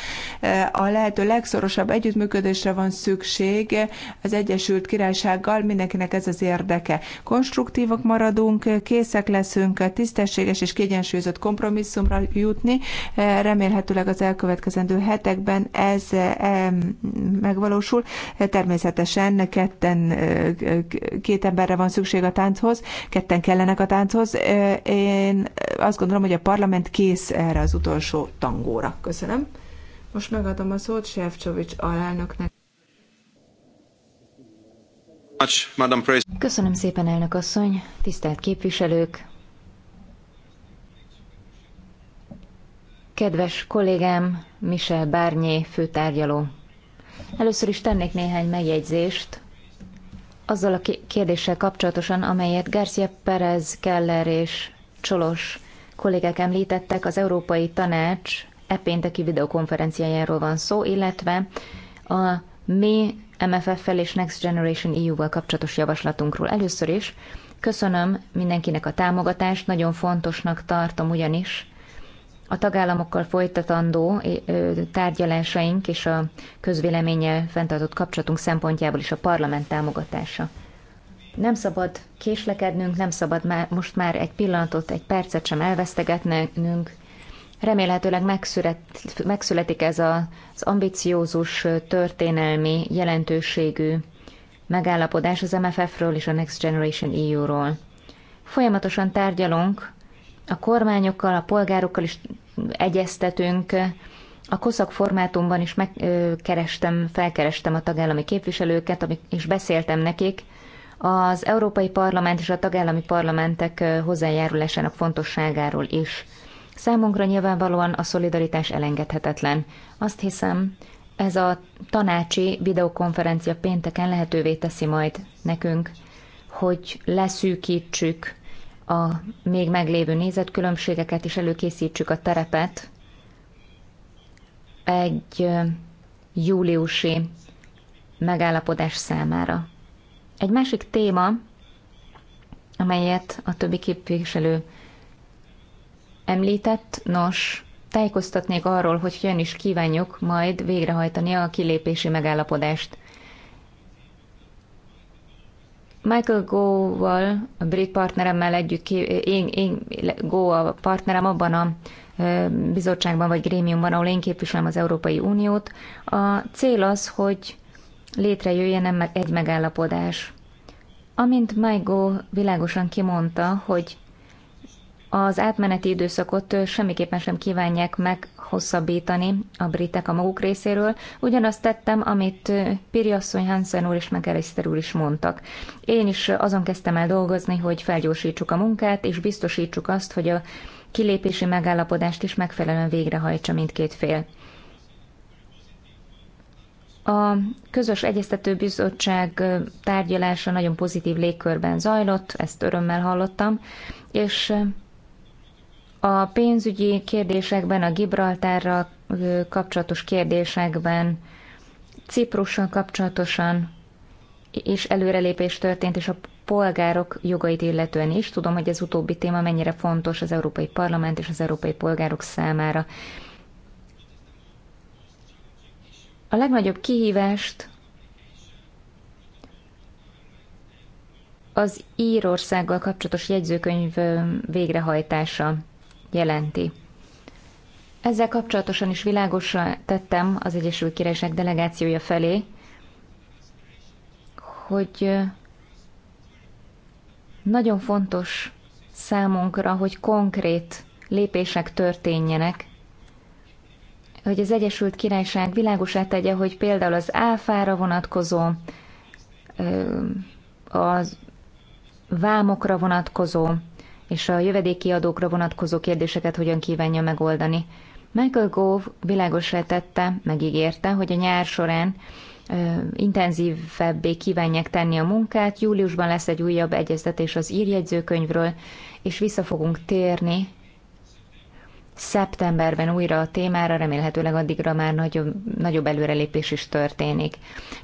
A lehető legszorosabb együttműködésre van szükség az Egyesült Királysággal, mindenkinek ez az érdeke. Konstruktívak maradunk, készek leszünk tisztességes és kiegyensúlyozott kompromisszumra jutni, E, remélhetőleg az elkövetkezendő hetekben ez e, megvalósul. E, természetesen ketten, két emberre van szükség a tánchoz, ketten kellenek a tánchoz. Én azt gondolom, hogy a parlament kész erre az utolsó tangóra. Köszönöm. Most megadom a szót Sefcsovics alelnöknek. Köszönöm szépen, elnök asszony, tisztelt képviselők! Kedves kollégám, Michel Bárnyé, főtárgyaló. Először is tennék néhány megjegyzést azzal a kérdéssel kapcsolatosan, amelyet Garcia Perez, Keller és Csolos kollégák említettek, az Európai Tanács e pénteki videokonferenciájáról van szó, illetve a mi MFF-fel és Next Generation EU-val kapcsolatos javaslatunkról. Először is köszönöm mindenkinek a támogatást, nagyon fontosnak tartom ugyanis, a tagállamokkal folytatandó tárgyalásaink és a közvéleménnyel fenntartott kapcsolatunk szempontjából is a parlament támogatása. Nem szabad késlekednünk, nem szabad már, most már egy pillanatot, egy percet sem elvesztegetnünk. Remélhetőleg megszület, megszületik ez a, az ambiciózus, történelmi, jelentőségű megállapodás az MFF-ről és a Next Generation EU-ról. Folyamatosan tárgyalunk a kormányokkal, a polgárokkal is egyeztetünk. A koszak formátumban is megkerestem, felkerestem a tagállami képviselőket, és beszéltem nekik az Európai Parlament és a tagállami parlamentek hozzájárulásának fontosságáról is. Számunkra nyilvánvalóan a szolidaritás elengedhetetlen. Azt hiszem, ez a tanácsi videokonferencia pénteken lehetővé teszi majd nekünk, hogy leszűkítsük a még meglévő nézetkülönbségeket, és előkészítsük a terepet egy júliusi megállapodás számára. Egy másik téma, amelyet a többi képviselő említett, nos, tájékoztatnék arról, hogy jön is kívánjuk majd végrehajtani a kilépési megállapodást. Michael Go-val, a brit partneremmel együtt, én, én Go a partnerem abban a bizottságban vagy grémiumban, ahol én képviselem az Európai Uniót. A cél az, hogy létrejöjjen egy megállapodás. Amint Michael világosan kimondta, hogy az átmeneti időszakot semmiképpen sem kívánják meghosszabbítani a britek a maguk részéről. Ugyanazt tettem, amit Piri asszony, Hansen úr és McAllister úr is mondtak. Én is azon kezdtem el dolgozni, hogy felgyorsítsuk a munkát, és biztosítsuk azt, hogy a kilépési megállapodást is megfelelően végrehajtsa mindkét fél. A közös bizottság tárgyalása nagyon pozitív légkörben zajlott, ezt örömmel hallottam, és a pénzügyi kérdésekben, a Gibraltárral kapcsolatos kérdésekben, Ciprussal kapcsolatosan is előrelépés történt, és a polgárok jogait illetően is. Tudom, hogy ez utóbbi téma mennyire fontos az Európai Parlament és az európai polgárok számára. A legnagyobb kihívást az Írországgal kapcsolatos jegyzőkönyv végrehajtása jelenti. Ezzel kapcsolatosan is világosra tettem az Egyesült Királyság delegációja felé, hogy nagyon fontos számunkra, hogy konkrét lépések történjenek, hogy az Egyesült Királyság világosá tegye, hogy például az áfára vonatkozó, az vámokra vonatkozó és a jövedéki adókra vonatkozó kérdéseket hogyan kívánja megoldani. Michael Gove világos letette, megígérte, hogy a nyár során intenzívebbé kívánják tenni a munkát. Júliusban lesz egy újabb egyeztetés az írjegyzőkönyvről, és vissza fogunk térni szeptemberben újra a témára, remélhetőleg addigra már nagyobb, nagyobb előrelépés is történik.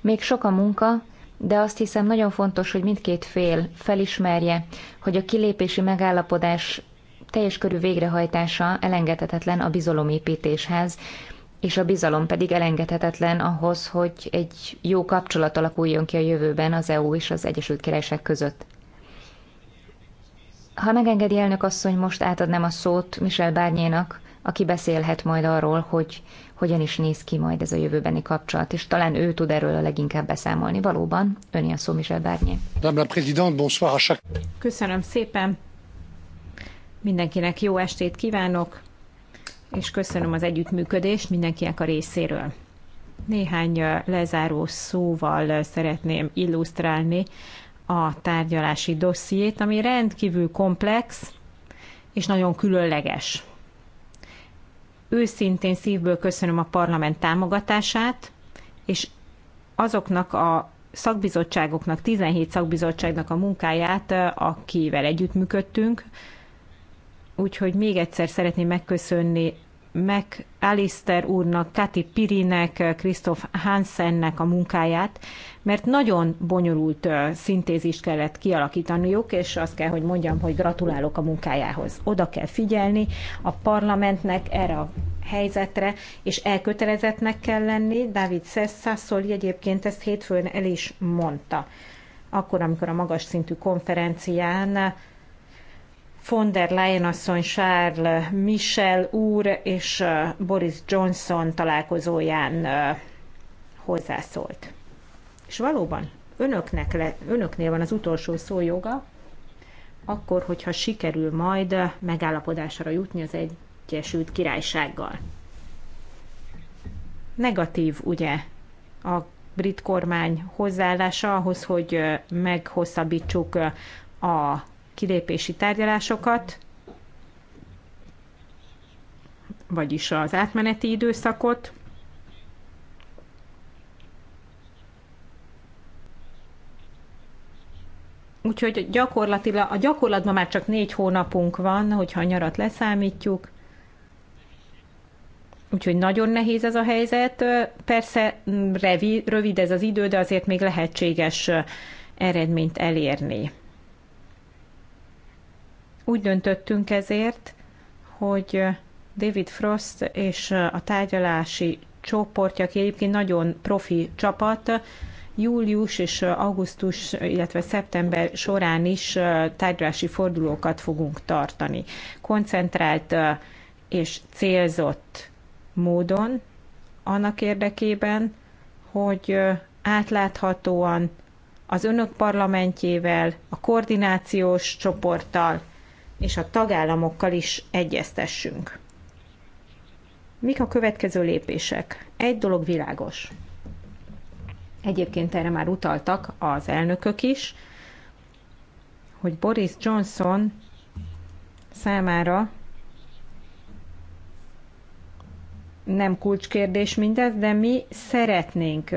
Még sok a munka, de azt hiszem nagyon fontos, hogy mindkét fél felismerje, hogy a kilépési megállapodás teljes körű végrehajtása elengedhetetlen a bizalomépítéshez, és a bizalom pedig elengedhetetlen ahhoz, hogy egy jó kapcsolat alakuljon ki a jövőben az EU és az Egyesült Királyság között. Ha megengedi elnök asszony, most átadnám a szót Michel Bárnyénak, aki beszélhet majd arról, hogy hogyan is néz ki majd ez a jövőbeni kapcsolat, és talán ő tud erről a leginkább beszámolni. Valóban, öni a szó, Michel Barnier. la bonsoir à chaque... Köszönöm szépen. Mindenkinek jó estét kívánok, és köszönöm az együttműködést mindenkinek a részéről. Néhány lezáró szóval szeretném illusztrálni a tárgyalási dossziét, ami rendkívül komplex és nagyon különleges. Őszintén szívből köszönöm a parlament támogatását, és azoknak a szakbizottságoknak, 17 szakbizottságnak a munkáját, eh, akivel együttműködtünk. Úgyhogy még egyszer szeretném megköszönni meg Alister úrnak, Kati Pirinek, eh, Christoph Hansennek a munkáját, mert nagyon bonyolult szintézist kellett kialakítaniuk, és azt kell, hogy mondjam, hogy gratulálok a munkájához. Oda kell figyelni a parlamentnek erre a helyzetre, és elkötelezettnek kell lenni. David Sassoli egyébként ezt hétfőn el is mondta. Akkor, amikor a magas szintű konferencián von der Leyen asszony, Charles Michel úr és Boris Johnson találkozóján hozzászólt. És valóban önöknek le, önöknél van az utolsó szó joga, akkor, hogyha sikerül majd megállapodásra jutni az Egyesült Királysággal. Negatív, ugye, a brit kormány hozzáállása ahhoz, hogy meghosszabbítsuk a kilépési tárgyalásokat, vagyis az átmeneti időszakot, Úgyhogy gyakorlatilag, a gyakorlatban már csak négy hónapunk van, hogyha a nyarat leszámítjuk. Úgyhogy nagyon nehéz ez a helyzet. Persze revi, rövid ez az idő, de azért még lehetséges eredményt elérni. Úgy döntöttünk ezért, hogy David Frost és a tárgyalási csoportja, aki egyébként nagyon profi csapat, július és augusztus, illetve szeptember során is tárgyalási fordulókat fogunk tartani. Koncentrált és célzott módon annak érdekében, hogy átláthatóan az önök parlamentjével, a koordinációs csoporttal és a tagállamokkal is egyeztessünk. Mik a következő lépések? Egy dolog világos. Egyébként erre már utaltak az elnökök is, hogy Boris Johnson számára nem kulcskérdés mindez, de mi szeretnénk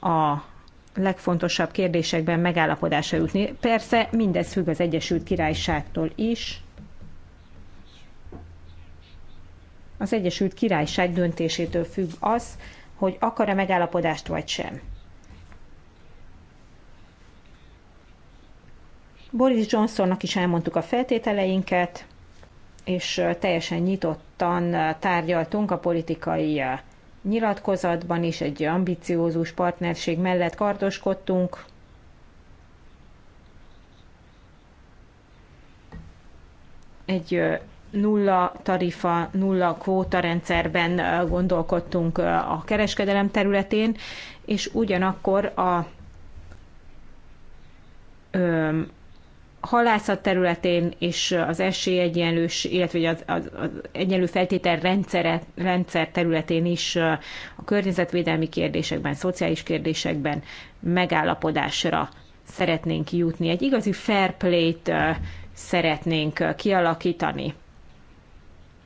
a legfontosabb kérdésekben megállapodásra jutni. Persze mindez függ az Egyesült Királyságtól is. Az Egyesült Királyság döntésétől függ az, hogy akar-e megállapodást vagy sem. Boris Johnsonnak is elmondtuk a feltételeinket, és teljesen nyitottan tárgyaltunk a politikai nyilatkozatban is, egy ambiciózus partnerség mellett kardoskodtunk. Egy nulla tarifa, nulla kvóta rendszerben gondolkodtunk a kereskedelem területén, és ugyanakkor a ö, halászat területén és az esélyegyenlős, illetve az, az, az egyenlő feltétel rendszere, rendszer területén is a környezetvédelmi kérdésekben, szociális kérdésekben megállapodásra szeretnénk jutni. Egy igazi fair play-t szeretnénk kialakítani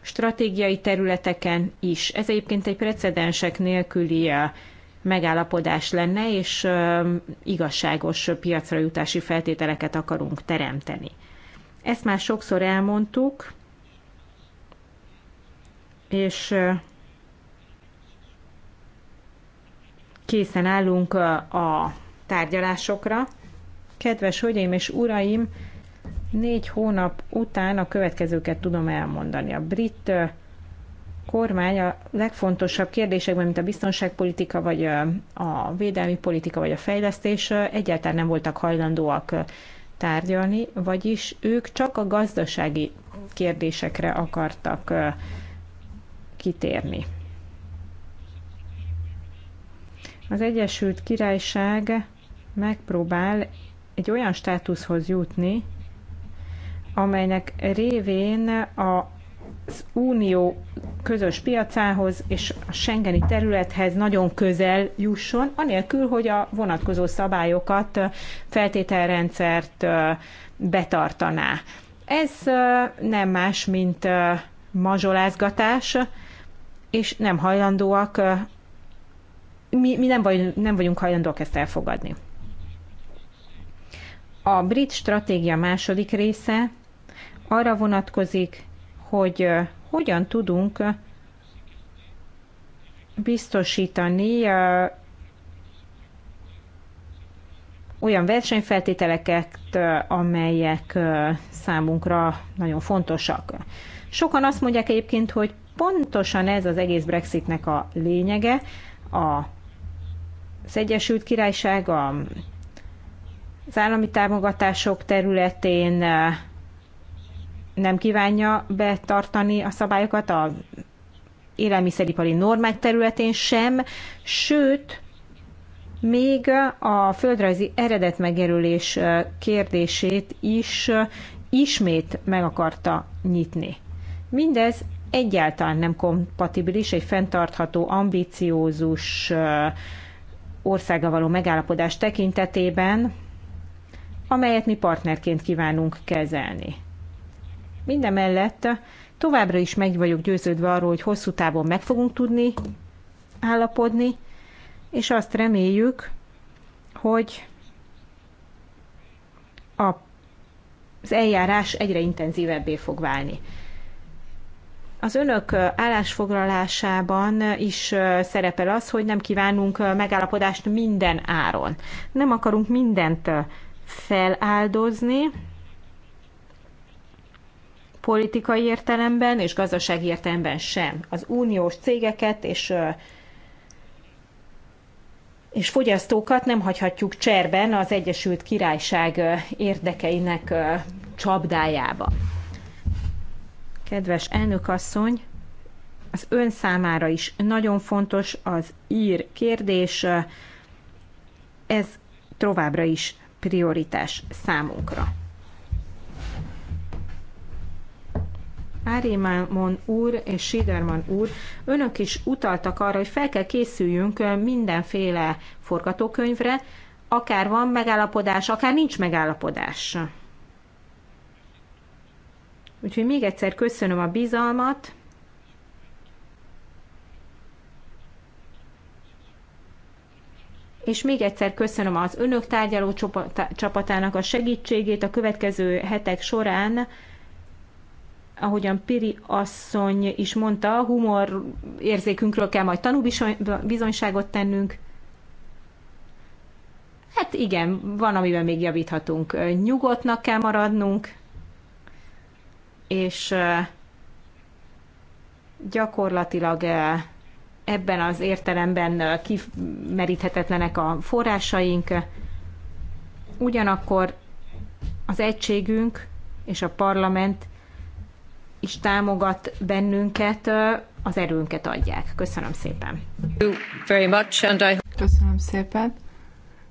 stratégiai területeken is. Ez egyébként egy precedensek nélküli megállapodás lenne, és igazságos piacra jutási feltételeket akarunk teremteni. Ezt már sokszor elmondtuk, és készen állunk a tárgyalásokra. Kedves hölgyeim és uraim, Négy hónap után a következőket tudom elmondani. A brit kormány a legfontosabb kérdésekben, mint a biztonságpolitika, vagy a védelmi politika, vagy a fejlesztés egyáltalán nem voltak hajlandóak tárgyalni, vagyis ők csak a gazdasági kérdésekre akartak kitérni. Az Egyesült Királyság megpróbál egy olyan státuszhoz jutni, amelynek révén a az unió közös piacához és a Schengeni területhez nagyon közel jusson, anélkül, hogy a vonatkozó szabályokat, feltételrendszert betartaná. Ez nem más, mint mazsolázgatás, és nem hajlandóak, mi, mi nem, vagy, nem vagyunk hajlandóak ezt elfogadni. A brit stratégia második része arra vonatkozik, hogy hogyan tudunk biztosítani olyan versenyfeltételeket, amelyek számunkra nagyon fontosak. Sokan azt mondják egyébként, hogy pontosan ez az egész Brexitnek a lényege, a az Egyesült Királyság a, az állami támogatások területén nem kívánja betartani a szabályokat a élelmiszeripari normák területén sem, sőt, még a földrajzi eredetmegjelölés kérdését is ismét meg akarta nyitni. Mindez egyáltalán nem kompatibilis egy fenntartható, ambíciózus országa való megállapodás tekintetében, amelyet mi partnerként kívánunk kezelni. Mindemellett továbbra is meg vagyok győződve arról, hogy hosszú távon meg fogunk tudni állapodni, és azt reméljük, hogy a, az eljárás egyre intenzívebbé fog válni. Az önök állásfoglalásában is szerepel az, hogy nem kívánunk megállapodást minden áron. Nem akarunk mindent feláldozni, politikai értelemben és gazdasági értelemben sem. Az uniós cégeket és és fogyasztókat nem hagyhatjuk cserben az Egyesült Királyság érdekeinek csapdájába. Kedves elnökasszony, az ön számára is nagyon fontos az ír kérdés, ez továbbra is prioritás számunkra. Árimán úr és Siderman úr, önök is utaltak arra, hogy fel kell készüljünk mindenféle forgatókönyvre, akár van megállapodás, akár nincs megállapodás. Úgyhogy még egyszer köszönöm a bizalmat. És még egyszer köszönöm az önök tárgyaló csapatának a segítségét a következő hetek során ahogyan Piri asszony is mondta, a humor érzékünkről kell majd tanúbizonyságot tennünk. Hát igen, van, amiben még javíthatunk. Nyugodtnak kell maradnunk, és gyakorlatilag ebben az értelemben kimeríthetetlenek a forrásaink. Ugyanakkor az egységünk és a parlament és támogat bennünket, az erőnket adják. Köszönöm szépen. Köszönöm szépen.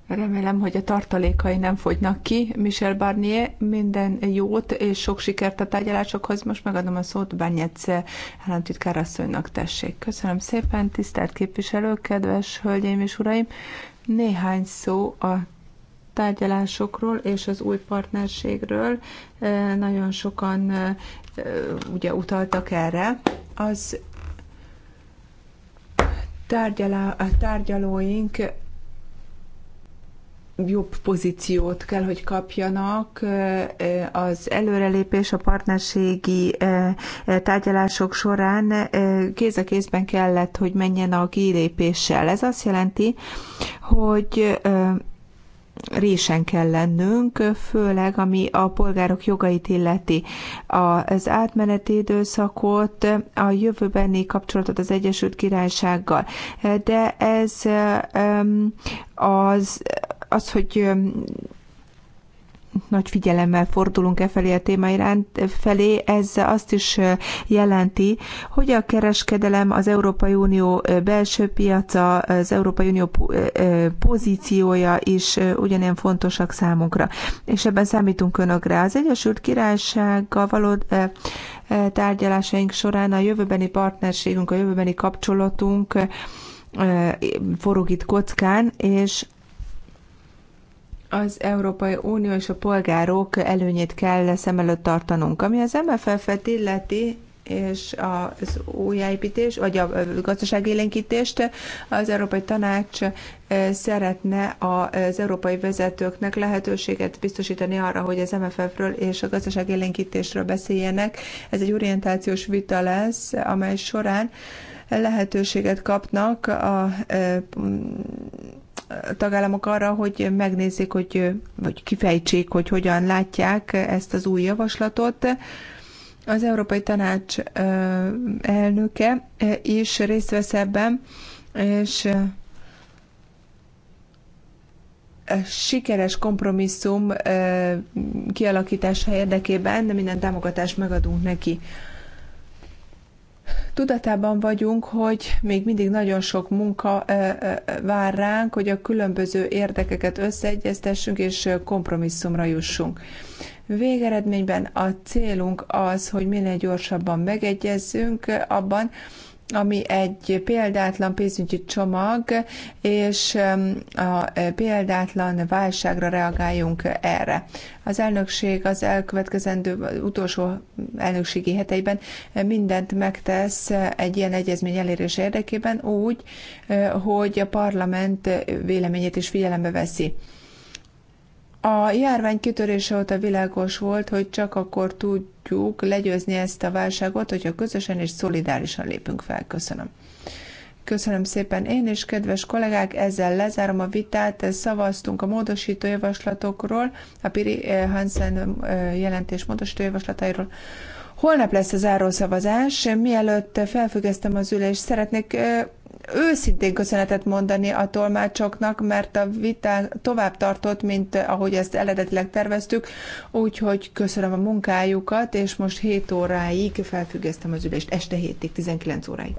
Remélem, hogy a tartalékai nem fogynak ki. Michel Barnier, minden jót és sok sikert a tárgyalásokhoz. Most megadom a szót Bányec államtitkár asszonynak, tessék. Köszönöm szépen, tisztelt képviselők, kedves hölgyeim és uraim. Néhány szó a tárgyalásokról és az új partnerségről. Nagyon sokan ugye utaltak erre, az tárgyalá, a tárgyalóink jobb pozíciót kell, hogy kapjanak az előrelépés a partnerségi tárgyalások során kéz a kézben kellett, hogy menjen a kilépéssel. Ez azt jelenti, hogy résen kell lennünk, főleg ami a polgárok jogait illeti. Az átmeneti időszakot, a jövőbeni kapcsolatot az Egyesült Királysággal. De ez az, az hogy nagy figyelemmel fordulunk e felé a téma iránt, e felé, ez azt is e, jelenti, hogy a kereskedelem, az Európai Unió e, belső piaca, az Európai Unió pozíciója is ugyanilyen fontosak számunkra. És ebben számítunk Önökre. Az Egyesült Királysággal való tárgyalásaink során a jövőbeni partnerségünk, a jövőbeni kapcsolatunk forog itt kockán, és az Európai Unió és a polgárok előnyét kell szem előtt tartanunk. Ami az MFF-et illeti, és az újjáépítés, vagy a gazdaságélénkítést az Európai Tanács szeretne az európai vezetőknek lehetőséget biztosítani arra, hogy az MFF-ről és a gazdaságélénkítésről beszéljenek. Ez egy orientációs vita lesz, amely során lehetőséget kapnak a tagállamok arra, hogy megnézzék, hogy, vagy kifejtsék, hogy hogyan látják ezt az új javaslatot. Az Európai Tanács elnöke is részt vesz ebben, és sikeres kompromisszum kialakítása érdekében minden támogatást megadunk neki. Tudatában vagyunk, hogy még mindig nagyon sok munka vár ránk, hogy a különböző érdekeket összeegyeztessünk és kompromisszumra jussunk. Végeredményben a célunk az, hogy minél gyorsabban megegyezzünk abban, ami egy példátlan pénzügyi csomag, és a e, példátlan válságra reagáljunk erre. Az elnökség az elkövetkezendő utolsó elnökségi heteiben mindent megtesz egy ilyen egyezmény elérése érdekében úgy, e, hogy a parlament véleményét is figyelembe veszi. A járvány kitörése óta világos volt, hogy csak akkor tudjuk legyőzni ezt a válságot, hogyha közösen és szolidárisan lépünk fel. Köszönöm. Köszönöm szépen én és kedves kollégák, ezzel lezárom a vitát, szavaztunk a módosító javaslatokról, a Piri eh, Hansen eh, jelentés módosító javaslatairól. Holnap lesz a szavazás. Mielőtt felfüggesztem az ülést, szeretnék őszintén köszönetet mondani a tolmácsoknak, mert a vita tovább tartott, mint ahogy ezt eredetileg terveztük, úgyhogy köszönöm a munkájukat, és most 7 óráig felfüggesztem az ülést, este 7-ig, 19 óráig.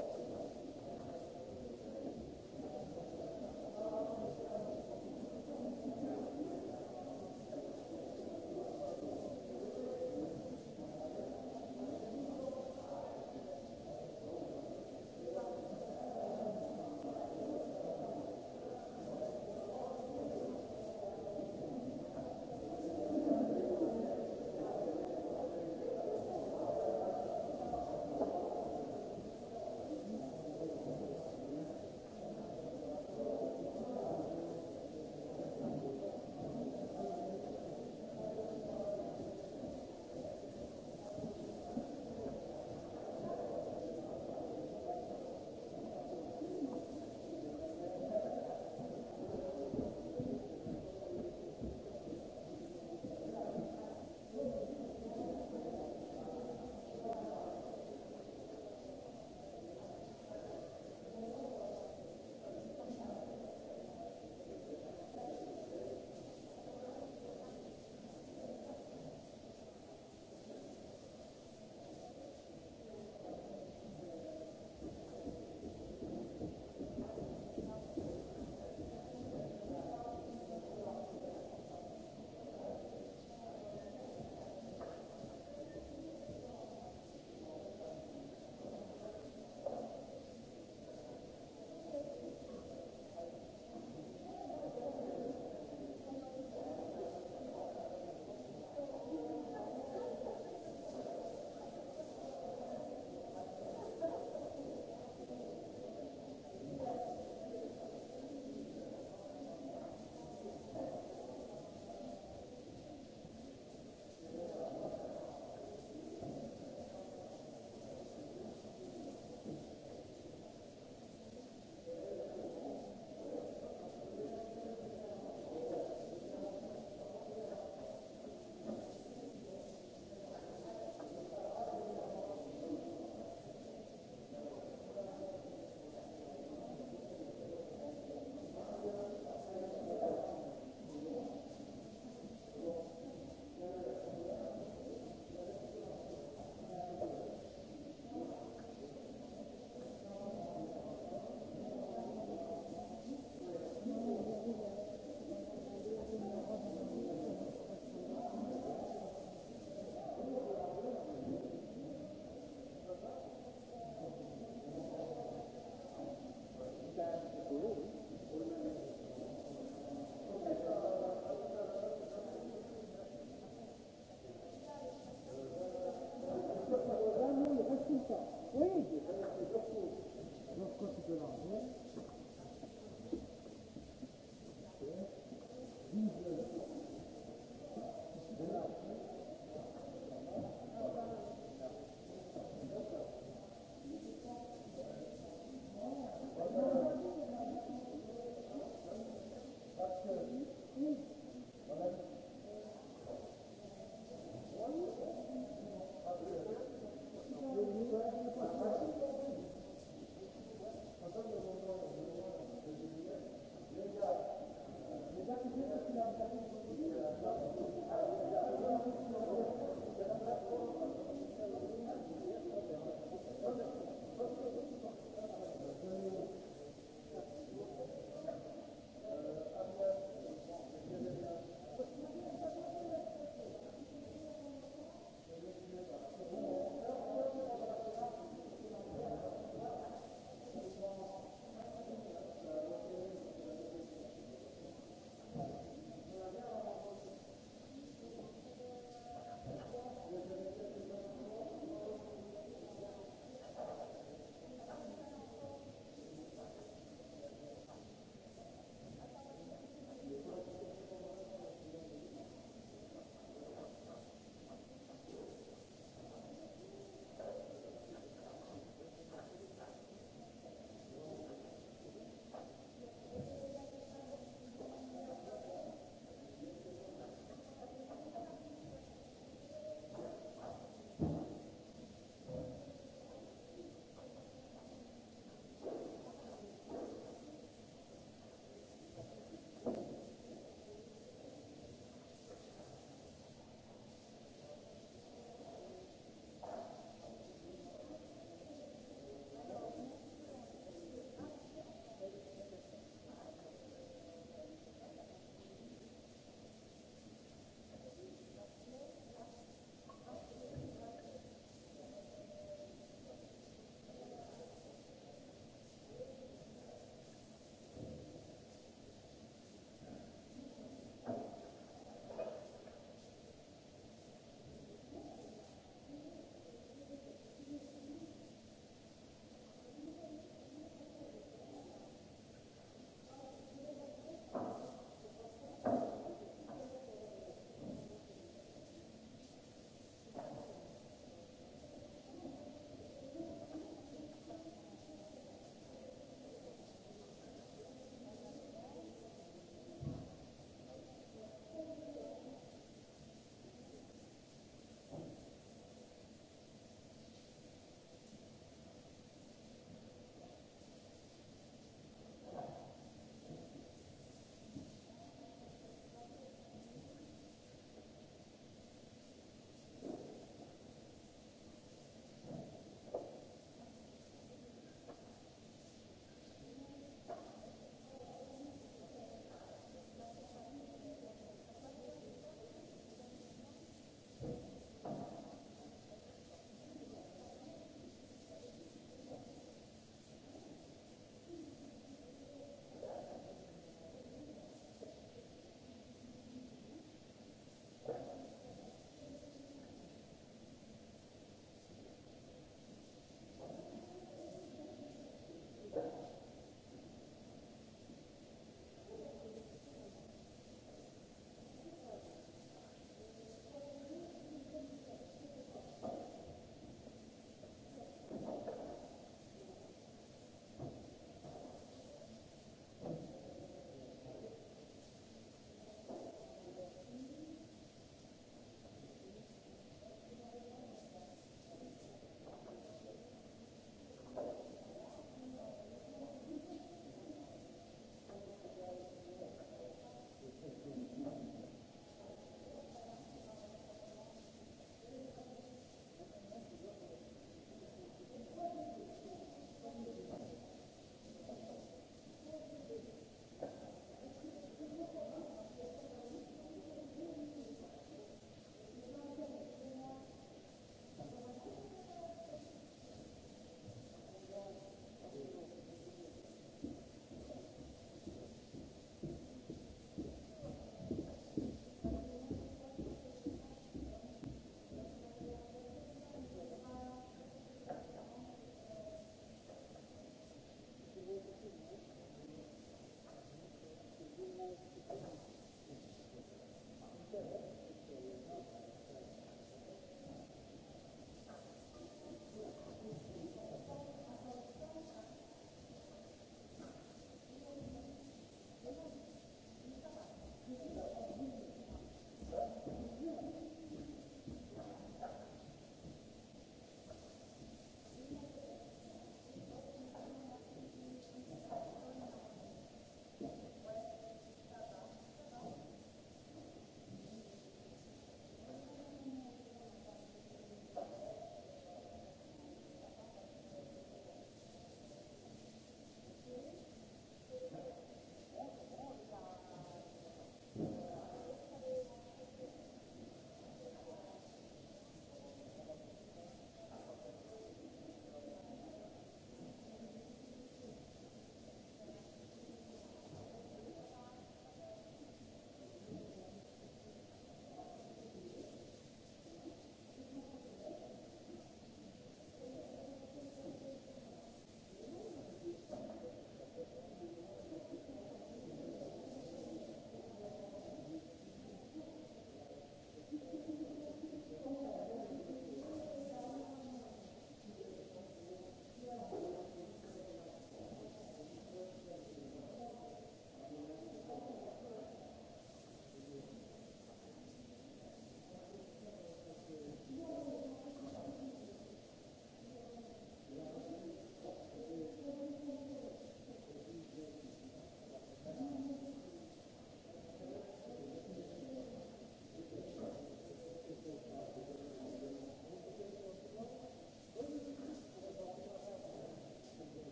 home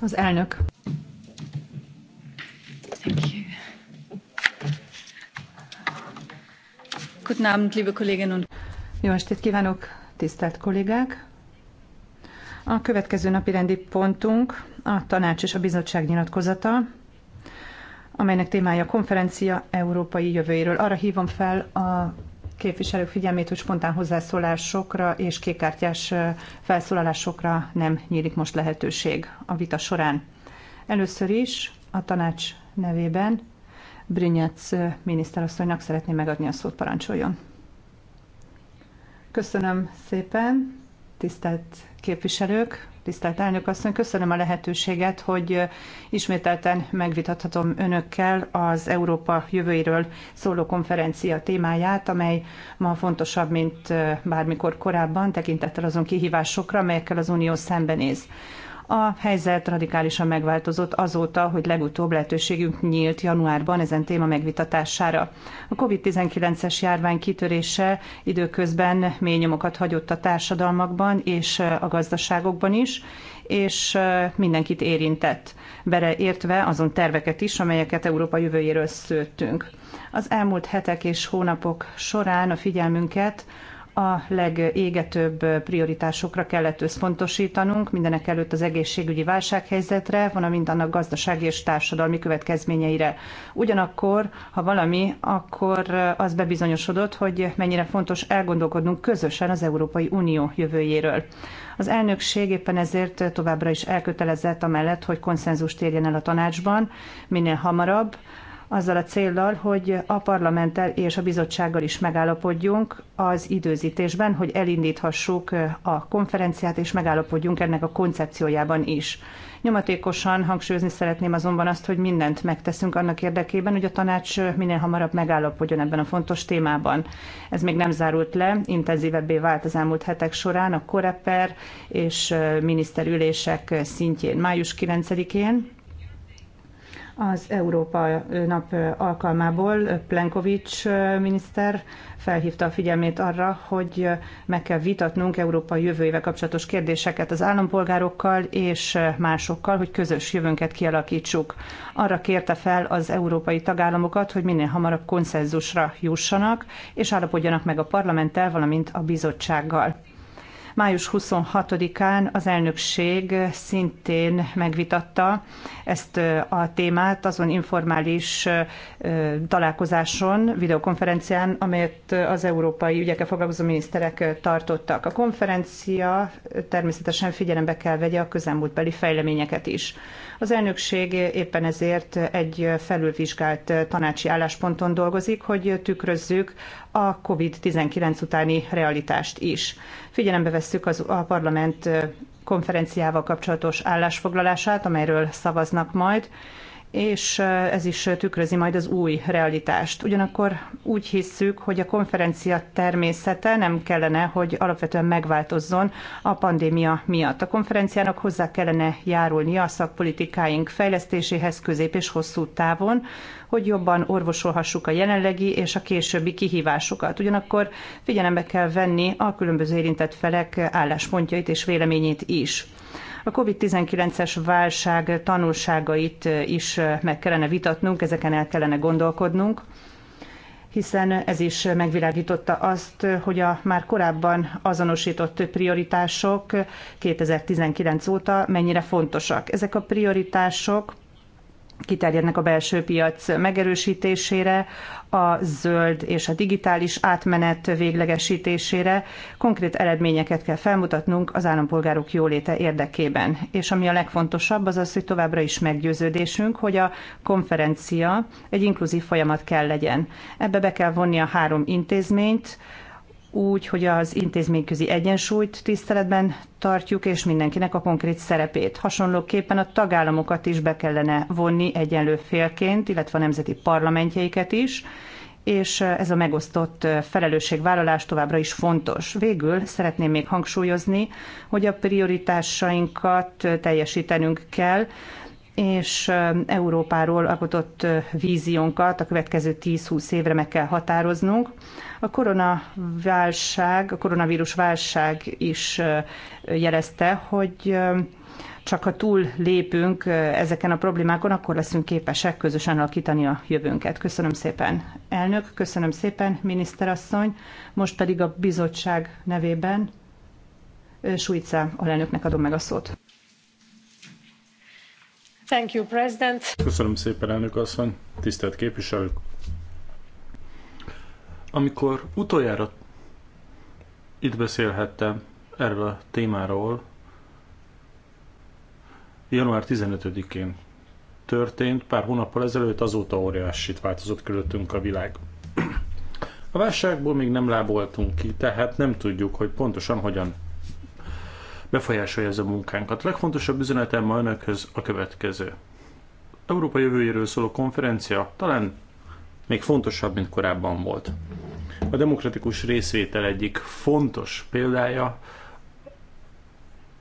Az elnök. Thank you. Guten Abend, liebe Kolleginnen und Jó estét kívánok, tisztelt kollégák! A következő napi rendi pontunk a tanács és a bizottság nyilatkozata, amelynek témája a konferencia európai jövőjéről. Arra hívom fel a képviselők figyelmét, hogy spontán hozzászólásokra és kékkártyás felszólalásokra nem nyílik most lehetőség a vita során. Először is a tanács nevében Brinyac miniszterasszonynak szeretném megadni a szót, parancsoljon. Köszönöm szépen tisztelt képviselők, tisztelt elnök asszony, köszönöm a lehetőséget, hogy ismételten megvitathatom önökkel az Európa jövőiről szóló konferencia témáját, amely ma fontosabb, mint bármikor korábban, tekintettel azon kihívásokra, melyekkel az Unió szembenéz. A helyzet radikálisan megváltozott azóta, hogy legutóbb lehetőségünk nyílt januárban ezen téma megvitatására. A COVID-19-es járvány kitörése időközben mély nyomokat hagyott a társadalmakban és a gazdaságokban is, és mindenkit érintett, beleértve azon terveket is, amelyeket Európa jövőjéről szőttünk. Az elmúlt hetek és hónapok során a figyelmünket a legégetőbb prioritásokra kellett összpontosítanunk, mindenek előtt az egészségügyi válsághelyzetre, valamint annak gazdasági és társadalmi következményeire. Ugyanakkor, ha valami, akkor az bebizonyosodott, hogy mennyire fontos elgondolkodnunk közösen az Európai Unió jövőjéről. Az elnökség éppen ezért továbbra is elkötelezett amellett, hogy konszenzust érjen el a tanácsban minél hamarabb, azzal a céllal, hogy a parlamenttel és a bizottsággal is megállapodjunk az időzítésben, hogy elindíthassuk a konferenciát, és megállapodjunk ennek a koncepciójában is. Nyomatékosan hangsúlyozni szeretném azonban azt, hogy mindent megteszünk annak érdekében, hogy a tanács minél hamarabb megállapodjon ebben a fontos témában. Ez még nem zárult le, intenzívebbé vált az elmúlt hetek során a koreper és miniszterülések szintjén. Május 9-én az Európa nap alkalmából Plenkovics miniszter felhívta a figyelmét arra, hogy meg kell vitatnunk Európa jövőjével kapcsolatos kérdéseket az állampolgárokkal és másokkal, hogy közös jövőnket kialakítsuk. Arra kérte fel az európai tagállamokat, hogy minél hamarabb konszenzusra jussanak, és állapodjanak meg a parlamenttel, valamint a bizottsággal. Május 26-án az elnökség szintén megvitatta ezt a témát azon informális találkozáson, videokonferencián, amelyet az európai ügyekkel foglalkozó miniszterek tartottak. A konferencia természetesen figyelembe kell vegye a közelmúltbeli fejleményeket is. Az elnökség éppen ezért egy felülvizsgált tanácsi állásponton dolgozik, hogy tükrözzük a COVID-19 utáni realitást is. Figyelembe vesszük az, a parlament konferenciával kapcsolatos állásfoglalását, amelyről szavaznak majd, és ez is tükrözi majd az új realitást. Ugyanakkor úgy hisszük, hogy a konferencia természete nem kellene, hogy alapvetően megváltozzon a pandémia miatt. A konferenciának hozzá kellene járulnia a szakpolitikáink fejlesztéséhez közép és hosszú távon, hogy jobban orvosolhassuk a jelenlegi és a későbbi kihívásokat. Ugyanakkor figyelembe kell venni a különböző érintett felek álláspontjait és véleményét is. A COVID-19-es válság tanulságait is meg kellene vitatnunk, ezeken el kellene gondolkodnunk hiszen ez is megvilágította azt, hogy a már korábban azonosított prioritások 2019 óta mennyire fontosak. Ezek a prioritások kiterjednek a belső piac megerősítésére, a zöld és a digitális átmenet véglegesítésére. Konkrét eredményeket kell felmutatnunk az állampolgárok jóléte érdekében. És ami a legfontosabb, az az, hogy továbbra is meggyőződésünk, hogy a konferencia egy inkluzív folyamat kell legyen. Ebbe be kell vonni a három intézményt, úgy, hogy az intézményközi egyensúlyt tiszteletben tartjuk, és mindenkinek a konkrét szerepét. Hasonlóképpen a tagállamokat is be kellene vonni egyenlő félként, illetve a nemzeti parlamentjeiket is, és ez a megosztott felelősségvállalás továbbra is fontos. Végül szeretném még hangsúlyozni, hogy a prioritásainkat teljesítenünk kell, és Európáról alkotott víziónkat a következő 10-20 évre meg kell határoznunk. A koronaválság, a koronavírus válság is jelezte, hogy csak ha túl lépünk ezeken a problémákon, akkor leszünk képesek közösen alakítani a jövőnket. Köszönöm szépen, elnök, köszönöm szépen, miniszterasszony. Most pedig a bizottság nevében Sújca alelnöknek adom meg a szót. Thank you, President. Köszönöm szépen, elnök asszony, tisztelt képviselők. Amikor utoljára itt beszélhettem erről a témáról, január 15-én történt, pár hónappal ezelőtt, azóta óriásit változott körülöttünk a világ. A válságból még nem láboltunk ki, tehát nem tudjuk, hogy pontosan hogyan befolyásolja ez a munkánkat. A legfontosabb üzenetem ma önökhöz a következő. Európa jövőjéről szóló konferencia talán még fontosabb, mint korábban volt. A demokratikus részvétel egyik fontos példája,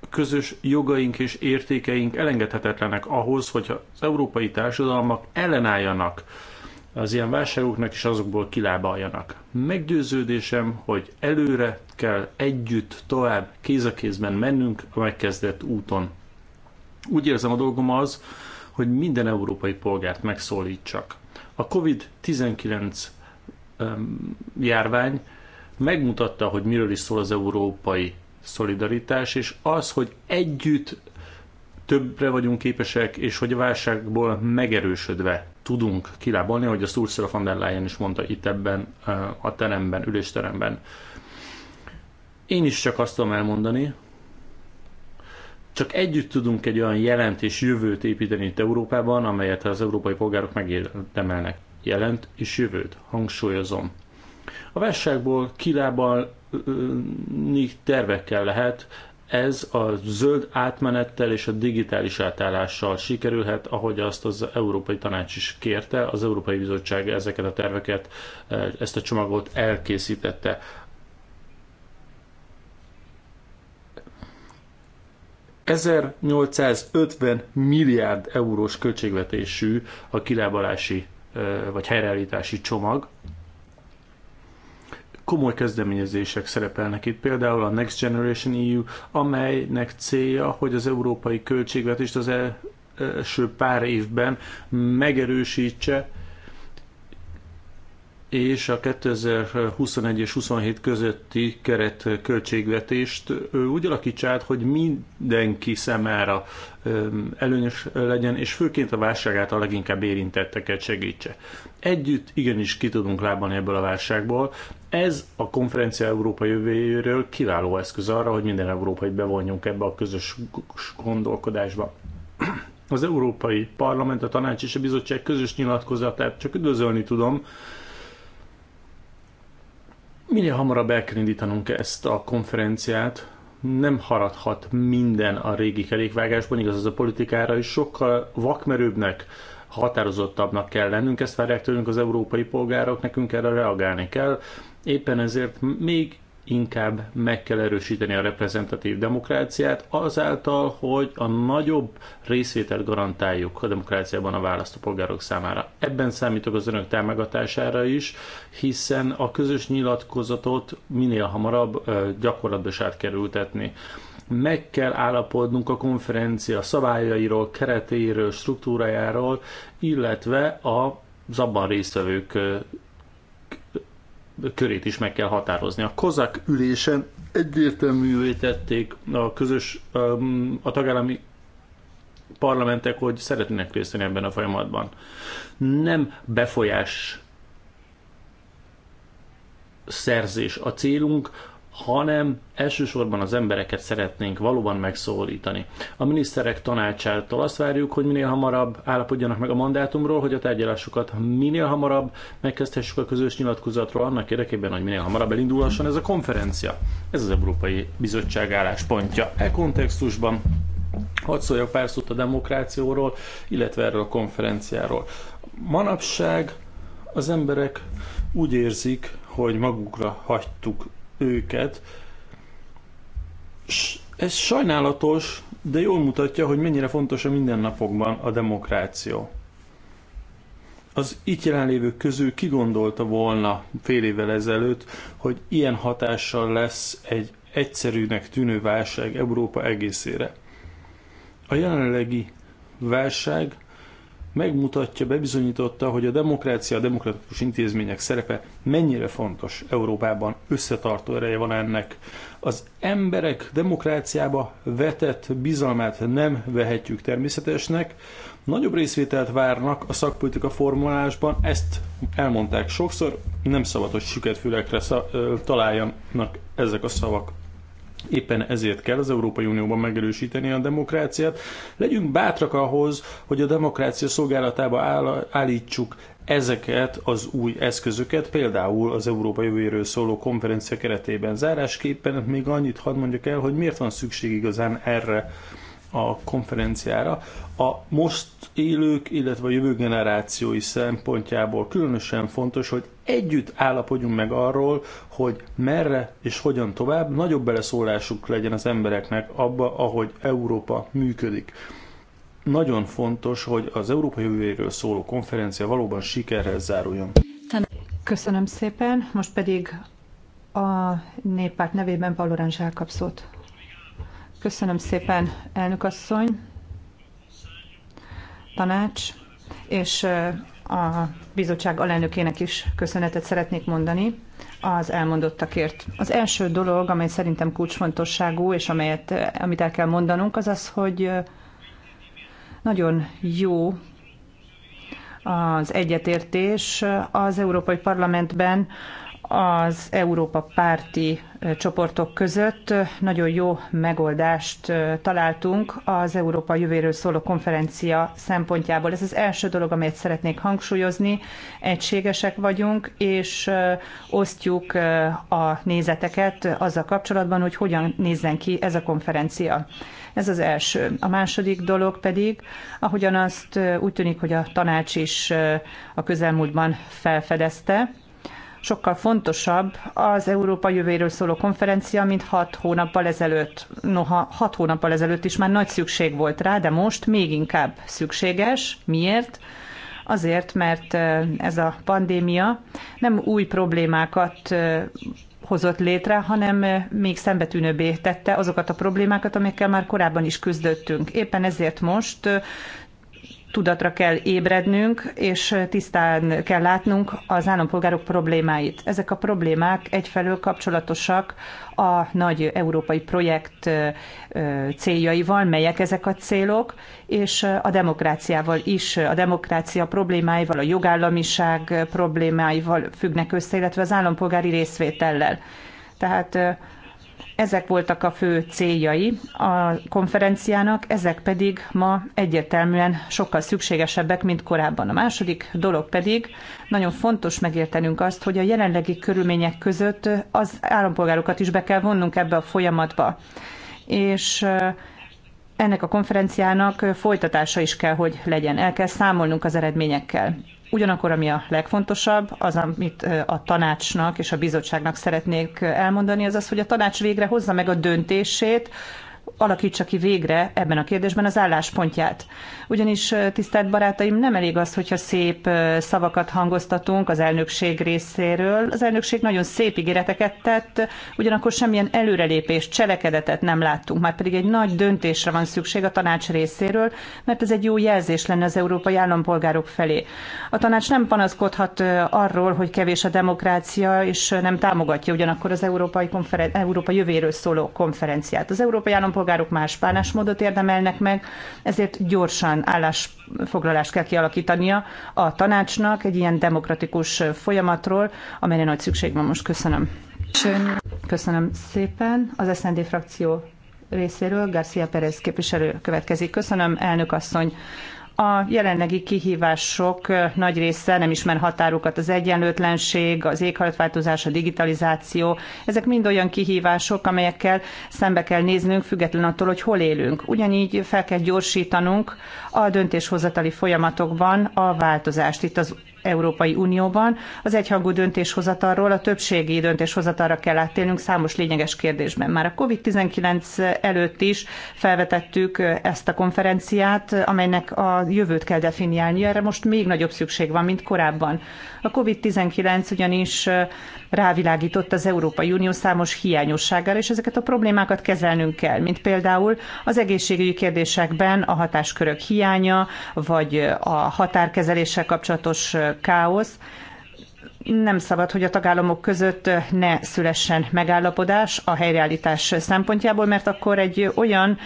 közös jogaink és értékeink elengedhetetlenek ahhoz, hogy az európai társadalmak ellenálljanak az ilyen vásároknak is azokból kilábaljanak. Meggyőződésem, hogy előre kell együtt tovább kéz a kézben mennünk a megkezdett úton. Úgy érzem a dolgom az, hogy minden európai polgárt megszólítsak. A COVID-19 járvány megmutatta, hogy miről is szól az európai szolidaritás, és az, hogy együtt többre vagyunk képesek, és hogy a válságból megerősödve tudunk kilábalni, ahogy a Ursula von der Leyen is mondta itt ebben eh, a teremben, ülésteremben. Én is csak azt tudom elmondani, csak együtt tudunk egy olyan jelent és jövőt építeni itt Európában, amelyet az európai polgárok megérdemelnek. Jelent és jövőt, hangsúlyozom. A válságból kilábalni tervekkel lehet, ez a zöld átmenettel és a digitális átállással sikerülhet, ahogy azt az Európai Tanács is kérte, az Európai Bizottság ezeket a terveket, eh, ezt a csomagot elkészítette. ...1850 milliárd eurós költségvetésű a kilábalási eh, vagy helyreállítási csomag, komoly kezdeményezések szerepelnek itt, például a Next Generation EU, amelynek célja, hogy az európai költségvetést az e- első pár évben megerősítse, és a 2021 és 27 közötti keret költségvetést úgy alakítsa át, hogy mindenki számára előnyös legyen, és főként a válságát a leginkább érintetteket segítse. Együtt igenis ki tudunk lábalni ebből a válságból. Ez a konferencia Európa jövőjéről kiváló eszköz arra, hogy minden európai bevonjunk ebbe a közös gondolkodásba az Európai Parlament, a Tanács és a Bizottság közös nyilatkozatát csak üdvözölni tudom, Minél hamarabb el kell indítanunk ezt a konferenciát, nem haradhat minden a régi kerékvágásban, igaz az a politikára, és sokkal vakmerőbbnek, határozottabbnak kell lennünk, ezt várják tőlünk az európai polgárok, nekünk erre reagálni kell. Éppen ezért még inkább meg kell erősíteni a reprezentatív demokráciát, azáltal, hogy a nagyobb részvételt garantáljuk a demokráciában a választópolgárok számára. Ebben számítok az önök támogatására is, hiszen a közös nyilatkozatot minél hamarabb gyakorlatba is átkerültetni meg kell állapodnunk a konferencia szabályairól, keretéről, struktúrájáról, illetve a az abban résztvevők körét is meg kell határozni. A kozák ülésen egyértelművé tették a közös, um, a tagállami parlamentek, hogy szeretnének részt venni ebben a folyamatban. Nem befolyás szerzés a célunk, hanem elsősorban az embereket szeretnénk valóban megszólítani. A miniszterek tanácsától azt várjuk, hogy minél hamarabb állapodjanak meg a mandátumról, hogy a tárgyalásokat minél hamarabb megkezdhessük a közös nyilatkozatról, annak érdekében, hogy minél hamarabb elindulhasson ez a konferencia. Ez az Európai Bizottság álláspontja. E kontextusban hadd szóljak pár szót a demokrációról, illetve erről a konferenciáról. Manapság az emberek úgy érzik, hogy magukra hagytuk őket. Ez sajnálatos, de jól mutatja, hogy mennyire fontos a mindennapokban a demokráció. Az itt jelenlévők közül kigondolta volna fél évvel ezelőtt, hogy ilyen hatással lesz egy egyszerűnek tűnő válság Európa egészére. A jelenlegi válság megmutatja, bebizonyította, hogy a demokrácia, a demokratikus intézmények szerepe mennyire fontos Európában, összetartó ereje van ennek. Az emberek demokráciába vetett bizalmát nem vehetjük természetesnek, nagyobb részvételt várnak a szakpolitika formulásban, ezt elmondták sokszor, nem szabad, hogy süket találjanak ezek a szavak. Éppen ezért kell az Európai Unióban megerősíteni a demokráciát. Legyünk bátrak ahhoz, hogy a demokrácia szolgálatába állítsuk ezeket az új eszközöket, például az Európa jövőjéről szóló konferencia keretében. Zárásképpen még annyit hadd mondjak el, hogy miért van szükség igazán erre a konferenciára. A most élők, illetve a jövő generációi szempontjából különösen fontos, hogy együtt állapodjunk meg arról, hogy merre és hogyan tovább, nagyobb beleszólásuk legyen az embereknek abba, ahogy Európa működik. Nagyon fontos, hogy az Európa jövőjéről szóló konferencia valóban sikerhez záruljon. Köszönöm szépen, most pedig a néppárt nevében Valorán kap szót. Köszönöm szépen, elnök asszony, tanács és a bizottság alelnökének is köszönetet szeretnék mondani az elmondottakért. Az első dolog, amely szerintem kulcsfontosságú, és amelyet, amit el kell mondanunk, az az, hogy nagyon jó az egyetértés az Európai Parlamentben az Európa párti eh, csoportok között nagyon jó megoldást eh, találtunk az Európa jövőről szóló konferencia szempontjából. Ez az első dolog, amelyet szeretnék hangsúlyozni. Egységesek vagyunk, és eh, osztjuk a nézeteket azzal kapcsolatban, hogy hogyan nézzen ki ez a konferencia. Ez az első. A második dolog pedig, ahogyan azt úgy tűnik, hogy a tanács is a közelmúltban felfedezte, sokkal fontosabb az Európa jövőjéről szóló konferencia, mint hat hónappal ezelőtt. Noha hat hónappal ezelőtt is már nagy szükség volt rá, de most még inkább szükséges. Miért? Azért, mert ez a pandémia nem új problémákat hozott létre, hanem még szembetűnőbbé tette azokat a problémákat, amikkel már korábban is küzdöttünk. Éppen ezért most tudatra kell ébrednünk, és tisztán kell látnunk az állampolgárok problémáit. Ezek a problémák egyfelől kapcsolatosak a nagy európai projekt céljaival, melyek ezek a célok, és a demokráciával is, a demokrácia problémáival, a jogállamiság problémáival függnek össze, illetve az állampolgári részvétellel. Tehát ezek voltak a fő céljai a konferenciának, ezek pedig ma egyértelműen sokkal szükségesebbek, mint korábban. A második dolog pedig, nagyon fontos megértenünk azt, hogy a jelenlegi körülmények között az állampolgárokat is be kell vonnunk ebbe a folyamatba. És ennek a konferenciának folytatása is kell, hogy legyen. El kell számolnunk az eredményekkel. Ugyanakkor, ami a legfontosabb, az, amit a tanácsnak és a bizottságnak szeretnék elmondani, az az, hogy a tanács végre hozza meg a döntését alakítsa ki végre ebben a kérdésben az álláspontját. Ugyanis, tisztelt barátaim, nem elég az, hogyha szép szavakat hangoztatunk az elnökség részéről. Az elnökség nagyon szép ígéreteket tett, ugyanakkor semmilyen előrelépést, cselekedetet nem láttunk, már pedig egy nagy döntésre van szükség a tanács részéről, mert ez egy jó jelzés lenne az európai állampolgárok felé. A tanács nem panaszkodhat arról, hogy kevés a demokrácia, és nem támogatja ugyanakkor az európai, konferen- európai jövőről szóló konferenciát. Az európai állampolgárok polgárok más bánásmódot érdemelnek meg, ezért gyorsan állásfoglalást kell kialakítania a tanácsnak egy ilyen demokratikus folyamatról, amelyre nagy szükség van most. Köszönöm. Köszönöm, Köszönöm szépen. Az SND frakció részéről García Pérez képviselő következik. Köszönöm, elnök asszony. A jelenlegi kihívások nagy része nem ismer határokat, az egyenlőtlenség, az éghajlatváltozás, a digitalizáció. Ezek mind olyan kihívások, amelyekkel szembe kell néznünk, független attól, hogy hol élünk. Ugyanígy fel kell gyorsítanunk a döntéshozatali folyamatokban a változást. Itt az Európai Unióban. Az egyhangú döntéshozatalról a többségi döntéshozatalra kell áttérnünk számos lényeges kérdésben. Már a COVID-19 előtt is felvetettük ezt a konferenciát, amelynek a jövőt kell definiálni. Erre most még nagyobb szükség van, mint korábban. A COVID-19 ugyanis rávilágított az Európai Unió számos hiányosságára, és ezeket a problémákat kezelnünk kell, mint például az egészségügyi kérdésekben a hatáskörök hiánya, vagy a határkezeléssel kapcsolatos káosz, nem szabad, hogy a tagállamok között ne szülessen megállapodás a helyreállítás szempontjából, mert akkor egy olyan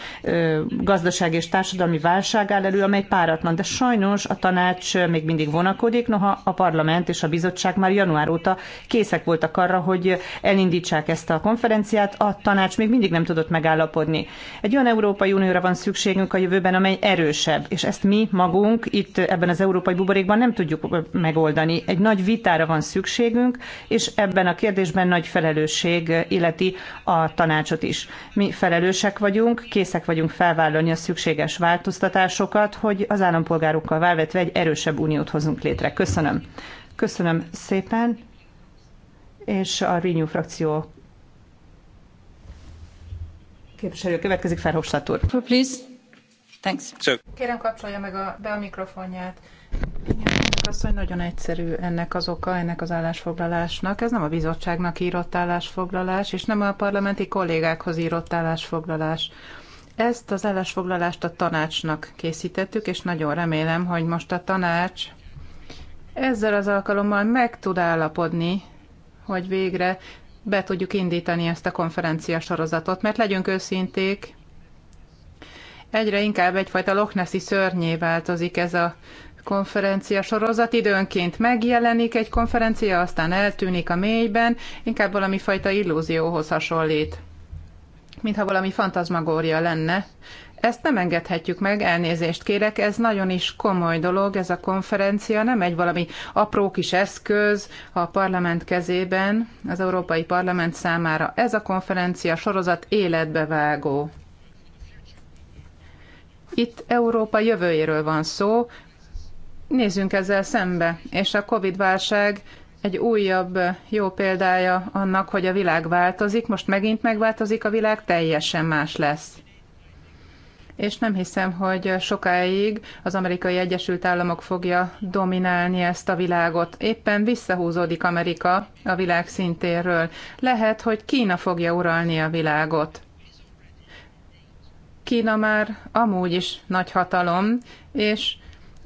gazdasági és társadalmi válság áll elő, amely páratlan. De sajnos a tanács még mindig vonakodik, noha a parlament és a bizottság már január óta készek voltak arra, hogy elindítsák ezt a konferenciát, a tanács még mindig nem tudott megállapodni. Egy olyan Európai Unióra van szükségünk a jövőben, amely erősebb, és ezt mi magunk itt ebben az európai buborékban nem tudjuk megoldani. Egy nagy vitára van szükségünk, és ebben a kérdésben nagy felelősség illeti a tanácsot is. Mi felelősek vagyunk, készek vagyunk felvállalni a szükséges változtatásokat, hogy az állampolgárokkal válvetve egy erősebb uniót hozunk létre. Köszönöm. Köszönöm szépen, és a Renew frakció képviselő következik, Ferhofstadt úr. Please. Thanks. Kérem kapcsolja meg a, be a mikrofonját. Igen, asszony, nagyon egyszerű ennek az oka, ennek az állásfoglalásnak. Ez nem a bizottságnak írott állásfoglalás, és nem a parlamenti kollégákhoz írott állásfoglalás. Ezt az állásfoglalást a tanácsnak készítettük, és nagyon remélem, hogy most a tanács ezzel az alkalommal meg tud állapodni, hogy végre be tudjuk indítani ezt a konferencia sorozatot, mert legyünk őszinték, egyre inkább egyfajta Loch Nessi szörnyé változik ez a konferencia sorozat időnként megjelenik egy konferencia, aztán eltűnik a mélyben, inkább valami fajta illúzióhoz hasonlít. Mintha valami fantazmagória lenne. Ezt nem engedhetjük meg, elnézést kérek, ez nagyon is komoly dolog, ez a konferencia nem egy valami apró kis eszköz a parlament kezében, az Európai Parlament számára. Ez a konferencia sorozat életbe vágó. Itt Európa jövőjéről van szó, Nézzünk ezzel szembe, és a COVID-válság egy újabb jó példája annak, hogy a világ változik, most megint megváltozik, a világ teljesen más lesz. És nem hiszem, hogy sokáig az amerikai Egyesült Államok fogja dominálni ezt a világot. Éppen visszahúzódik Amerika a világ szintéről. Lehet, hogy Kína fogja uralni a világot. Kína már amúgy is nagy hatalom, és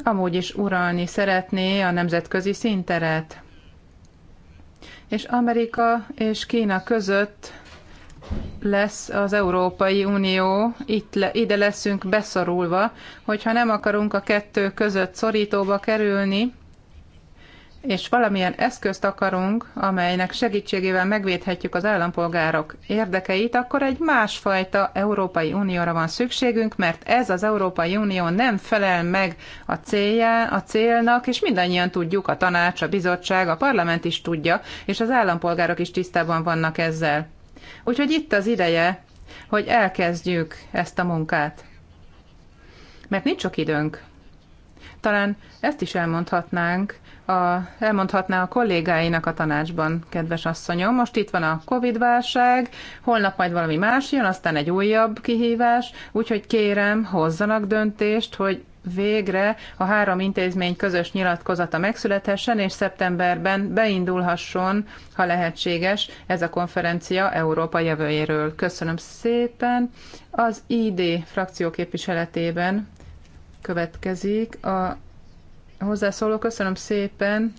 amúgy is uralni szeretné a nemzetközi színteret. És Amerika és Kína között lesz az Európai Unió, itt le, ide leszünk beszorulva, hogyha nem akarunk a kettő között szorítóba kerülni, és valamilyen eszközt akarunk, amelynek segítségével megvédhetjük az állampolgárok érdekeit, akkor egy másfajta Európai Unióra van szükségünk, mert ez az Európai Unió nem felel meg a, célja, a célnak, és mindannyian tudjuk, a tanács, a bizottság, a parlament is tudja, és az állampolgárok is tisztában vannak ezzel. Úgyhogy itt az ideje, hogy elkezdjük ezt a munkát. Mert nincs sok időnk. Talán ezt is elmondhatnánk, a, elmondhatná a kollégáinak a tanácsban, kedves asszonyom. Most itt van a Covid-válság, holnap majd valami más jön, aztán egy újabb kihívás, úgyhogy kérem, hozzanak döntést, hogy végre a három intézmény közös nyilatkozata megszülethessen, és szeptemberben beindulhasson, ha lehetséges, ez a konferencia Európa jövőjéről. Köszönöm szépen. Az ID frakció képviseletében következik a hozzászóló. Köszönöm szépen,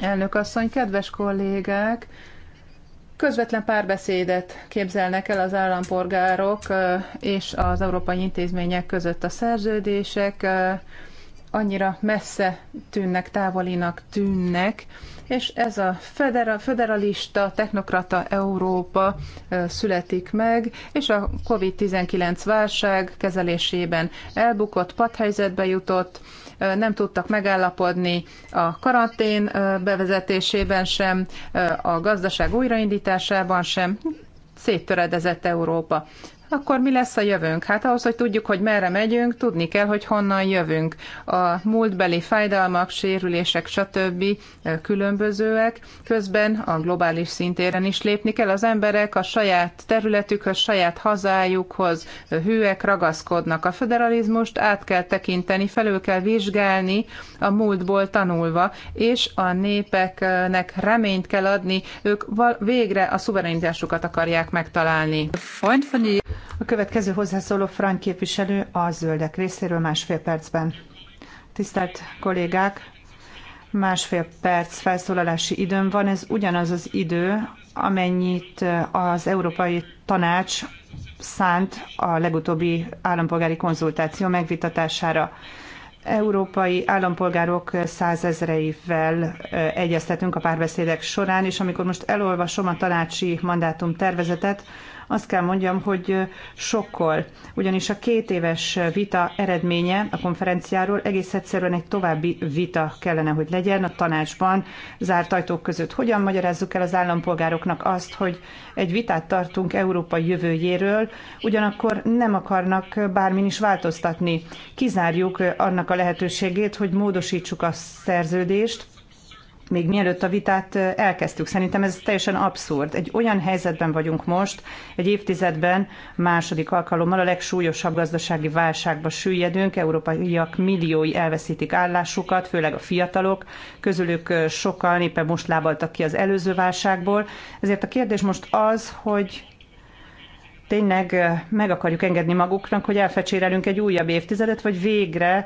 elnök asszony, kedves kollégák! Közvetlen párbeszédet képzelnek el az állampolgárok és az európai intézmények között a szerződések, annyira messze tűnnek, távolinak tűnnek, és ez a federalista, technokrata Európa születik meg, és a COVID-19 válság kezelésében elbukott, padhelyzetbe jutott, nem tudtak megállapodni a karantén bevezetésében sem, a gazdaság újraindításában sem, széttöredezett Európa akkor mi lesz a jövőnk? Hát ahhoz, hogy tudjuk, hogy merre megyünk, tudni kell, hogy honnan jövünk. A múltbeli fájdalmak, sérülések, stb. különbözőek. Közben a globális szintéren is lépni kell. Az emberek a saját területükhöz, saját hazájukhoz hűek ragaszkodnak. A federalizmust át kell tekinteni, felül kell vizsgálni a múltból tanulva, és a népeknek reményt kell adni, ők végre a szuverenitásukat akarják megtalálni. A következő hozzászóló Frank képviselő a zöldek részéről másfél percben. Tisztelt kollégák, másfél perc felszólalási időm van, ez ugyanaz az idő, amennyit az Európai Tanács szánt a legutóbbi állampolgári konzultáció megvitatására. Európai állampolgárok százezreivel egyeztetünk a párbeszédek során, és amikor most elolvasom a tanácsi mandátum tervezetet, azt kell mondjam, hogy sokkol, ugyanis a két éves vita eredménye a konferenciáról egész egyszerűen egy további vita kellene, hogy legyen a tanácsban zárt ajtók között. Hogyan magyarázzuk el az állampolgároknak azt, hogy egy vitát tartunk Európa jövőjéről, ugyanakkor nem akarnak bármin is változtatni. Kizárjuk annak a lehetőségét, hogy módosítsuk a szerződést, még mielőtt a vitát elkezdtük. Szerintem ez teljesen abszurd. Egy olyan helyzetben vagyunk most, egy évtizedben második alkalommal a legsúlyosabb gazdasági válságba süllyedünk, európaiak milliói elveszítik állásukat, főleg a fiatalok, közülük sokan éppen most lábaltak ki az előző válságból. Ezért a kérdés most az, hogy tényleg meg akarjuk engedni maguknak, hogy elfecsérelünk egy újabb évtizedet, vagy végre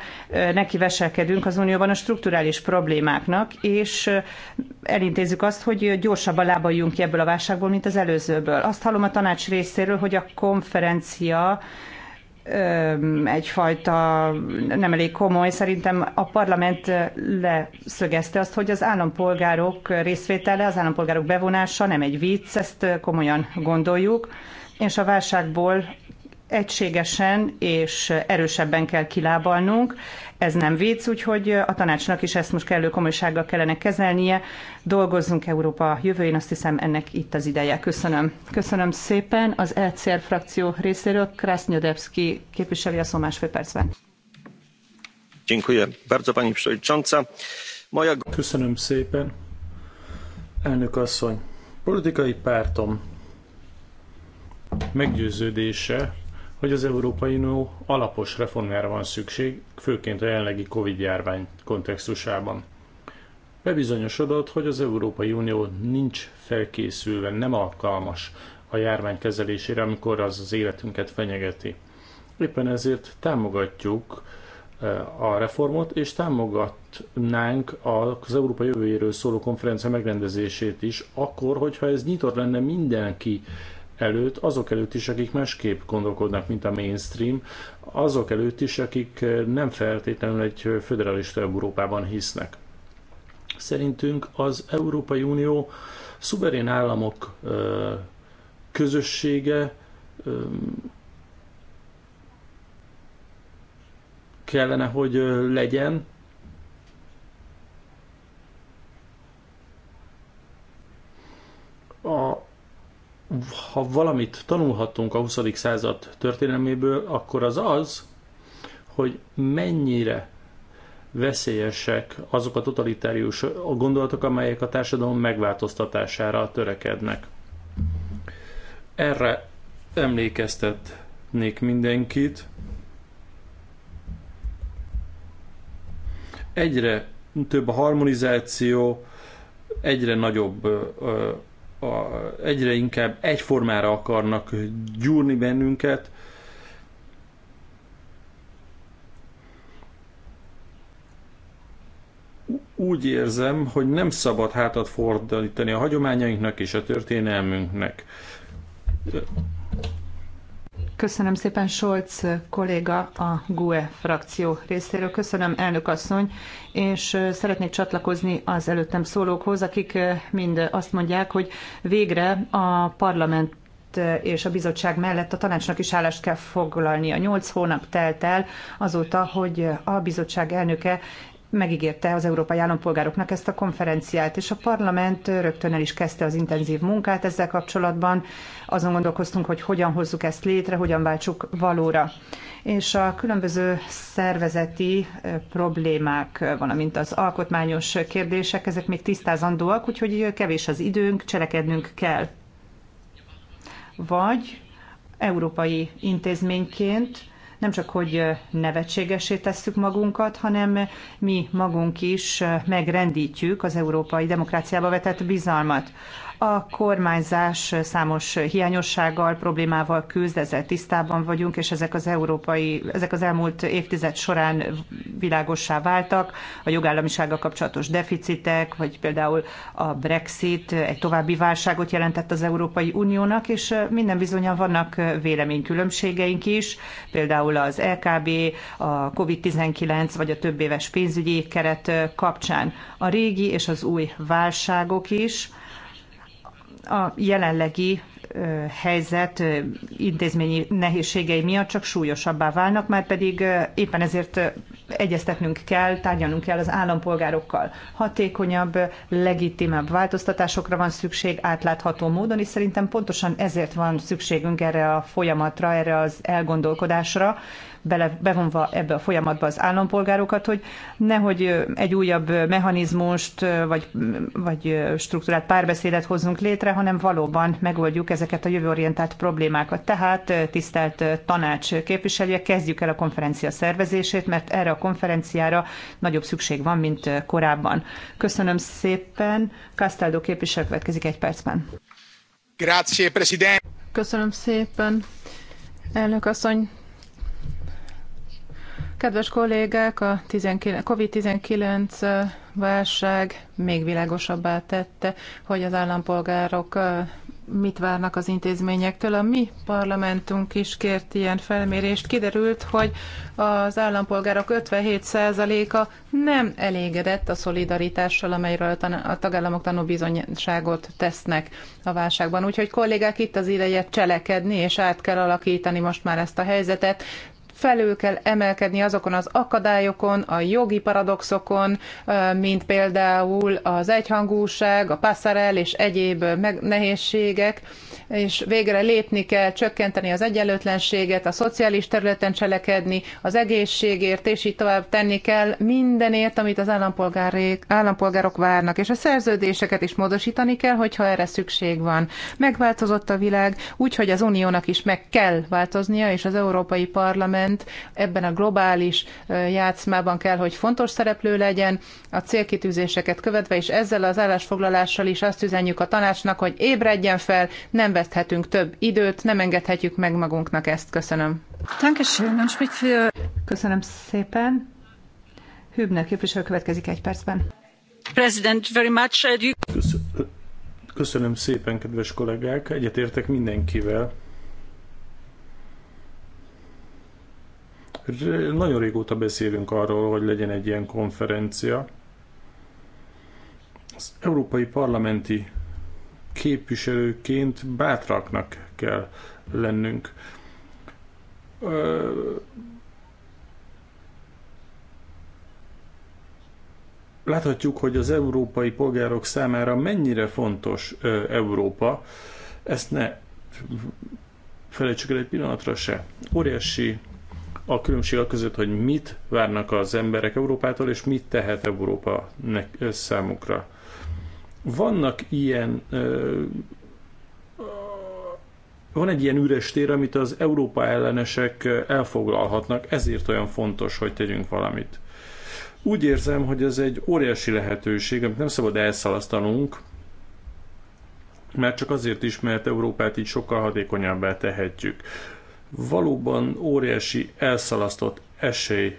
neki veselkedünk az Unióban a strukturális problémáknak, és elintézzük azt, hogy gyorsabban lábaljunk ki ebből a válságból, mint az előzőből. Azt hallom a tanács részéről, hogy a konferencia egyfajta nem elég komoly. Szerintem a parlament leszögezte azt, hogy az állampolgárok részvétele, az állampolgárok bevonása nem egy vicc, ezt komolyan gondoljuk és a válságból egységesen és erősebben kell kilábalnunk. Ez nem vicc, úgyhogy a tanácsnak is ezt most kellő komolysággal kellene kezelnie. Dolgozzunk Európa jövőjén, azt hiszem ennek itt az ideje. Köszönöm. Köszönöm szépen az ECR frakció részéről. Krasznyodebski képviseli a szó másfél percben. Köszönöm szépen, elnök asszony. Politikai pártom meggyőződése, hogy az Európai Unió alapos reformjára van szükség, főként a jelenlegi Covid-járvány kontextusában. Bebizonyosodott, hogy az Európai Unió nincs felkészülve, nem alkalmas a járvány kezelésére, amikor az az életünket fenyegeti. Éppen ezért támogatjuk eh, a reformot, és támogatnánk az Európa jövőjéről szóló konferencia megrendezését is, akkor, hogyha ez nyitott lenne mindenki előtt, azok előtt is, akik másképp gondolkodnak, mint a mainstream, azok előtt is, akik eh, nem feltétlenül egy föderalista Európában hisznek. Szerintünk az Európai Unió szuverén államok eh, közössége eh, kellene, hogy legyen, a ha valamit tanulhatunk a 20. század történelméből, akkor az az, hogy mennyire veszélyesek azok a totalitárius gondolatok, amelyek a társadalom megváltoztatására törekednek. Erre emlékeztetnék mindenkit. Egyre több a harmonizáció, egyre nagyobb a, egyre inkább egyformára akarnak gyúrni bennünket. Úgy érzem, hogy nem szabad hátat fordítani a hagyományainknak és a történelmünknek. Köszönöm szépen Scholz kolléga a GUE frakció részéről. Köszönöm elnök asszony, és szeretnék csatlakozni az előttem szólókhoz, akik mind azt mondják, hogy végre a parlament és a bizottság mellett a tanácsnak is állást kell foglalnia. Nyolc hónap telt el azóta, hogy a bizottság elnöke megígérte az európai állampolgároknak ezt a konferenciát, és a parlament rögtön el is kezdte az intenzív munkát ezzel kapcsolatban. Azon gondolkoztunk, hogy hogyan hozzuk ezt létre, hogyan váltsuk valóra. És a különböző szervezeti eh, problémák, eh, valamint az alkotmányos kérdések, ezek még tisztázandóak, úgyhogy kevés az időnk, cselekednünk kell. Vagy európai intézményként nem csak, hogy nevetségesé tesszük magunkat, hanem mi magunk is megrendítjük az európai demokráciába vetett bizalmat. A kormányzás számos hiányossággal, problémával küzd, ezzel tisztában vagyunk, és ezek az európai, ezek az elmúlt évtized során világossá váltak. A jogállamisággal kapcsolatos deficitek, vagy például a Brexit egy további válságot jelentett az Európai Uniónak, és minden bizonyan vannak véleménykülönbségeink is, például az LKB, a COVID-19 vagy a több éves pénzügyi keret kapcsán. A régi és az új válságok is, a jelenlegi helyzet intézményi nehézségei miatt csak súlyosabbá válnak, már pedig éppen ezért egyeztetnünk kell, tárgyalnunk kell az állampolgárokkal. Hatékonyabb, legitimebb változtatásokra van szükség átlátható módon, és szerintem pontosan ezért van szükségünk erre a folyamatra, erre az elgondolkodásra, bele, bevonva ebbe a folyamatba az állampolgárokat, hogy nehogy egy újabb mechanizmust vagy, vagy struktúrát párbeszédet hozzunk létre, hanem valóban megoldjuk ezeket a jövőorientált problémákat. Tehát tisztelt tanács képviselője, kezdjük el a konferencia szervezését, mert erre a konferenciára nagyobb szükség van, mint korábban. Köszönöm szépen. Castaldo képviselő következik egy percben. Grazie, Presidente. Köszönöm szépen. Elnök asszony, Kedves kollégák, a COVID-19 válság még világosabbá tette, hogy az állampolgárok mit várnak az intézményektől. A mi parlamentunk is kért ilyen felmérést. Kiderült, hogy az állampolgárok 57%-a nem elégedett a szolidaritással, amelyről a tagállamok tanúbizonyságot tesznek a válságban. Úgyhogy kollégák, itt az ideje cselekedni, és át kell alakítani most már ezt a helyzetet felül kell emelkedni azokon az akadályokon, a jogi paradoxokon, mint például az egyhangúság, a passarel és egyéb nehézségek, és végre lépni kell, csökkenteni az egyenlőtlenséget, a szociális területen cselekedni, az egészségért, és így tovább tenni kell mindenért, amit az állampolgárok várnak, és a szerződéseket is módosítani kell, hogyha erre szükség van. Megváltozott a világ, úgyhogy az uniónak is meg kell változnia, és az Európai Parlament ebben a globális játszmában kell, hogy fontos szereplő legyen, a célkitűzéseket követve, és ezzel az állásfoglalással is azt üzenjük a tanácsnak, hogy ébredjen fel, nem veszthetünk több időt, nem engedhetjük meg magunknak ezt. Köszönöm. Köszönöm szépen. Hübner képviselő következik egy percben. President, very much. Uh, köszönöm. szépen, kedves kollégák, egyetértek mindenkivel. Nagyon régóta beszélünk arról, hogy legyen egy ilyen konferencia. Az európai parlamenti képviselőként bátraknak kell lennünk. Láthatjuk, hogy az európai polgárok számára mennyire fontos Európa, ezt ne felejtsük el egy pillanatra se. Óriási a különbség a között, hogy mit várnak az emberek Európától, és mit tehet Európa számukra. Vannak ilyen van egy ilyen üres tér, amit az Európa ellenesek elfoglalhatnak, ezért olyan fontos, hogy tegyünk valamit. Úgy érzem, hogy ez egy óriási lehetőség, amit nem szabad elszalasztanunk, mert csak azért is, mert Európát így sokkal hatékonyabbá tehetjük. Valóban óriási elszalasztott esély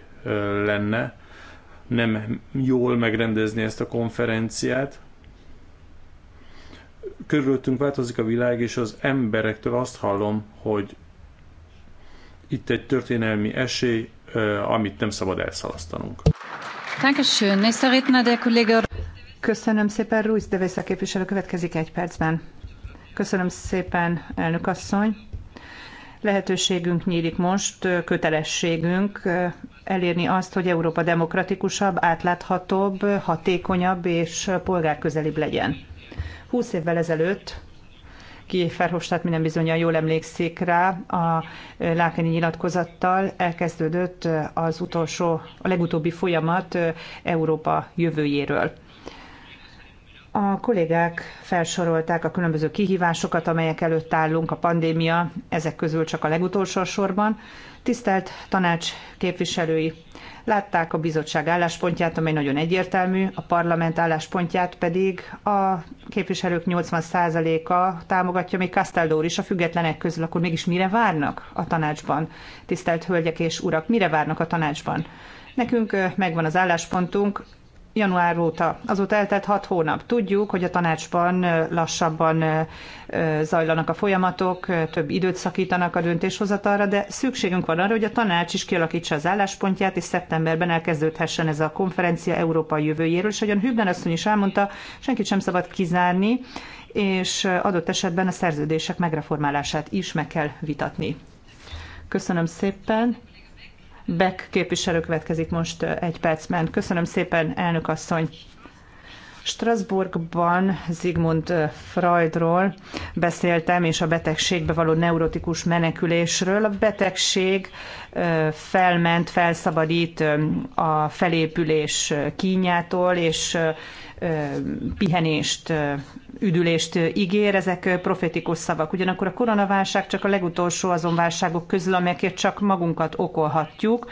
lenne nem jól megrendezni ezt a konferenciát, körülöttünk változik a világ, és az emberektől azt hallom, hogy itt egy történelmi esély, amit nem szabad elszalasztanunk. Köszönöm szépen, Ruiz de Vésza képviselő következik egy percben. Köszönöm szépen, elnök asszony. Lehetőségünk nyílik most, kötelességünk elérni azt, hogy Európa demokratikusabb, átláthatóbb, hatékonyabb és polgárközelibb legyen 20 évvel ezelőtt ki Ferhofstadt minden bizonyal jól emlékszik rá, a e, Lákeni nyilatkozattal elkezdődött az utolsó, a legutóbbi folyamat e, Európa jövőjéről. A kollégák felsorolták a különböző kihívásokat, amelyek előtt állunk, a pandémia, ezek közül csak a legutolsó sorban. Tisztelt tanács képviselői, Látták a bizottság álláspontját, amely nagyon egyértelmű, a parlament álláspontját pedig a képviselők 80%-a támogatja, még Castaldo is a függetlenek közül, akkor mégis mire várnak a tanácsban? Tisztelt hölgyek és urak, mire várnak a tanácsban? Nekünk megvan az álláspontunk, január óta. Azóta eltelt hat hónap. Tudjuk, hogy a tanácsban lassabban zajlanak a folyamatok, több időt szakítanak a döntéshozatalra, de szükségünk van arra, hogy a tanács is kialakítsa az álláspontját, és szeptemberben elkezdődhessen ez a konferencia Európa jövőjéről, és ahogyan Hübner asszony is elmondta, senkit sem szabad kizárni, és adott esetben a szerződések megreformálását is meg kell vitatni. Köszönöm szépen! Beck képviselő következik most egy percben. Köszönöm szépen, elnök asszony! Strasbourgban Zigmund Freudról beszéltem, és a betegségbe való neurotikus menekülésről. A betegség felment, felszabadít a felépülés kínjától, és pihenést üdülést ígér, ezek profetikus szavak. Ugyanakkor a koronaválság csak a legutolsó azon válságok közül, amelyekért csak magunkat okolhatjuk.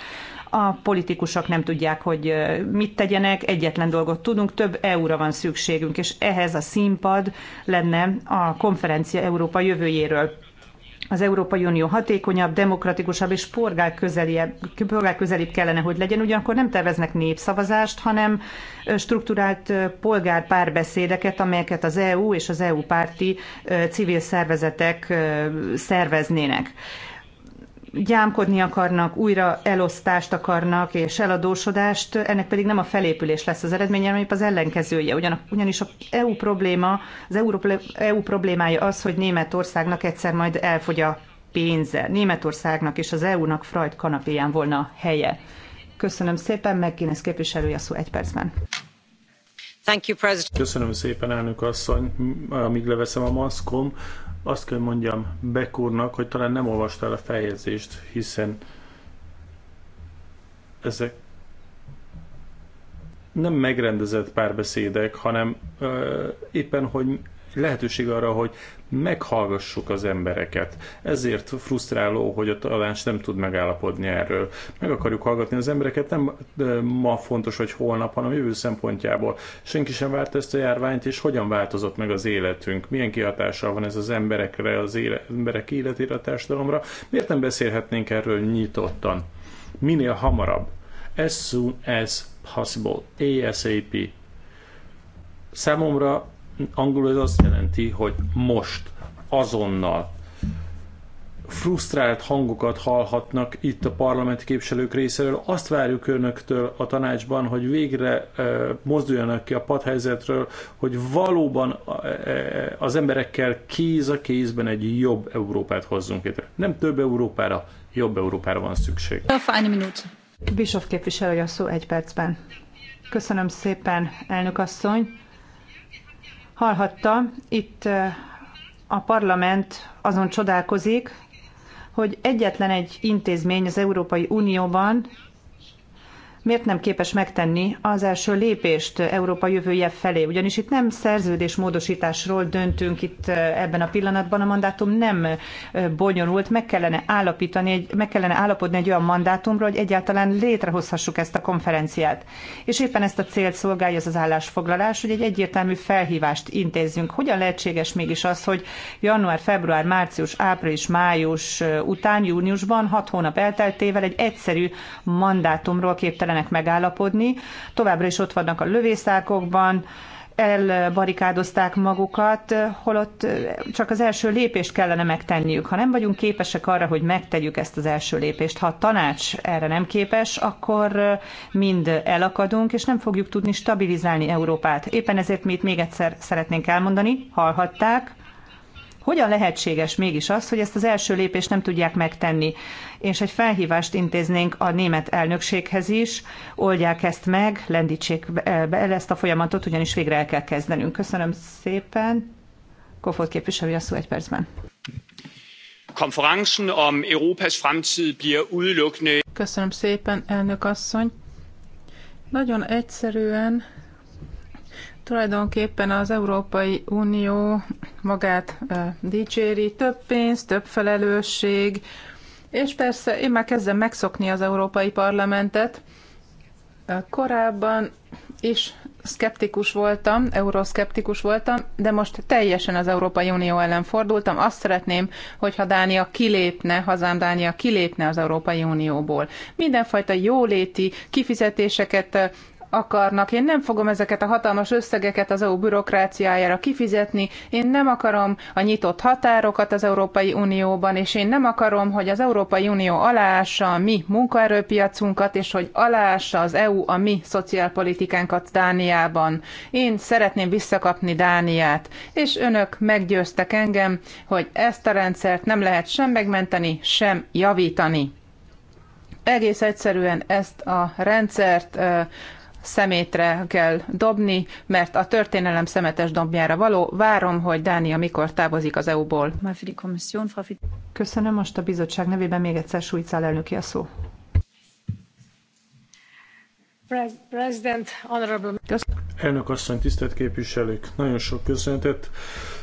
A politikusok nem tudják, hogy mit tegyenek, egyetlen dolgot tudunk, több euróra van szükségünk, és ehhez a színpad lenne a konferencia Európa jövőjéről az Európai Unió hatékonyabb, demokratikusabb és polgár közelibb, kellene, hogy legyen. Ugyanakkor nem terveznek népszavazást, hanem strukturált polgár párbeszédeket, amelyeket az EU és az EU párti civil szervezetek szerveznének gyámkodni akarnak, újra elosztást akarnak és eladósodást, ennek pedig nem a felépülés lesz az eredménye, hanem épp az ellenkezője. Ugyan, ugyanis az EU probléma, az EU, EU problémája az, hogy Németországnak egyszer majd elfogy a pénze. Németországnak és az EU-nak Freud kanapéján volna helye. Köszönöm szépen, megkínez képviselője szó egy percben. Thank you, President. Köszönöm szépen, elnök asszony, amíg leveszem a maszkom azt kell mondjam Beck úrnak, hogy talán nem olvasta el a feljegyzést, hiszen ezek nem megrendezett párbeszédek, hanem ö, éppen, hogy lehetőség arra, hogy meghallgassuk az embereket. Ezért frusztráló, hogy a tanács nem tud megállapodni erről. Meg akarjuk hallgatni az embereket, nem ma fontos, hogy holnap, hanem jövő szempontjából. Senki sem várt ezt a járványt, és hogyan változott meg az életünk? Milyen kihatással van ez az emberekre, az éle, emberek életére, a társadalomra? Miért nem beszélhetnénk erről nyitottan? Minél hamarabb. As soon as possible. ASAP. Számomra angolul ez azt jelenti, hogy most, azonnal. Frusztrált hangokat hallhatnak itt a parlamenti képviselők részéről. Azt várjuk önöktől a tanácsban, hogy végre mozduljanak ki a padhelyzetről, hogy valóban az emberekkel kéz a kézben egy jobb Európát hozzunk létre. Nem több Európára, jobb Európára van szükség. Bischoff képviselő a szó egy percben. Köszönöm szépen, elnök asszony. Hallhatta, itt eh, a parlament azon csodálkozik, hogy egyetlen egy intézmény az Európai Unióban miért nem képes megtenni az első lépést Európa jövője felé? Ugyanis itt nem szerződésmódosításról döntünk itt eh, ebben a pillanatban, a mandátum nem eh, bonyolult, meg kellene, állapítani, meg kellene állapodni egy olyan mandátumról, hogy egyáltalán létrehozhassuk ezt a konferenciát. És éppen ezt a célt szolgálja ez az állásfoglalás, hogy egy egyértelmű felhívást intézzünk. Hogyan lehetséges mégis az, hogy január, február, március, április, május eh, után, júniusban, hat hónap elteltével egy egyszerű mandátumról képtelen kénytelenek megállapodni. Továbbra is ott vannak a lövészárkokban, elbarikádozták magukat, holott csak az első lépést kellene megtenniük. Ha nem vagyunk képesek arra, hogy megtegyük ezt az első lépést, ha a tanács erre nem képes, akkor mind elakadunk, és nem fogjuk tudni stabilizálni Európát. Éppen ezért mi itt még egyszer szeretnénk elmondani, hallhatták, hogyan lehetséges mégis az, hogy ezt az első lépést nem tudják megtenni? És egy felhívást intéznénk a német elnökséghez is, oldják ezt meg, lendítsék eh, el ezt a folyamatot, ugyanis végre el kell kezdenünk. Köszönöm szépen. Kofod képviselő a szó egy percben. Konferencen om Europas fremtid bliver udelukkende. Köszönöm szépen, elnök asszony. Nagyon egyszerűen Tulajdonképpen az Európai Unió magát dicséri, több pénz, több felelősség, és persze én már kezdem megszokni az Európai Parlamentet. Korábban is szkeptikus voltam, euroszkeptikus voltam, de most teljesen az Európai Unió ellen fordultam. Azt szeretném, hogyha Dánia kilépne, hazám Dánia kilépne az Európai Unióból. Mindenfajta jóléti kifizetéseket akarnak. Én nem fogom ezeket a hatalmas összegeket az EU bürokráciájára kifizetni, én nem akarom a nyitott határokat az Európai Unióban, és én nem akarom, hogy az Európai Unió aláássa a mi munkaerőpiacunkat, és hogy aláássa az EU a mi szociálpolitikánkat Dániában. Én szeretném visszakapni Dániát, és önök meggyőztek engem, hogy ezt a rendszert nem lehet sem megmenteni, sem javítani egész egyszerűen ezt a rendszert szemétre kell dobni, mert a történelem szemetes dombjára való. Várom, hogy Dánia mikor távozik az EU-ból. Köszönöm most a bizottság nevében még egyszer Sújcál elnöki a szó. Elnök asszony, tisztelt képviselők, nagyon sok köszönetet.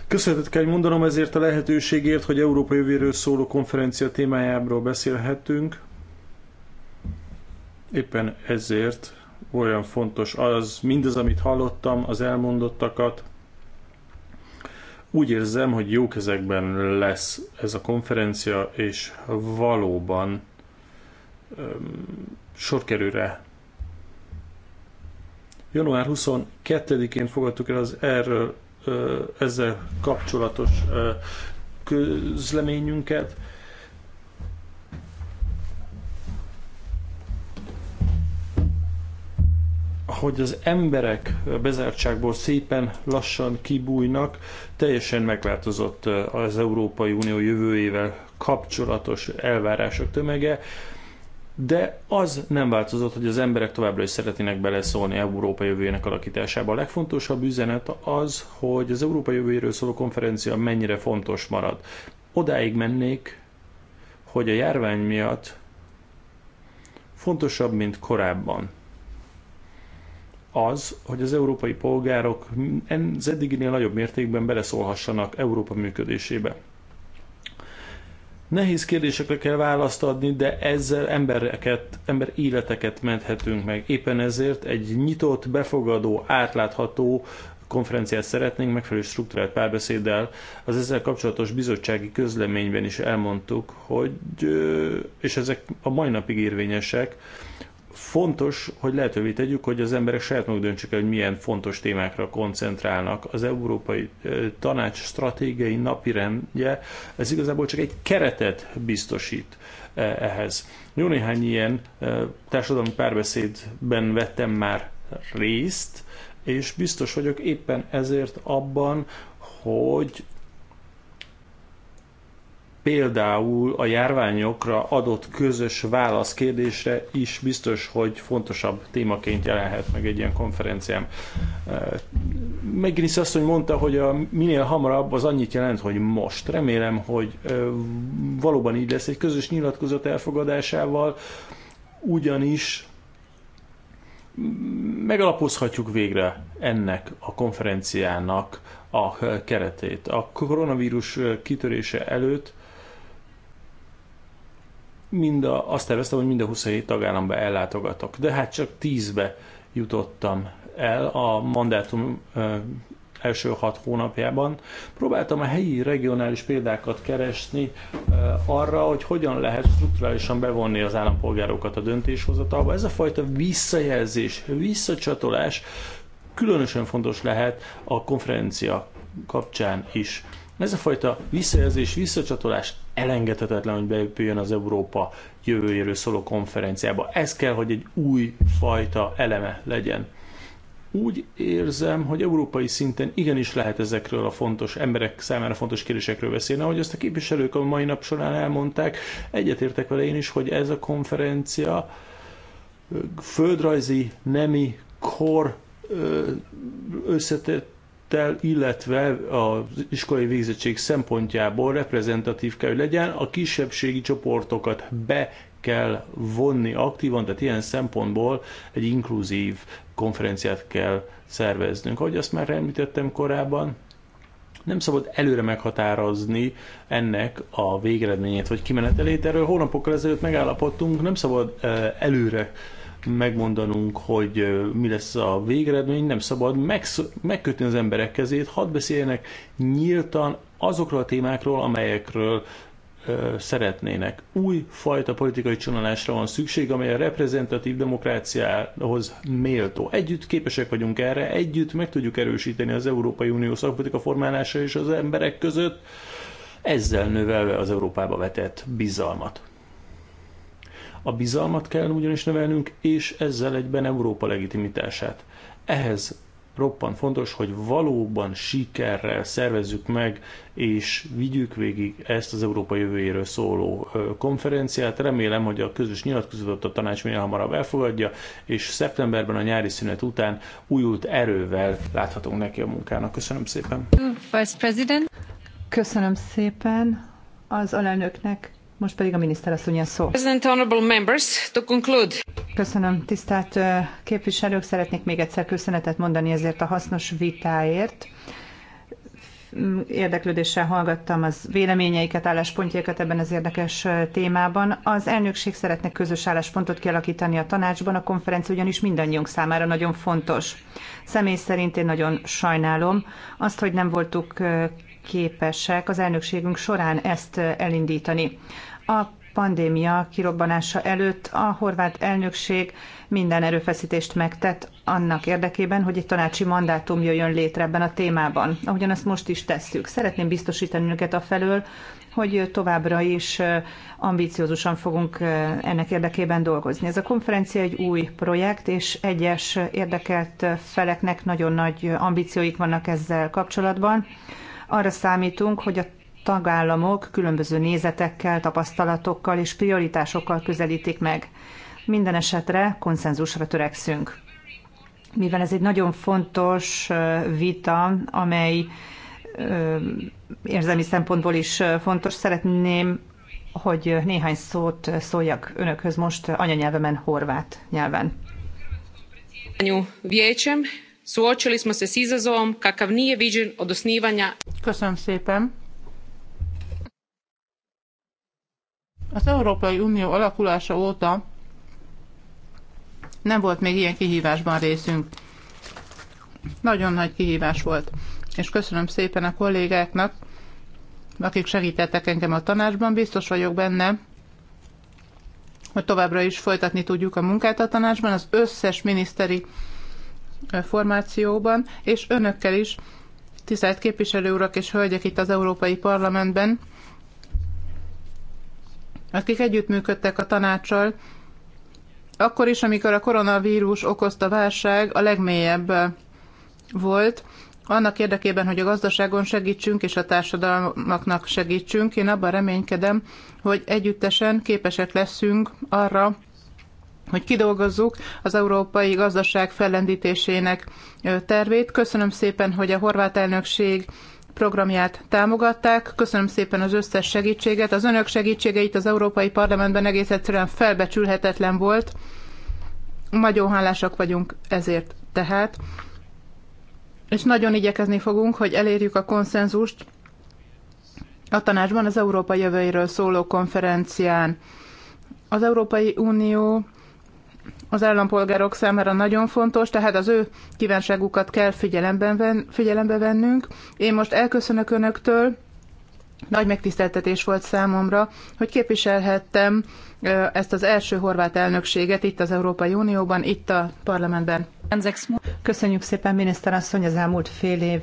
Köszönetet kell mondanom ezért a lehetőségért, hogy Európa jövőről szóló konferencia témájáról beszélhetünk. Éppen ezért olyan fontos az, mindaz, amit hallottam, az elmondottakat. Úgy érzem, hogy jó kezekben lesz ez a konferencia, és valóban öm, sor kerül rá. Január 22-én fogadtuk el az erről ö, ezzel kapcsolatos ö, közleményünket ahogy az emberek bezártságból szépen lassan kibújnak, teljesen megváltozott az Európai Unió jövőjével kapcsolatos elvárások tömege, de az nem változott, hogy az emberek továbbra is szeretnének beleszólni Európa jövőjének alakításába. A legfontosabb üzenet az, hogy az Európa jövőjéről szóló konferencia mennyire fontos marad. Odáig mennék, hogy a járvány miatt fontosabb, mint korábban az, hogy az európai polgárok az eddiginél nagyobb mértékben beleszólhassanak Európa működésébe. Nehéz kérdésekre kell választ adni, de ezzel embereket, ember életeket menthetünk meg. Éppen ezért egy nyitott, befogadó, átlátható konferenciát szeretnénk megfelelő struktúrált párbeszéddel. Az ezzel kapcsolatos bizottsági közleményben is elmondtuk, hogy, és ezek a mai napig érvényesek, fontos, hogy lehetővé tegyük, hogy az emberek saját maguk döntsék hogy milyen fontos témákra koncentrálnak. Az Európai Tanács stratégiai napirendje, ez igazából csak egy keretet biztosít e, ehhez. Jó néhány ilyen társadalmi párbeszédben vettem már részt, és biztos vagyok éppen ezért abban, hogy például a járványokra adott közös válasz kérdésre is biztos, hogy fontosabb témaként jelenhet meg egy ilyen konferencián. Megint azt, hogy mondta, hogy a minél hamarabb az annyit jelent, hogy most. Remélem, hogy valóban így lesz egy közös nyilatkozat elfogadásával, ugyanis megalapozhatjuk végre ennek a konferenciának a keretét. A koronavírus kitörése előtt mind a, azt terveztem, hogy mind a 27 tagállamba ellátogatok, de hát csak 10-be jutottam el a mandátum első hat hónapjában. Próbáltam a helyi regionális példákat keresni arra, hogy hogyan lehet strukturálisan bevonni az állampolgárokat a döntéshozatalba. Ez a fajta visszajelzés, visszacsatolás különösen fontos lehet a konferencia kapcsán is. Ez a fajta visszajelzés, visszacsatolás elengedhetetlen, hogy beépüljön az Európa jövőjéről szóló konferenciába. Ez kell, hogy egy új fajta eleme legyen. Úgy érzem, hogy európai szinten igenis lehet ezekről a fontos, emberek számára fontos kérdésekről beszélni. Ahogy azt a képviselők a mai nap során elmondták, egyetértek vele én is, hogy ez a konferencia földrajzi, nemi, kor összetett tel, illetve az iskolai végzettség szempontjából reprezentatív kell, hogy legyen, a kisebbségi csoportokat be kell vonni aktívan, tehát ilyen szempontból egy inkluzív konferenciát kell szerveznünk. Ahogy azt már említettem korábban, nem szabad előre meghatározni ennek a végeredményét vagy kimenetelét. Erről hónapokkal ezelőtt megállapodtunk, nem szabad eh, előre megmondanunk, hogy mi lesz a végeredmény, nem szabad megsz- megkötni az emberek kezét, hadd beszéljenek nyíltan azokról a témákról, amelyekről szeretnének. Új fajta politikai csonalásra van szükség, amely a reprezentatív demokráciához méltó. Együtt képesek vagyunk erre, együtt meg tudjuk erősíteni az Európai Unió szakpolitika formálása és az emberek között, ezzel növelve az Európába vetett bizalmat. A bizalmat kell ugyanis növelnünk, és ezzel egyben Európa legitimitását. Ehhez roppant fontos, hogy valóban sikerrel szervezzük meg, és vigyük végig ezt az Európa jövőjéről szóló konferenciát. Remélem, hogy a közös nyilatkozatot a tanács minél hamarabb elfogadja, és szeptemberben a nyári szünet után újult erővel láthatunk neki a munkának. Köszönöm szépen. Vice President. Köszönöm szépen az alelnöknek, most pedig a miniszter asszony a szó. Köszönöm, tisztelt képviselők, szeretnék még egyszer köszönetet mondani ezért a hasznos vitáért. Érdeklődéssel hallgattam az véleményeiket, álláspontjaikat ebben az érdekes témában. Az elnökség szeretne közös álláspontot kialakítani a tanácsban, a konferencia ugyanis mindannyiunk számára nagyon fontos. Személy szerint én nagyon sajnálom azt, hogy nem voltuk képesek az elnökségünk során ezt elindítani. A pandémia kirobbanása előtt a horvát elnökség minden erőfeszítést megtett annak érdekében, hogy egy tanácsi mandátum jöjjön létre ebben a témában, ahogyan ezt most is tesszük. Szeretném biztosítani őket a felől, hogy továbbra is ambíciózusan fogunk ennek érdekében dolgozni. Ez a konferencia egy új projekt, és egyes érdekelt feleknek nagyon nagy ambícióik vannak ezzel kapcsolatban. Arra számítunk, hogy a tagállamok különböző nézetekkel, tapasztalatokkal és prioritásokkal közelítik meg. Minden esetre konszenzusra törekszünk. Mivel ez egy nagyon fontos vita, amely érzelmi szempontból is fontos, szeretném, hogy néhány szót szóljak önökhöz most anyanyelvemen, horvát nyelven. Köszönöm szépen. Az Európai Unió alakulása óta nem volt még ilyen kihívásban részünk. Nagyon nagy kihívás volt. És köszönöm szépen a kollégáknak, akik segítettek engem a tanácsban. Biztos vagyok benne, hogy továbbra is folytatni tudjuk a munkát a tanácsban, az összes miniszteri formációban, és önökkel is, tisztelt képviselő urak és hölgyek itt az Európai Parlamentben, akik együttműködtek a tanácssal, akkor is, amikor a koronavírus okozta válság a legmélyebb eh, volt, annak érdekében, hogy a gazdaságon segítsünk és a társadalmaknak segítsünk, én abban reménykedem, hogy együttesen képesek leszünk arra, hogy kidolgozzuk az európai gazdaság fellendítésének eh, tervét. Köszönöm szépen, hogy a horvát elnökség programját támogatták. Köszönöm szépen az összes segítséget. Az önök segítsége itt az Európai Parlamentben egész egyszerűen felbecsülhetetlen volt. Nagyon hálásak vagyunk ezért tehát. És nagyon igyekezni fogunk, hogy elérjük a konszenzust a tanácsban az Európa jövőjéről szóló konferencián. Az Európai Unió az állampolgárok számára nagyon fontos, tehát az ő kívánságukat kell figyelemben figyelembe vennünk. Én most elköszönök Önöktől, nagy megtiszteltetés volt számomra, hogy képviselhettem ezt az első horvát elnökséget itt az Európai Unióban, itt a parlamentben. Köszönjük szépen miniszterasszony az elmúlt fél év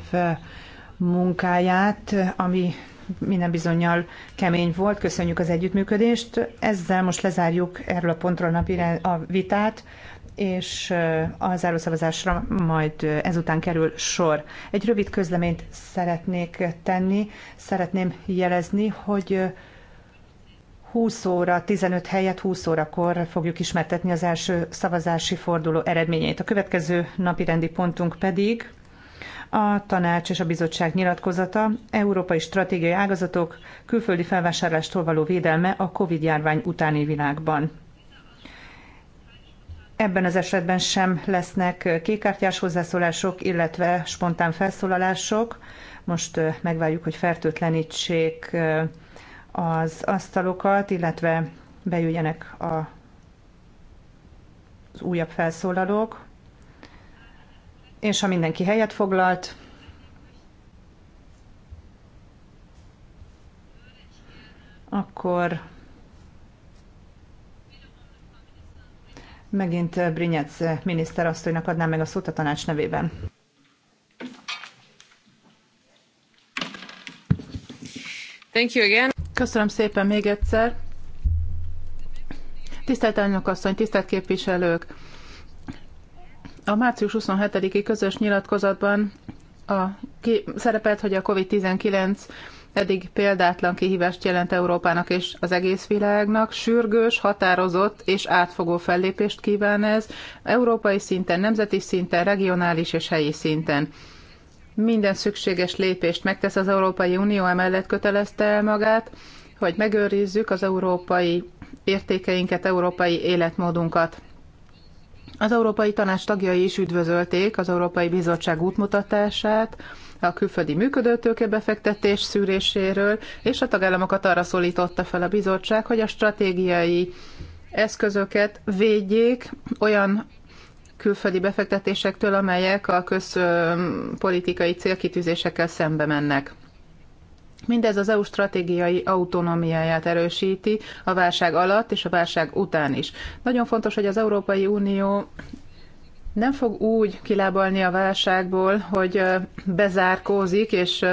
munkáját, ami minden bizonyal kemény volt, köszönjük az együttműködést. Ezzel most lezárjuk erről a pontról a vitát, és a zárószavazásra majd ezután kerül sor. Egy rövid közleményt szeretnék tenni. Szeretném jelezni, hogy 20 óra, 15 helyett 20 órakor fogjuk ismertetni az első szavazási forduló eredményeit. A következő napi rendi pontunk pedig a tanács és a bizottság nyilatkozata, európai stratégiai ágazatok külföldi felvásárlástól való védelme a COVID-járvány utáni világban. Ebben az esetben sem lesznek kékkártyás hozzászólások, illetve spontán felszólalások. Most megvárjuk, hogy fertőtlenítsék az asztalokat, illetve bejöjjenek a, az újabb felszólalók. És ha mindenki helyet foglalt, akkor megint Brinyec miniszter asszonynak adnám meg a szót a tanács nevében. Thank you again. Köszönöm szépen még egyszer. Tisztelt elnök asszony, tisztelt képviselők! A március 27-i közös nyilatkozatban a, ki, szerepelt, hogy a COVID-19 eddig példátlan kihívást jelent Európának és az egész világnak. Sürgős, határozott és átfogó fellépést kíván ez európai szinten, nemzeti szinten, regionális és helyi szinten. Minden szükséges lépést megtesz az Európai Unió, emellett kötelezte el magát, hogy megőrizzük az európai értékeinket, európai életmódunkat. Az Európai Tanács tagjai is üdvözölték az Európai Bizottság útmutatását, a külföldi működőtőke befektetés szűréséről, és a tagállamokat arra szólította fel a bizottság, hogy a stratégiai eszközöket védjék olyan külföldi befektetésektől, amelyek a közpolitikai célkitűzésekkel szembe mennek. Mindez az EU stratégiai autonómiáját erősíti a válság alatt és a válság után is. Nagyon fontos, hogy az Európai Unió nem fog úgy kilábalni a válságból, hogy bezárkózik és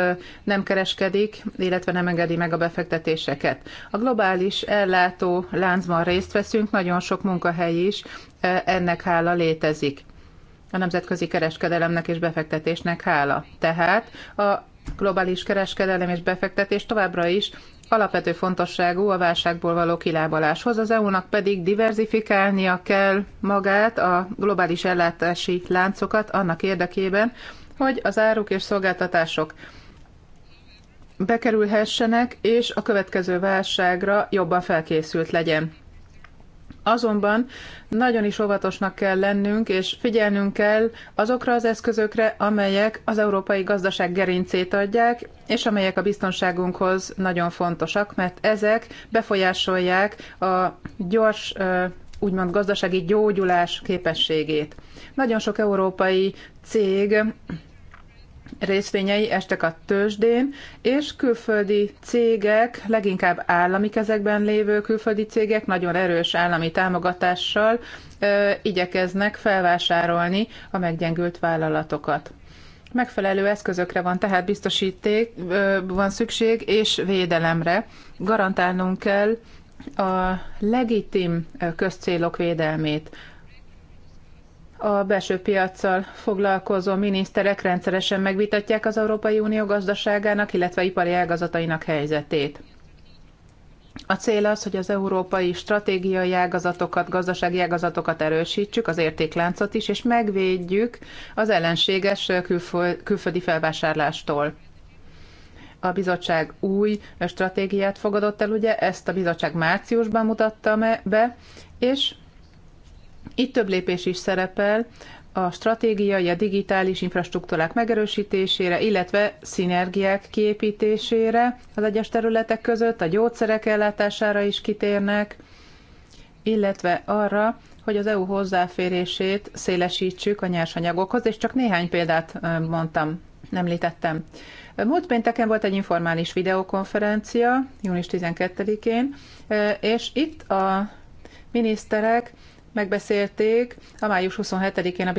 nem kereskedik, illetve nem engedi meg a befektetéseket. A globális ellátó láncban részt veszünk, nagyon sok munkahely is ennek hála létezik. A nemzetközi kereskedelemnek és befektetésnek hála. Tehát a globális kereskedelem és befektetés továbbra is alapvető fontosságú a válságból való kilábaláshoz, az EU-nak pedig diverzifikálnia kell magát, a globális ellátási láncokat annak érdekében, hogy az áruk és szolgáltatások bekerülhessenek, és a következő válságra jobban felkészült legyen. Azonban nagyon is óvatosnak kell lennünk, és figyelnünk kell azokra az eszközökre, amelyek az európai gazdaság gerincét adják, és amelyek a biztonságunkhoz nagyon fontosak, mert ezek befolyásolják a gyors úgymond gazdasági gyógyulás képességét. Nagyon sok európai cég részvényei estek a tőzsdén, és külföldi cégek, leginkább állami kezekben lévő külföldi cégek nagyon erős állami támogatással ö, igyekeznek felvásárolni a meggyengült vállalatokat. Megfelelő eszközökre van tehát biztosíték, ö, van szükség, és védelemre. Garantálnunk kell a legitim közcélok védelmét a belső piaccal foglalkozó miniszterek rendszeresen megvitatják az Európai Unió gazdaságának, illetve ipari ágazatainak helyzetét. A cél az, hogy az európai stratégiai ágazatokat, gazdasági ágazatokat erősítsük, az értékláncot is, és megvédjük az ellenséges külföldi felvásárlástól a bizottság új stratégiát fogadott el, ugye ezt a bizottság márciusban mutatta be, és itt több lépés is szerepel, a stratégiai, a digitális infrastruktúrák megerősítésére, illetve szinergiák kiépítésére az egyes területek között, a gyógyszerek ellátására is kitérnek, illetve arra, hogy az EU hozzáférését szélesítsük a nyersanyagokhoz, és csak néhány példát mondtam, nem említettem. Múlt pénteken volt egy informális videokonferencia, június 12-én, és itt a miniszterek megbeszélték a május 27-én a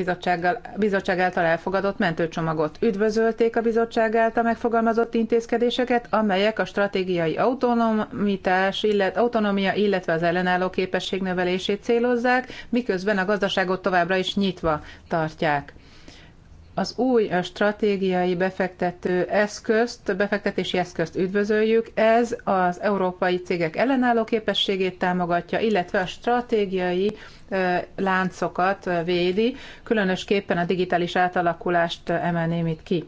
bizottság által elfogadott mentőcsomagot. Üdvözölték a bizottság által megfogalmazott intézkedéseket, amelyek a stratégiai autonomitás, illet, autonomia, illetve az ellenálló képesség növelését célozzák, miközben a gazdaságot továbbra is nyitva tartják az új stratégiai befektető eszközt, befektetési eszközt üdvözöljük. Ez az európai cégek ellenálló képességét támogatja, illetve a stratégiai láncokat védi, különösképpen a digitális átalakulást emelném itt ki.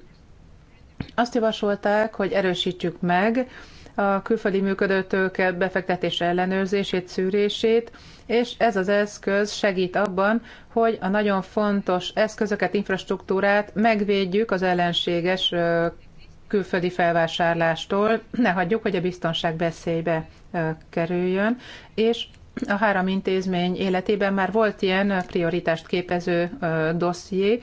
Azt javasolták, hogy erősítsük meg a külföldi működőtőke befektetés ellenőrzését, szűrését, és ez az eszköz segít abban, hogy a nagyon fontos eszközöket, infrastruktúrát megvédjük az ellenséges külföldi felvásárlástól, ne hagyjuk, hogy a biztonság beszélybe kerüljön, és a három intézmény életében már volt ilyen prioritást képező dosszié,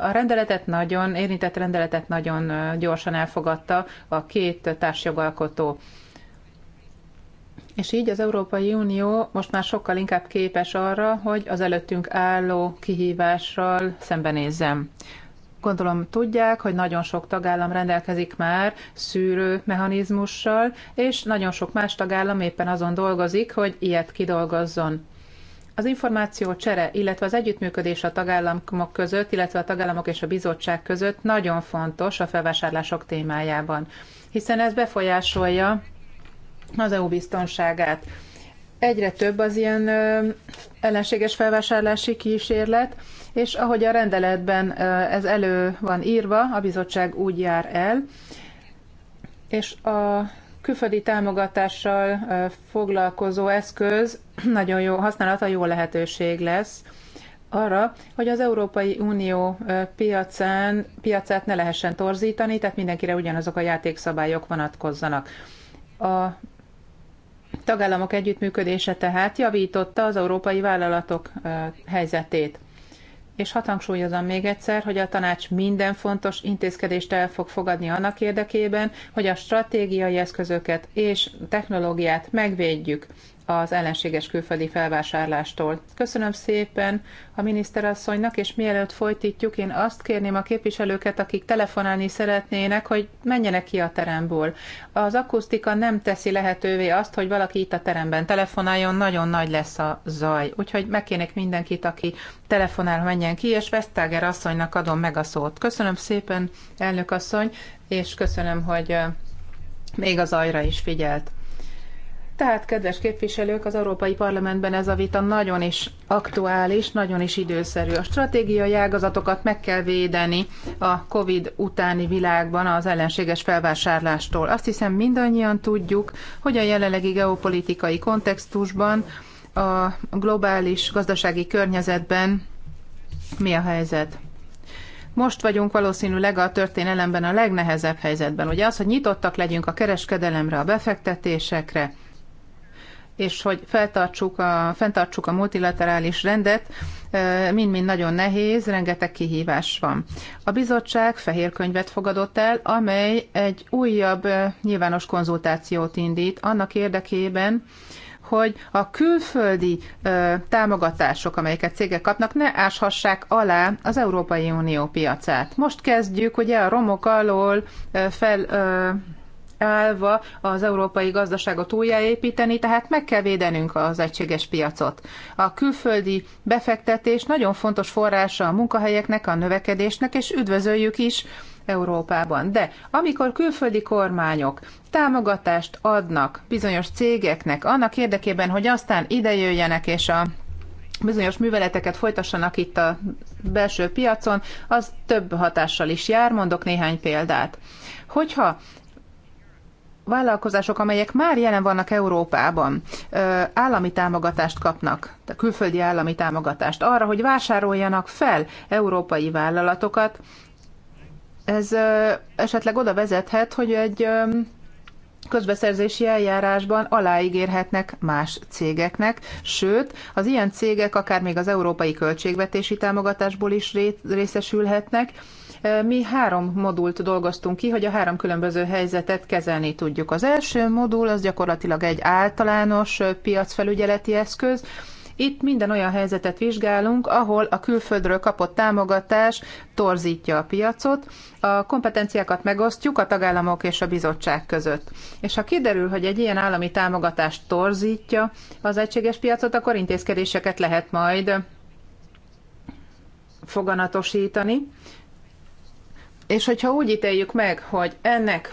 a rendeletet nagyon, érintett rendeletet nagyon gyorsan elfogadta a két társjogalkotó. És így az Európai Unió most már sokkal inkább képes arra, hogy az előttünk álló kihívással szembenézzem. Gondolom tudják, hogy nagyon sok tagállam rendelkezik már szűrő mechanizmussal, és nagyon sok más tagállam éppen azon dolgozik, hogy ilyet kidolgozzon. Az információ csere, illetve az együttműködés a tagállamok között, illetve a tagállamok és a bizottság között nagyon fontos a felvásárlások témájában, hiszen ez befolyásolja az EU biztonságát. Egyre több az ilyen ellenséges felvásárlási kísérlet, és ahogy a rendeletben ez elő van írva, a bizottság úgy jár el, és a külföldi támogatással foglalkozó eszköz (clears throat) nagyon jó használata jó lehetőség lesz arra, hogy az Európai Unió piacán, piacát ne lehessen torzítani, tehát mindenkire ugyanazok a játékszabályok vonatkozzanak. A tagállamok együttműködése tehát javította az európai vállalatok helyzetét. És hat hangsúlyozom még egyszer, hogy a tanács minden fontos intézkedést el fog fogadni annak érdekében, hogy a stratégiai eszközöket és technológiát megvédjük az ellenséges külföldi felvásárlástól. Köszönöm szépen a miniszterasszonynak, és mielőtt folytatjuk, én azt kérném a képviselőket, akik telefonálni szeretnének, hogy menjenek ki a teremből. Az akusztika nem teszi lehetővé azt, hogy valaki itt a teremben telefonáljon, nagyon nagy lesz a zaj. Úgyhogy megkérnék mindenkit, aki telefonál, menjen ki, és Vesztager asszonynak adom meg a szót. Köszönöm szépen, elnök asszony, és köszönöm, hogy eh, még az ajra is figyelt. Tehát, kedves képviselők, az Európai Parlamentben ez a vita nagyon is aktuális, nagyon is időszerű. A stratégiai ágazatokat meg kell védeni a COVID utáni világban az ellenséges felvásárlástól. Azt hiszem mindannyian tudjuk, hogy a jelenlegi geopolitikai kontextusban, a globális gazdasági környezetben mi a helyzet. Most vagyunk valószínűleg a történelemben a legnehezebb helyzetben. Ugye az, hogy nyitottak legyünk a kereskedelemre, a befektetésekre, és hogy feltartsuk a, fenntartsuk a multilaterális rendet, mind-mind nagyon nehéz, rengeteg kihívás van. A bizottság fehér könyvet fogadott el, amely egy újabb nyilvános konzultációt indít annak érdekében, hogy a külföldi ö, támogatások, amelyeket cégek kapnak, ne áshassák alá az Európai Unió piacát. Most kezdjük ugye a romok alól ö, fel. Ö, állva az európai gazdaságot újjáépíteni, tehát meg kell védenünk az egységes piacot. A külföldi befektetés nagyon fontos forrása a munkahelyeknek, a növekedésnek, és üdvözöljük is Európában. De amikor külföldi kormányok támogatást adnak bizonyos cégeknek annak érdekében, hogy aztán idejöjjenek és a bizonyos műveleteket folytassanak itt a belső piacon, az több hatással is jár, mondok néhány példát. Hogyha vállalkozások, amelyek már jelen vannak Európában, állami támogatást kapnak, külföldi állami támogatást arra, hogy vásároljanak fel európai vállalatokat, ez esetleg oda vezethet, hogy egy közbeszerzési eljárásban aláígérhetnek más cégeknek, sőt, az ilyen cégek akár még az európai költségvetési támogatásból is részesülhetnek, mi három modult dolgoztunk ki, hogy a három különböző helyzetet kezelni tudjuk. Az első modul az gyakorlatilag egy általános piacfelügyeleti eszköz, itt minden olyan helyzetet vizsgálunk, ahol a külföldről kapott támogatás torzítja a piacot, a kompetenciákat megosztjuk a tagállamok és a bizottság között. És ha kiderül, hogy egy ilyen állami támogatást torzítja az egységes piacot, akkor intézkedéseket lehet majd foganatosítani és hogyha úgy ítéljük meg, hogy ennek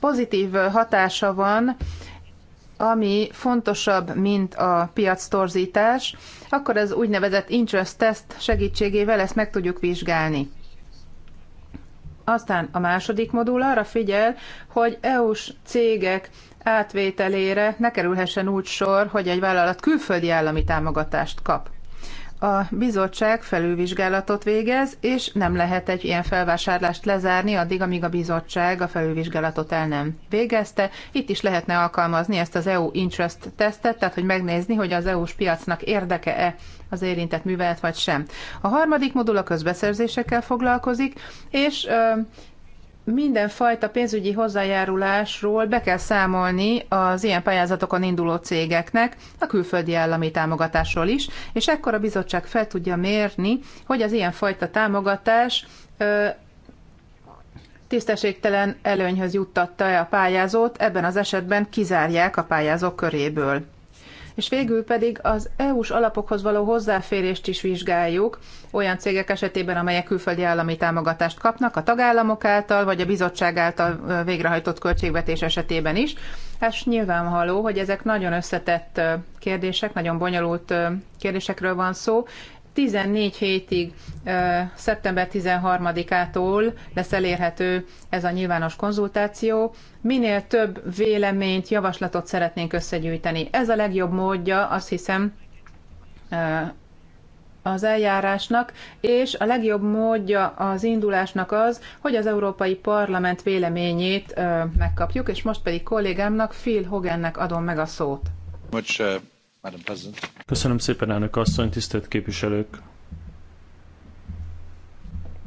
pozitív hatása van, ami fontosabb, mint a piac torzítás, akkor az úgynevezett interest test segítségével ezt meg tudjuk vizsgálni. Aztán a második modul arra figyel, hogy EU-s cégek átvételére ne kerülhessen úgy sor, hogy egy vállalat külföldi állami támogatást kap a bizottság felülvizsgálatot végez, és nem lehet egy ilyen felvásárlást lezárni addig, amíg a bizottság a felülvizsgálatot el nem végezte. Itt is lehetne alkalmazni ezt az EU interest tesztet, tehát hogy megnézni, hogy az EU-s piacnak érdeke-e az érintett művelet vagy sem. A harmadik modul a közbeszerzésekkel foglalkozik, és mindenfajta pénzügyi hozzájárulásról be kell számolni az ilyen pályázatokon induló cégeknek, a külföldi állami támogatásról is, és ekkor a bizottság fel tudja mérni, hogy az ilyen fajta támogatás ö, tisztességtelen előnyhöz juttatta-e a pályázót, ebben az esetben kizárják a pályázók köréből. És végül pedig az EU-s alapokhoz való hozzáférést is vizsgáljuk, olyan cégek esetében, amelyek külföldi állami támogatást kapnak a tagállamok által, vagy a bizottság által végrehajtott költségvetés esetében is. Ez nyilvánvaló, hogy ezek nagyon összetett kérdések, nagyon bonyolult kérdésekről van szó, 14 hétig, szeptember 13-ától lesz elérhető ez a nyilvános konzultáció. Minél több véleményt, javaslatot szeretnénk összegyűjteni. Ez a legjobb módja, azt hiszem, az eljárásnak, és a legjobb módja az indulásnak az, hogy az Európai Parlament véleményét megkapjuk, és most pedig kollégámnak, Phil Hogannek adom meg a szót. Uh, Madam President. Köszönöm szépen, elnök asszony, tisztelt képviselők!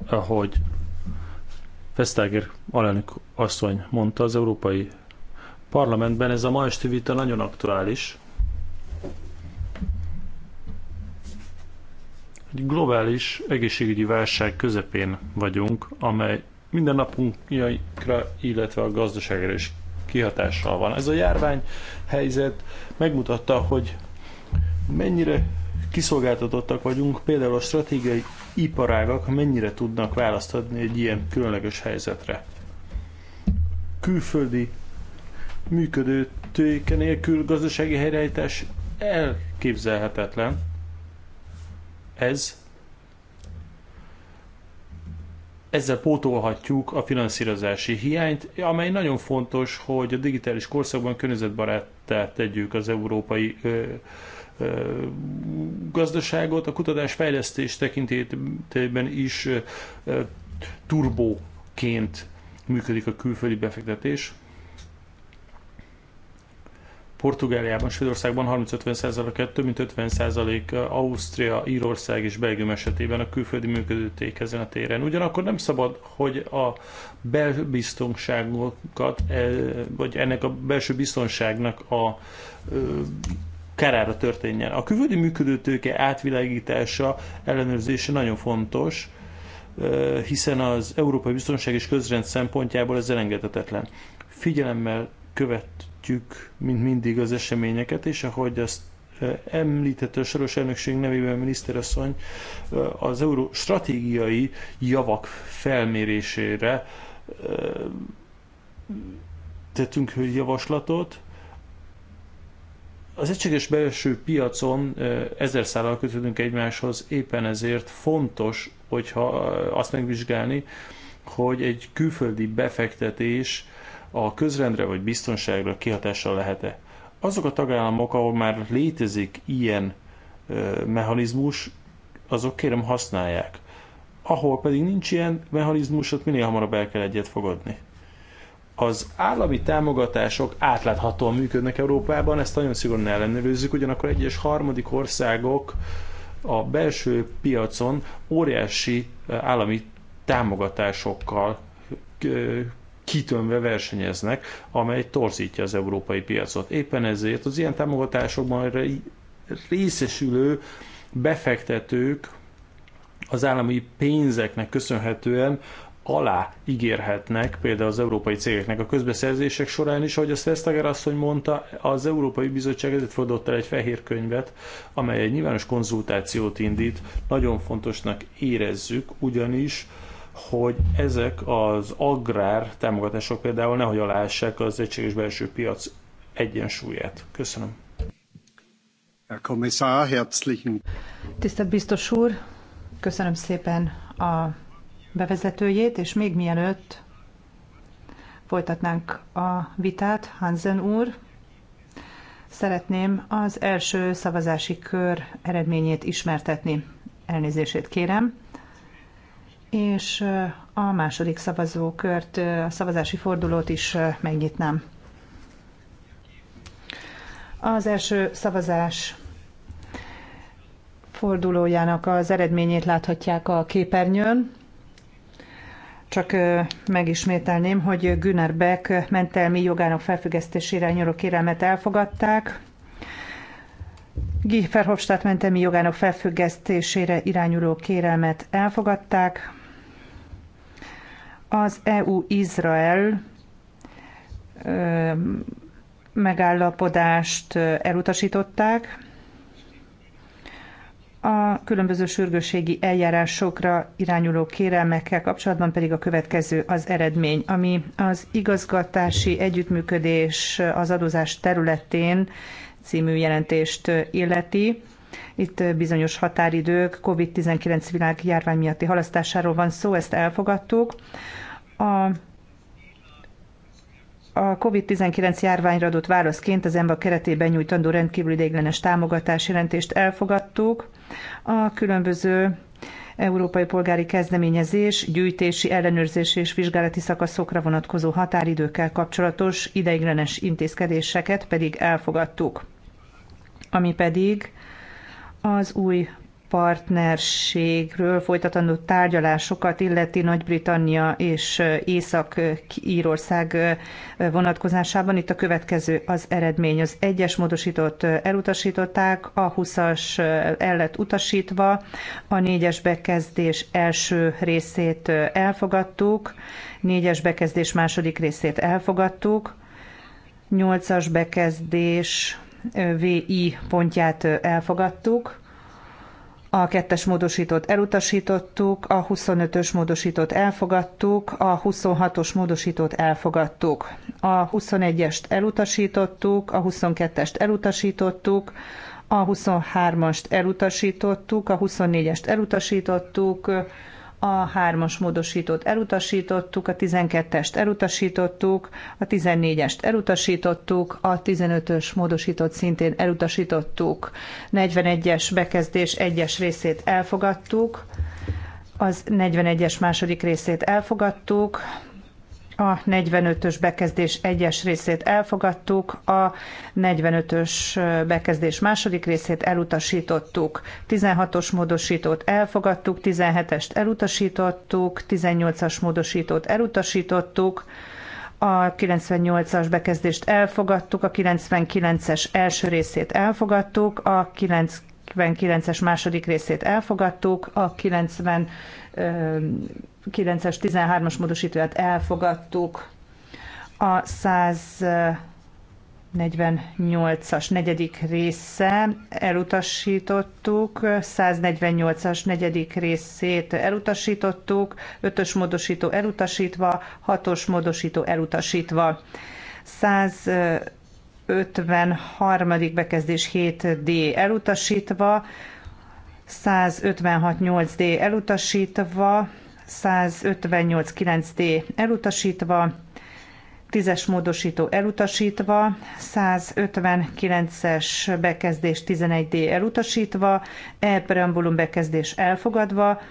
Ahogy Vestager alelnök asszony mondta, az Európai Parlamentben ez a ma esti vita nagyon aktuális. Egy globális egészségügyi válság közepén vagyunk, amely minden napunkra, illetve a gazdaságra is kihatással van. Ez a járvány helyzet megmutatta, hogy mennyire kiszolgáltatottak vagyunk, például a stratégiai iparágak mennyire tudnak választ adni egy ilyen különleges helyzetre. Külföldi működő tőke nélkül gazdasági helyreállítás elképzelhetetlen. Ez ezzel pótolhatjuk a finanszírozási hiányt, amely nagyon fontos, hogy a digitális korszakban környezetbaráttá tegyük az európai ö, gazdaságot a kutatás-fejlesztés tekintetében is turbóként működik a külföldi befektetés. Portugáliában, Svédországban 30 50 a több mint 50% Ausztria, Írország és Belgium esetében a külföldi működőték ezen a téren. Ugyanakkor nem szabad, hogy a belbiztonságokat, e, vagy ennek a belső biztonságnak a kárára történjen. A külföldi működőtőke átvilágítása, ellenőrzése nagyon fontos, hiszen az európai biztonság és közrend szempontjából ez elengedhetetlen. Figyelemmel követjük, mint mindig az eseményeket, és ahogy azt említette a soros elnökség nevében miniszterasszony, az euró stratégiai javak felmérésére tettünk javaslatot, az egységes belső piacon ezer szállal kötődünk egymáshoz, éppen ezért fontos, hogyha azt megvizsgálni, hogy egy külföldi befektetés a közrendre vagy biztonságra kihatással lehet-e. Azok a tagállamok, ahol már létezik ilyen mechanizmus, azok kérem használják. Ahol pedig nincs ilyen mechanizmus, ott minél hamarabb el kell egyet fogadni az állami támogatások átláthatóan működnek Európában, ezt nagyon szigorúan ellenőrizzük, ugyanakkor egyes harmadik országok a belső piacon óriási állami támogatásokkal kitömve versenyeznek, amely torzítja az európai piacot. Éppen ezért az ilyen támogatásokban részesülő befektetők az állami pénzeknek köszönhetően alá ígérhetnek például az európai cégeknek a közbeszerzések során is, ahogy a Szesztager asszony mondta, az Európai Bizottság ezért fordott el egy fehér könyvet, amely egy nyilvános konzultációt indít. Nagyon fontosnak érezzük, ugyanis hogy ezek az agrár támogatások például nehogy alássák az egységes belső piac egyensúlyát. Köszönöm. Herr Kommissar, herzlichen. Tisztelt biztos úr, köszönöm szépen a bevezetőjét, és még mielőtt folytatnánk a vitát, Hansen úr, szeretném az első szavazási kör eredményét ismertetni. Elnézését kérem. És a második szavazókört, a szavazási fordulót is megnyitnám. Az első szavazás fordulójának az eredményét láthatják a képernyőn. Csak megismételném, hogy Günner Beck mentelmi jogának felfüggesztésére nyúló kérelmet elfogadták. Guy Verhofstadt mentelmi jogának felfüggesztésére irányuló kérelmet elfogadták. Az EU-Izrael megállapodást elutasították a különböző sürgősségi eljárásokra irányuló kérelmekkel kapcsolatban pedig a következő az eredmény, ami az igazgatási együttműködés az adózás területén című jelentést illeti. Itt bizonyos határidők, COVID-19 világjárvány miatti halasztásáról van szó, ezt elfogadtuk. A a COVID-19 járványra adott válaszként az EMBA keretében nyújtandó rendkívül ideiglenes támogatás jelentést elfogadtuk. A különböző európai polgári kezdeményezés, gyűjtési, ellenőrzési és vizsgálati szakaszokra vonatkozó határidőkkel kapcsolatos ideiglenes intézkedéseket pedig elfogadtuk. Ami pedig az új partnerségről folytatandó tárgyalásokat illeti Nagy-Britannia és Észak-Írország vonatkozásában. Itt a következő az eredmény. Az egyes módosított elutasították, a 20-as el lett utasítva, a négyes bekezdés első részét elfogadtuk, négyes bekezdés második részét elfogadtuk, nyolcas bekezdés VI pontját elfogadtuk, a kettes módosítót elutasítottuk, a 25-ös módosítót elfogadtuk, a 26-os módosítót elfogadtuk, a 21-est elutasítottuk, a 22-est elutasítottuk, a 23-ast elutasítottuk, a 24-est elutasítottuk, a hármas módosítót elutasítottuk, a 12-est elutasítottuk, a 14-est elutasítottuk, a 15-ös módosítót szintén elutasítottuk, 41-es bekezdés egyes részét elfogadtuk, az 41-es második részét elfogadtuk, a 45-ös bekezdés egyes részét elfogadtuk, a 45-ös bekezdés második részét elutasítottuk, 16-os módosítót elfogadtuk, 17-est elutasítottuk, 18-as módosítót elutasítottuk, a 98-as bekezdést elfogadtuk, a 99-es első részét elfogadtuk, a 9 99-es második részét elfogadtuk, a 99 es 13-as módosítóját elfogadtuk, a 148-as negyedik része elutasítottuk, 148-as negyedik részét elutasítottuk, 5-ös módosító elutasítva, 6-os módosító elutasítva. 100 53. bekezdés 7D elutasítva, 156.8D elutasítva, 158.9D elutasítva, 10-es módosító elutasítva, 159-es bekezdés 11D elutasítva, E preambulum bekezdés elfogadva,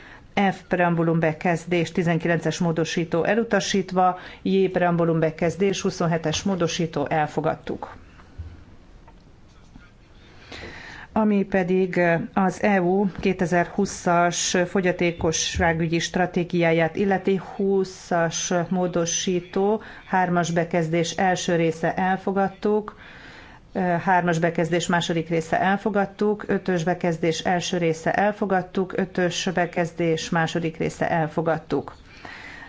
F preambulum bekezdés 19-es módosító elutasítva, J preambulum bekezdés 27-es módosító elfogadtuk. ami pedig az EU 2020-as fogyatékosságügyi stratégiáját illeti 20-as módosító, hármas bekezdés első része elfogadtuk, hármas bekezdés második része elfogadtuk, ötös bekezdés első része elfogadtuk, ötös bekezdés második része elfogadtuk.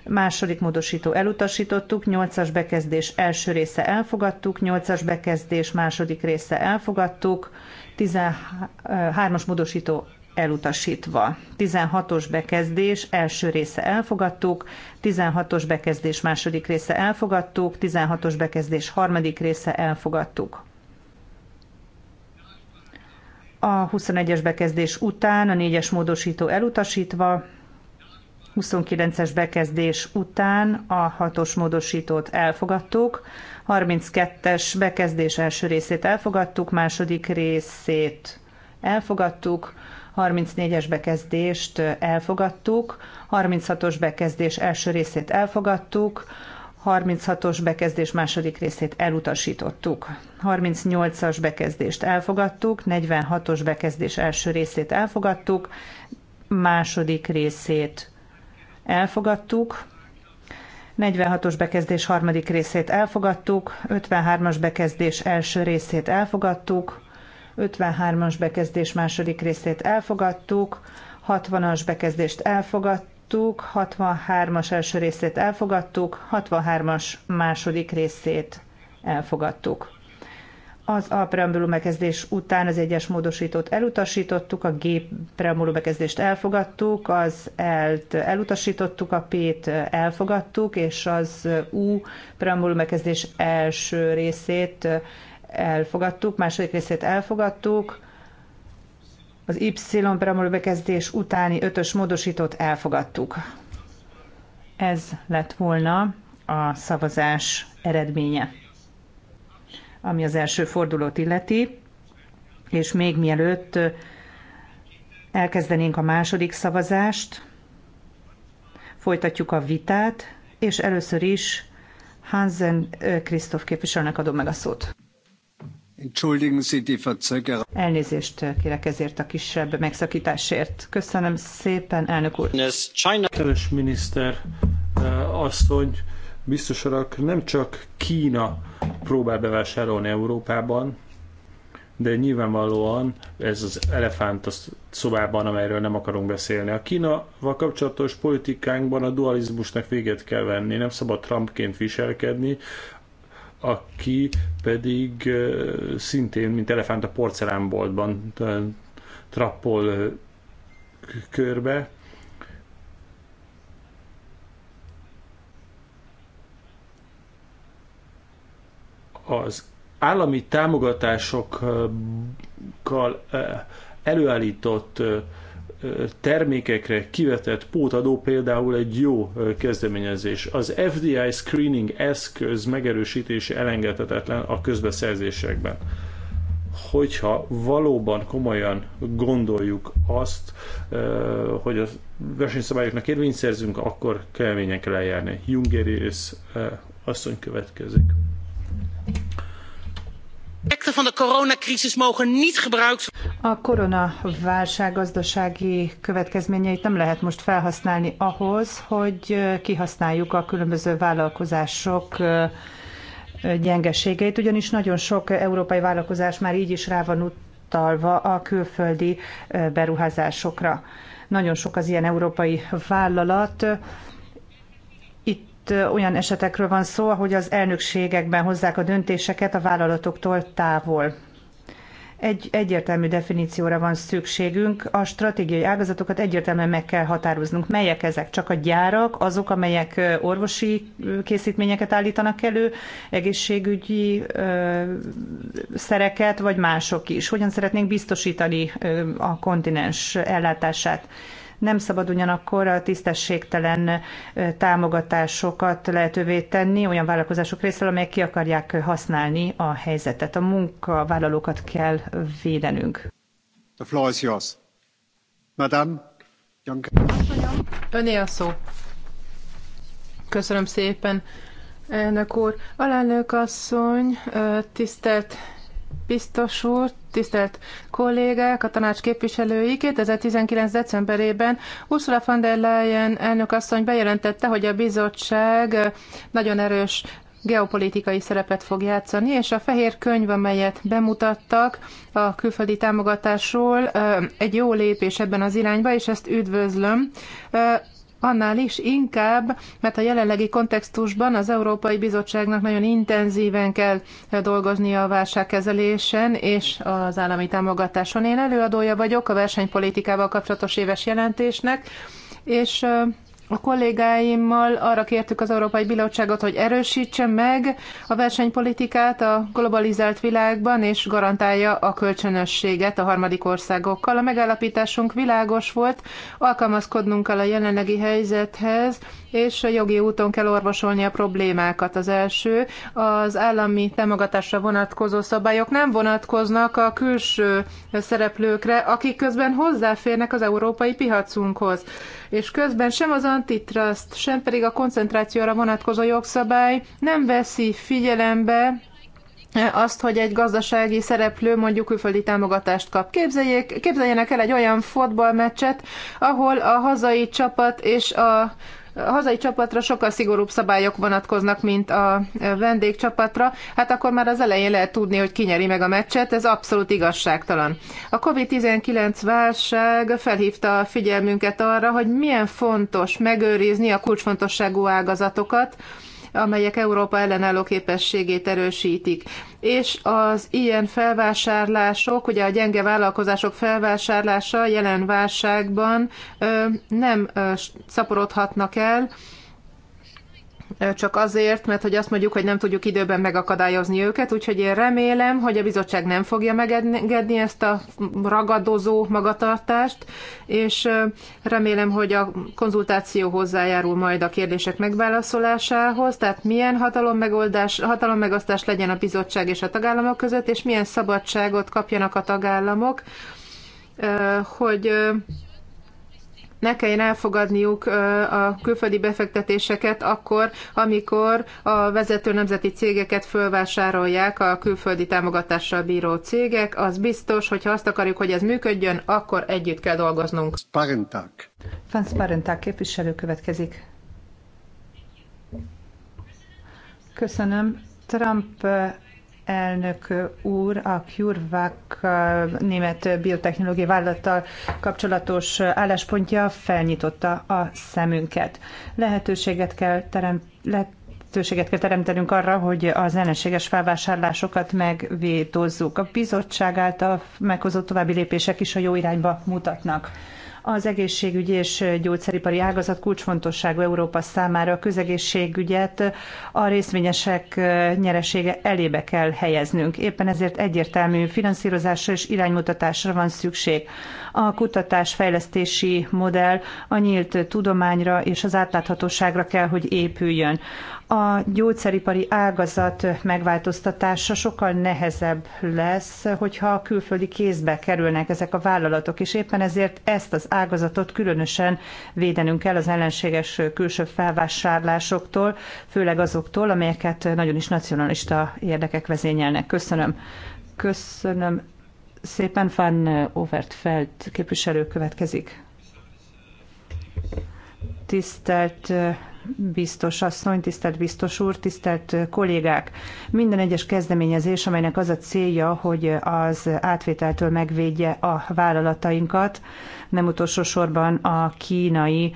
Második módosító elutasítottuk, nyolcas bekezdés első része elfogadtuk, nyolcas bekezdés második része elfogadtuk, 13-as módosító elutasítva. 16-os bekezdés első része elfogadtuk, 16-os bekezdés második része elfogadtuk, 16-os bekezdés harmadik része elfogadtuk. A 21-es bekezdés után a 4-es módosító elutasítva, 29-es bekezdés után a 6-os módosítót elfogadtuk, 32-es bekezdés első részét elfogadtuk, második részét elfogadtuk, 34-es bekezdést elfogadtuk, 36-os bekezdés első részét elfogadtuk, 36-os bekezdés második részét elutasítottuk. 38-as bekezdést elfogadtuk, 46-os bekezdés első részét elfogadtuk, második részét elfogadtuk, 46-os bekezdés harmadik részét elfogadtuk, 53-as bekezdés első részét elfogadtuk, 53-as bekezdés második részét elfogadtuk, 60-as bekezdést elfogadtuk, 63-as első részét elfogadtuk, 63-as második részét elfogadtuk az a preambulum után az egyes módosítót elutasítottuk, a G preambulum bekezdést elfogadtuk, az L-t elutasítottuk, a P-t elfogadtuk, és az U preambulum első részét elfogadtuk, második részét elfogadtuk, az Y preambulum utáni ötös módosítót elfogadtuk. Ez lett volna a szavazás eredménye ami az első fordulót illeti, és még mielőtt elkezdenénk a második szavazást, folytatjuk a vitát, és először is Hansen Krisztof képviselőnek adom meg a szót. Elnézést kérek ezért a kisebb megszakításért. Köszönöm szépen, elnök úr. Kedves miniszter asszony, biztos urak, nem csak Kína próbál bevásárolni Európában, de nyilvánvalóan ez az elefánt a szobában, amelyről nem akarunk beszélni. A Kínaval kapcsolatos politikánkban a dualizmusnak véget kell venni, nem szabad Trumpként viselkedni, aki pedig szintén, mint elefánt a porcelánboltban trappol körbe, az állami támogatásokkal előállított termékekre kivetett pótadó például egy jó kezdeményezés. Az FDI screening eszköz megerősítése elengedhetetlen a közbeszerzésekben. Hogyha valóban komolyan gondoljuk azt, hogy a versenyszabályoknak érvényt szerzünk, akkor keményen kell eljárni. és asszony következik. A koronaválság gazdasági következményeit nem lehet most felhasználni ahhoz, hogy kihasználjuk a különböző vállalkozások gyengeségeit, ugyanis nagyon sok európai vállalkozás már így is rá van utalva a külföldi beruházásokra. Nagyon sok az ilyen európai vállalat, olyan esetekről van szó, ahogy az elnökségekben hozzák a döntéseket a vállalatoktól távol. Egy egyértelmű definícióra van szükségünk, a stratégiai ágazatokat egyértelműen meg kell határoznunk. Melyek ezek? Csak a gyárak, azok, amelyek orvosi készítményeket állítanak elő, egészségügyi ö, szereket, vagy mások is. Hogyan szeretnénk biztosítani ö, a kontinens ellátását? Nem szabad ugyanakkor a tisztességtelen támogatásokat lehetővé tenni olyan vállalkozások részéről, amelyek ki akarják használni a helyzetet. A munkavállalókat kell védenünk. The floor is yours. Madame, Öné a szó. Köszönöm szépen, elnök úr. Alelnök asszony, tisztelt biztos úr, tisztelt kollégák, a tanács képviselői 2019. decemberében Ursula von der Leyen elnök asszony bejelentette, hogy a bizottság nagyon erős geopolitikai szerepet fog játszani, és a fehér könyv, amelyet bemutattak a külföldi támogatásról, egy jó lépés ebben az irányba, és ezt üdvözlöm annál is inkább, mert a jelenlegi kontextusban az Európai Bizottságnak nagyon intenzíven kell dolgoznia a válságkezelésen és az állami támogatáson. Én előadója vagyok a versenypolitikával kapcsolatos éves jelentésnek, és a kollégáimmal arra kértük az Európai Bizottságot, hogy erősítse meg a versenypolitikát a globalizált világban, és garantálja a kölcsönösséget a harmadik országokkal. A megállapításunk világos volt, alkalmazkodnunk kell a jelenlegi helyzethez, és a jogi úton kell orvosolni a problémákat. Az első, az állami támogatásra vonatkozó szabályok nem vonatkoznak a külső szereplőkre, akik közben hozzáférnek az európai piacunkhoz és közben sem az antitrust, sem pedig a koncentrációra vonatkozó jogszabály nem veszi figyelembe azt, hogy egy gazdasági szereplő mondjuk külföldi támogatást kap. Képzeljék, képzeljenek el egy olyan fotballmeccset, ahol a hazai csapat és a a hazai csapatra sokkal szigorúbb szabályok vonatkoznak, mint a vendégcsapatra, hát akkor már az elején lehet tudni, hogy kinyeri meg a meccset, ez abszolút igazságtalan. A COVID-19 válság felhívta a figyelmünket arra, hogy milyen fontos megőrizni a kulcsfontosságú ágazatokat, amelyek Európa ellenálló képességét erősítik. És az ilyen felvásárlások, ugye a gyenge vállalkozások felvásárlása jelen válságban nem szaporodhatnak el, csak azért, mert hogy azt mondjuk, hogy nem tudjuk időben megakadályozni őket, úgyhogy én remélem, hogy a bizottság nem fogja megengedni ezt a ragadozó magatartást, és remélem, hogy a konzultáció hozzájárul majd a kérdések megválaszolásához, tehát milyen hatalomegoldás, hatalomegosztás legyen a bizottság és a tagállamok között, és milyen szabadságot kapjanak a tagállamok, hogy ne kelljen elfogadniuk a külföldi befektetéseket akkor, amikor a vezető nemzeti cégeket fölvásárolják a külföldi támogatással bíró cégek. Az biztos, hogy ha azt akarjuk, hogy ez működjön, akkor együtt kell dolgoznunk. Sparenták. Van Sparenták képviselő következik. Köszönöm. Trump elnök úr, a CureVac német biotechnológiai vállalattal kapcsolatos álláspontja felnyitotta a szemünket. Lehetőséget kell teremteni, lehetőséget kell teremtenünk arra, hogy az ellenséges felvásárlásokat megvétózzuk. A bizottság által meghozott további lépések is a jó irányba mutatnak. Az egészségügyi és gyógyszeripari ágazat kulcsfontosságú Európa számára a közegészségügyet a részvényesek nyeresége elébe kell helyeznünk. Éppen ezért egyértelmű finanszírozásra és iránymutatásra van szükség. A kutatás-fejlesztési modell a nyílt tudományra és az átláthatóságra kell, hogy épüljön a gyógyszeripari ágazat megváltoztatása sokkal nehezebb lesz, hogyha a külföldi kézbe kerülnek ezek a vállalatok, és éppen ezért ezt az ágazatot különösen védenünk kell az ellenséges külső felvásárlásoktól, főleg azoktól, amelyeket nagyon is nacionalista érdekek vezényelnek. Köszönöm. Köszönöm szépen, Van Overtfeld képviselő következik. Tisztelt biztos asszony, tisztelt biztos úr, tisztelt kollégák! Minden egyes kezdeményezés, amelynek az a célja, hogy az átvételtől megvédje a vállalatainkat, nem utolsó sorban a kínai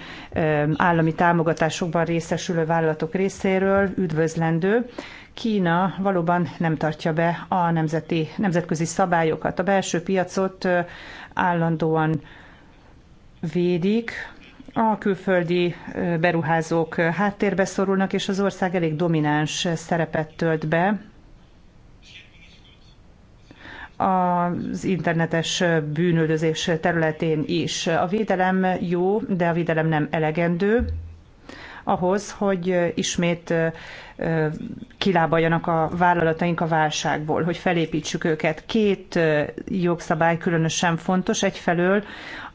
állami támogatásokban részesülő vállalatok részéről üdvözlendő. Kína valóban nem tartja be a nemzeti, nemzetközi szabályokat. A belső piacot állandóan védik, a külföldi beruházók háttérbe szorulnak, és az ország elég domináns szerepet tölt be az internetes bűnöldözés területén is. A védelem jó, de a védelem nem elegendő ahhoz, hogy ismét kilábaljanak a vállalataink a válságból, hogy felépítsük őket. Két jogszabály különösen fontos. Egyfelől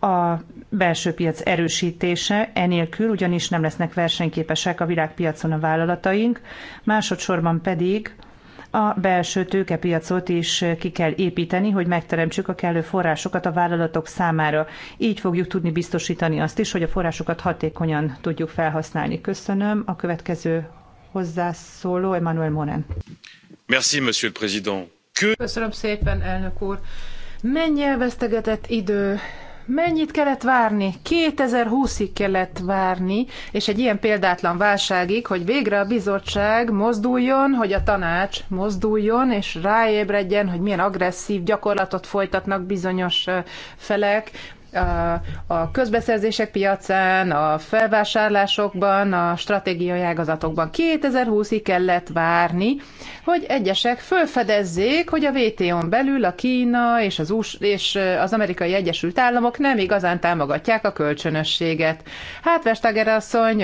a belső piac erősítése, enélkül ugyanis nem lesznek versenyképesek a világpiacon a vállalataink, másodszorban pedig a belső tőkepiacot is ki kell építeni, hogy megteremtsük a kellő forrásokat a vállalatok számára. Így fogjuk tudni biztosítani azt is, hogy a forrásokat hatékonyan tudjuk felhasználni. Köszönöm. A következő hozzászóló Emmanuel Moren. Merci, monsieur le président. Que... Köszönöm szépen, elnök úr. Mennyi elvesztegetett idő, mennyit kellett várni? 2020-ig kellett várni, és egy ilyen példátlan válságig, hogy végre a bizottság mozduljon, hogy a tanács mozduljon, és ráébredjen, hogy milyen agresszív gyakorlatot folytatnak bizonyos felek, a közbeszerzések piacán, a felvásárlásokban, a stratégiai ágazatokban. 2020-ig kellett várni, hogy egyesek fölfedezzék, hogy a WTO-n belül a Kína és az, US- és az amerikai Egyesült Államok nem igazán támogatják a kölcsönösséget. Hát, Vestager asszony,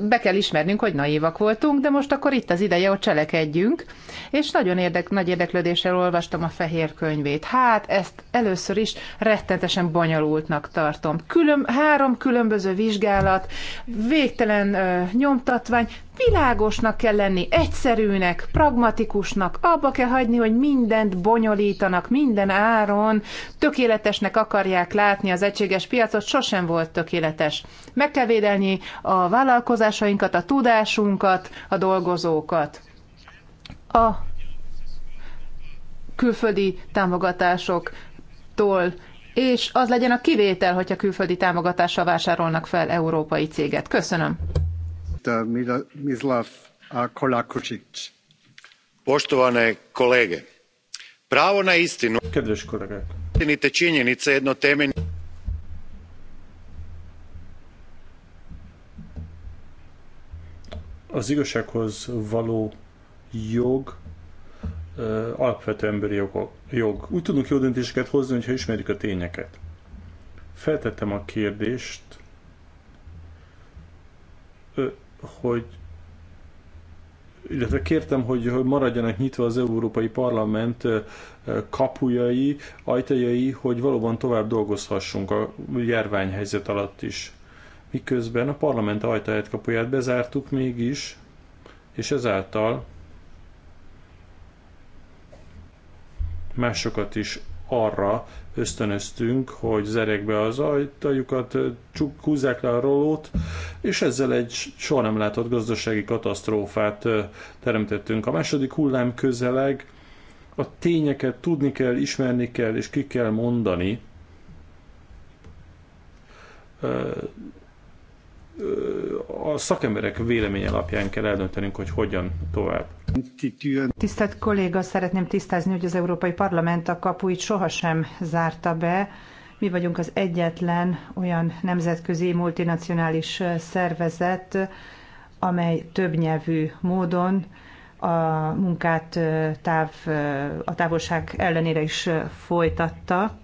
be kell ismernünk, hogy naívak voltunk, de most akkor itt az ideje, hogy cselekedjünk. És nagyon érdek, nagy érdeklődéssel olvastam a fehér könyvét. Hát, ezt először is rettentesen bonyolult bonyolultnak tartom. Külön, három különböző vizsgálat, végtelen ö, nyomtatvány, világosnak kell lenni, egyszerűnek, pragmatikusnak, abba kell hagyni, hogy mindent bonyolítanak, minden áron, tökéletesnek akarják látni az egységes piacot, sosem volt tökéletes. Meg kell védelni a vállalkozásainkat, a tudásunkat, a dolgozókat. A külföldi támogatásoktól és az legyen a kivétel, hogyha külföldi támogatással vásárolnak fel európai céget. Köszönöm. Mislav Kolakusic. Poštovane kolege, pravo na istinu. Kedves kollégák. Istinite činjenice jedno temeljno az igazsághoz való jog alapvető emberi jogok, jog. Úgy tudunk jó döntéseket hozni, hogyha ismerjük a tényeket. Feltettem a kérdést, hogy illetve kértem, hogy maradjanak nyitva az Európai Parlament kapujai, ajtajai, hogy valóban tovább dolgozhassunk a járványhelyzet alatt is. Miközben a parlament ajtaját kapuját bezártuk mégis, és ezáltal másokat is arra ösztönöztünk, hogy zerek be az ajtajukat, csuk, húzzák le a rolót, és ezzel egy soha nem látott gazdasági katasztrófát teremtettünk. A második hullám közeleg a tényeket tudni kell, ismerni kell, és ki kell mondani a szakemberek vélemény alapján kell eldöntenünk, hogy hogyan tovább. Tisztelt kolléga, szeretném tisztázni, hogy az Európai Parlament a kapuit sohasem zárta be. Mi vagyunk az egyetlen olyan nemzetközi multinacionális szervezet, amely többnyelvű módon a munkát táv, a távolság ellenére is folytatta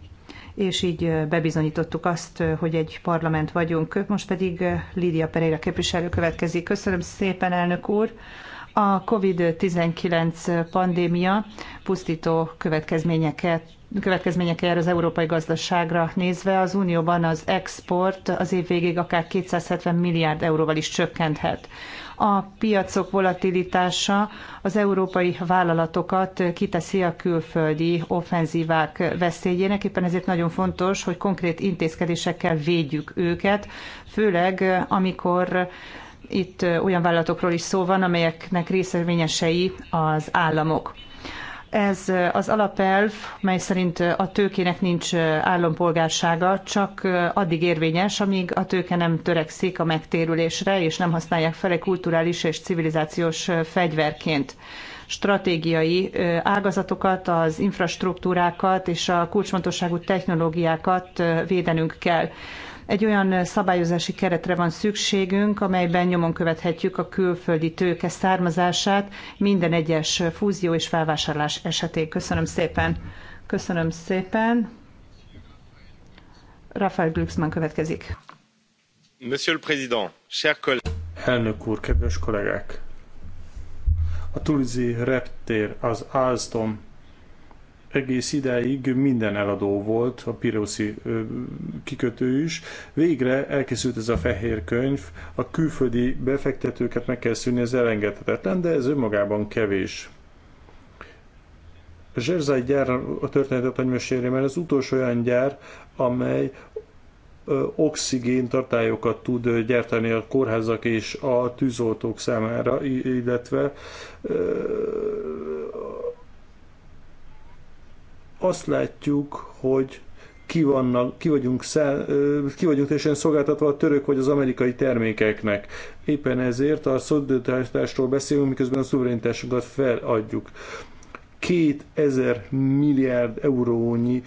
és így bebizonyítottuk azt, hogy egy parlament vagyunk. Most pedig Lídia Pereira képviselő következik. Köszönöm szépen, elnök úr! A COVID-19 pandémia pusztító következményeket következményekkel jár az európai gazdaságra nézve, az Unióban az export az év végéig akár 270 milliárd euróval is csökkenthet a piacok volatilitása az európai vállalatokat kiteszi a külföldi offenzívák veszélyének. Éppen ezért nagyon fontos, hogy konkrét intézkedésekkel védjük őket, főleg amikor itt olyan vállalatokról is szó van, amelyeknek részvényesei az államok. Ez az alapelv, mely szerint a tőkének nincs állampolgársága, csak addig érvényes, amíg a tőke nem törekszik a megtérülésre, és nem használják fel kulturális és civilizációs fegyverként stratégiai ágazatokat, az infrastruktúrákat és a kulcsfontosságú technológiákat védenünk kell. Egy olyan szabályozási keretre van szükségünk, amelyben nyomon követhetjük a külföldi tőke származását minden egyes fúzió és felvásárlás esetén. Köszönöm szépen. Köszönöm szépen. Rafael Glücksmann következik. Monsieur le Président, chers collègues. Elnök úr, kedves kollégák! A Tulizi reptér, az Alstom egész idáig minden eladó volt, a Piroszi kikötő is. Végre elkészült ez a fehér könyv, a külföldi befektetőket meg kell szűnni, ez elengedhetetlen, de ez önmagában kevés. A Zserzai gyár a történetet agymesérje, mert az utolsó olyan gyár, amely oxigén tartályokat tud gyártani a kórházak és a tűzoltók számára, illetve azt látjuk, hogy ki, vannak, ki, vagyunk, száll, ki vagyunk teljesen szolgáltatva a török vagy az amerikai termékeknek. Éppen ezért a szolidaritásról beszélünk, miközben a szuverenitásunkat feladjuk. 2000 milliárd eurónyi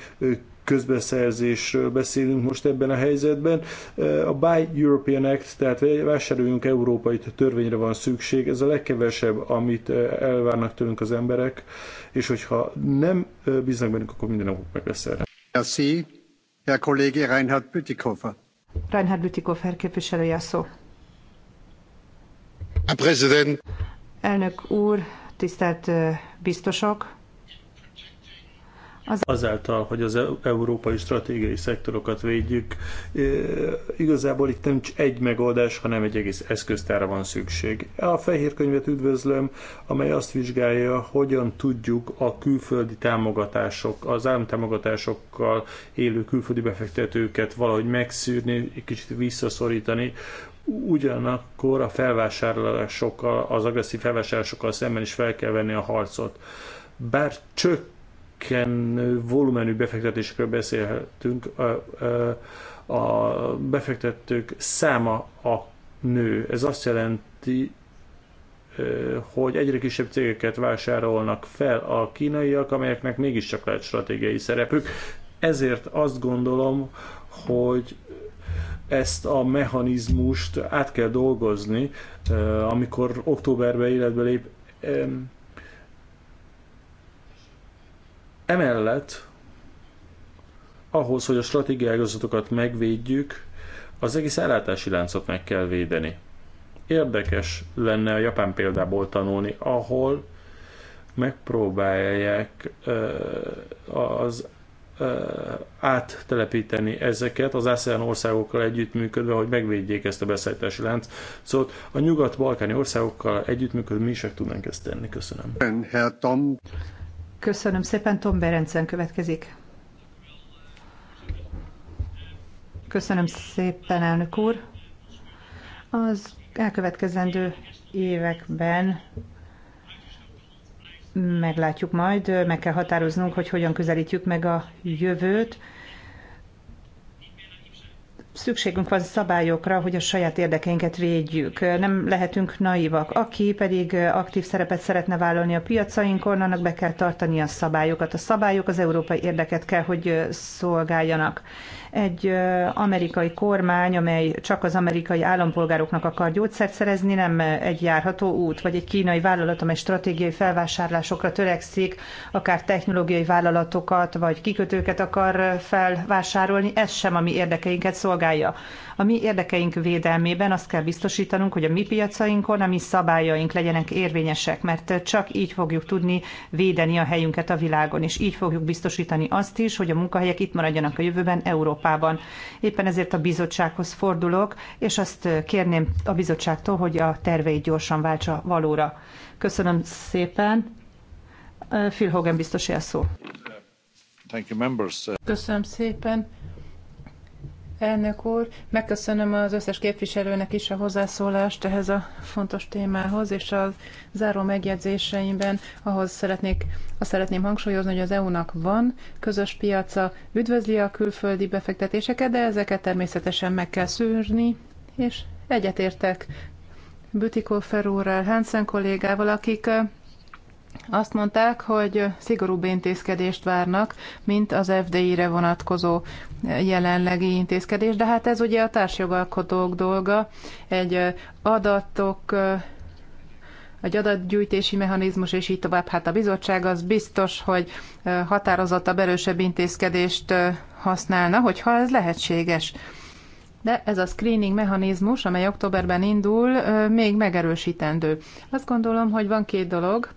közbeszerzésről beszélünk most ebben a helyzetben. E, a Buy European Act, tehát vásároljunk európai törvényre van szükség, ez a legkevesebb, amit e, elvárnak tőlünk az emberek, és hogyha nem e, bíznak bennünk, akkor minden okok meg lesz erre. Merci. Herr Kollege Reinhard Bütikofer. Reinhard Bütikofer képviselője a szó. President. Elnök úr, tisztelt biztosok! Az... Azáltal, hogy az európai stratégiai szektorokat védjük, igazából itt nem csak egy megoldás, hanem egy egész eszköztára van szükség. A fehér könyvet üdvözlöm, amely azt vizsgálja, hogyan tudjuk a külföldi támogatások, az államtámogatásokkal élő külföldi befektetőket valahogy megszűrni, egy kicsit visszaszorítani, ugyanakkor a felvásárlásokkal, az agresszív felvásárlásokkal szemben is fel kell venni a harcot. Bár csökk csökkenő volumenű befektetésekről beszélhetünk, a befektetők száma a nő. Ez azt jelenti, hogy egyre kisebb cégeket vásárolnak fel a kínaiak, amelyeknek mégiscsak lehet stratégiai szerepük. Ezért azt gondolom, hogy ezt a mechanizmust át kell dolgozni, amikor októberbe életbe lép Emellett ahhoz, hogy a stratégiai ágazatokat megvédjük, az egész ellátási láncot meg kell védeni. Érdekes lenne a japán példából tanulni, ahol megpróbálják az áttelepíteni ezeket az ASEAN országokkal együttműködve, hogy megvédjék ezt a beszállítási lánc. Szóval a nyugat-balkáni országokkal együttműködve mi is meg tudnánk ezt tenni. Köszönöm. Köszönöm szépen, Tom Berencen következik. Köszönöm szépen, elnök úr. Az elkövetkezendő években meglátjuk majd, meg kell határoznunk, hogy hogyan közelítjük meg a jövőt. Szükségünk van szabályokra, hogy a saját érdekeinket védjük. Nem lehetünk naivak. Aki pedig aktív szerepet szeretne vállalni a piacainkon, annak be kell tartani a szabályokat. A szabályok az európai érdeket kell, hogy szolgáljanak. Egy amerikai kormány, amely csak az amerikai állampolgároknak akar gyógyszert szerezni, nem egy járható út, vagy egy kínai vállalat, amely stratégiai felvásárlásokra törekszik, akár technológiai vállalatokat, vagy kikötőket akar felvásárolni, ez sem a mi érdekeinket szolgálja. A mi érdekeink védelmében azt kell biztosítanunk, hogy a mi piacainkon a mi szabályaink legyenek érvényesek, mert csak így fogjuk tudni védeni a helyünket a világon, és így fogjuk biztosítani azt is, hogy a munkahelyek itt maradjanak a jövőben Európában. Éppen ezért a bizottsághoz fordulok, és azt kérném a bizottságtól, hogy a terveit gyorsan váltsa valóra. Köszönöm szépen. Phil Hogan biztos szó. Köszönöm szépen. Elnök úr, megköszönöm az összes képviselőnek is a hozzászólást ehhez a fontos témához, és a záró megjegyzéseimben ahhoz szeretnék, azt szeretném hangsúlyozni, hogy az EU-nak van közös piaca, üdvözli a külföldi befektetéseket, de ezeket természetesen meg kell szűrni, és egyetértek Bütikó Ferúrral, Hansen kollégával, akik azt mondták, hogy szigorúbb intézkedést várnak, mint az FDI-re vonatkozó jelenlegi intézkedés, de hát ez ugye a társjogalkotók dolga, egy adatok egy adatgyűjtési mechanizmus, és így tovább. Hát a bizottság az biztos, hogy határozottabb, erősebb intézkedést használna, hogyha ez lehetséges. De ez a screening mechanizmus, amely októberben indul, még megerősítendő. Azt gondolom, hogy van két dolog,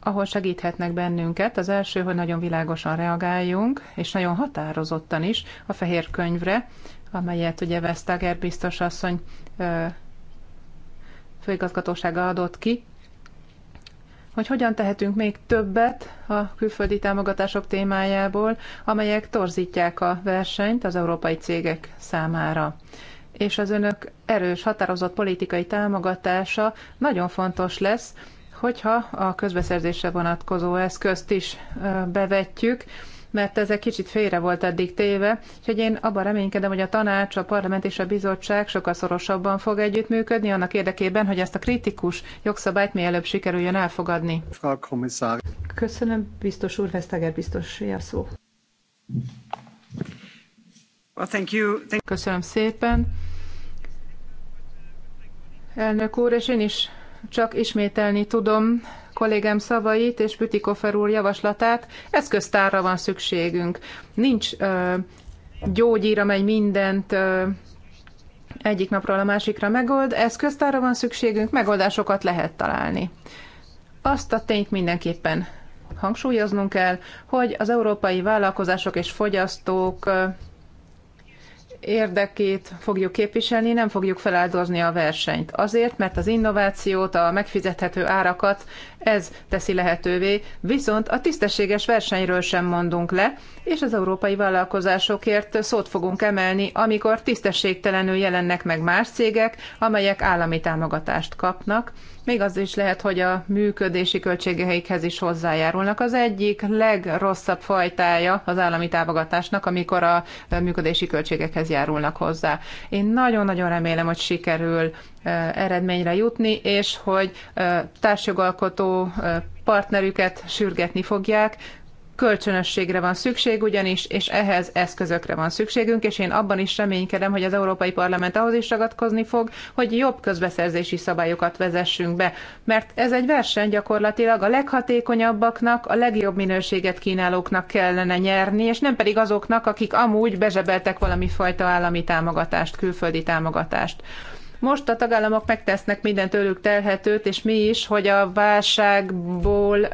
ahol segíthetnek bennünket. Az első, hogy nagyon világosan reagáljunk, és nagyon határozottan is a fehér könyvre, amelyet ugye Vesztager biztos asszony főigazgatósága adott ki, hogy hogyan tehetünk még többet a külföldi támogatások témájából, amelyek torzítják a versenyt az európai cégek számára. És az önök erős, határozott politikai támogatása nagyon fontos lesz, hogyha a közbeszerzésre vonatkozó eszközt is bevetjük, mert ez egy kicsit félre volt eddig téve, úgyhogy én abban reménykedem, hogy a tanács, a parlament és a bizottság sokkal szorosabban fog együttműködni, annak érdekében, hogy ezt a kritikus jogszabályt mielőbb sikerüljön elfogadni. Köszönöm, biztos úr, Veszteger biztos, a szó. Köszönöm szépen. Elnök úr, és én is csak ismételni tudom kollégám szavait és Bütikofer úr javaslatát, eszköztárra van szükségünk. Nincs ö, gyógyír, amely mindent ö, egyik napról a másikra megold, eszköztárra van szükségünk, megoldásokat lehet találni. Azt a tényt mindenképpen hangsúlyoznunk kell, hogy az európai vállalkozások és fogyasztók érdekét fogjuk képviselni, nem fogjuk feláldozni a versenyt. Azért, mert az innovációt, a megfizethető árakat ez teszi lehetővé, viszont a tisztességes versenyről sem mondunk le, és az európai vállalkozásokért szót fogunk emelni, amikor tisztességtelenül jelennek meg más cégek, amelyek állami támogatást kapnak. Még az is lehet, hogy a működési költségeikhez is hozzájárulnak. Az egyik legrosszabb fajtája az állami támogatásnak, amikor a működési költségekhez járulnak hozzá. Én nagyon-nagyon remélem, hogy sikerül eredményre jutni, és hogy társjogalkotó partnerüket sürgetni fogják, kölcsönösségre van szükség ugyanis, és ehhez eszközökre van szükségünk, és én abban is reménykedem, hogy az Európai Parlament ahhoz is ragadkozni fog, hogy jobb közbeszerzési szabályokat vezessünk be, mert ez egy verseny gyakorlatilag a leghatékonyabbaknak, a legjobb minőséget kínálóknak kellene nyerni, és nem pedig azoknak, akik amúgy bezsebeltek valami fajta állami támogatást, külföldi támogatást. Most a tagállamok megtesznek mindent tőlük telhetőt, és mi is, hogy a válságból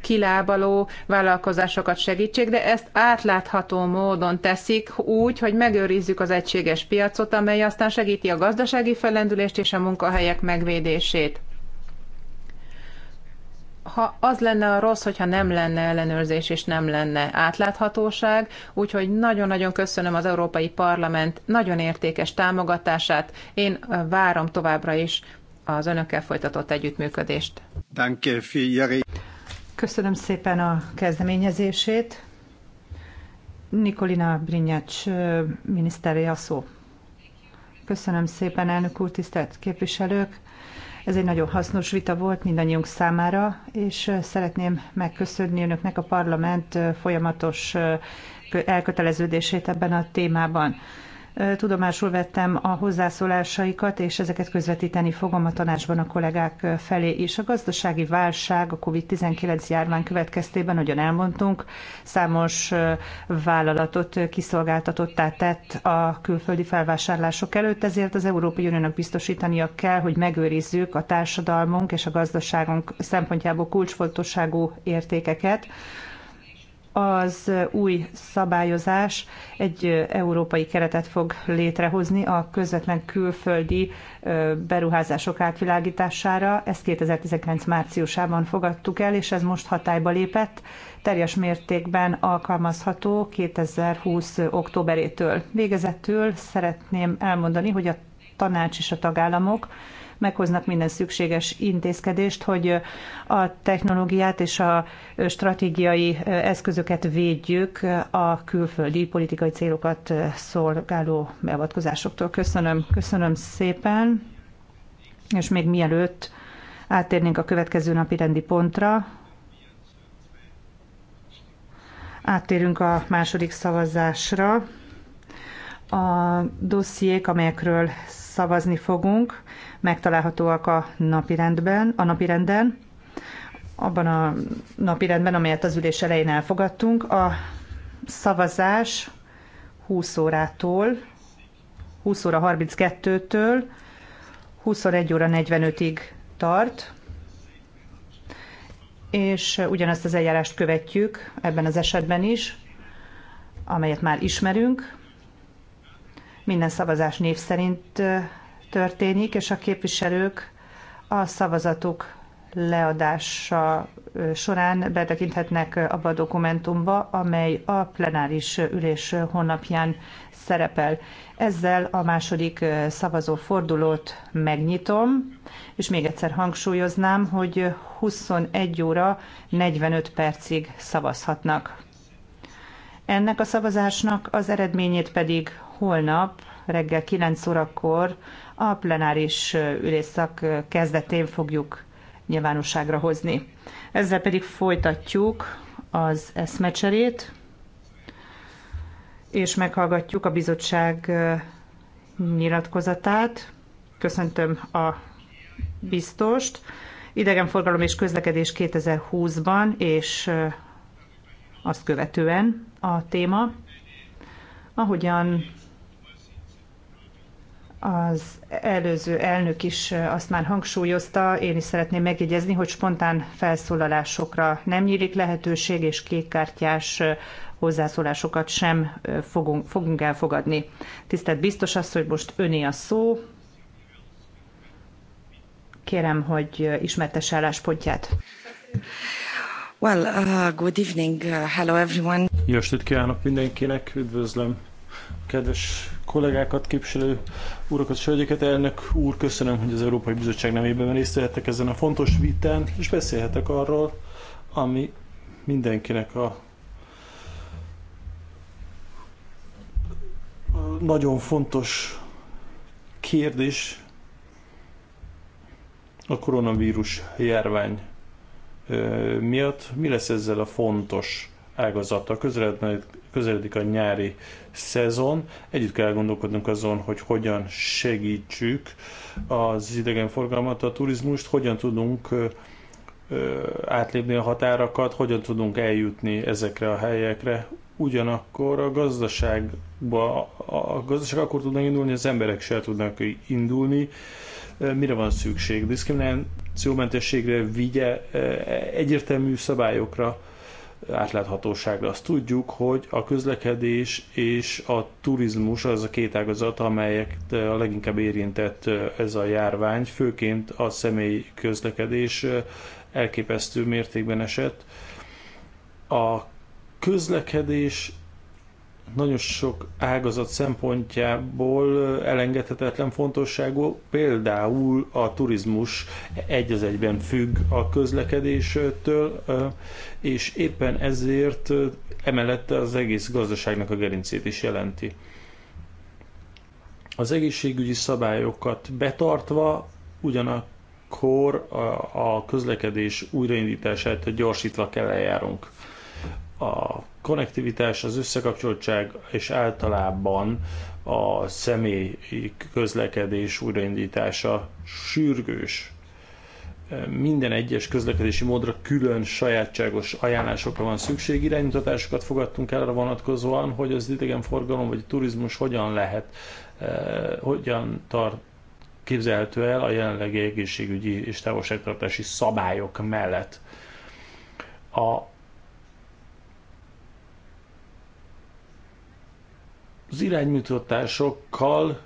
kilábaló vállalkozásokat segítsék, de ezt átlátható módon teszik úgy, hogy megőrizzük az egységes piacot, amely aztán segíti a gazdasági fellendülést és a munkahelyek megvédését ha az lenne a rossz, hogyha nem lenne ellenőrzés és nem lenne átláthatóság, úgyhogy nagyon-nagyon köszönöm az Európai Parlament nagyon értékes támogatását. Én várom továbbra is az önökkel folytatott együttműködést. Köszönöm szépen a kezdeményezését. Nikolina Brinyács miniszteri a szó. Köszönöm szépen, elnök úr, tisztelt képviselők! Ez egy nagyon hasznos vita volt mindannyiunk számára, és szeretném megköszönni önöknek a parlament folyamatos elköteleződését ebben a témában. Tudomásul vettem a hozzászólásaikat, és ezeket közvetíteni fogom a tanácsban a kollégák felé is. A gazdasági válság a COVID-19 járvány következtében, ahogyan elmondtunk, számos vállalatot kiszolgáltatottá tett a külföldi felvásárlások előtt, ezért az Európai Uniónak biztosítania kell, hogy megőrizzük a társadalmunk és a gazdaságunk szempontjából kulcsfontosságú értékeket, az új szabályozás egy európai keretet fog létrehozni a közvetlen külföldi beruházások átvilágítására. Ezt 2019 márciusában fogadtuk el, és ez most hatályba lépett, teljes mértékben alkalmazható 2020. októberétől. Végezetül szeretném elmondani, hogy a tanács és a tagállamok meghoznak minden szükséges intézkedést, hogy a technológiát és a stratégiai eszközöket védjük a külföldi politikai célokat szolgáló beavatkozásoktól. Köszönöm, köszönöm szépen, és még mielőtt áttérnénk a következő napi rendi pontra, áttérünk a második szavazásra. A dossziék, amelyekről szavazni fogunk, megtalálhatóak a napirendben, a napirenden, abban a napirendben, amelyet az ülés elején elfogadtunk. A szavazás 20 órától, 20 óra 32-től 21 óra 45-ig tart, és ugyanazt az eljárást követjük ebben az esetben is, amelyet már ismerünk. Minden szavazás név szerint történik, és a képviselők a szavazatuk leadása során betekinthetnek abba a dokumentumba, amely a plenáris ülés honlapján szerepel. Ezzel a második szavazófordulót megnyitom, és még egyszer hangsúlyoznám, hogy 21 óra 45 percig szavazhatnak. Ennek a szavazásnak az eredményét pedig holnap reggel 9 órakor a plenáris ülésszak kezdetén fogjuk nyilvánosságra hozni. Ezzel pedig folytatjuk az eszmecserét, és meghallgatjuk a bizottság nyilatkozatát. Köszöntöm a biztost. Idegenforgalom és közlekedés 2020-ban, és azt követően a téma, ahogyan az előző elnök is azt már hangsúlyozta, én is szeretném megjegyezni, hogy spontán felszólalásokra nem nyílik lehetőség, és kékkártyás hozzászólásokat sem fogunk, fogunk elfogadni. Tisztelt biztos azt, hogy most öné a szó. Kérem, hogy ismertes álláspontját. Well, uh, good evening. Uh, hello everyone. Jó estét kívánok mindenkinek, üdvözlöm kedves kollégákat, képviselő Urakat és hölgyeket, elnök úr, köszönöm, hogy az Európai Bizottság nemében részt vehettek ezen a fontos vitán, és beszélhetek arról, ami mindenkinek a nagyon fontos kérdés a koronavírus járvány miatt. Mi lesz ezzel a fontos ágazattal? Közeledik a nyári szezon. Együtt kell gondolkodnunk azon, hogy hogyan segítsük az idegenforgalmat, a turizmust, hogyan tudunk átlépni a határakat, hogyan tudunk eljutni ezekre a helyekre. Ugyanakkor a gazdaságba, a gazdaság akkor tudnak indulni, az emberek se tudnak indulni. Mire van szükség? Diszkriminációmentességre, vigye, egyértelmű szabályokra, átláthatóságra. Azt tudjuk, hogy a közlekedés és a turizmus az a két ágazat, amelyek eh, a leginkább érintett eh, ez a járvány, főként a személy közlekedés eh, elképesztő mértékben esett. A közlekedés nagyon sok ágazat szempontjából elengedhetetlen fontosságú, például a turizmus egy az egyben függ a közlekedéstől, és éppen ezért emellett az egész gazdaságnak a gerincét is jelenti. Az egészségügyi szabályokat betartva ugyanakkor a közlekedés újraindítását gyorsítva kell eljárunk a konnektivitás, az összekapcsoltság és általában a személyi közlekedés újraindítása sürgős. Minden egyes közlekedési módra külön sajátságos ajánlásokra van szükség. Iránymutatásokat fogadtunk el arra vonatkozóan, hogy az idegenforgalom vagy a turizmus hogyan lehet, eh, hogyan tart képzelhető el a jelenlegi egészségügyi és távolságtartási szabályok mellett. A Az iránymutatásokkal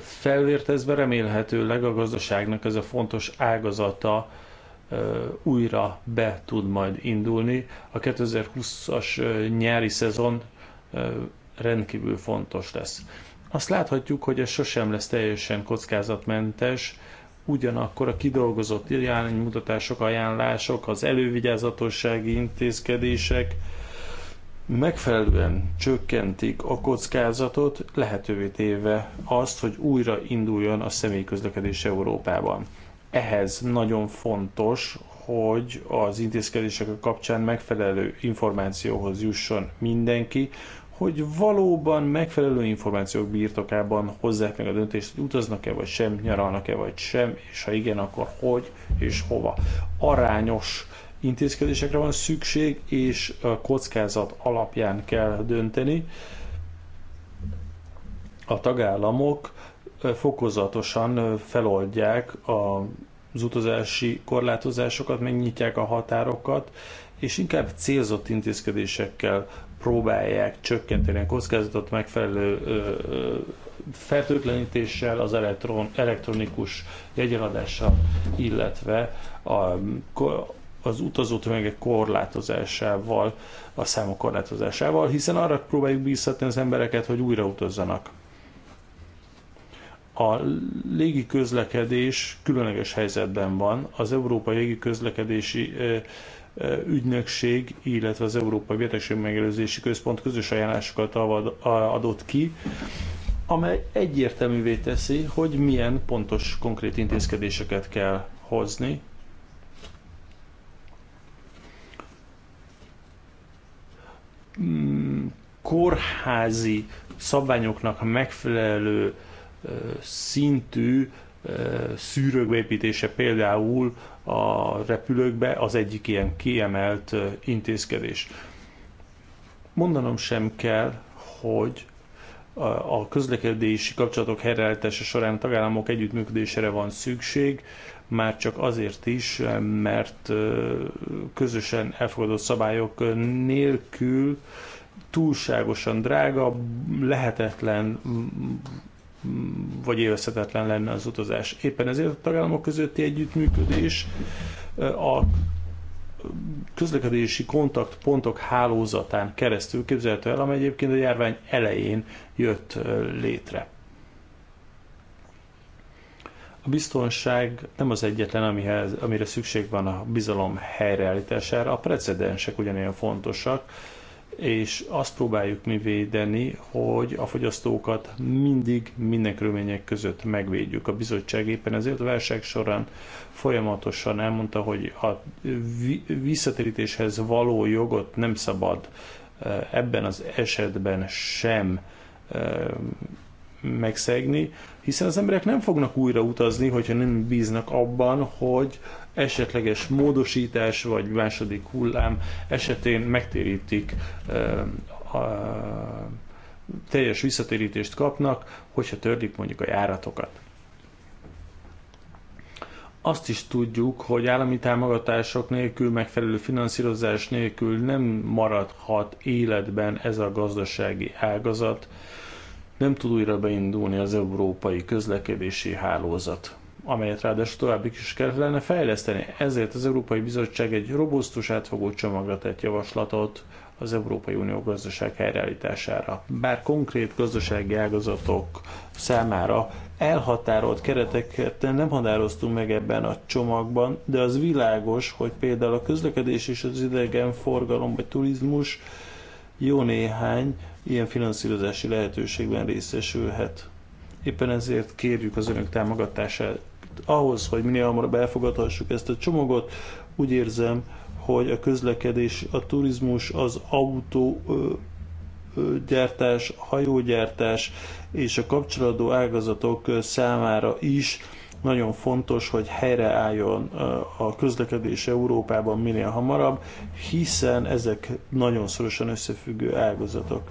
felvértezve remélhetőleg a gazdaságnak ez a fontos ágazata újra be tud majd indulni. A 2020-as nyári szezon rendkívül fontos lesz. Azt láthatjuk, hogy ez sosem lesz teljesen kockázatmentes, ugyanakkor a kidolgozott iránymutatások, ajánlások, az elővigyázatossági intézkedések, megfelelően csökkentik a kockázatot, lehetővé téve azt, hogy újra induljon a személyközlekedés Európában. Ehhez nagyon fontos, hogy az intézkedések kapcsán megfelelő információhoz jusson mindenki, hogy valóban megfelelő információk birtokában hozzák meg a döntést, hogy utaznak-e vagy sem, nyaralnak-e vagy sem, és ha igen, akkor hogy és hova. Arányos intézkedésekre van szükség, és a kockázat alapján kell dönteni. A tagállamok fokozatosan feloldják a az utazási korlátozásokat, megnyitják a határokat, és inkább célzott intézkedésekkel próbálják csökkenteni a kockázatot megfelelő fertőtlenítéssel, az elektron, elektronikus jegyeladással, illetve a, az utazó tömegek korlátozásával, a számok korlátozásával, hiszen arra próbáljuk bíztatni az embereket, hogy újra utazzanak. A légi közlekedés különleges helyzetben van. Az Európai Légi Közlekedési Ügynökség, illetve az Európai Megelőzési Központ közös ajánlásokat adott ki, amely egyértelművé teszi, hogy milyen pontos, konkrét intézkedéseket kell hozni Mm, kórházi szabványoknak megfelelő szintű szűrők beépítése például a repülőkbe az egyik ilyen kiemelt intézkedés. Mondanom sem kell, hogy a közlekedési kapcsolatok helyreállítása során a tagállamok együttműködésére van szükség, már csak azért is, mert közösen elfogadott szabályok nélkül túlságosan drága, lehetetlen vagy élvezhetetlen lenne az utazás. Éppen ezért a tagállamok közötti együttműködés a közlekedési kontaktpontok hálózatán keresztül képzelhető el, amely egyébként a járvány elején jött létre. A biztonság nem az egyetlen, amihez, amire szükség van a bizalom helyreállítására, a precedensek ugyanilyen fontosak, és azt próbáljuk mi védeni, hogy a fogyasztókat mindig minden körülmények között megvédjük. A bizottság éppen ezért a válság során folyamatosan elmondta, hogy a visszatérítéshez való jogot nem szabad eh, ebben az esetben sem eh, megszegni, hiszen az emberek nem fognak újra utazni, hogyha nem bíznak abban, hogy esetleges módosítás vagy második hullám esetén megtérítik a teljes visszatérítést kapnak, hogyha törlik mondjuk a járatokat. Azt is tudjuk, hogy állami támogatások nélkül, megfelelő finanszírozás nélkül nem maradhat életben ez a gazdasági ágazat, nem tud újra beindulni az európai közlekedési hálózat amelyet ráadásul további is kellene fejleszteni. Ezért az Európai Bizottság egy robusztus átfogó csomagra tett javaslatot az Európai Unió gazdaság helyreállítására. Bár konkrét gazdasági ágazatok számára elhatárolt kereteket nem határoztunk meg ebben a csomagban, de az világos, hogy például a közlekedés és az idegenforgalom vagy turizmus jó néhány ilyen finanszírozási lehetőségben részesülhet. Éppen ezért kérjük az önök támogatását ahhoz, hogy minél hamarabb elfogadhassuk ezt a csomagot. Úgy érzem, hogy a közlekedés, a turizmus, az autó gyártás, hajógyártás és a kapcsolódó ágazatok számára is nagyon fontos, hogy helyreálljon a közlekedés Európában minél hamarabb, hiszen ezek nagyon szorosan összefüggő ágazatok.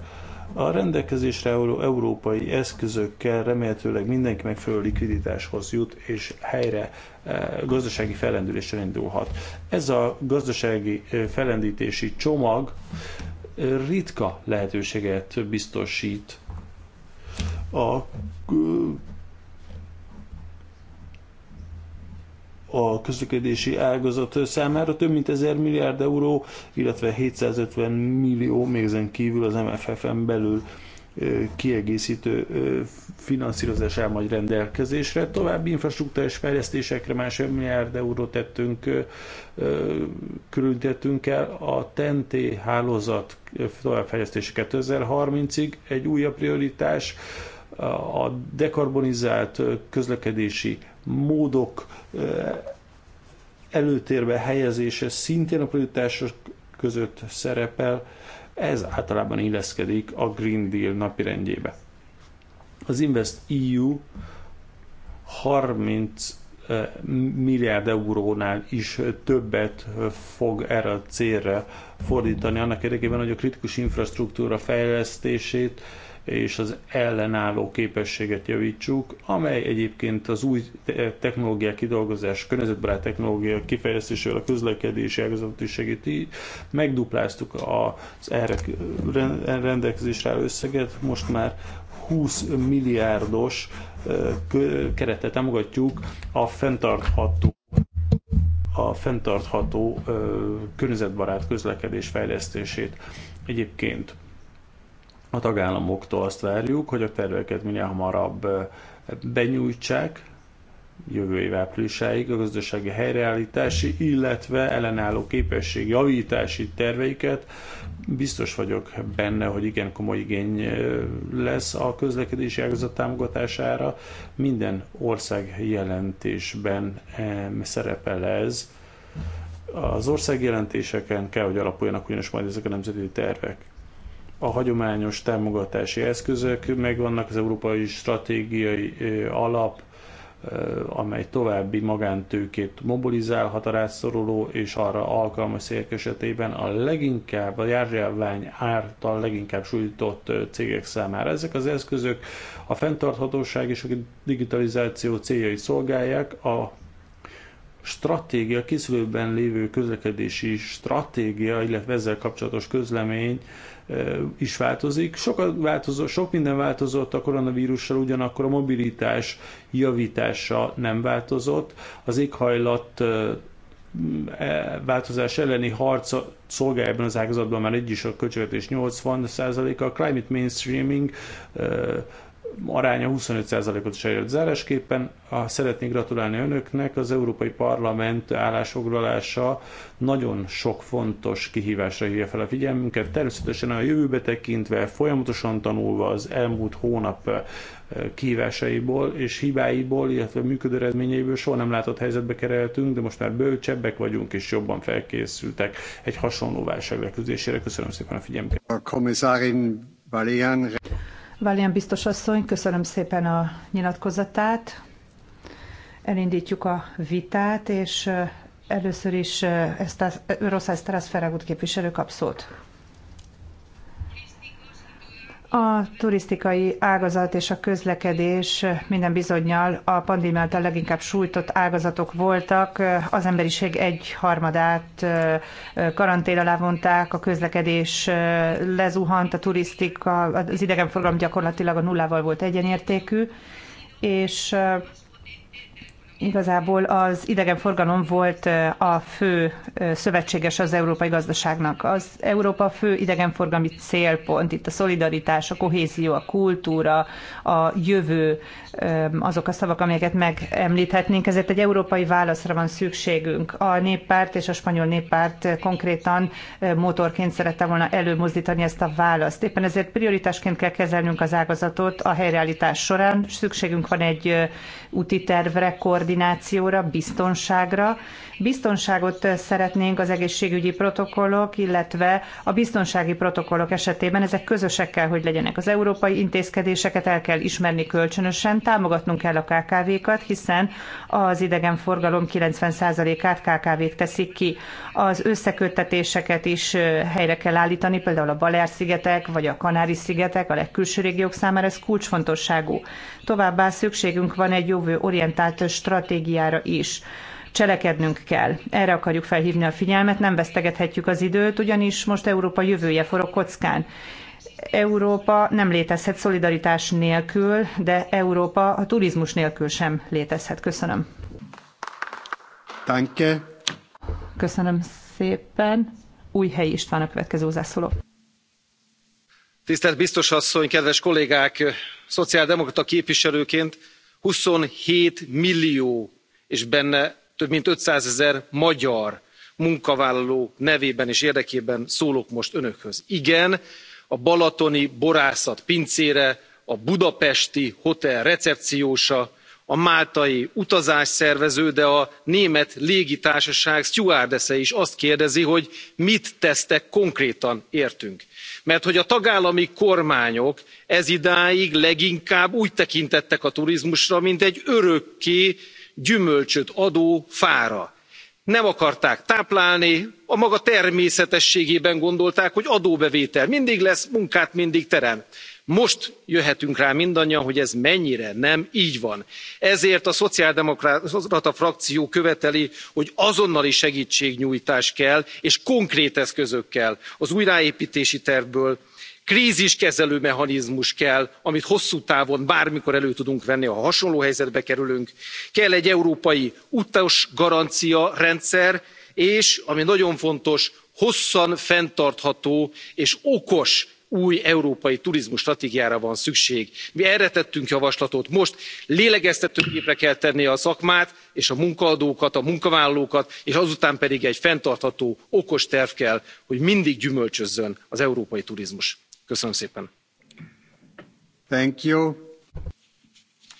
A rendelkezésre álló európai eszközökkel remélhetőleg mindenki megfelelő likviditáshoz jut, és helyre eh, gazdasági fellendülésre indulhat. Ez a gazdasági eh, fellendítési csomag eh, ritka lehetőséget biztosít a a közlekedési ágazat számára több mint 1000 milliárd euró, illetve 750 millió még ezen kívül az MFF-en belül kiegészítő finanszírozás áll majd rendelkezésre. További infrastruktúrás fejlesztésekre más milliárd eurót tettünk, különítettünk el. A TNT hálózat továbbfejlesztése 2030-ig egy újabb prioritás, a dekarbonizált közlekedési módok előtérbe helyezése szintén a prioritások között szerepel, ez általában illeszkedik a Green Deal napirendjébe. Az Invest EU 30 milliárd eurónál is többet fog erre a célra fordítani, annak érdekében, hogy a kritikus infrastruktúra fejlesztését és az ellenálló képességet javítsuk, amely egyébként az új technológiák kidolgozás, környezetbarát technológia kifejlesztésével a közlekedési ágazatot is segíti. Megdupláztuk az erre rendelkezésre összeget, most már 20 milliárdos keretet támogatjuk a fenntartható a fenntartható környezetbarát közlekedés fejlesztését. Egyébként a tagállamoktól azt várjuk, hogy a terveket minél hamarabb benyújtsák, jövő év áprilisáig a gazdasági helyreállítási, illetve ellenálló képesség javítási terveiket. Biztos vagyok benne, hogy igen komoly igény lesz a közlekedési ágazat támogatására. Minden ország jelentésben szerepel ez. Az ország jelentéseken kell, hogy alapuljanak ugyanis majd ezek a nemzeti tervek a hagyományos támogatási eszközök, megvannak az európai stratégiai alap, Eh, amely további magántőkét mobilizálhat a rászoruló és arra alkalmas cégek esetében a leginkább, a járjálvány által leginkább sújtott eh, cégek számára. Ezek az eszközök a fenntarthatóság és a digitalizáció céljai szolgálják, a stratégia, készülőben lévő közlekedési stratégia, illetve ezzel kapcsolatos közlemény is változik. Sokat változó, sok minden változott a koronavírussal, ugyanakkor a mobilitás javítása nem változott. Az éghajlat e, változás elleni harc szolgál ebben az ágazatban már egy is a költségvetés 80%-a, a climate mainstreaming aránya 25%-ot is elért zárásképpen. A, szeretnék gratulálni önöknek, az Európai Parlament állásfoglalása nagyon sok fontos kihívásra hívja fel a figyelmünket. Természetesen a jövőbe tekintve, folyamatosan tanulva az elmúlt hónap kihívásaiból és hibáiból, illetve működő eredményeiből soha nem látott helyzetbe kerültünk, de most már bölcsebbek vagyunk és jobban felkészültek egy hasonló válság leküzdésére. Köszönöm szépen a figyelmüket. A komisszárin Valéan... Valian biztos asszony, köszönöm szépen a nyilatkozatát. Elindítjuk a vitát, és először is ezt a Rosszász Terasz Feragut képviselő kap szót. A turisztikai ágazat és a közlekedés minden bizonyal a pandémia által leginkább sújtott ágazatok voltak. Az emberiség egy harmadát karantén alá vonták, a közlekedés lezuhant, a turisztika, az idegenforgalom gyakorlatilag a nullával volt egyenértékű, és Igazából az idegenforgalom volt a fő szövetséges az európai gazdaságnak. Az Európa fő idegenforgalmi célpont, itt a szolidaritás, a kohézió, a kultúra, a jövő, azok a szavak, amelyeket megemlíthetnénk, ezért egy európai válaszra van szükségünk. A néppárt és a spanyol néppárt konkrétan motorként szerette volna előmozdítani ezt a választ. Éppen ezért prioritásként kell kezelnünk az ágazatot a helyreállítás során. Szükségünk van egy úti tervre, koordinációra, biztonságra, Biztonságot szeretnénk az egészségügyi protokollok, illetve a biztonsági protokollok esetében ezek közösek kell, hogy legyenek. Az európai intézkedéseket el kell ismerni kölcsönösen, támogatnunk kell a KKV-kat, hiszen az idegenforgalom 90%-át KKV-k teszik ki. Az összeköttetéseket is helyre kell állítani, például a Balear-szigetek vagy a Kanári-szigetek, a legkülső régiók számára ez kulcsfontosságú. Továbbá szükségünk van egy jövő orientált stratégiára is. Cselekednünk kell. Erre akarjuk felhívni a figyelmet, nem vesztegethetjük az időt, ugyanis most Európa jövője forog kockán. Európa nem létezhet szolidaritás nélkül, de Európa a turizmus nélkül sem létezhet. Köszönöm. Danke. Köszönöm szépen. Újhelyi István a következő hozzászóló. Tisztelt biztos asszony, kedves kollégák! Szociáldemokrata képviselőként 27 millió, és benne több mint ötszázezer magyar munkavállaló nevében és érdekében szólok most önökhöz. igen a balatoni borászat pincére a budapesti hotel recepciósa a máltai utazásszervező de a német légitársaság sztjuárdesze is azt kérdezi hogy mit tesztek konkrétan értünk mert hogy a tagállami kormányok ezidáig leginkább úgy tekintettek a turizmusra mint egy örökké gyümölcsöt adó fára. nem akarták táplálni a maga természetességében gondolták hogy adóbevétel mindig lesz munkát mindig terem. most jöhetünk rá mindannyian hogy ez mennyire nem gy van. ezért a szociáldemokrata frakció követeli hogy azonnali segtségnyújtás kell és konkrét eszközökkel az újjáéptési tervből krziskezelő mechanizmus kell amit hosszú távon bármikor elő tudunk venni ha hasonló helyzetbe kerülünk kell egy európai utasgarancia rendszer és ami nagyon fontos hosszan fenntartható és okos új európai turizmusstratégiára van szükség. mi erre tettünk javaslatot most lélegeztetőgépre kell tenni a szakmát és a munkaadókat a munkavállalókat és azután pedig egy fenntartható okos terv kell hogy mindig gyümölcsözzön az európai turizmus. Köszönöm szépen. Thank you.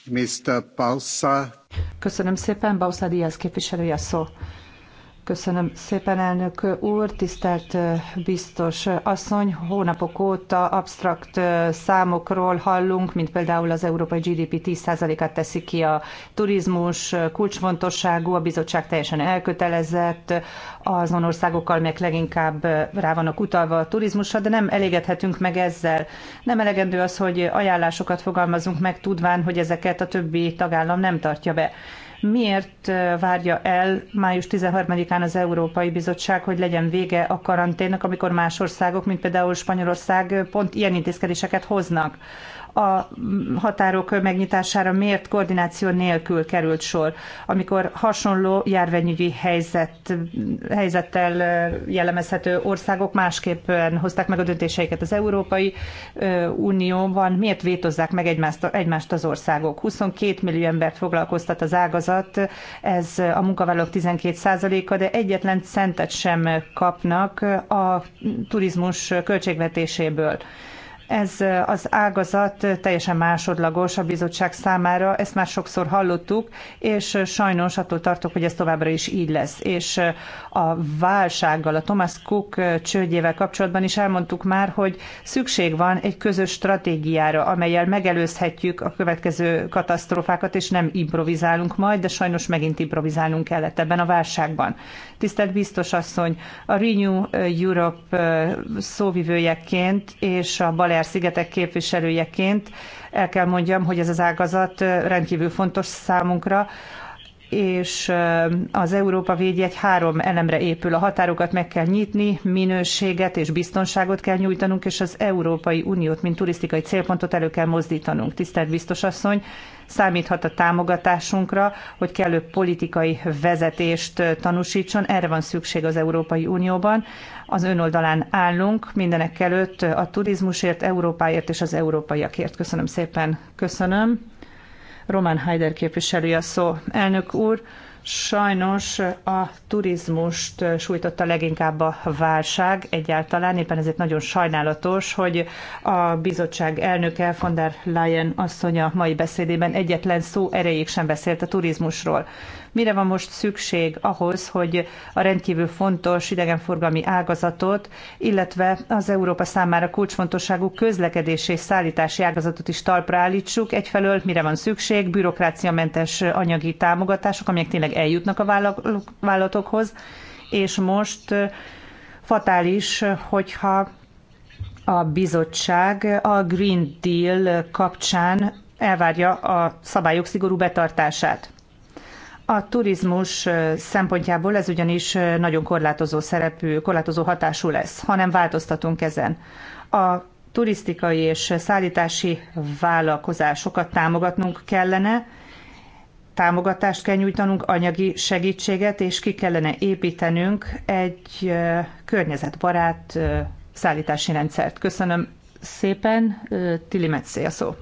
Mr. Pausa. Köszönöm szépen, Bausa Díaz képviselője szó. Köszönöm szépen, elnök úr, tisztelt biztos asszony. Hónapok óta absztrakt számokról hallunk, mint például az európai GDP 10%-át teszi ki a turizmus, kulcsfontosságú, a bizottság teljesen elkötelezett azon országokkal, melyek leginkább rá vannak utalva a turizmusra, de nem elégedhetünk meg ezzel. Nem elegendő az, hogy ajánlásokat fogalmazunk meg, tudván, hogy ezeket a többi tagállam nem tartja be miért várja el május 13-án az Európai Bizottság, hogy legyen vége a karanténnak, amikor más országok, mint például Spanyolország pont ilyen intézkedéseket hoznak? a határok megnyitására miért koordináció nélkül került sor, amikor hasonló járványügyi helyzet, helyzettel jellemezhető országok másképpen hozták meg a döntéseiket az Európai Unióban, miért vétozzák meg egymást, egymást az országok? 22 millió embert foglalkoztat az ágazat, ez a munkavállalók 12%-a, de egyetlen centet sem kapnak a turizmus költségvetéséből. Ez az ágazat teljesen másodlagos a bizottság számára, ezt már sokszor hallottuk, és sajnos attól tartok, hogy ez továbbra is így lesz. És a válsággal, a Thomas Cook csődjével kapcsolatban is elmondtuk már, hogy szükség van egy közös stratégiára, amelyel megelőzhetjük a következő katasztrófákat, és nem improvizálunk majd, de sajnos megint improvizálnunk kellett ebben a válságban. Tisztelt biztos asszony, a Renew Europe szóvivőjeként és a Bale Balear-szigetek képviselőjeként el kell mondjam, hogy ez az ágazat rendkívül fontos számunkra és az Európa védjegy három elemre épül. A határokat meg kell nyitni, minőséget és biztonságot kell nyújtanunk, és az Európai Uniót, mint turisztikai célpontot elő kell mozdítanunk. Tisztelt biztos asszony, számíthat a támogatásunkra, hogy kellő politikai vezetést tanúsítson. Erre van szükség az Európai Unióban. Az önoldalán állunk mindenek előtt a turizmusért, Európáért és az európaiakért. Köszönöm szépen. Köszönöm. Román Heider képviselő a szó. Elnök úr, Sajnos a turizmust sújtotta leginkább a válság egyáltalán, éppen ezért nagyon sajnálatos, hogy a bizottság elnöke von der Leyen asszonya mai beszédében egyetlen szó erejéig sem beszélt a turizmusról. Mire van most szükség ahhoz, hogy a rendkívül fontos idegenforgalmi ágazatot, illetve az Európa számára kulcsfontosságú közlekedési és szállítási ágazatot is talpra állítsuk? Egyfelől mire van szükség? Bürokráciamentes anyagi támogatások, amelyek tényleg eljutnak a vállalatokhoz, és most fatális, hogyha a bizottság a Green Deal kapcsán elvárja a szabályok szigorú betartását. A turizmus szempontjából ez ugyanis nagyon korlátozó szerepű, korlátozó hatású lesz, hanem változtatunk ezen. A turisztikai és szállítási vállalkozásokat támogatnunk kellene, támogatást kell nyújtanunk, anyagi segítséget, és ki kellene építenünk egy környezetbarát szállítási rendszert. Köszönöm szépen, Tilimetszé a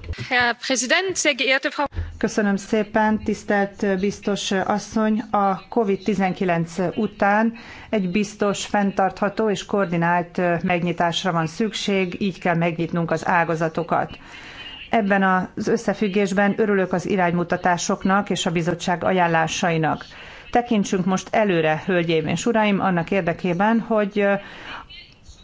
Köszönöm szépen, tisztelt biztos asszony. A COVID-19 után egy biztos, fenntartható és koordinált megnyitásra van szükség, így kell megnyitnunk az ágazatokat. Ebben az összefüggésben örülök az iránymutatásoknak és a bizottság ajánlásainak tekintsünk most előre, hölgyeim és uraim, annak érdekében, hogy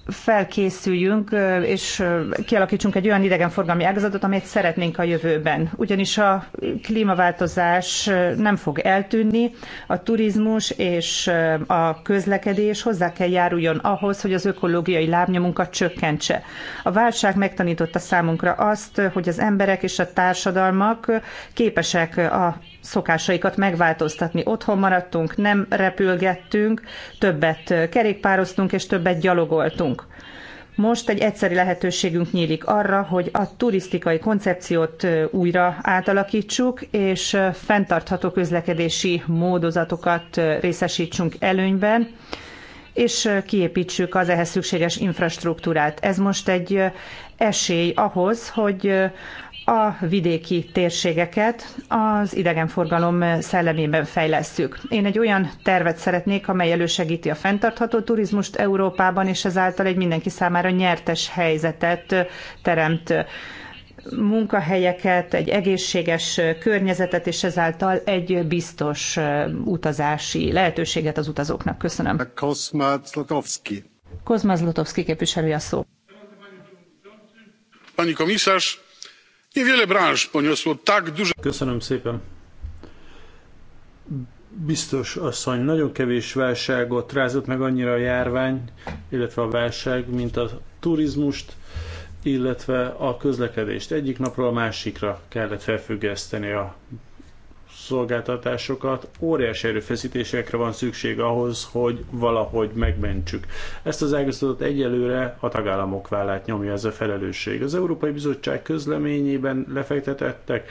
felkészüljünk, és kialakítsunk egy olyan idegenforgalmi ágazatot, amelyet szeretnénk a jövőben. Ugyanis a klímaváltozás nem fog eltűnni, a turizmus és a közlekedés hozzá kell járuljon ahhoz, hogy az ökológiai lábnyomunkat csökkentse. A válság megtanította számunkra azt, hogy az emberek és a társadalmak képesek a szokásaikat megváltoztatni. Otthon maradtunk, nem repülgettünk, többet kerékpároztunk és többet gyalogoltunk. Most egy egyszeri lehetőségünk nyílik arra, hogy a turisztikai koncepciót újra átalakítsuk, és fenntartható közlekedési módozatokat részesítsünk előnyben és kiépítsük az ehhez szükséges infrastruktúrát. Ez most egy esély ahhoz, hogy a vidéki térségeket az idegenforgalom szellemében fejlesztjük. Én egy olyan tervet szeretnék, amely elősegíti a fenntartható turizmust Európában, és ezáltal egy mindenki számára nyertes helyzetet teremt munkahelyeket, egy egészséges környezetet, és ezáltal egy biztos utazási lehetőséget az utazóknak. Köszönöm. Kozma Zlotowski. Kozma Zlotowski képviselője a szó. Pani komisarz, Niewiele branż poniosło tak duże... Köszönöm szépen. Biztos asszony, nagyon kevés válságot rázott meg annyira a járvány, illetve a válság, mint a turizmust, illetve a közlekedést. Egyik napról a másikra kellett felfüggeszteni a szolgáltatásokat, óriási erőfeszítésekre van szükség ahhoz, hogy valahogy megmentsük. Ezt az ágazatot egyelőre a tagállamok vállát nyomja ez a felelősség. Az Európai Bizottság közleményében lefektetettek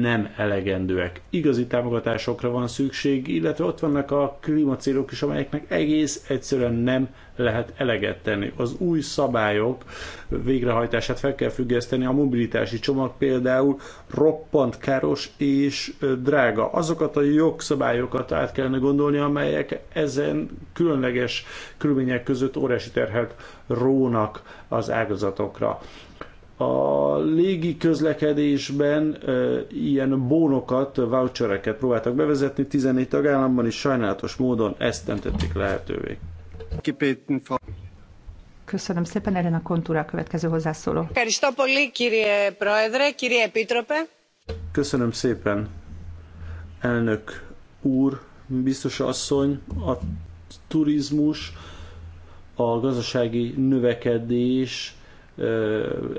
nem elegendőek. Igazi támogatásokra van szükség, illetve ott vannak a klímacélok is, amelyeknek egész egyszerűen nem lehet eleget tenni. Az új szabályok végrehajtását fel kell függeszteni, a mobilitási csomag például roppant káros és drága. Azokat a jogszabályokat át kellene gondolni, amelyek ezen különleges körülmények között óriási terhet rónak az ágazatokra. A légi közlekedésben e, ilyen bónokat, vouchereket próbáltak bevezetni 14 tagállamban, és sajnálatos módon ezt nem tették lehetővé. Köszönöm szépen, Elena Kontúra a következő hozzászóló. Köszönöm szépen, elnök úr, biztos asszony, a turizmus, a gazdasági növekedés,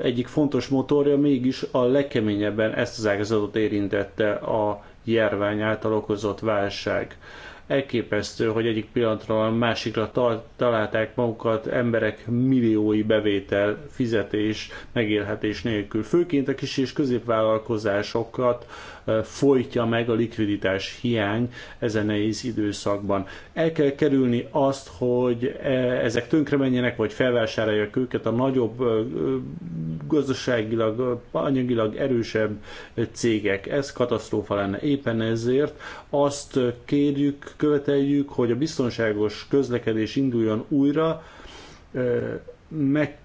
egyik fontos motorja mégis a legkeményebben ezt az ágazatot érintette a járvány által okozott válság. Elképesztő, hogy egyik pillanatra a másikra találták magukat emberek milliói bevétel, fizetés, megélhetés nélkül. Főként a kis és középvállalkozásokat folytja meg a likviditás hiány ezen nehéz időszakban. El kell kerülni azt, hogy e, ezek tönkre menjenek, vagy felvásárolják őket a nagyobb, gazdaságilag, anyagilag erősebb cégek. Ez katasztrófa lenne. Éppen ezért azt kérjük, követeljük, hogy a biztonságos közlekedés induljon újra, meg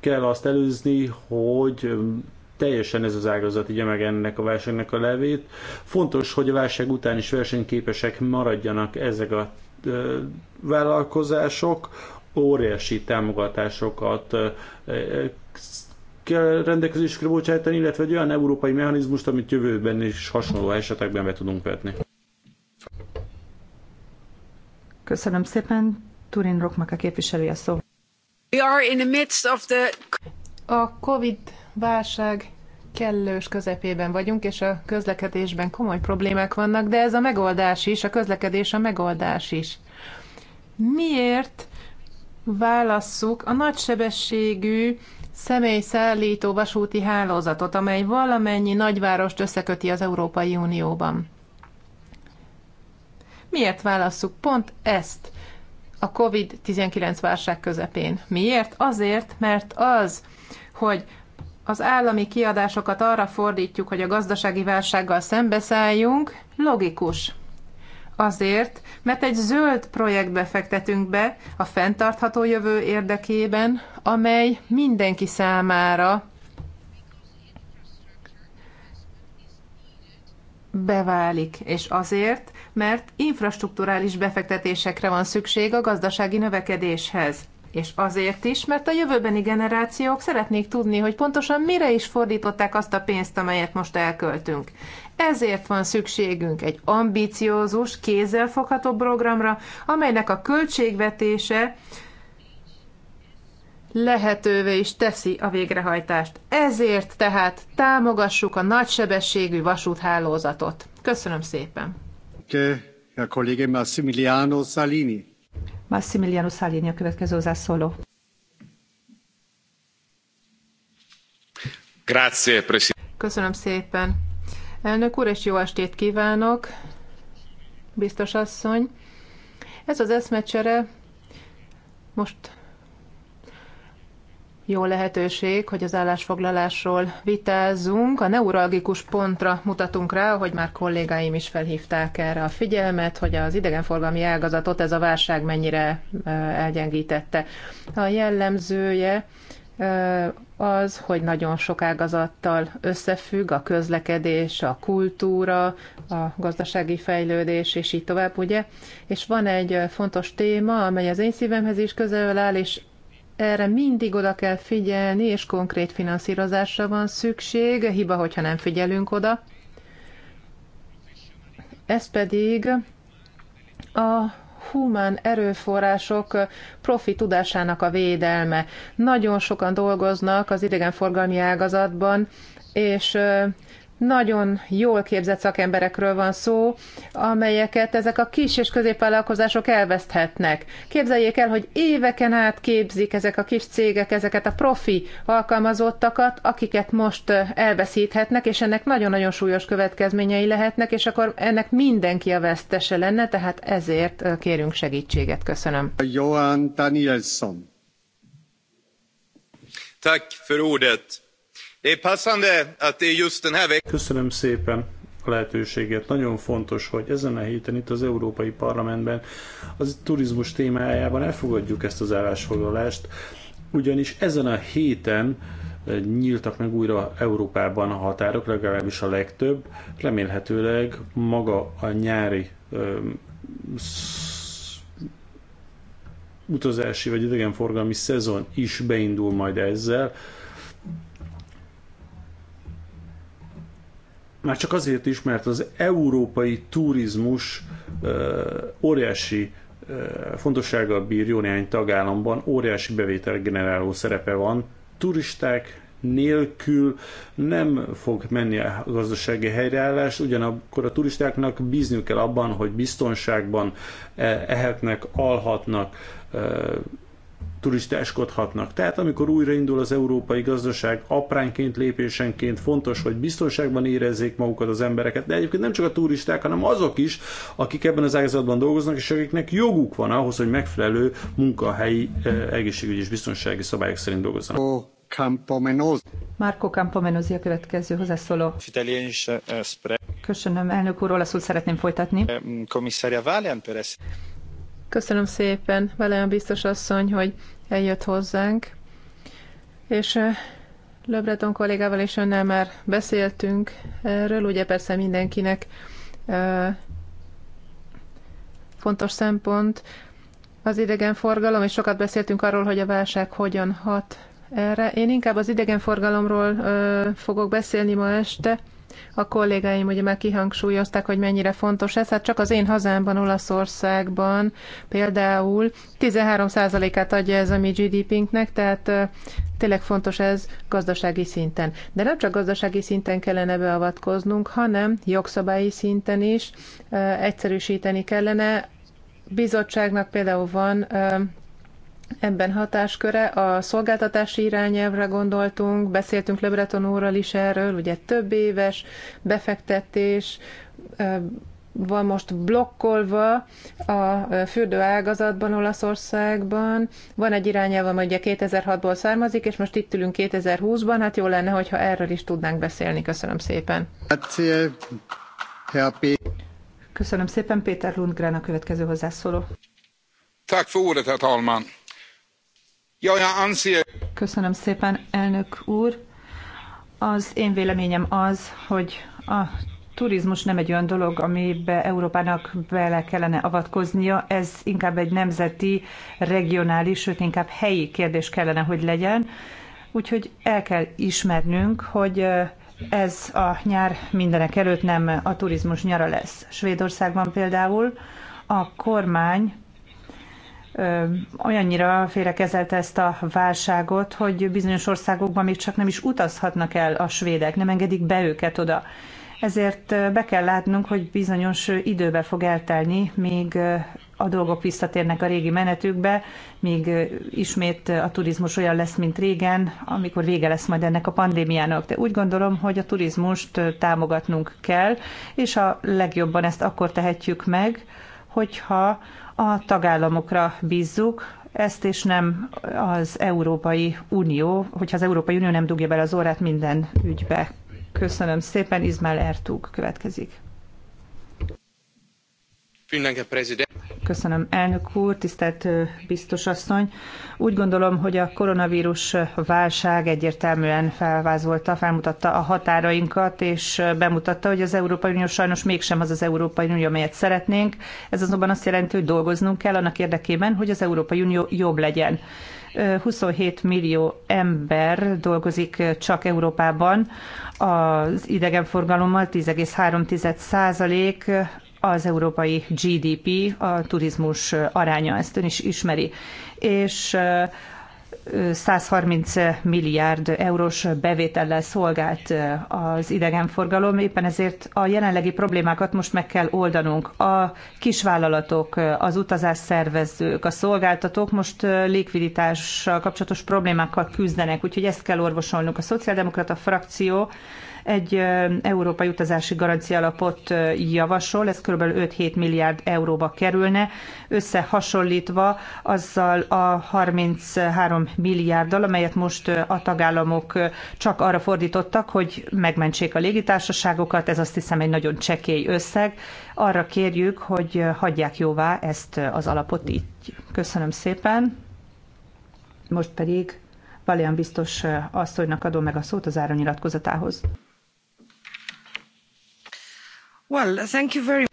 kell azt előzni, hogy teljesen ez az ágazat igye meg ennek a válságnak a levét. Fontos, hogy a válság után is versenyképesek maradjanak ezek a vállalkozások, óriási támogatásokat kell rendelkezésre bocsájtani, illetve egy olyan európai mechanizmust, amit jövőben is hasonló esetekben be tudunk vetni. Köszönöm szépen. Turin Rokmaka képviselője szó. We are in the midst of the... A COVID válság kellős közepében vagyunk, és a közlekedésben komoly problémák vannak, de ez a megoldás is, a közlekedés a megoldás is. Miért válasszuk a nagysebességű személyszállító vasúti hálózatot, amely valamennyi nagyvárost összeköti az Európai Unióban? Miért válasszuk pont ezt a COVID-19 válság közepén? Miért? Azért, mert az, hogy az állami kiadásokat arra fordítjuk, hogy a gazdasági válsággal szembeszálljunk, logikus. Azért, mert egy zöld projektbe fektetünk be a fenntartható jövő érdekében, amely mindenki számára beválik, és azért, mert infrastruktúrális befektetésekre van szükség a gazdasági növekedéshez. És azért is, mert a jövőbeni generációk szeretnék tudni, hogy pontosan mire is fordították azt a pénzt, amelyet most elköltünk. Ezért van szükségünk egy ambiciózus, kézzelfogható programra, amelynek a költségvetése lehetővé is teszi a végrehajtást. Ezért tehát támogassuk a nagysebességű vasúthálózatot. Köszönöm szépen. Okay. A Kollege Massimiliano Salini. Massimiliano Salini a következő Köszönöm szépen. Elnök úr, és jó estét kívánok, biztos asszony. Ez az eszmecsere most jó lehetőség, hogy az állásfoglalásról vitázzunk. A neuralgikus pontra mutatunk rá, hogy már kollégáim is felhívták erre a figyelmet, hogy az idegenforgalmi ágazatot ez a válság mennyire elgyengítette. A jellemzője az, hogy nagyon sok ágazattal összefügg a közlekedés, a kultúra, a gazdasági fejlődés, és így tovább, ugye? És van egy fontos téma, amely az én szívemhez is közel áll, és erre mindig oda kell figyelni, és konkrét finanszírozásra van szükség, hiba, hogyha nem figyelünk oda. Ez pedig a humán erőforrások profi tudásának a védelme. Nagyon sokan dolgoznak az idegenforgalmi ágazatban, és nagyon jól képzett szakemberekről van szó, amelyeket ezek a kis és középvállalkozások elveszthetnek. Képzeljék el, hogy éveken át képzik ezek a kis cégek ezeket a profi alkalmazottakat, akiket most elveszíthetnek, és ennek nagyon-nagyon súlyos következményei lehetnek, és akkor ennek mindenki a vesztese lenne, tehát ezért kérünk segítséget. Köszönöm. Johan Danielsson. Tack för ordet. Köszönöm szépen a lehetőséget. Nagyon fontos, hogy ezen a héten itt az Európai Parlamentben az turizmus témájában elfogadjuk ezt az állásfoglalást, ugyanis ezen a héten eh, nyíltak meg újra Európában a határok, legalábbis a legtöbb. Remélhetőleg maga a nyári ehm, utazási vagy idegenforgalmi szezon is beindul majd ezzel. Már csak azért is, mert az európai turizmus óriási fontossággal bír jó néhány tagállamban, óriási generáló szerepe van. Turisták nélkül nem fog menni a gazdasági helyreállás, ugyanakkor a turistáknak bízniuk kell abban, hogy biztonságban e, ehetnek, alhatnak, turistáskodhatnak. Tehát amikor újraindul az európai gazdaság, apránként, lépésenként fontos, hogy biztonságban érezzék magukat az embereket, de egyébként nem csak a turisták, hanem azok is, akik ebben az ágazatban dolgoznak, és akiknek joguk van ahhoz, hogy megfelelő munkahelyi eh, egészségügyi és biztonsági szabályok szerint dolgozzanak. Oh. Marco Campomenosi a következő hozzászóló. Eh, Köszönöm, elnök úr, olaszul szeretném folytatni. Komisszária eh, mm, Valen, Köszönöm szépen, velem biztos asszony, hogy eljött hozzánk. És eh, Löbreton kollégával és önnel már beszéltünk erről, ugye persze mindenkinek eh, fontos szempont az idegenforgalom, és sokat beszéltünk arról, hogy a válság hogyan hat erre. Én inkább az idegenforgalomról eh, fogok beszélni ma este, a kollégáim ugye már kihangsúlyozták, hogy mennyire fontos ez. Hát csak az én hazámban, Olaszországban például 13%-át adja ez a mi GDP-nknek, tehát tényleg fontos ez gazdasági szinten. De nem csak gazdasági szinten kellene beavatkoznunk, hanem jogszabályi szinten is egyszerűsíteni kellene. Bizottságnak például van Ebben hatásköre a szolgáltatási irányelvre gondoltunk, beszéltünk Lebreton úrral is erről, ugye több éves befektetés, van most blokkolva a ágazatban Olaszországban. Van egy irányelv, ami ugye 2006-ból származik, és most itt ülünk 2020-ban. Hát jó lenne, hogyha erről is tudnánk beszélni. Köszönöm szépen. Köszönöm szépen. Péter Lundgren a következő hozzászóló. Tack för ordet, herr talman. Köszönöm szépen, elnök úr. Az én véleményem az, hogy a turizmus nem egy olyan dolog, amibe Európának bele kellene avatkoznia, ez inkább egy nemzeti, regionális, sőt inkább helyi kérdés kellene, hogy legyen. Úgyhogy el kell ismernünk, hogy ez a nyár mindenek előtt nem a turizmus nyara lesz. Svédországban például a kormány olyannyira félrekezelte ezt a válságot, hogy bizonyos országokban még csak nem is utazhatnak el a svédek, nem engedik be őket oda. Ezért be kell látnunk, hogy bizonyos időbe fog eltelni, míg a dolgok visszatérnek a régi menetükbe, míg ismét a turizmus olyan lesz, mint régen, amikor vége lesz majd ennek a pandémiának. De úgy gondolom, hogy a turizmust támogatnunk kell, és a legjobban ezt akkor tehetjük meg, hogyha a tagállamokra bízzuk, ezt és nem az Európai Unió, hogyha az Európai Unió nem dugja bele az órát minden ügybe. Köszönöm szépen, Izmael Ertug következik. Köszönöm, elnök úr, tisztelt biztos asszony. Úgy gondolom, hogy a koronavírus válság egyértelműen felvázolta, felmutatta a határainkat, és bemutatta, hogy az Európai Unió sajnos mégsem az az Európai Unió, amelyet szeretnénk. Ez azonban azt jelenti, hogy dolgoznunk kell annak érdekében, hogy az Európai Unió jobb legyen. 27 millió ember dolgozik csak Európában, az idegenforgalommal 10,3 százalék, az európai GDP, a turizmus aránya, ezt ön is ismeri. És 130 milliárd eurós bevétellel szolgált az idegenforgalom, éppen ezért a jelenlegi problémákat most meg kell oldanunk. A kisvállalatok, az utazásszervezők, a szolgáltatók most likviditással kapcsolatos problémákkal küzdenek, úgyhogy ezt kell orvosolnunk. A szociáldemokrata frakció egy európai utazási garancia alapot javasol, ez kb. 5-7 milliárd euróba kerülne, összehasonlítva azzal a 33 milliárddal, amelyet most a tagállamok csak arra fordítottak, hogy megmentsék a légitársaságokat, ez azt hiszem egy nagyon csekély összeg. Arra kérjük, hogy hagyják jóvá ezt az alapot így. Köszönöm szépen. Most pedig Valian biztos asszonynak adom meg a szót az áronyilatkozatához. Well, thank you very...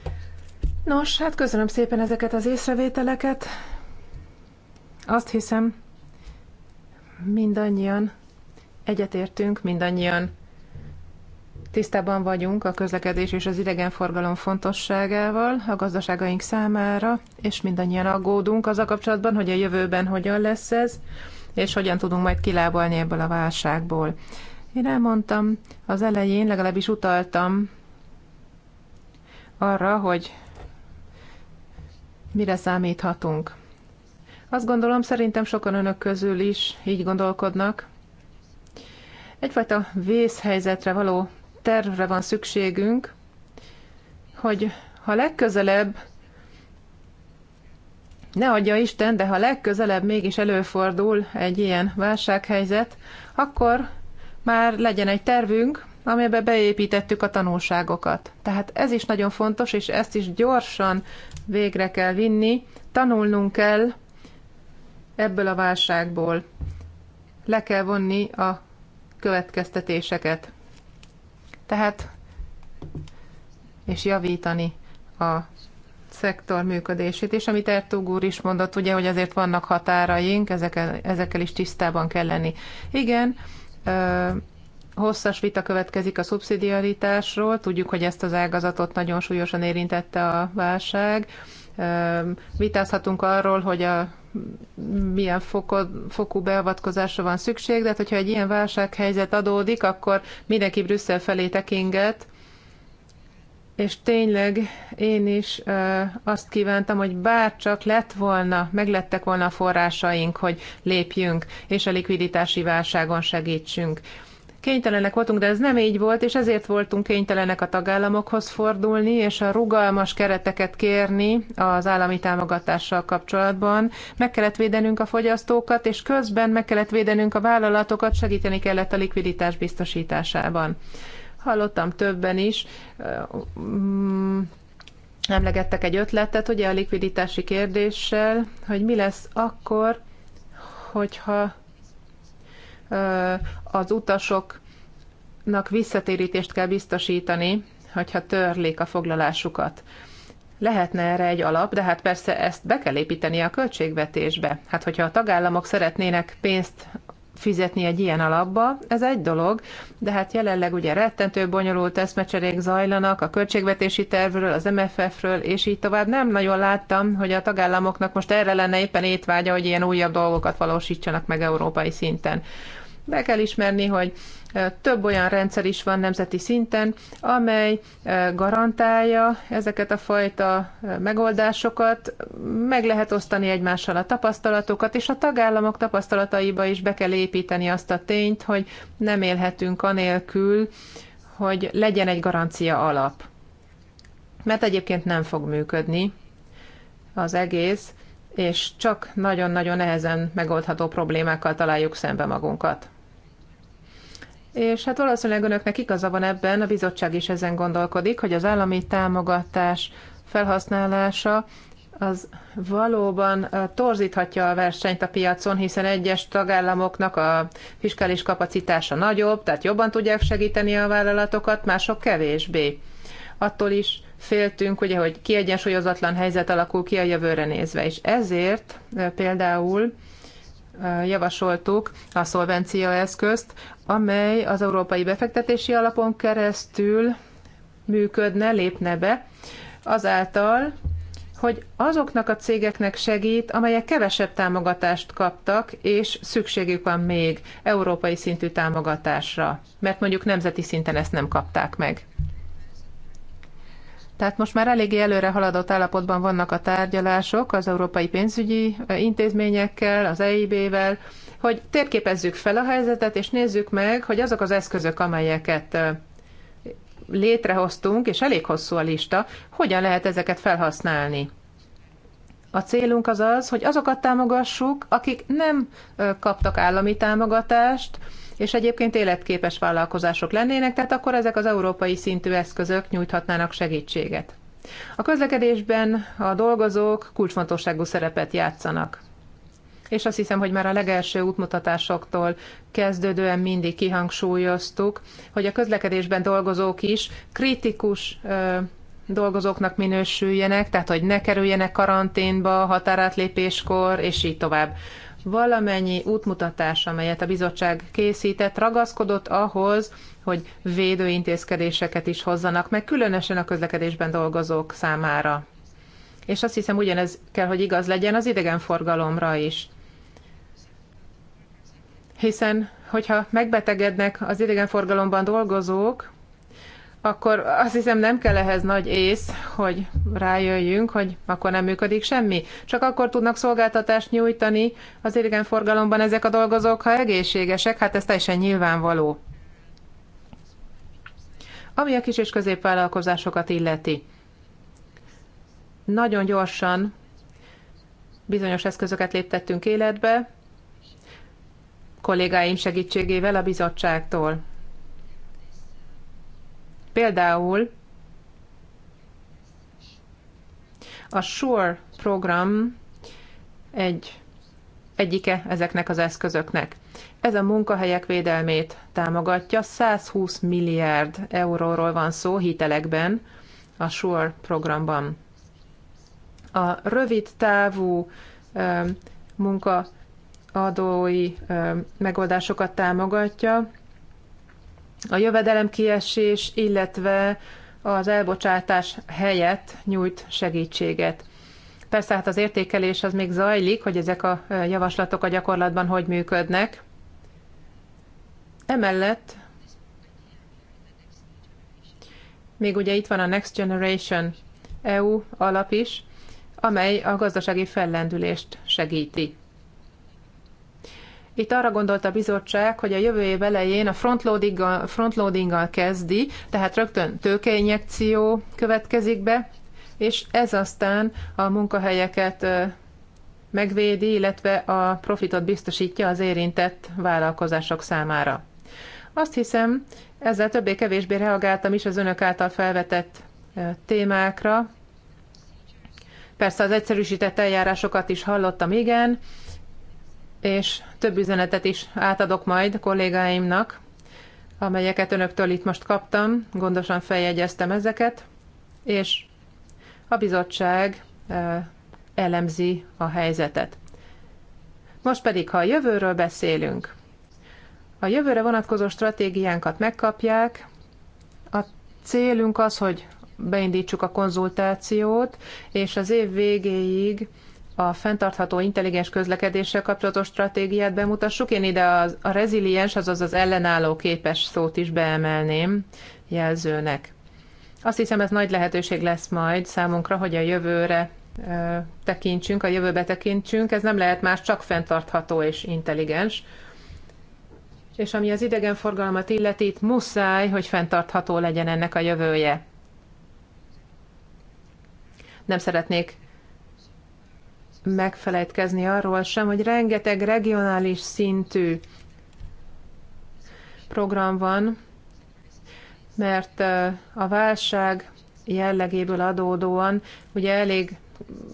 Nos, hát köszönöm szépen ezeket az észrevételeket. Azt hiszem, mindannyian egyetértünk, mindannyian tisztában vagyunk a közlekedés és az idegenforgalom fontosságával a gazdaságaink számára, és mindannyian aggódunk az a kapcsolatban, hogy a jövőben hogyan lesz ez, és hogyan tudunk majd kilábalni ebből a válságból. Én elmondtam az elején, legalábbis utaltam arra, hogy mire számíthatunk. Azt gondolom, szerintem sokan önök közül is így gondolkodnak. Egyfajta vészhelyzetre való tervre van szükségünk, hogy ha legközelebb, ne adja Isten, de ha legközelebb mégis előfordul egy ilyen válsághelyzet, akkor már legyen egy tervünk, amibe beépítettük a tanulságokat. Tehát ez is nagyon fontos, és ezt is gyorsan végre kell vinni, tanulnunk kell ebből a válságból. Le kell vonni a következtetéseket. Tehát, és javítani a szektor működését, és amit Ertug úr is mondott, ugye, hogy azért vannak határaink, ezekkel, ezekkel is tisztában kell lenni. Igen, Hosszas vita következik a szubszidiaritásról. Tudjuk, hogy ezt az ágazatot nagyon súlyosan érintette a válság. Vitázhatunk arról, hogy a milyen fokod, fokú beavatkozásra van szükség, de hát, hogyha egy ilyen válsághelyzet adódik, akkor mindenki Brüsszel felé tekinget, és tényleg én is ö, azt kívántam, hogy bár csak lett volna, meglettek volna a forrásaink, hogy lépjünk, és a likviditási válságon segítsünk. Ö, Kénytelenek voltunk, de ez nem így volt, és ezért voltunk kénytelenek a tagállamokhoz fordulni, és a rugalmas kereteket kérni az állami támogatással kapcsolatban. Meg kellett védenünk a fogyasztókat, és közben meg kellett védenünk a vállalatokat, segíteni kellett a likviditás biztosításában. Hallottam többen is, mm, emlegettek egy ötletet, ugye a likviditási kérdéssel, hogy mi lesz akkor, hogyha az utasoknak visszatérítést kell biztosítani, hogyha törlik a foglalásukat. Lehetne erre egy alap, de hát persze ezt be kell építeni a költségvetésbe. Hát hogyha a tagállamok szeretnének pénzt fizetni egy ilyen alapba, ez egy dolog, de hát jelenleg ugye rettentő bonyolult eszmecserék zajlanak a költségvetési tervről, az MFF-ről, és így tovább. Nem nagyon láttam, hogy a tagállamoknak most erre lenne éppen étvágya, hogy ilyen újabb dolgokat valósítsanak meg európai szinten. Be kell ismerni, hogy több olyan rendszer is van nemzeti szinten, amely garantálja ezeket a fajta megoldásokat, meg lehet osztani egymással a tapasztalatokat, és a tagállamok tapasztalataiba is be kell építeni azt a tényt, hogy nem élhetünk anélkül, hogy legyen egy garancia alap. Mert egyébként nem fog működni az egész, és csak nagyon-nagyon nehezen megoldható problémákkal találjuk szembe magunkat. És hát valószínűleg önöknek igaza van ebben, a bizottság is ezen gondolkodik, hogy az állami támogatás felhasználása az valóban torzíthatja a versenyt a piacon, hiszen egyes tagállamoknak a fiskális kapacitása nagyobb, tehát jobban tudják segíteni a vállalatokat, mások kevésbé. Attól is féltünk, ugye, hogy kiegyensúlyozatlan helyzet alakul ki a jövőre nézve, és ezért például javasoltuk a szolvencia eszközt, amely az Európai Befektetési Alapon keresztül működne, lépne be, azáltal, hogy azoknak a cégeknek segít, amelyek kevesebb támogatást kaptak, és szükségük van még európai szintű támogatásra, mert mondjuk nemzeti szinten ezt nem kapták meg. Tehát most már eléggé előre haladott állapotban vannak a tárgyalások az európai pénzügyi intézményekkel, az EIB-vel, hogy térképezzük fel a helyzetet, és nézzük meg, hogy azok az eszközök, amelyeket létrehoztunk, és elég hosszú a lista, hogyan lehet ezeket felhasználni. A célunk az az, hogy azokat támogassuk, akik nem kaptak állami támogatást, és egyébként életképes vállalkozások lennének, tehát akkor ezek az európai szintű eszközök nyújthatnának segítséget. A közlekedésben a dolgozók kulcsfontosságú szerepet játszanak. És azt hiszem, hogy már a legelső útmutatásoktól kezdődően mindig kihangsúlyoztuk, hogy a közlekedésben dolgozók is kritikus ö, dolgozóknak minősüljenek, tehát hogy ne kerüljenek karanténba határátlépéskor, és így tovább valamennyi útmutatás, amelyet a bizottság készített, ragaszkodott ahhoz, hogy védőintézkedéseket is hozzanak, meg különösen a közlekedésben dolgozók számára. És azt hiszem, ugyanez kell, hogy igaz legyen az idegenforgalomra is. Hiszen, hogyha megbetegednek az idegenforgalomban dolgozók, akkor azt hiszem nem kell ehhez nagy ész, hogy rájöjjünk, hogy akkor nem működik semmi. Csak akkor tudnak szolgáltatást nyújtani az idegenforgalomban ezek a dolgozók, ha egészségesek, hát ez teljesen nyilvánvaló. Ami a kis és középvállalkozásokat illeti. Nagyon gyorsan bizonyos eszközöket léptettünk életbe, kollégáim segítségével a bizottságtól Például a SURE program egy egyike ezeknek az eszközöknek. Ez a munkahelyek védelmét támogatja, 120 milliárd euróról van szó hitelekben a SURE programban. A rövid távú munkaadói megoldásokat támogatja, a jövedelem kiesés, illetve az elbocsátás helyett nyújt segítséget. Persze hát az értékelés az még zajlik, hogy ezek a javaslatok a gyakorlatban hogy működnek. Emellett még ugye itt van a Next Generation EU alap is, amely a gazdasági fellendülést segíti. Itt arra gondolt a bizottság, hogy a jövő év elején a frontloadinggal, frontloadinggal kezdi, tehát rögtön tőkeinjekció következik be, és ez aztán a munkahelyeket megvédi, illetve a profitot biztosítja az érintett vállalkozások számára. Azt hiszem, ezzel többé-kevésbé reagáltam is az önök által felvetett témákra. Persze az egyszerűsített eljárásokat is hallottam, igen, és több üzenetet is átadok majd kollégáimnak, amelyeket önöktől itt most kaptam, gondosan feljegyeztem ezeket, és a bizottság elemzi a helyzetet. Most pedig, ha a jövőről beszélünk, a jövőre vonatkozó stratégiánkat megkapják, a célunk az, hogy beindítsuk a konzultációt, és az év végéig a fenntartható intelligens közlekedéssel kapcsolatos stratégiát bemutassuk. Én ide a, a reziliens, azaz az ellenálló képes szót is beemelném jelzőnek. Azt hiszem, ez nagy lehetőség lesz majd számunkra, hogy a jövőre ö, tekintsünk, a jövőbe tekintsünk. Ez nem lehet más, csak fenntartható és intelligens. És ami az idegenforgalmat illeti, itt muszáj, hogy fenntartható legyen ennek a jövője. Nem szeretnék megfelejtkezni arról sem, hogy rengeteg regionális szintű program van, mert a válság jellegéből adódóan ugye elég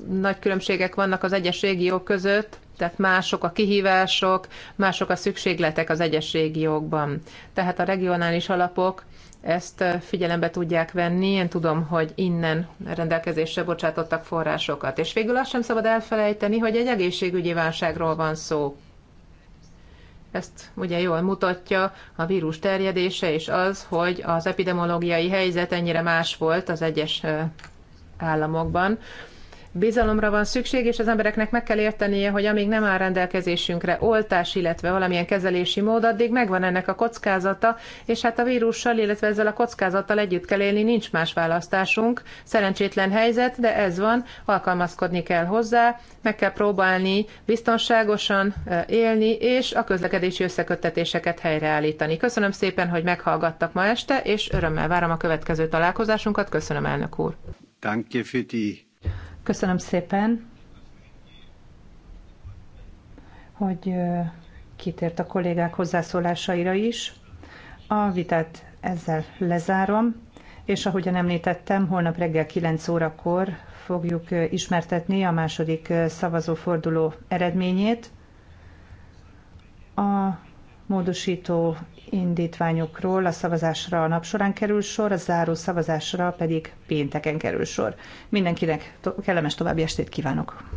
nagy különbségek vannak az egyes régiók között, tehát mások a kihívások, mások a szükségletek az egyes régiókban. Tehát a regionális alapok ezt figyelembe tudják venni. Én tudom, hogy innen rendelkezésre bocsátottak forrásokat. És végül azt sem szabad elfelejteni, hogy egy egészségügyi válságról van szó. Ezt ugye jól mutatja a vírus terjedése, és az, hogy az epidemiológiai helyzet ennyire más volt az egyes államokban. Bizalomra van szükség, és az embereknek meg kell értenie, hogy amíg nem áll rendelkezésünkre oltás, illetve valamilyen kezelési mód, addig megvan ennek a kockázata, és hát a vírussal, illetve ezzel a kockázattal együtt kell élni, nincs más választásunk. Szerencsétlen helyzet, de ez van, alkalmazkodni kell hozzá, meg kell próbálni biztonságosan élni, és a közlekedési összeköttetéseket helyreállítani. Köszönöm szépen, hogy meghallgattak ma este, és örömmel várom a következő találkozásunkat. Köszönöm, elnök úr! Danke für die Köszönöm szépen, hogy kitért a kollégák hozzászólásaira is. A vitát ezzel lezárom, és ahogyan említettem, holnap reggel 9 órakor fogjuk ismertetni a második szavazóforduló eredményét. A módosító indítványokról a szavazásra a nap során kerül sor, a záró szavazásra pedig pénteken kerül sor. Mindenkinek to- kellemes további estét kívánok!